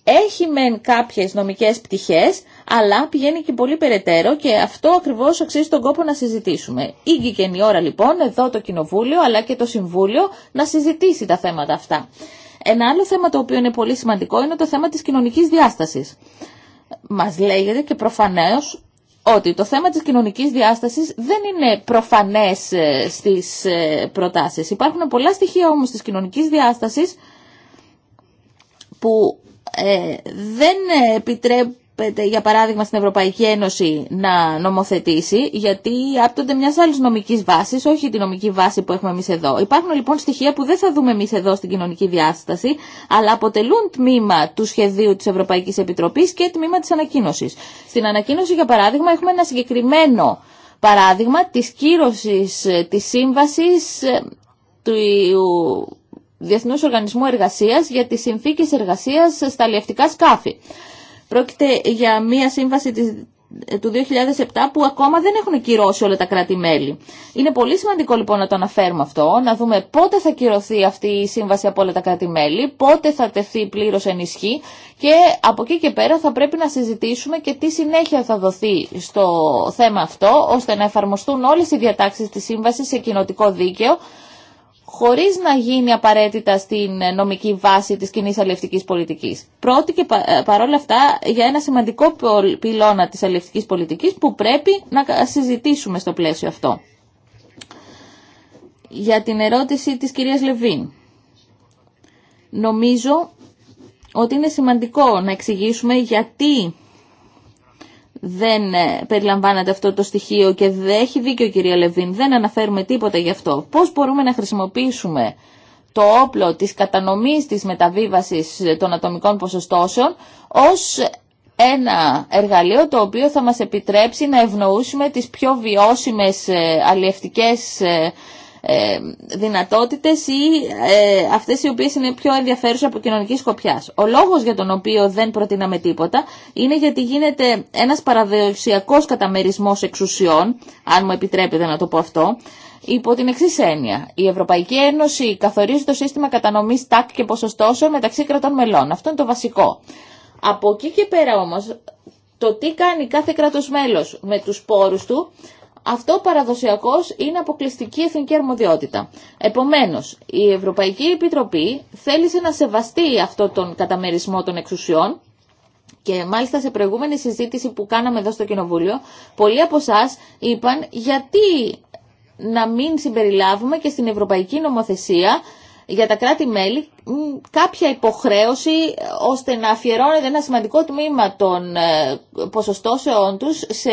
Speaker 3: έχει μεν κάποιες νομικές πτυχές, αλλά πηγαίνει και πολύ περαιτέρω και αυτό ακριβώ αξίζει τον κόπο να συζητήσουμε. Ήγηκε η ώρα λοιπόν εδώ το Κοινοβούλιο αλλά και το Συμβούλιο να συζητήσει τα θέματα αυτά. Ένα άλλο θέμα το οποίο είναι πολύ σημαντικό είναι το θέμα της κοινωνική διάσταση. Μας λέγεται και προφανέω ότι το θέμα της κοινωνικής διάστασης δεν είναι προφανές ε, στις ε, προτάσεις. Υπάρχουν πολλά στοιχεία όμως της κοινωνικής διάστασης που ε, δεν επιτρέπουν για παράδειγμα στην Ευρωπαϊκή Ένωση να νομοθετήσει γιατί άπτονται μια άλλη νομική βάση, όχι τη νομική βάση που έχουμε εμεί εδώ. Υπάρχουν λοιπόν στοιχεία που δεν θα δούμε εμεί εδώ στην κοινωνική διάσταση, αλλά αποτελούν τμήμα του σχεδίου τη Ευρωπαϊκή Επιτροπή και τμήμα τη ανακοίνωση. Στην ανακοίνωση, για παράδειγμα, έχουμε ένα συγκεκριμένο παράδειγμα τη κύρωση ε, τη σύμβαση ε, του Διεθνούς Οργανισμού Εργασία για τις συνθήκες εργασία στα λιευτικά σκάφη. Πρόκειται για μια σύμβαση ε, του 2007 που ακόμα δεν έχουν κυρώσει όλα τα κράτη-μέλη. Είναι πολύ σημαντικό λοιπόν να το αναφέρουμε αυτό, να δούμε πότε θα κυρωθεί αυτή η σύμβαση από όλα τα κράτη-μέλη, πότε θα τεθεί πλήρω ισχύ και από εκεί και πέρα θα πρέπει να συζητήσουμε και τι συνέχεια θα δοθεί στο θέμα αυτό, ώστε να εφαρμοστούν όλες οι διατάξεις της σύμβασης σε κοινοτικό δίκαιο χωρίς να γίνει απαραίτητα στην νομική βάση της κοινή αλληλευτικής πολιτικής. Πρώτη και ε, παρόλα αυτά για ένα σημαντικό πυλώνα της αλληλευτικής πολιτικής που πρέπει να συζητήσουμε στο πλαίσιο αυτό. Για την ερώτηση της κυρίας Λεβίν. Νομίζω ότι είναι σημαντικό να εξηγήσουμε γιατί δεν ε, περιλαμβάνεται αυτό το στοιχείο και δεν έχει δίκιο κυρία Λεβίν, δεν αναφέρουμε τίποτα γι' αυτό. Πώς μπορούμε να χρησιμοποιήσουμε το όπλο της κατανομής της μεταβίβασης των ατομικών ποσοστώσεων ως ένα εργαλείο το οποίο θα μας επιτρέψει να ευνοούσουμε τις πιο βιώσιμες ε, αλλιευτικές ε, ε, δυνατότητες ή ε, αυτές οι οποίες είναι πιο ενδιαφέρουσες από κοινωνική σκοπιά. Ο λόγος για τον οποίο δεν προτείναμε τίποτα είναι γιατί γίνεται ένας παραδοσιακός καταμερισμός εξουσιών, αν μου επιτρέπετε να το πω αυτό, υπό την εξή έννοια. Η Ευρωπαϊκή Ένωση καθορίζει το σύστημα κατανομής τάκ και ποσοστώσεων μεταξύ κρατών μελών. Αυτό είναι το βασικό. Από εκεί και πέρα όμως, το τι κάνει κάθε κράτος μέλος με τους πόρους του αυτό παραδοσιακώ είναι αποκλειστική εθνική αρμοδιότητα. Επομένως, η Ευρωπαϊκή Επιτροπή θέλησε να σεβαστεί αυτό τον καταμερισμό των εξουσιών και μάλιστα σε προηγούμενη συζήτηση που κάναμε εδώ στο Κοινοβούλιο, πολλοί από εσά είπαν γιατί να μην συμπεριλάβουμε και στην Ευρωπαϊκή Νομοθεσία για τα κράτη-μέλη κάποια υποχρέωση ώστε να αφιερώνεται ένα σημαντικό τμήμα των ε, ποσοστώσεών τους σε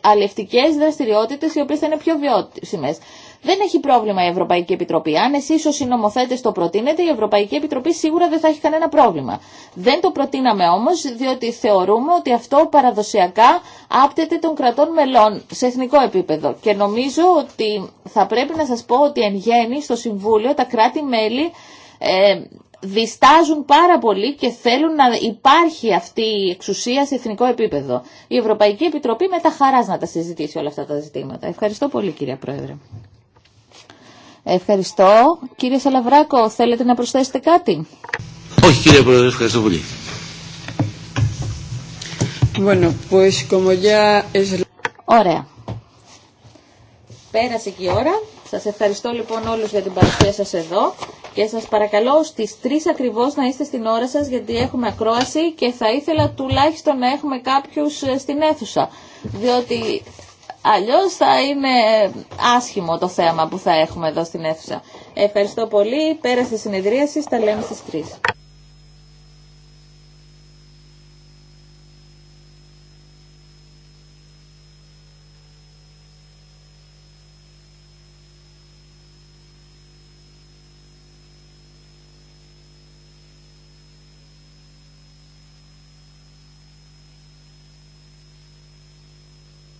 Speaker 3: αλληλευτικές δραστηριότητες οι οποίες θα είναι πιο βιώσιμες. Δεν έχει πρόβλημα η Ευρωπαϊκή Επιτροπή. Αν εσεί ω συνομοθέτε το προτείνετε, η Ευρωπαϊκή Επιτροπή σίγουρα δεν θα έχει κανένα πρόβλημα. Δεν το προτείναμε όμω, διότι θεωρούμε ότι αυτό παραδοσιακά άπτεται των κρατών μελών σε εθνικό επίπεδο. Και νομίζω ότι θα πρέπει να σα πω ότι εν γέννη στο Συμβούλιο τα κράτη-μέλη. Ε, διστάζουν πάρα πολύ και θέλουν να υπάρχει αυτή η εξουσία σε εθνικό επίπεδο. Η Ευρωπαϊκή Επιτροπή με τα χαράς να τα συζητήσει όλα αυτά τα ζητήματα. Ευχαριστώ πολύ κυρία Πρόεδρε. Ευχαριστώ. Κύριε Σαλαβράκο, θέλετε να προσθέσετε κάτι.
Speaker 1: Όχι κύριε Πρόεδρε, ευχαριστώ πολύ.
Speaker 3: Ωραία. Πέρασε και η ώρα. Σας ευχαριστώ λοιπόν όλους για την παρουσία σας εδώ και σας παρακαλώ στις 3 ακριβώς να είστε στην ώρα σας γιατί έχουμε ακρόαση και θα ήθελα τουλάχιστον να έχουμε κάποιους ε, στην αίθουσα διότι Αλλιώς θα είναι άσχημο το θέμα που θα έχουμε εδώ στην αίθουσα. Ευχαριστώ πολύ. Πέρασε η συνεδρίαση. Τα λέμε στις 3.